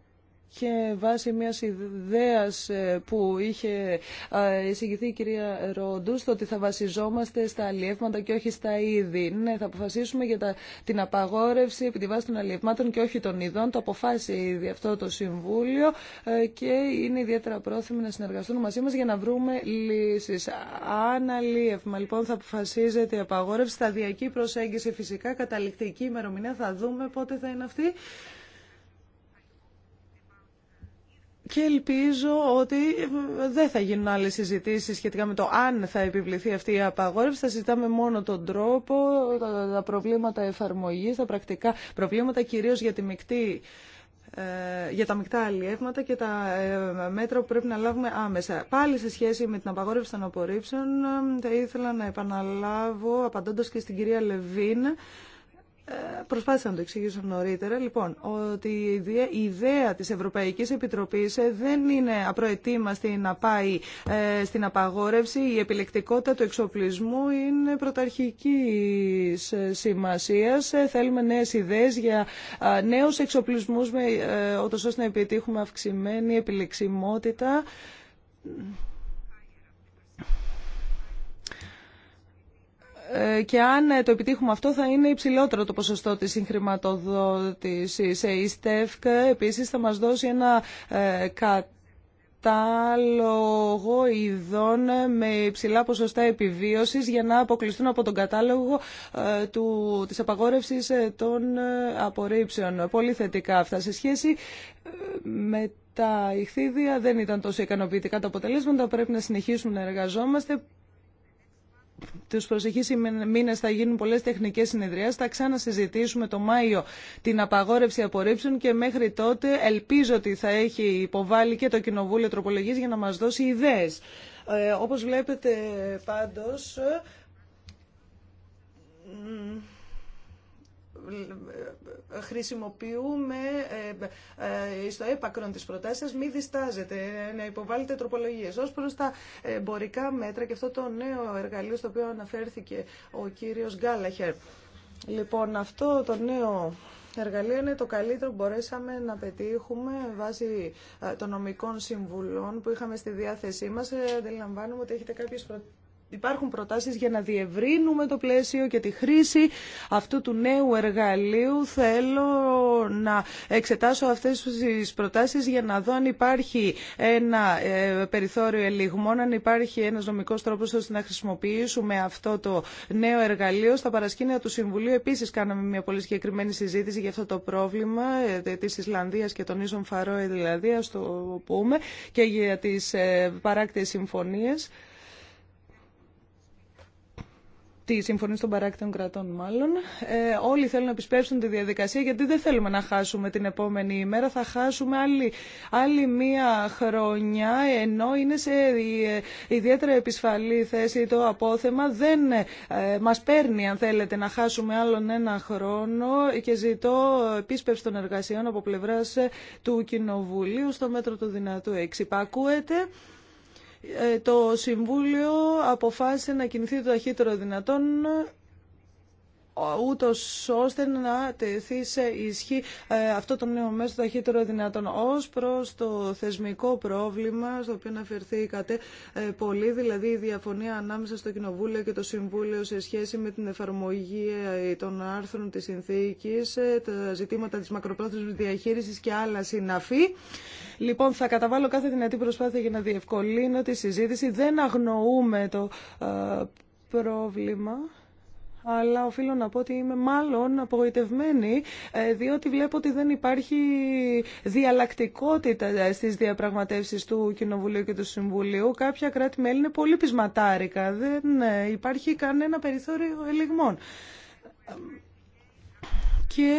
και βάσει μιας ιδέας ε, που είχε ε, εισηγηθεί η κυρία Ρόντου στο ότι θα βασιζόμαστε στα αλλιεύματα και όχι στα είδη. Ναι, θα αποφασίσουμε για την απαγόρευση επί τη βάση των αλλιευμάτων και όχι των ειδών. Το αποφάσισε ήδη αυτό το Συμβούλιο ε, και είναι ιδιαίτερα πρόθυμοι να συνεργαστούν μαζί μας για να βρούμε λύσεις. Αν αλλιεύμα λοιπόν θα αποφασίζεται η απαγόρευση, σταδιακή προσέγγιση φυσικά, καταληκτική ημερομηνία, θα δούμε πότε θα είναι αυτή. και ελπίζω ότι ε, δεν θα γίνουν άλλες συζητήσεις σχετικά με το αν θα επιβληθεί αυτή η απαγόρευση. Θα συζητάμε μόνο τον τρόπο, τα προβλήματα εφαρμογής, τα πρακτικά προβλήματα κυρίως για τη μεικτή ε, για τα μεικτά αλλιεύματα και τα ε, μέτρα που πρέπει να λάβουμε άμεσα. Πάλι σε σχέση με την απαγόρευση των απορρίψεων, θα ήθελα να επαναλάβω, απαντώντας και στην κυρία Λεβίν, προσπάθησα να το εξηγήσω νωρίτερα, λοιπόν, ότι η ιδέα της Ευρωπαϊκής Επιτροπής ε, δεν είναι απροετοίμαστη να πάει ε, στην απαγόρευση. Η επιλεκτικότητα του εξοπλισμού είναι πρωταρχική ε, σημασίας. Θέλουμε νέες ιδέες για νέους εξοπλισμούς, ώστε να επιτύχουμε αυξημένη επιλεξιμότητα Ε, και αν ε, το επιτύχουμε αυτό θα είναι υψηλότερο το ποσοστό της συγχρηματοδότησης. Ε, η ΣΤΕΦΚ επίσης θα μας δώσει ένα κατάλογο ειδών με υψηλά ποσοστά επιβίωσης για να αποκλειστούν από τον κατάλογο του, της απαγόρευσης των απορρίψεων. Πολύ θετικά αυτά σε σχέση με τα ηχθίδια δεν ήταν τόσο ικανοποιητικά τα αποτελέσματα. Πρέπει να συνεχίσουμε να εργαζόμαστε τους προσεχείς μήνες θα γίνουν πολλές τεχνικές συνεδριάσεις. Θα ξανασυζητήσουμε το Μάιο την απαγόρευση απορρίψεων και μέχρι τότε ελπίζω ότι θα έχει υποβάλει και το Κοινοβούλιο Τροπολογής για να μας δώσει ιδέες. Ε, όπως βλέπετε πάντως χρησιμοποιούμε ε, ε, ε, στο έπακρον της προτάσεις μη διστάζετε να υποβάλλετε τροπολογίες. Ως προς τα εμπορικά μέτρα και αυτό το νέο εργαλείο στο οποίο αναφέρθηκε ο κύριος Γκάλαχερ. Λοιπόν, αυτό το νέο εργαλείο είναι το καλύτερο που μπορέσαμε να πετύχουμε βάσει των νομικών συμβουλών που είχαμε στη διάθεσή μας. Αντιλαμβάνουμε ότι έχετε κάποιες προτάσεις Υπάρχουν προτάσεις για να διευρύνουμε το πλαίσιο και τη χρήση αυτού του νέου εργαλείου. Θέλω να εξετάσω αυτές τις προτάσεις για να δω αν υπάρχει ένα ε, περιθώριο ελιγμών, αν υπάρχει ένας νομικός τρόπος ώστε να χρησιμοποιήσουμε αυτό το νέο εργαλείο. Στα παρασκήνια του Συμβουλίου επίσης κάναμε μια πολύ συγκεκριμένη συζήτηση για αυτό το πρόβλημα ε, της Ισλανδίας και των Ίσων Φαρόε δηλαδή, ας το πούμε, και για τις ε, παράκτες συμφωνίες τη Συμφωνία των Παράκτων Κρατών μάλλον. Ε, όλοι θέλουν να επισπεύσουν τη διαδικασία γιατί δεν θέλουμε να χάσουμε την επόμενη ημέρα. Θα χάσουμε άλλη, άλλη μία χρονιά ενώ είναι σε ε, ιδιαίτερα επισφαλή θέση το απόθεμα. Δεν ε, μας παίρνει αν θέλετε να χάσουμε άλλον ένα χρόνο και ζητώ επίσπευση των εργασιών από πλευρά ε, του Κοινοβουλίου στο μέτρο του δυνατού εξυπακούεται. Ε, το Συμβούλιο αποφάσισε να κινηθεί το ταχύτερο δυνατόν ούτω ώστε να τεθεί σε ισχύ ε, αυτό το νέο μέσο ταχύτερο δυνατόν. Ω προ το θεσμικό πρόβλημα στο οποίο αναφερθήκατε ε, πολύ, δηλαδή η διαφωνία ανάμεσα στο Κοινοβούλιο και το Συμβούλιο σε σχέση με την εφαρμογή ε, των άρθρων τη συνθήκη, τα ζητήματα τη μακροπρόθεσμη διαχείριση και άλλα συναφή. Λοιπόν, θα καταβάλω κάθε δυνατή προσπάθεια για να διευκολύνω τη συζήτηση. Δεν αγνοούμε το πρόβλημα αλλά οφείλω να πω ότι είμαι μάλλον απογοητευμένη, ε, διότι βλέπω ότι δεν υπάρχει διαλλακτικότητα ε, στις διαπραγματεύσεις του Κοινοβουλίου και του Συμβουλίου. Κάποια κράτη-μέλη είναι πολύ πεισματάρικα, δεν ε, υπάρχει κανένα περιθώριο ελιγμών και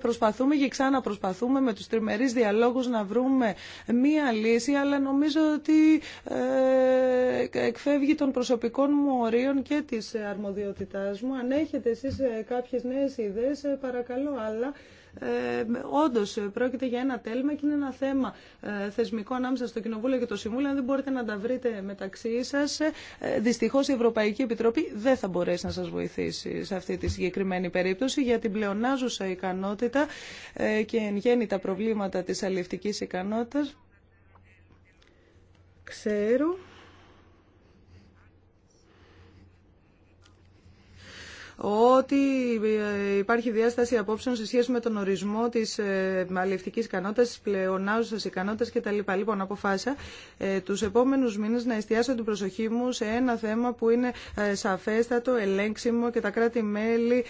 προσπαθούμε και ξανά προσπαθούμε με τους τριμερείς διαλόγους να βρούμε μία λύση αλλά νομίζω ότι ε, εκφεύγει των προσωπικών μου ορίων και της αρμοδιότητάς μου. Αν έχετε εσείς ε, κάποιες νέες ιδέες ε, παρακαλώ αλλά ε, Όντω ε, πρόκειται για ένα τέλμα και είναι ένα θέμα ε, θεσμικό ανάμεσα στο Κοινοβούλιο και το Συμβούλιο. Αν δεν μπορείτε να τα βρείτε μεταξύ σας, Δυστυχώ, η Ευρωπαϊκή Επιτροπή δεν θα μπορέσει να σας βοηθήσει σε αυτή τη συγκεκριμένη περίπτωση για την πλεονάζουσα ικανότητα και εν γέννη τα προβλήματα της αλληλευτικής ικανότητα. Ξέρω ότι ε, υπάρχει διάσταση απόψεων σε σχέση με τον ορισμό της ε, αλληλευτικής ικανότητα, τη πλεονάζουσα ικανότητα κτλ. Λοιπόν, αποφάσισα ε, του επόμενου μήνε να εστιάσω την προσοχή μου σε ένα θέμα που είναι σαφέστατο, ελέγξιμο και τα κράτη-μέλη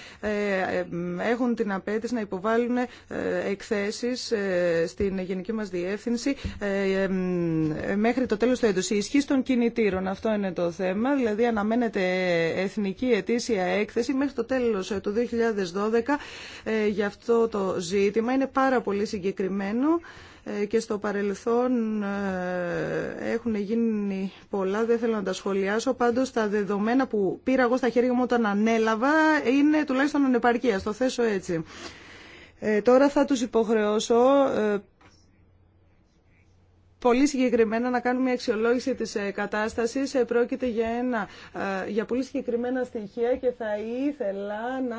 έχουν την απέτηση να υποβάλουν εκθέσεις στην γενική μα διεύθυνση μέχρι το τέλο του έτου. Η ισχύ των κινητήρων, αυτό είναι το θέμα, δηλαδή αναμένεται εθνική ετήσια έκθεση μέχρι το τέλος ε, του 2012 ε, για αυτό το ζήτημα. Είναι πάρα πολύ συγκεκριμένο ε, και στο παρελθόν έχουν γίνει πολλά, δεν θέλω να τα σχολιάσω. Πάντως τα δεδομένα που πήρα εγώ στα χέρια μου όταν ανέλαβα είναι τουλάχιστον ανεπαρκεία, το θέσω έτσι. τώρα θα τους υποχρεώσω πολύ συγκεκριμένα να κάνουμε μια αξιολόγηση της ε, κατάστασης. Ε, πρόκειται για, ένα, ε, για πολύ συγκεκριμένα στοιχεία και θα ήθελα να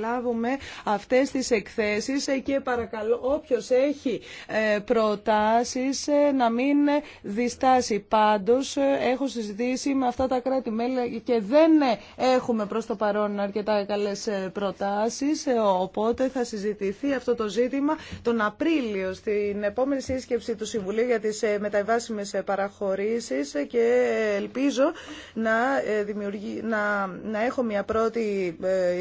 λάβουμε αυτές τις εκθέσεις και παρακαλώ όποιος έχει προτάσεις να μην διστάσει. Πάντως έχω συζητήσει με αυτά τα κράτη-μέλη και δεν έχουμε προς το παρόν αρκετά καλές προτάσεις, οπότε θα συζητηθεί αυτό το ζήτημα τον Απρίλιο στην επόμενη σύσκεψη του Συμβουλίου για τις ε, μεταβάσιμες ε, παραχωρήσεις ε, και ελπίζω να, να, έχω μια πρώτη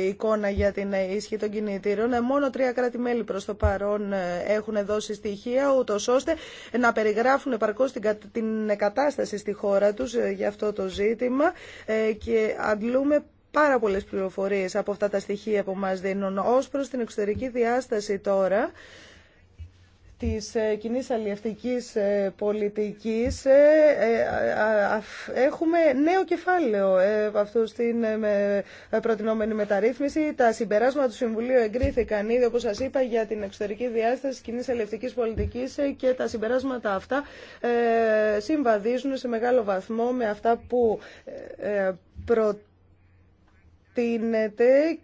εικόνα για την ισχύ των κινητήρων. Μόνο τρία κράτη-μέλη προς το παρόν έχουν δώσει στοιχεία, ούτω ώστε να περιγράφουν επαρκώς την, την κατάσταση στη χώρα τους για αυτό το ζήτημα και αντλούμε πάρα πολλέ πληροφορίες από αυτά τα στοιχεία που μα δίνουν. ω προς την εξωτερική διάσταση τώρα, της ε, κοινής αλλιευτικής ε, πολιτικής ε, έχουμε νέο κεφάλαιο αυτού στην προτινόμενη μεταρρύθμιση. Τα συμπεράσματα του Συμβουλίου εγκρίθηκαν ήδη, όπως σας είπα, για την εξωτερική διάσταση της κοινής αλλιευτικής πολιτικής και τα συμπεράσματα αυτά συμβαδίζουν σε μεγάλο βαθμό με αυτά που προτείνεται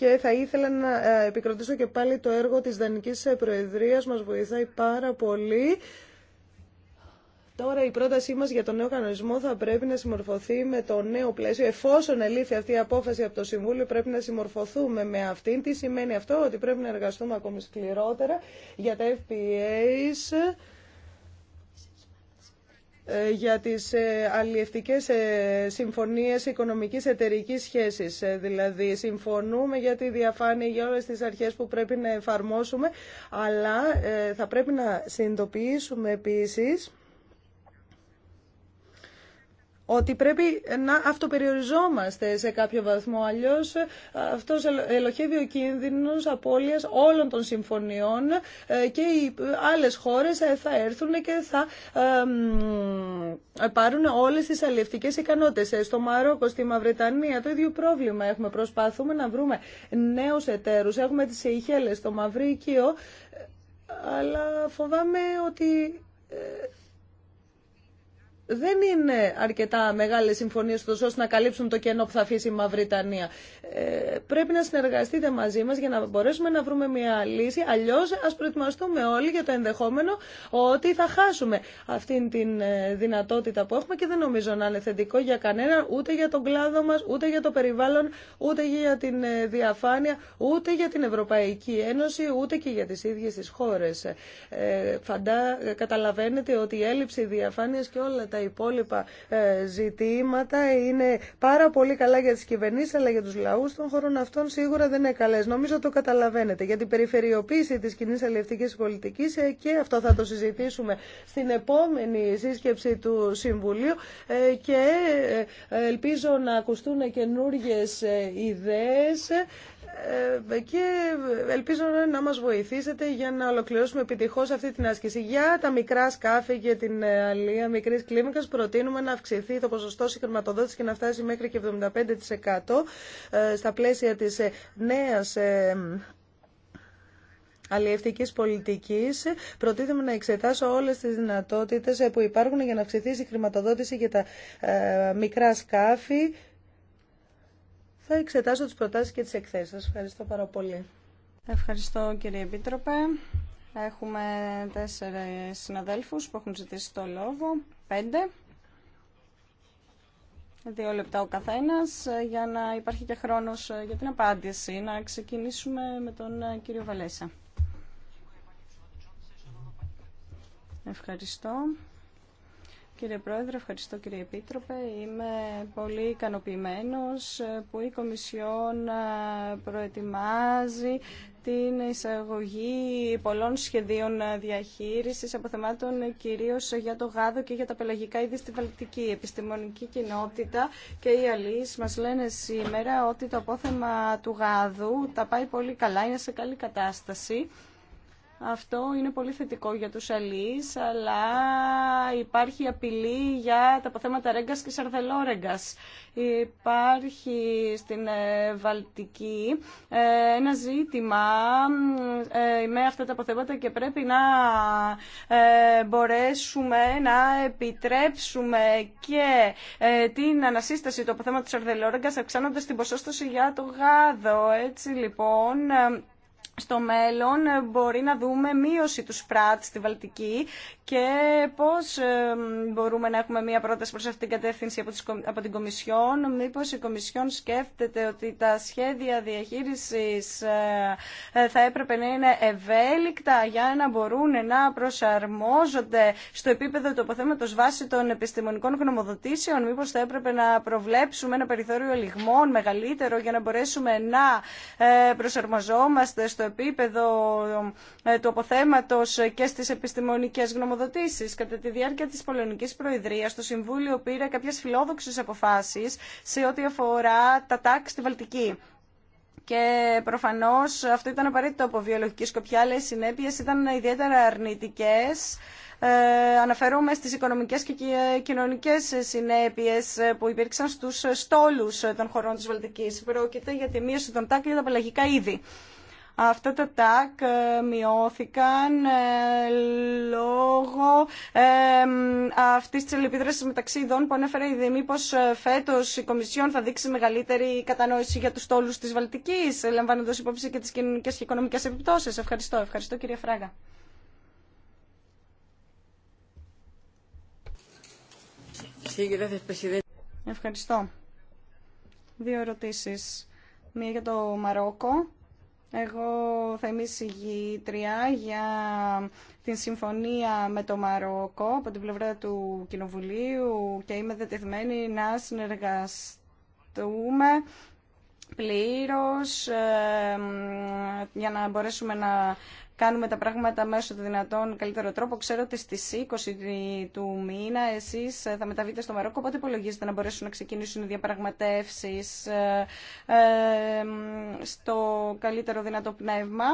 και θα ήθελα να ε, επικροτήσω και πάλι το έργο της Δανικής ε, Προεδρίας. Μας βοηθάει πάρα πολύ. Τώρα η πρότασή μας για τον νέο κανονισμό θα πρέπει να συμμορφωθεί με το νέο πλαίσιο. Εφόσον ελήφθη αυτή η απόφαση από το Συμβούλιο πρέπει να συμμορφωθούμε με αυτήν. Τι σημαίνει αυτό, ότι πρέπει να εργαστούμε ακόμη σκληρότερα για τα FPAs. Ε, για τις ε, αλλιευτικές ε, συμφωνίες οικονομικής εταιρικής σχέσης. Δηλαδή, συμφωνούμε για τη διαφάνεια, για όλες τις αρχές που πρέπει να εφαρμόσουμε, αλλά θα πρέπει να συνειδητοποιήσουμε επίσης ότι πρέπει να αυτοπεριοριζόμαστε σε κάποιο βαθμό. αλλιώ. Ε, Αυτό ελοχεύει ο κίνδυνο απώλειας όλων των συμφωνιών ε, και οι άλλε χώρες ε, θα έρθουν και θα πάρουν όλες τις αλληλευτικέ ικανότητε. Στο Μαρόκο, στη Μαυρετανία, το ίδιο πρόβλημα έχουμε. Προσπαθούμε να βρούμε νέους εταίρους. Έχουμε τις Σεϊχέλες, το Μαυρίκιο, αλλά φοβάμαι ότι δεν είναι αρκετά μεγάλες συμφωνίες τους ώστε να καλύψουν το κενό που θα αφήσει η Μαυριτανία. Ε, πρέπει να συνεργαστείτε μαζί μας για να μπορέσουμε να βρούμε μια λύση. Αλλιώς ας προετοιμαστούμε όλοι για το ενδεχόμενο ότι θα χάσουμε αυτή την ε, δυνατότητα που έχουμε και δεν νομίζω να είναι θετικό για κανέναν, ούτε για τον κλάδο μας, ούτε για το περιβάλλον, ούτε για την ε, διαφάνεια, ούτε για την Ευρωπαϊκή Ένωση, ούτε και για τις ίδιες τις χώρες. Ε, φαντά, καταλαβαίνετε ότι η έλλειψη διαφάνειας και όλα τα τα υπόλοιπα ε, ζητήματα είναι πάρα πολύ καλά για τις κυβερνήσεις αλλά για τους λαούς των χωρών αυτών σίγουρα δεν είναι καλές. Νομίζω το καταλαβαίνετε. Για την περιφερειοποίηση της κοινή αλληλευτικής πολιτικής ε, και αυτό θα το συζητήσουμε στην επόμενη σύσκεψη του Συμβουλίου ε, και ελπίζω να ακουστούν καινούργιες ιδέες ε, και ελπίζω να μας βοηθήσετε για να ολοκληρώσουμε επιτυχώς αυτή την άσκηση. Για τα μικρά σκάφη και την ε, αλία μικρής κλίμακας προτείνουμε να αυξηθεί το ποσοστό συγχρηματοδότηση και να φτάσει μέχρι και 75% ε, στα πλαίσια της νέας αλλιευτική πολιτική. Προτείνουμε να εξετάσω όλε τι δυνατότητε που υπάρχουν για να αυξηθεί η χρηματοδότηση για τα μικρά σκάφη. Θα εξετάσω τις προτάσεις και τις εκθέσεις. Σας ευχαριστώ πάρα πολύ. Ευχαριστώ κύριε Επίτροπε. Έχουμε τέσσερις συναδέλφους που έχουν ζητήσει το λόγο. Πέντε. Δύο λεπτά ο καθένας για να υπάρχει και χρόνος για την απάντηση. Να ξεκινήσουμε με τον κύριο Βαλέσα. Ευχαριστώ. Κύριε Πρόεδρε, ευχαριστώ κύριε Επίτροπε. Είμαι πολύ ικανοποιημένος που η Κομισιόν ε, προετοιμάζει την εισαγωγή πολλών σχεδίων ε, διαχείρισης αποθεμάτων ε, κυρίως για το γάδο και για τα πελαγικά είδη στη Βαλτική. επιστημονική κοινότητα και οι αλείς μας λένε σήμερα ότι το απόθεμα του γάδου τα πάει πολύ καλά, είναι σε καλή κατάσταση. Αυτό είναι πολύ θετικό για τους αλείς, αλλά υπάρχει απειλή για τα αποθέματα ρέγκας και σαρδελόρεγκας. Υπάρχει στην ε, Βαλτική ε, ένα ζήτημα ε, με αυτά τα αποθέματα και πρέπει να μπορέσουμε να επιτρέψουμε και την ανασύσταση του αποθέματος σαρδελόρεγκας αυξάνοντας την ποσόστοση για το γάδο. Έτσι λοιπόν στο μέλλον μπορεί να δούμε μείωση του σπράτ στη Βαλτική και πώς ε, μπορούμε να έχουμε μία πρόταση προς αυτήν την κατεύθυνση από την Κομισιόν. Μήπως η Κομισιόν σκέφτεται ότι τα σχέδια διαχείρισης ε, ε, θα έπρεπε να είναι ευέλικτα για να μπορούν να προσαρμόζονται στο επίπεδο του αποθέματος βάση των επιστημονικών γνωμοδοτήσεων. Μήπως θα έπρεπε να προβλέψουμε ένα περιθώριο λιγμών μεγαλύτερο για να μπορέσουμε να προσαρμοζόμαστε στο επίπεδο ε, του αποθέματος και στις επιστημονικές γνωμοδοτήσεις. Κατά τη διάρκεια της Πολωνικής Προεδρίας, το Συμβούλιο πήρε κάποιες φιλόδοξες αποφάσεις σε ό,τι αφορά τα τάξη στη Βαλτική. Και προφανώ, αυτό ήταν απαραίτητο από βιολογική σκοπιά, αλλά οι συνέπειε ήταν ιδιαίτερα αρνητικέ. Ε, αναφέρομαι στις οικονομικές και κοινωνικές συνέπειες που υπήρξαν στους στόλους των χωρών της Βαλτικής. Πρόκειται για τη μείωση των τάκ και τα πελαγικά είδη. Αυτά τα τάκ ε, μειώθηκαν ε, λόγω ε, αυτής της αλληλεπίδρασης μεταξύ ειδών που η Δήμη πως φέτος η Κομισιόν θα δείξει μεγαλύτερη κατανόηση για τους τόλους της Βαλτικής, λαμβάνοντα υπόψη και τις κοινωνικές και οικονομικές επιπτώσεις. Ευχαριστώ. Ευχαριστώ κυρία Φράγα. Ευχαριστώ. Δύο ερωτήσεις. Μία για το Μαρόκο εγώ θα είμαι συγγήτρια για την συμφωνία με το Μαρόκο από την πλευρά του Κοινοβουλίου και είμαι δετεθμένη να συνεργαστούμε πλήρως ε, για να μπορέσουμε να κάνουμε τα πράγματα μέσω του δυνατόν καλύτερο τρόπο. Ξέρω ότι στι 20 του μήνα εσεί ε, θα μεταβείτε στο Μαρόκο, οπότε υπολογίζετε να μπορέσουν να ξεκινήσουν οι διαπραγματεύσεις ε, στο καλύτερο δυνατό πνεύμα.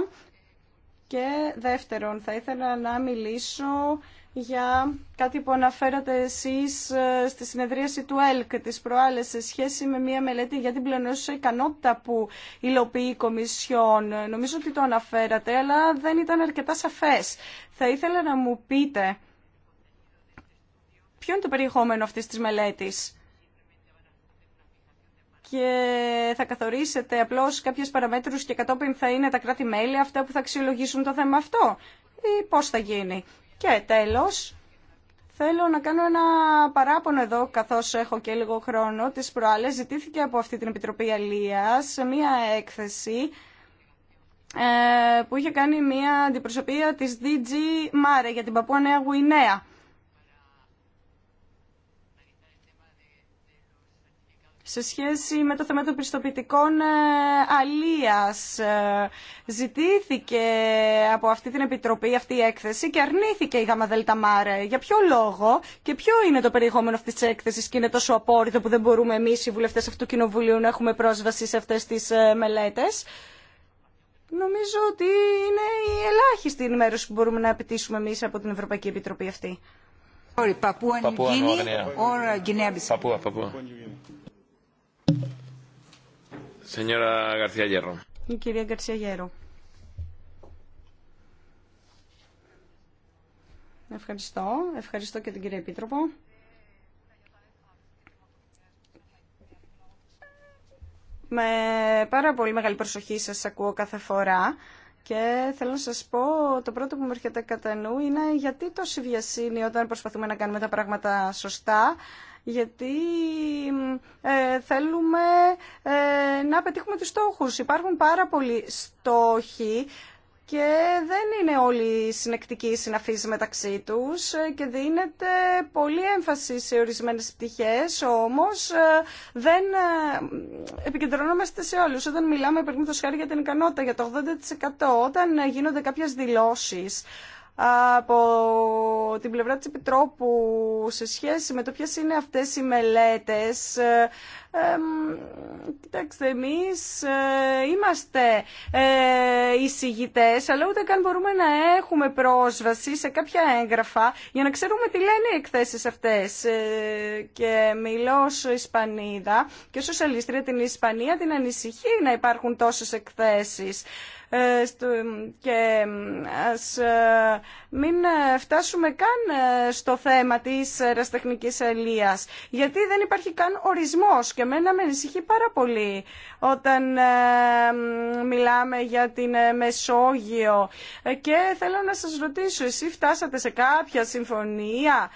Και δεύτερον, θα ήθελα να μιλήσω για κάτι που αναφέρατε εσείς ε, στη συνεδρίαση του ΕΛΚ της προάλλες σε σχέση με μια μελέτη για την πλεονέσουσα ικανότητα που υλοποιεί η Κομισιόν. Νομίζω ότι το αναφέρατε, αλλά δεν ήταν αρκετά σαφές. Θα ήθελα να μου πείτε ποιο είναι το περιεχόμενο αυτής της μελέτης και θα καθορίσετε απλώς κάποιες παραμέτρους και κατόπιν θα είναι τα κράτη-μέλη αυτά που θα αξιολογήσουν το θέμα αυτό ή πώς θα γίνει. Και τέλος, θέλω να κάνω ένα παράπονο εδώ, καθώς έχω και λίγο χρόνο. Τις προάλλες ζητήθηκε από αυτή την Επιτροπή Αλίας μία έκθεση ε, που είχε κάνει μία αντιπροσωπεία της DG Mare για την Παππούα Νέα Γουινέα. σε σχέση με το θέμα των πιστοποιητικών ε, αλίας. Ε, ζητήθηκε από αυτή την επιτροπή αυτή η έκθεση και αρνήθηκε η ΓΑΜΑΔΕΛΤΑΜΑΡΕ. ΜΑΡΕ. Για ποιο λόγο και ποιο είναι το περιεχόμενο αυτής της έκθεσης και είναι τόσο απόρριτο που δεν μπορούμε εμείς οι βουλευτές αυτού του Κοινοβουλίου να έχουμε πρόσβαση σε αυτές τις ε, μελέτες. Νομίζω ότι είναι η ελάχιστη ενημέρωση που μπορούμε να απαιτήσουμε εμείς από την Ευρωπαϊκή Επιτροπή αυτή κυρία Ευχαριστώ. Ευχαριστώ και την κυρία Επίτροπο. Με πάρα πολύ μεγάλη προσοχή σας ακούω κάθε φορά και θέλω να σας πω το πρώτο που μου έρχεται κατά νου είναι γιατί τόση βιασύνη όταν προσπαθούμε να κάνουμε τα πράγματα σωστά γιατί ε, θέλουμε ε, να πετύχουμε τους στόχους. Υπάρχουν πάρα πολλοί στόχοι και δεν είναι όλοι συνεκτικοί συναφείς μεταξύ τους ε, και δίνεται πολύ έμφαση σε ορισμένες πτυχές, όμως δεν επικεντρωνόμαστε σε όλους. Όταν μιλάμε, το χάρη για την ικανότητα, για το 80%, όταν γίνονται κάποιες δηλώσεις από την πλευρά της Επιτρόπου σε σχέση με το ποιες είναι αυτές οι μελέτες. Ε, κοιτάξτε, εμείς ε, είμαστε ε, εισηγητές, αλλά ούτε καν μπορούμε να έχουμε πρόσβαση σε κάποια έγγραφα για να ξέρουμε τι λένε οι εκθέσεις αυτές. Ε, και μιλώ ως Ισπανίδα και ως Σοσιαλίστρια την Ισπανία την ανησυχεί να υπάρχουν τόσες εκθέσεις. Ε, και ας ε, μην ε, φτάσουμε καν στο θέμα της ραστεχνικής ελίας γιατί δεν υπάρχει καν ορισμός και μένα με ανησυχεί πάρα πολύ όταν μιλάμε για την Μεσόγειο και θέλω να σας ρωτήσω εσύ φτάσατε σε κάποια συμφωνία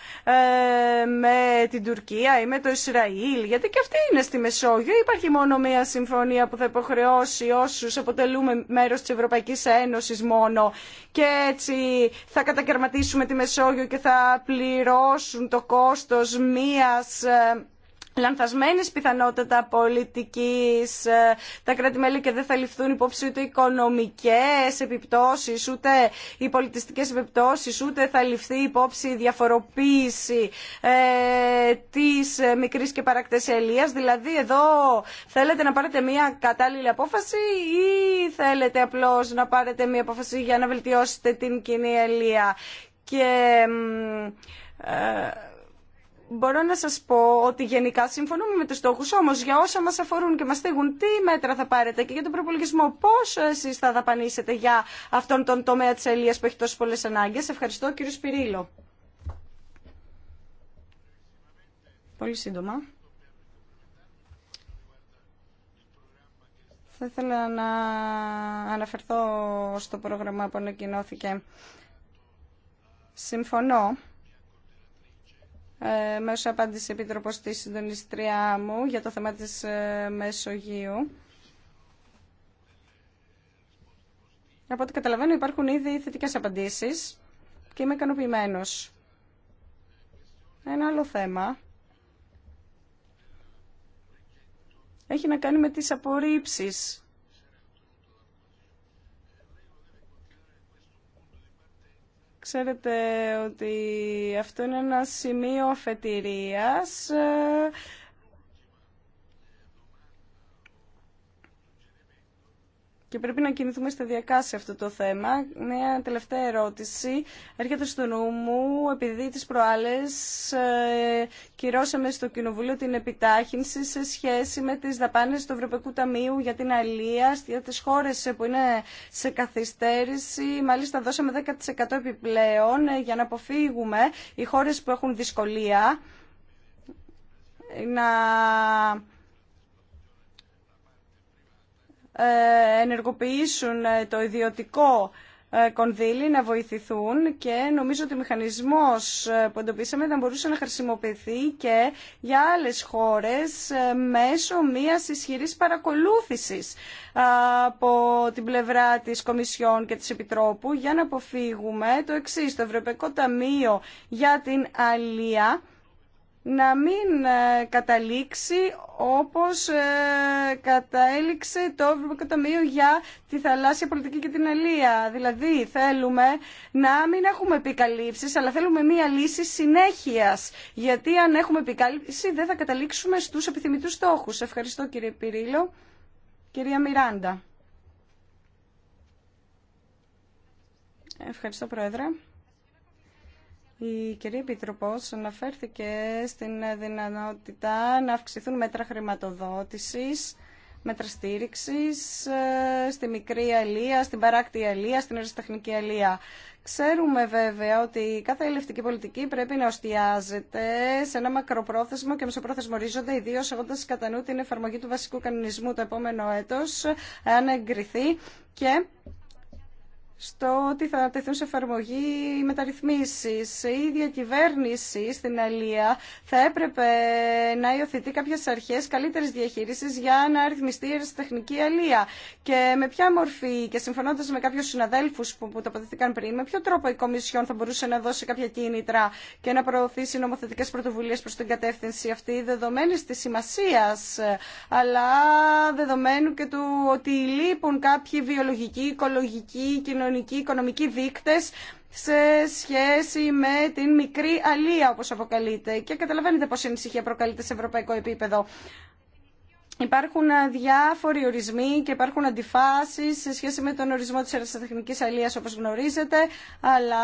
με την Τουρκία ή με το Ισραήλ γιατί και αυτή είναι στη Μεσόγειο υπάρχει μόνο μία συμφωνία που θα υποχρεώσει όσους αποτελούμε μέρος Τη ευρωπαϊκή Ένωση μόνο και έτσι θα κατακαιρματίσουμε τη Μεσόγειο και θα πληρώσουν το κόστος μίας ε, λανθασμένης πιθανότητα πολιτικής, ε, τα κράτη-μέλη και δεν θα ληφθούν υπόψη ούτε οικονομικές επιπτώσεις, ούτε οι πολιτιστικές επιπτώσεις, ούτε θα ληφθεί υπόψη η διαφοροποίηση ε, της μικρής και παρακτές ελίας. Δηλαδή εδώ θέλετε να πάρετε μια κατάλληλη απόφαση ή θέλετε απλώς να πάρετε μια απόφαση για να βελτιώσετε την κοινή ελία. Και... Ε, μπορώ να σας πω ότι γενικά συμφωνούμε με τους στόχους, όμως για όσα μας αφορούν και μας στείλουν, τι μέτρα θα πάρετε και για τον προπολογισμό, πώς εσείς θα δαπανίσετε για αυτόν τον τομέα της Ελίας που έχει τόσες πολλές ανάγκες. Ευχαριστώ κύριο Σπυρίλο. Πολύ σύντομα. Θα ήθελα να αναφερθώ στο πρόγραμμα που ανακοινώθηκε. Συμφωνώ ε, μέσω απάντηση επίτροπος της συντονιστριά μου για το θέμα της ε, Μεσογείου. Από ό,τι καταλαβαίνω υπάρχουν ήδη θετικές απαντήσεις και είμαι ικανοποιημένο. Ένα άλλο θέμα έχει να κάνει με τις απορρίψεις Ξέρετε ότι αυτό είναι ένα σημείο αφετηρίας ε, και πρέπει να κινηθούμε σταδιακά σε αυτό το θέμα. Μια τελευταία ερώτηση. Έρχεται στο νου μου, επειδή τις προάλλες ε, κυρώσαμε στο Κοινοβούλιο την επιτάχυνση σε σχέση με τις δαπάνες του Ευρωπαϊκού Ταμείου για την αλία, για τις χώρες που είναι σε καθυστέρηση. Μάλιστα δώσαμε 10% επιπλέον ε, για να αποφύγουμε οι χώρες που έχουν δυσκολία να ε, ενεργοποιήσουν ε, το ιδιωτικό ε, κονδύλι να βοηθηθούν και νομίζω ότι ο μηχανισμός που εντοπίσαμε θα μπορούσε να χρησιμοποιηθεί και για άλλες χώρες μέσω μιας ισχυρής παρακολούθησης από την πλευρά της Κομισιόν και της Επιτρόπου για να αποφύγουμε το εξής, το Ευρωπαϊκό Ταμείο για την Αλία να μην ε, καταλήξει όπως ε, κατέληξε το Ευρωπαϊκό Ταμείο για τη θαλάσσια πολιτική και την αλία. Δηλαδή θέλουμε να μην έχουμε επικαλύψεις, αλλά θέλουμε μία λύση συνέχειας. Γιατί αν έχουμε επικαλύψη δεν θα καταλήξουμε στους επιθυμητούς στόχους. Ευχαριστώ κύριε Πυρίλο. Κυρία Μιράντα. Ευχαριστώ Πρόεδρε. Η κυρία Επιτροπός αναφέρθηκε στην δυνατότητα να αυξηθούν μέτρα χρηματοδότηση μέτρα στήριξης ε, στη μικρή αλία, στην παράκτη αλία, στην αριστεχνική αλία. Ξέρουμε βέβαια ότι κάθε ελευτική πολιτική πρέπει να οστιάζεται σε ένα μακροπρόθεσμο και μεσοπρόθεσμο ορίζοντα, ιδίω έχοντα κατά νου την εφαρμογή του βασικού κανονισμού το επόμενο έτο, αν εγκριθεί και στο ότι θα τεθούν σε εφαρμογή οι μεταρρυθμίσεις. Η ίδια κυβέρνηση στην Αλία θα έπρεπε να υιοθετεί κάποιες αρχές καλύτερης διαχείρισης για να αριθμιστεί η αριστεχνική Αλία. Και με ποια μορφή και συμφωνώντας με κάποιους συναδέλφους που, που τοποθετήκαν πριν, με ποιο τρόπο η Κομισιόν θα μπορούσε να δώσει κάποια κίνητρα και να προωθήσει νομοθετικές πρωτοβουλίες προς την κατεύθυνση αυτή, δεδομένη της σημασία, αλλά δεδομένου και του ότι λείπουν κάποιοι βιολογικοί, οικολογικοί, κοινωνικοί κοινωνικοί, οικονομικοί δείκτες σε σχέση με την μικρή αλία όπως αποκαλείται και καταλαβαίνετε πως η ανησυχία προκαλείται σε ευρωπαϊκό επίπεδο. Υπάρχουν διάφοροι ορισμοί και υπάρχουν αντιφάσεις σε σχέση με τον ορισμό της αεραστατεχνικής αλίας όπως γνωρίζετε, αλλά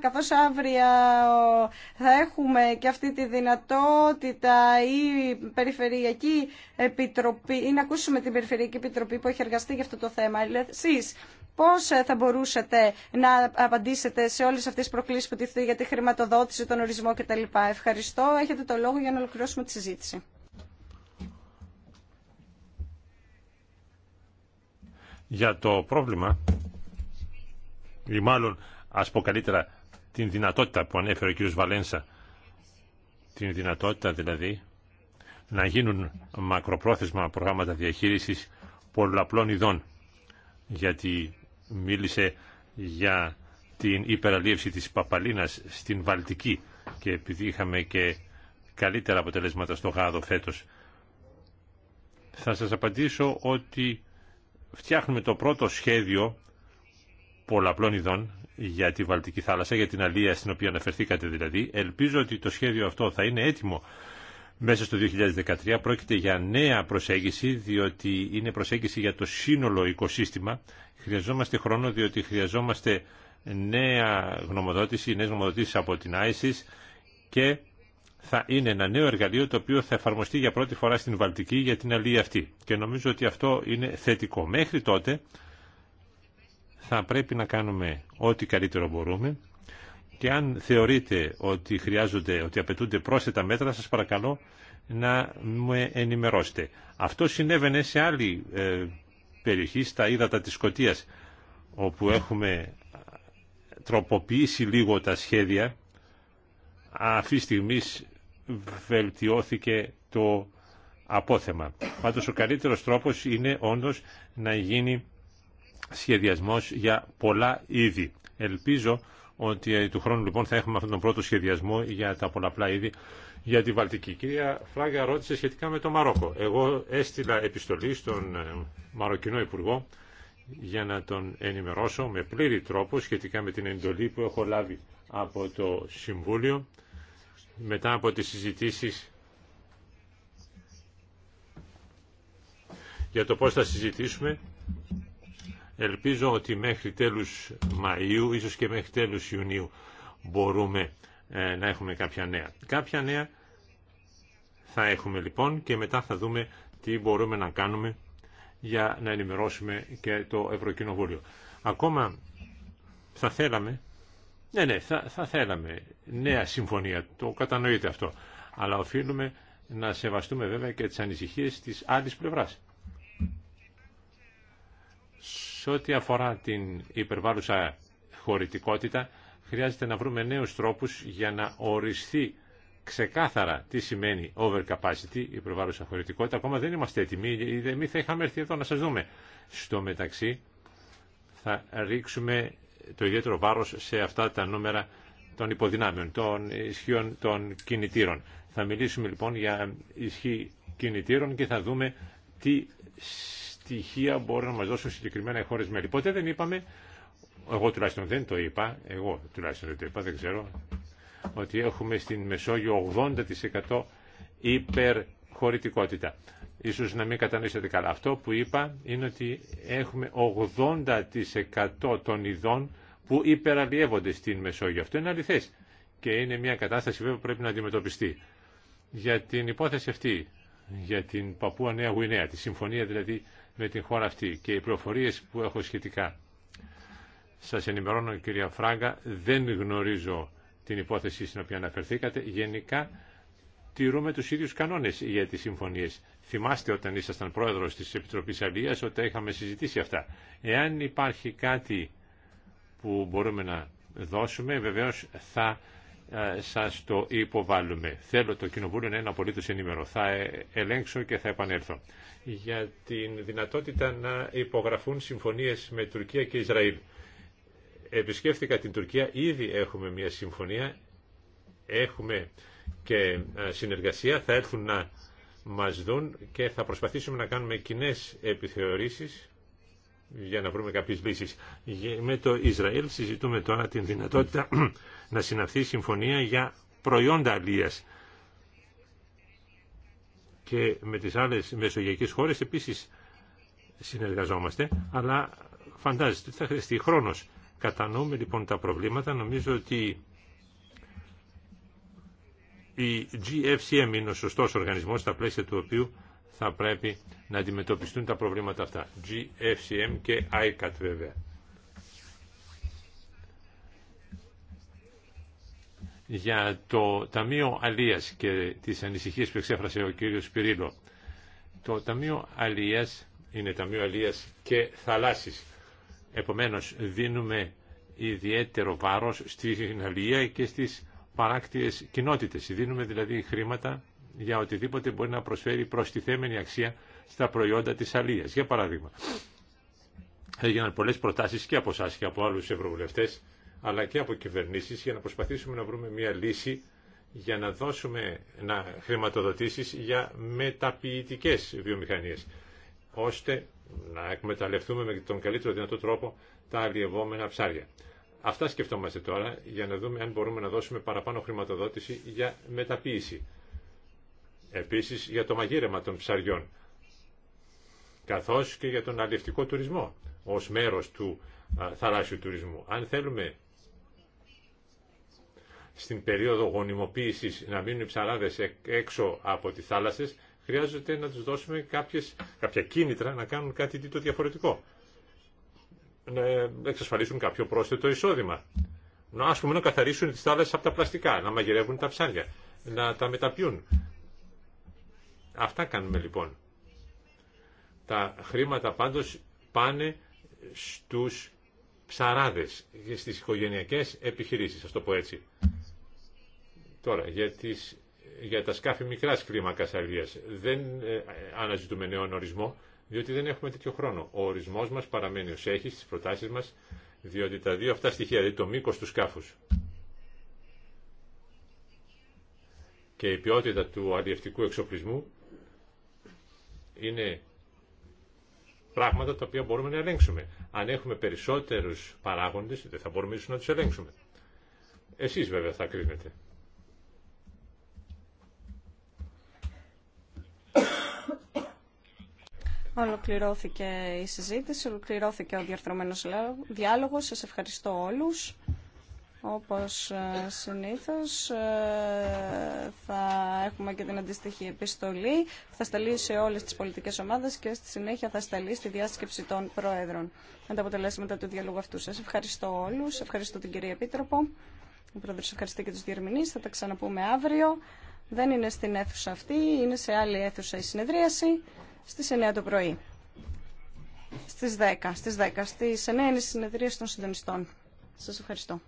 καθώς αύριο θα έχουμε και αυτή τη δυνατότητα η Περιφερειακή Επιτροπή, ή να ακούσουμε την Περιφερειακή Επιτροπή που έχει εργαστεί για αυτό το θέμα, εσείς Πώς ε, θα μπορούσατε να απαντήσετε σε όλες αυτές τις προκλήσεις που τίθεται για τη χρηματοδότηση, τον ορισμό κτλ. Ευχαριστώ. Έχετε το λόγο για να ολοκληρώσουμε τη συζήτηση. Για το πρόβλημα, ή μάλλον ας πω καλύτερα την δυνατότητα που ανέφερε ο κ. Βαλένσα, την δυνατότητα δηλαδή να γίνουν μακροπρόθεσμα προγράμματα διαχείρισης πολλαπλών ειδών. Γιατί μίλησε για την υπεραλίευση της παπαλίνας στην Βαλτική και επειδή είχαμε και καλύτερα αποτελέσματα στο γάδο φέτος. Θα σας απαντήσω ότι φτιάχνουμε το πρώτο σχέδιο πολλαπλών ειδών για τη Βαλτική θάλασσα, για την αλία στην οποία αναφερθήκατε δηλαδή. Ελπίζω ότι το σχέδιο αυτό θα είναι έτοιμο μέσα στο 2013. Πρόκειται για νέα προσέγγιση, διότι είναι προσέγγιση για το σύνολο οικοσύστημα Χρειαζόμαστε χρόνο διότι χρειαζόμαστε νέα γνωμοδότηση, νέες γνωμοδοτήσεις από την ISIS και θα είναι ένα νέο εργαλείο το οποίο θα εφαρμοστεί για πρώτη φορά στην Βαλτική για την αλληλεία αυτή. Και νομίζω ότι αυτό είναι θετικό. Μέχρι τότε θα πρέπει να κάνουμε ό,τι καλύτερο μπορούμε και αν θεωρείτε ότι χρειάζονται, ότι απαιτούνται πρόσθετα μέτρα, σας παρακαλώ να με ενημερώσετε. Αυτό συνέβαινε σε άλλη ε, περιοχή στα ύδατα της Σκοτίας όπου έχουμε τροποποιήσει λίγο τα σχέδια αυτή τη στιγμή βελτιώθηκε το απόθεμα. Πάντως ο καλύτερος τρόπος είναι όντως να γίνει σχεδιασμός για πολλά είδη. Ελπίζω ότι ε, του χρόνου λοιπόν θα έχουμε αυτόν τον πρώτο σχεδιασμό για τα πολλαπλά είδη για τη Βαλτική. κυρία Φράγκα ρώτησε σχετικά με το Μαρόκο. Εγώ έστειλα επιστολή στον ε, Μαροκινό Υπουργό για να τον ενημερώσω με πλήρη τρόπο σχετικά με την εντολή που έχω λάβει από το Συμβούλιο μετά από τις συζητήσεις για το πώς θα συζητήσουμε. Ελπίζω ότι μέχρι τέλους Μαΐου, ίσως και μέχρι τέλους Ιουνίου μπορούμε ε, να έχουμε κάποια νέα. Κάποια νέα θα έχουμε λοιπόν και μετά θα δούμε τι μπορούμε να κάνουμε για να ενημερώσουμε και το Ευρωκοινοβούλιο. Ακόμα θα θέλαμε, ναι, ναι, θα, θέλαμε νέα συμφωνία, το κατανοείτε αυτό, αλλά οφείλουμε να σεβαστούμε βέβαια και τις ανησυχίες της άλλης πλευράς. Σε ό,τι αφορά την υπερβάλλουσα χωρητικότητα, χρειάζεται να βρούμε νέους τρόπους για να οριστεί ξεκάθαρα τι σημαίνει overcapacity, η προβάλλουσα χωρητικότητα. Ακόμα δεν είμαστε έτοιμοι, εμεί θα είχαμε έρθει εδώ να σας δούμε. Στο μεταξύ θα ρίξουμε το ιδιαίτερο βάρος σε αυτά τα νούμερα των υποδυνάμεων, των ισχύων των κινητήρων. Θα μιλήσουμε λοιπόν για ισχύ κινητήρων και θα δούμε τι στοιχεία μπορούν να μας δώσουν συγκεκριμένα οι χώρες μέλη. Ποτέ δεν είπαμε εγώ τουλάχιστον δεν το είπα, εγώ τουλάχιστον δεν το είπα, δεν ξέρω, ότι έχουμε στην Μεσόγειο 80% υπερχωρητικότητα. Ίσως να μην κατανοήσετε καλά. Αυτό που είπα είναι ότι έχουμε 80% των ειδών που υπεραλλιεύονται στην Μεσόγειο. Αυτό είναι αληθές και είναι μια κατάσταση που πρέπει να αντιμετωπιστεί. Για την υπόθεση αυτή, για την Παππούα Νέα Γουινέα, τη συμφωνία δηλαδή με την χώρα αυτή και οι πληροφορίε που έχω σχετικά σας ενημερώνω κυρία Φράγκα, δεν γνωρίζω την υπόθεση στην οποία αναφερθήκατε. Γενικά τηρούμε τους ίδιους κανόνες για τις συμφωνίες. Θυμάστε όταν ήσασταν πρόεδρος της Επιτροπής Αλίας όταν είχαμε συζητήσει αυτά. Εάν υπάρχει κάτι που μπορούμε να δώσουμε, βεβαίως θα ε, σας το υποβάλλουμε. Θέλω το Κοινοβούλιο να είναι απολύτως ενημερό. Θα ε, ελέγξω και θα επανέλθω. Για την δυνατότητα να υπογραφούν συμφωνίες με Τουρκία και Ισραήλ επισκέφθηκα την Τουρκία, ήδη έχουμε μια συμφωνία, έχουμε και ε, συνεργασία, θα έρθουν να μας δουν και θα προσπαθήσουμε να κάνουμε κοινέ επιθεωρήσεις για να βρούμε κάποιες λύσεις. Με το Ισραήλ συζητούμε τώρα την δυνατότητα να συναυθεί συμφωνία για προϊόντα αλίας και με τις άλλες μεσογειακές χώρες επίσης συνεργαζόμαστε, αλλά φαντάζεστε ότι θα χρειαστεί χρόνος Κατανοούμε λοιπόν τα προβλήματα. Νομίζω ότι η GFCM είναι ο σωστός οργανισμός στα πλαίσια του οποίου θα πρέπει να αντιμετωπιστούν τα προβλήματα αυτά. GFCM και ICAT βέβαια. Για το Ταμείο Αλίας και τις ανησυχίες που εξέφρασε ο κύριος Πυρίλο. Το Ταμείο Αλίας είναι Ταμείο Αλίας και Θαλάσσης. Επομένως δίνουμε ιδιαίτερο βάρος στην αλληλεία και στις παράκτιες κοινότητες. Δίνουμε δηλαδή χρήματα για οτιδήποτε μπορεί να προσφέρει προστιθέμενη αξία στα προϊόντα της αλίας. Για παράδειγμα, έγιναν πολλές προτάσεις και από εσά και από άλλους ευρωβουλευτές, αλλά και από κυβερνήσεις για να προσπαθήσουμε να βρούμε μια λύση για να δώσουμε να χρηματοδοτήσεις για μεταποιητικές βιομηχανίες, ώστε να εκμεταλλευτούμε με τον καλύτερο δυνατό τρόπο τα αλλιευόμενα ψάρια. Αυτά σκεφτόμαστε τώρα για να δούμε αν μπορούμε να δώσουμε παραπάνω χρηματοδότηση για μεταποίηση. Επίσης για το μαγείρεμα των ψαριών, καθώς και για τον αλλιευτικό τουρισμό ως μέρος του θαλάσσιου τουρισμού. Αν θέλουμε στην περίοδο γονιμοποίησης να μείνουν οι ψαράδες έξω από τις θάλασσες, χρειάζεται να τους δώσουμε κάποιες, κάποια κίνητρα να κάνουν κάτι το διαφορετικό. Να εξασφαλίσουν κάποιο πρόσθετο εισόδημα. Να, ας πούμε, να καθαρίσουν τις θάλασσες από τα πλαστικά, να μαγειρεύουν τα ψάρια, να τα μεταπιούν. Αυτά κάνουμε λοιπόν. Τα χρήματα πάντως πάνε στους ψαράδες και στις οικογενειακές επιχειρήσεις, ας το πω έτσι. Τώρα, για τις για τα σκάφη μικράς κλίμακας αλίας. Δεν ε, αναζητούμε νέο ορισμό, διότι δεν έχουμε τέτοιο χρόνο. Ο ορισμός μας παραμένει ω έχει στις προτάσεις μας, διότι τα δύο αυτά στοιχεία, δηλαδή το μήκο του σκάφους και η ποιότητα του αλλιευτικού εξοπλισμού είναι πράγματα τα οποία μπορούμε να ελέγξουμε. Αν έχουμε περισσότερους παράγοντες, δεν θα μπορούμε να τους ελέγξουμε. Εσείς βέβαια θα κρίνετε. Ολοκληρώθηκε η συζήτηση, ολοκληρώθηκε ο διαρθρωμένος διάλογος. Σας ευχαριστώ όλους. Όπως ε, συνήθως ε, θα έχουμε και την αντίστοιχη επιστολή. Θα σταλεί σε όλες τις πολιτικές ομάδες και στη συνέχεια θα σταλεί στη διάσκεψη των Προέδρων. Με τα αποτελέσματα του διαλόγου αυτού σας. Ευχαριστώ όλους. Ευχαριστώ την κυρία Επίτροπο. Ο Πρόεδρος ευχαριστεί και τους διερμηνείς. Θα τα ξαναπούμε αύριο. Δεν είναι στην αίθουσα αυτή, είναι σε άλλη αίθουσα η συνεδρίαση στις 9 το πρωί. Στις 10, στις 10, στις 9 είναι η συνεδρία των συντονιστών. Σας ευχαριστώ.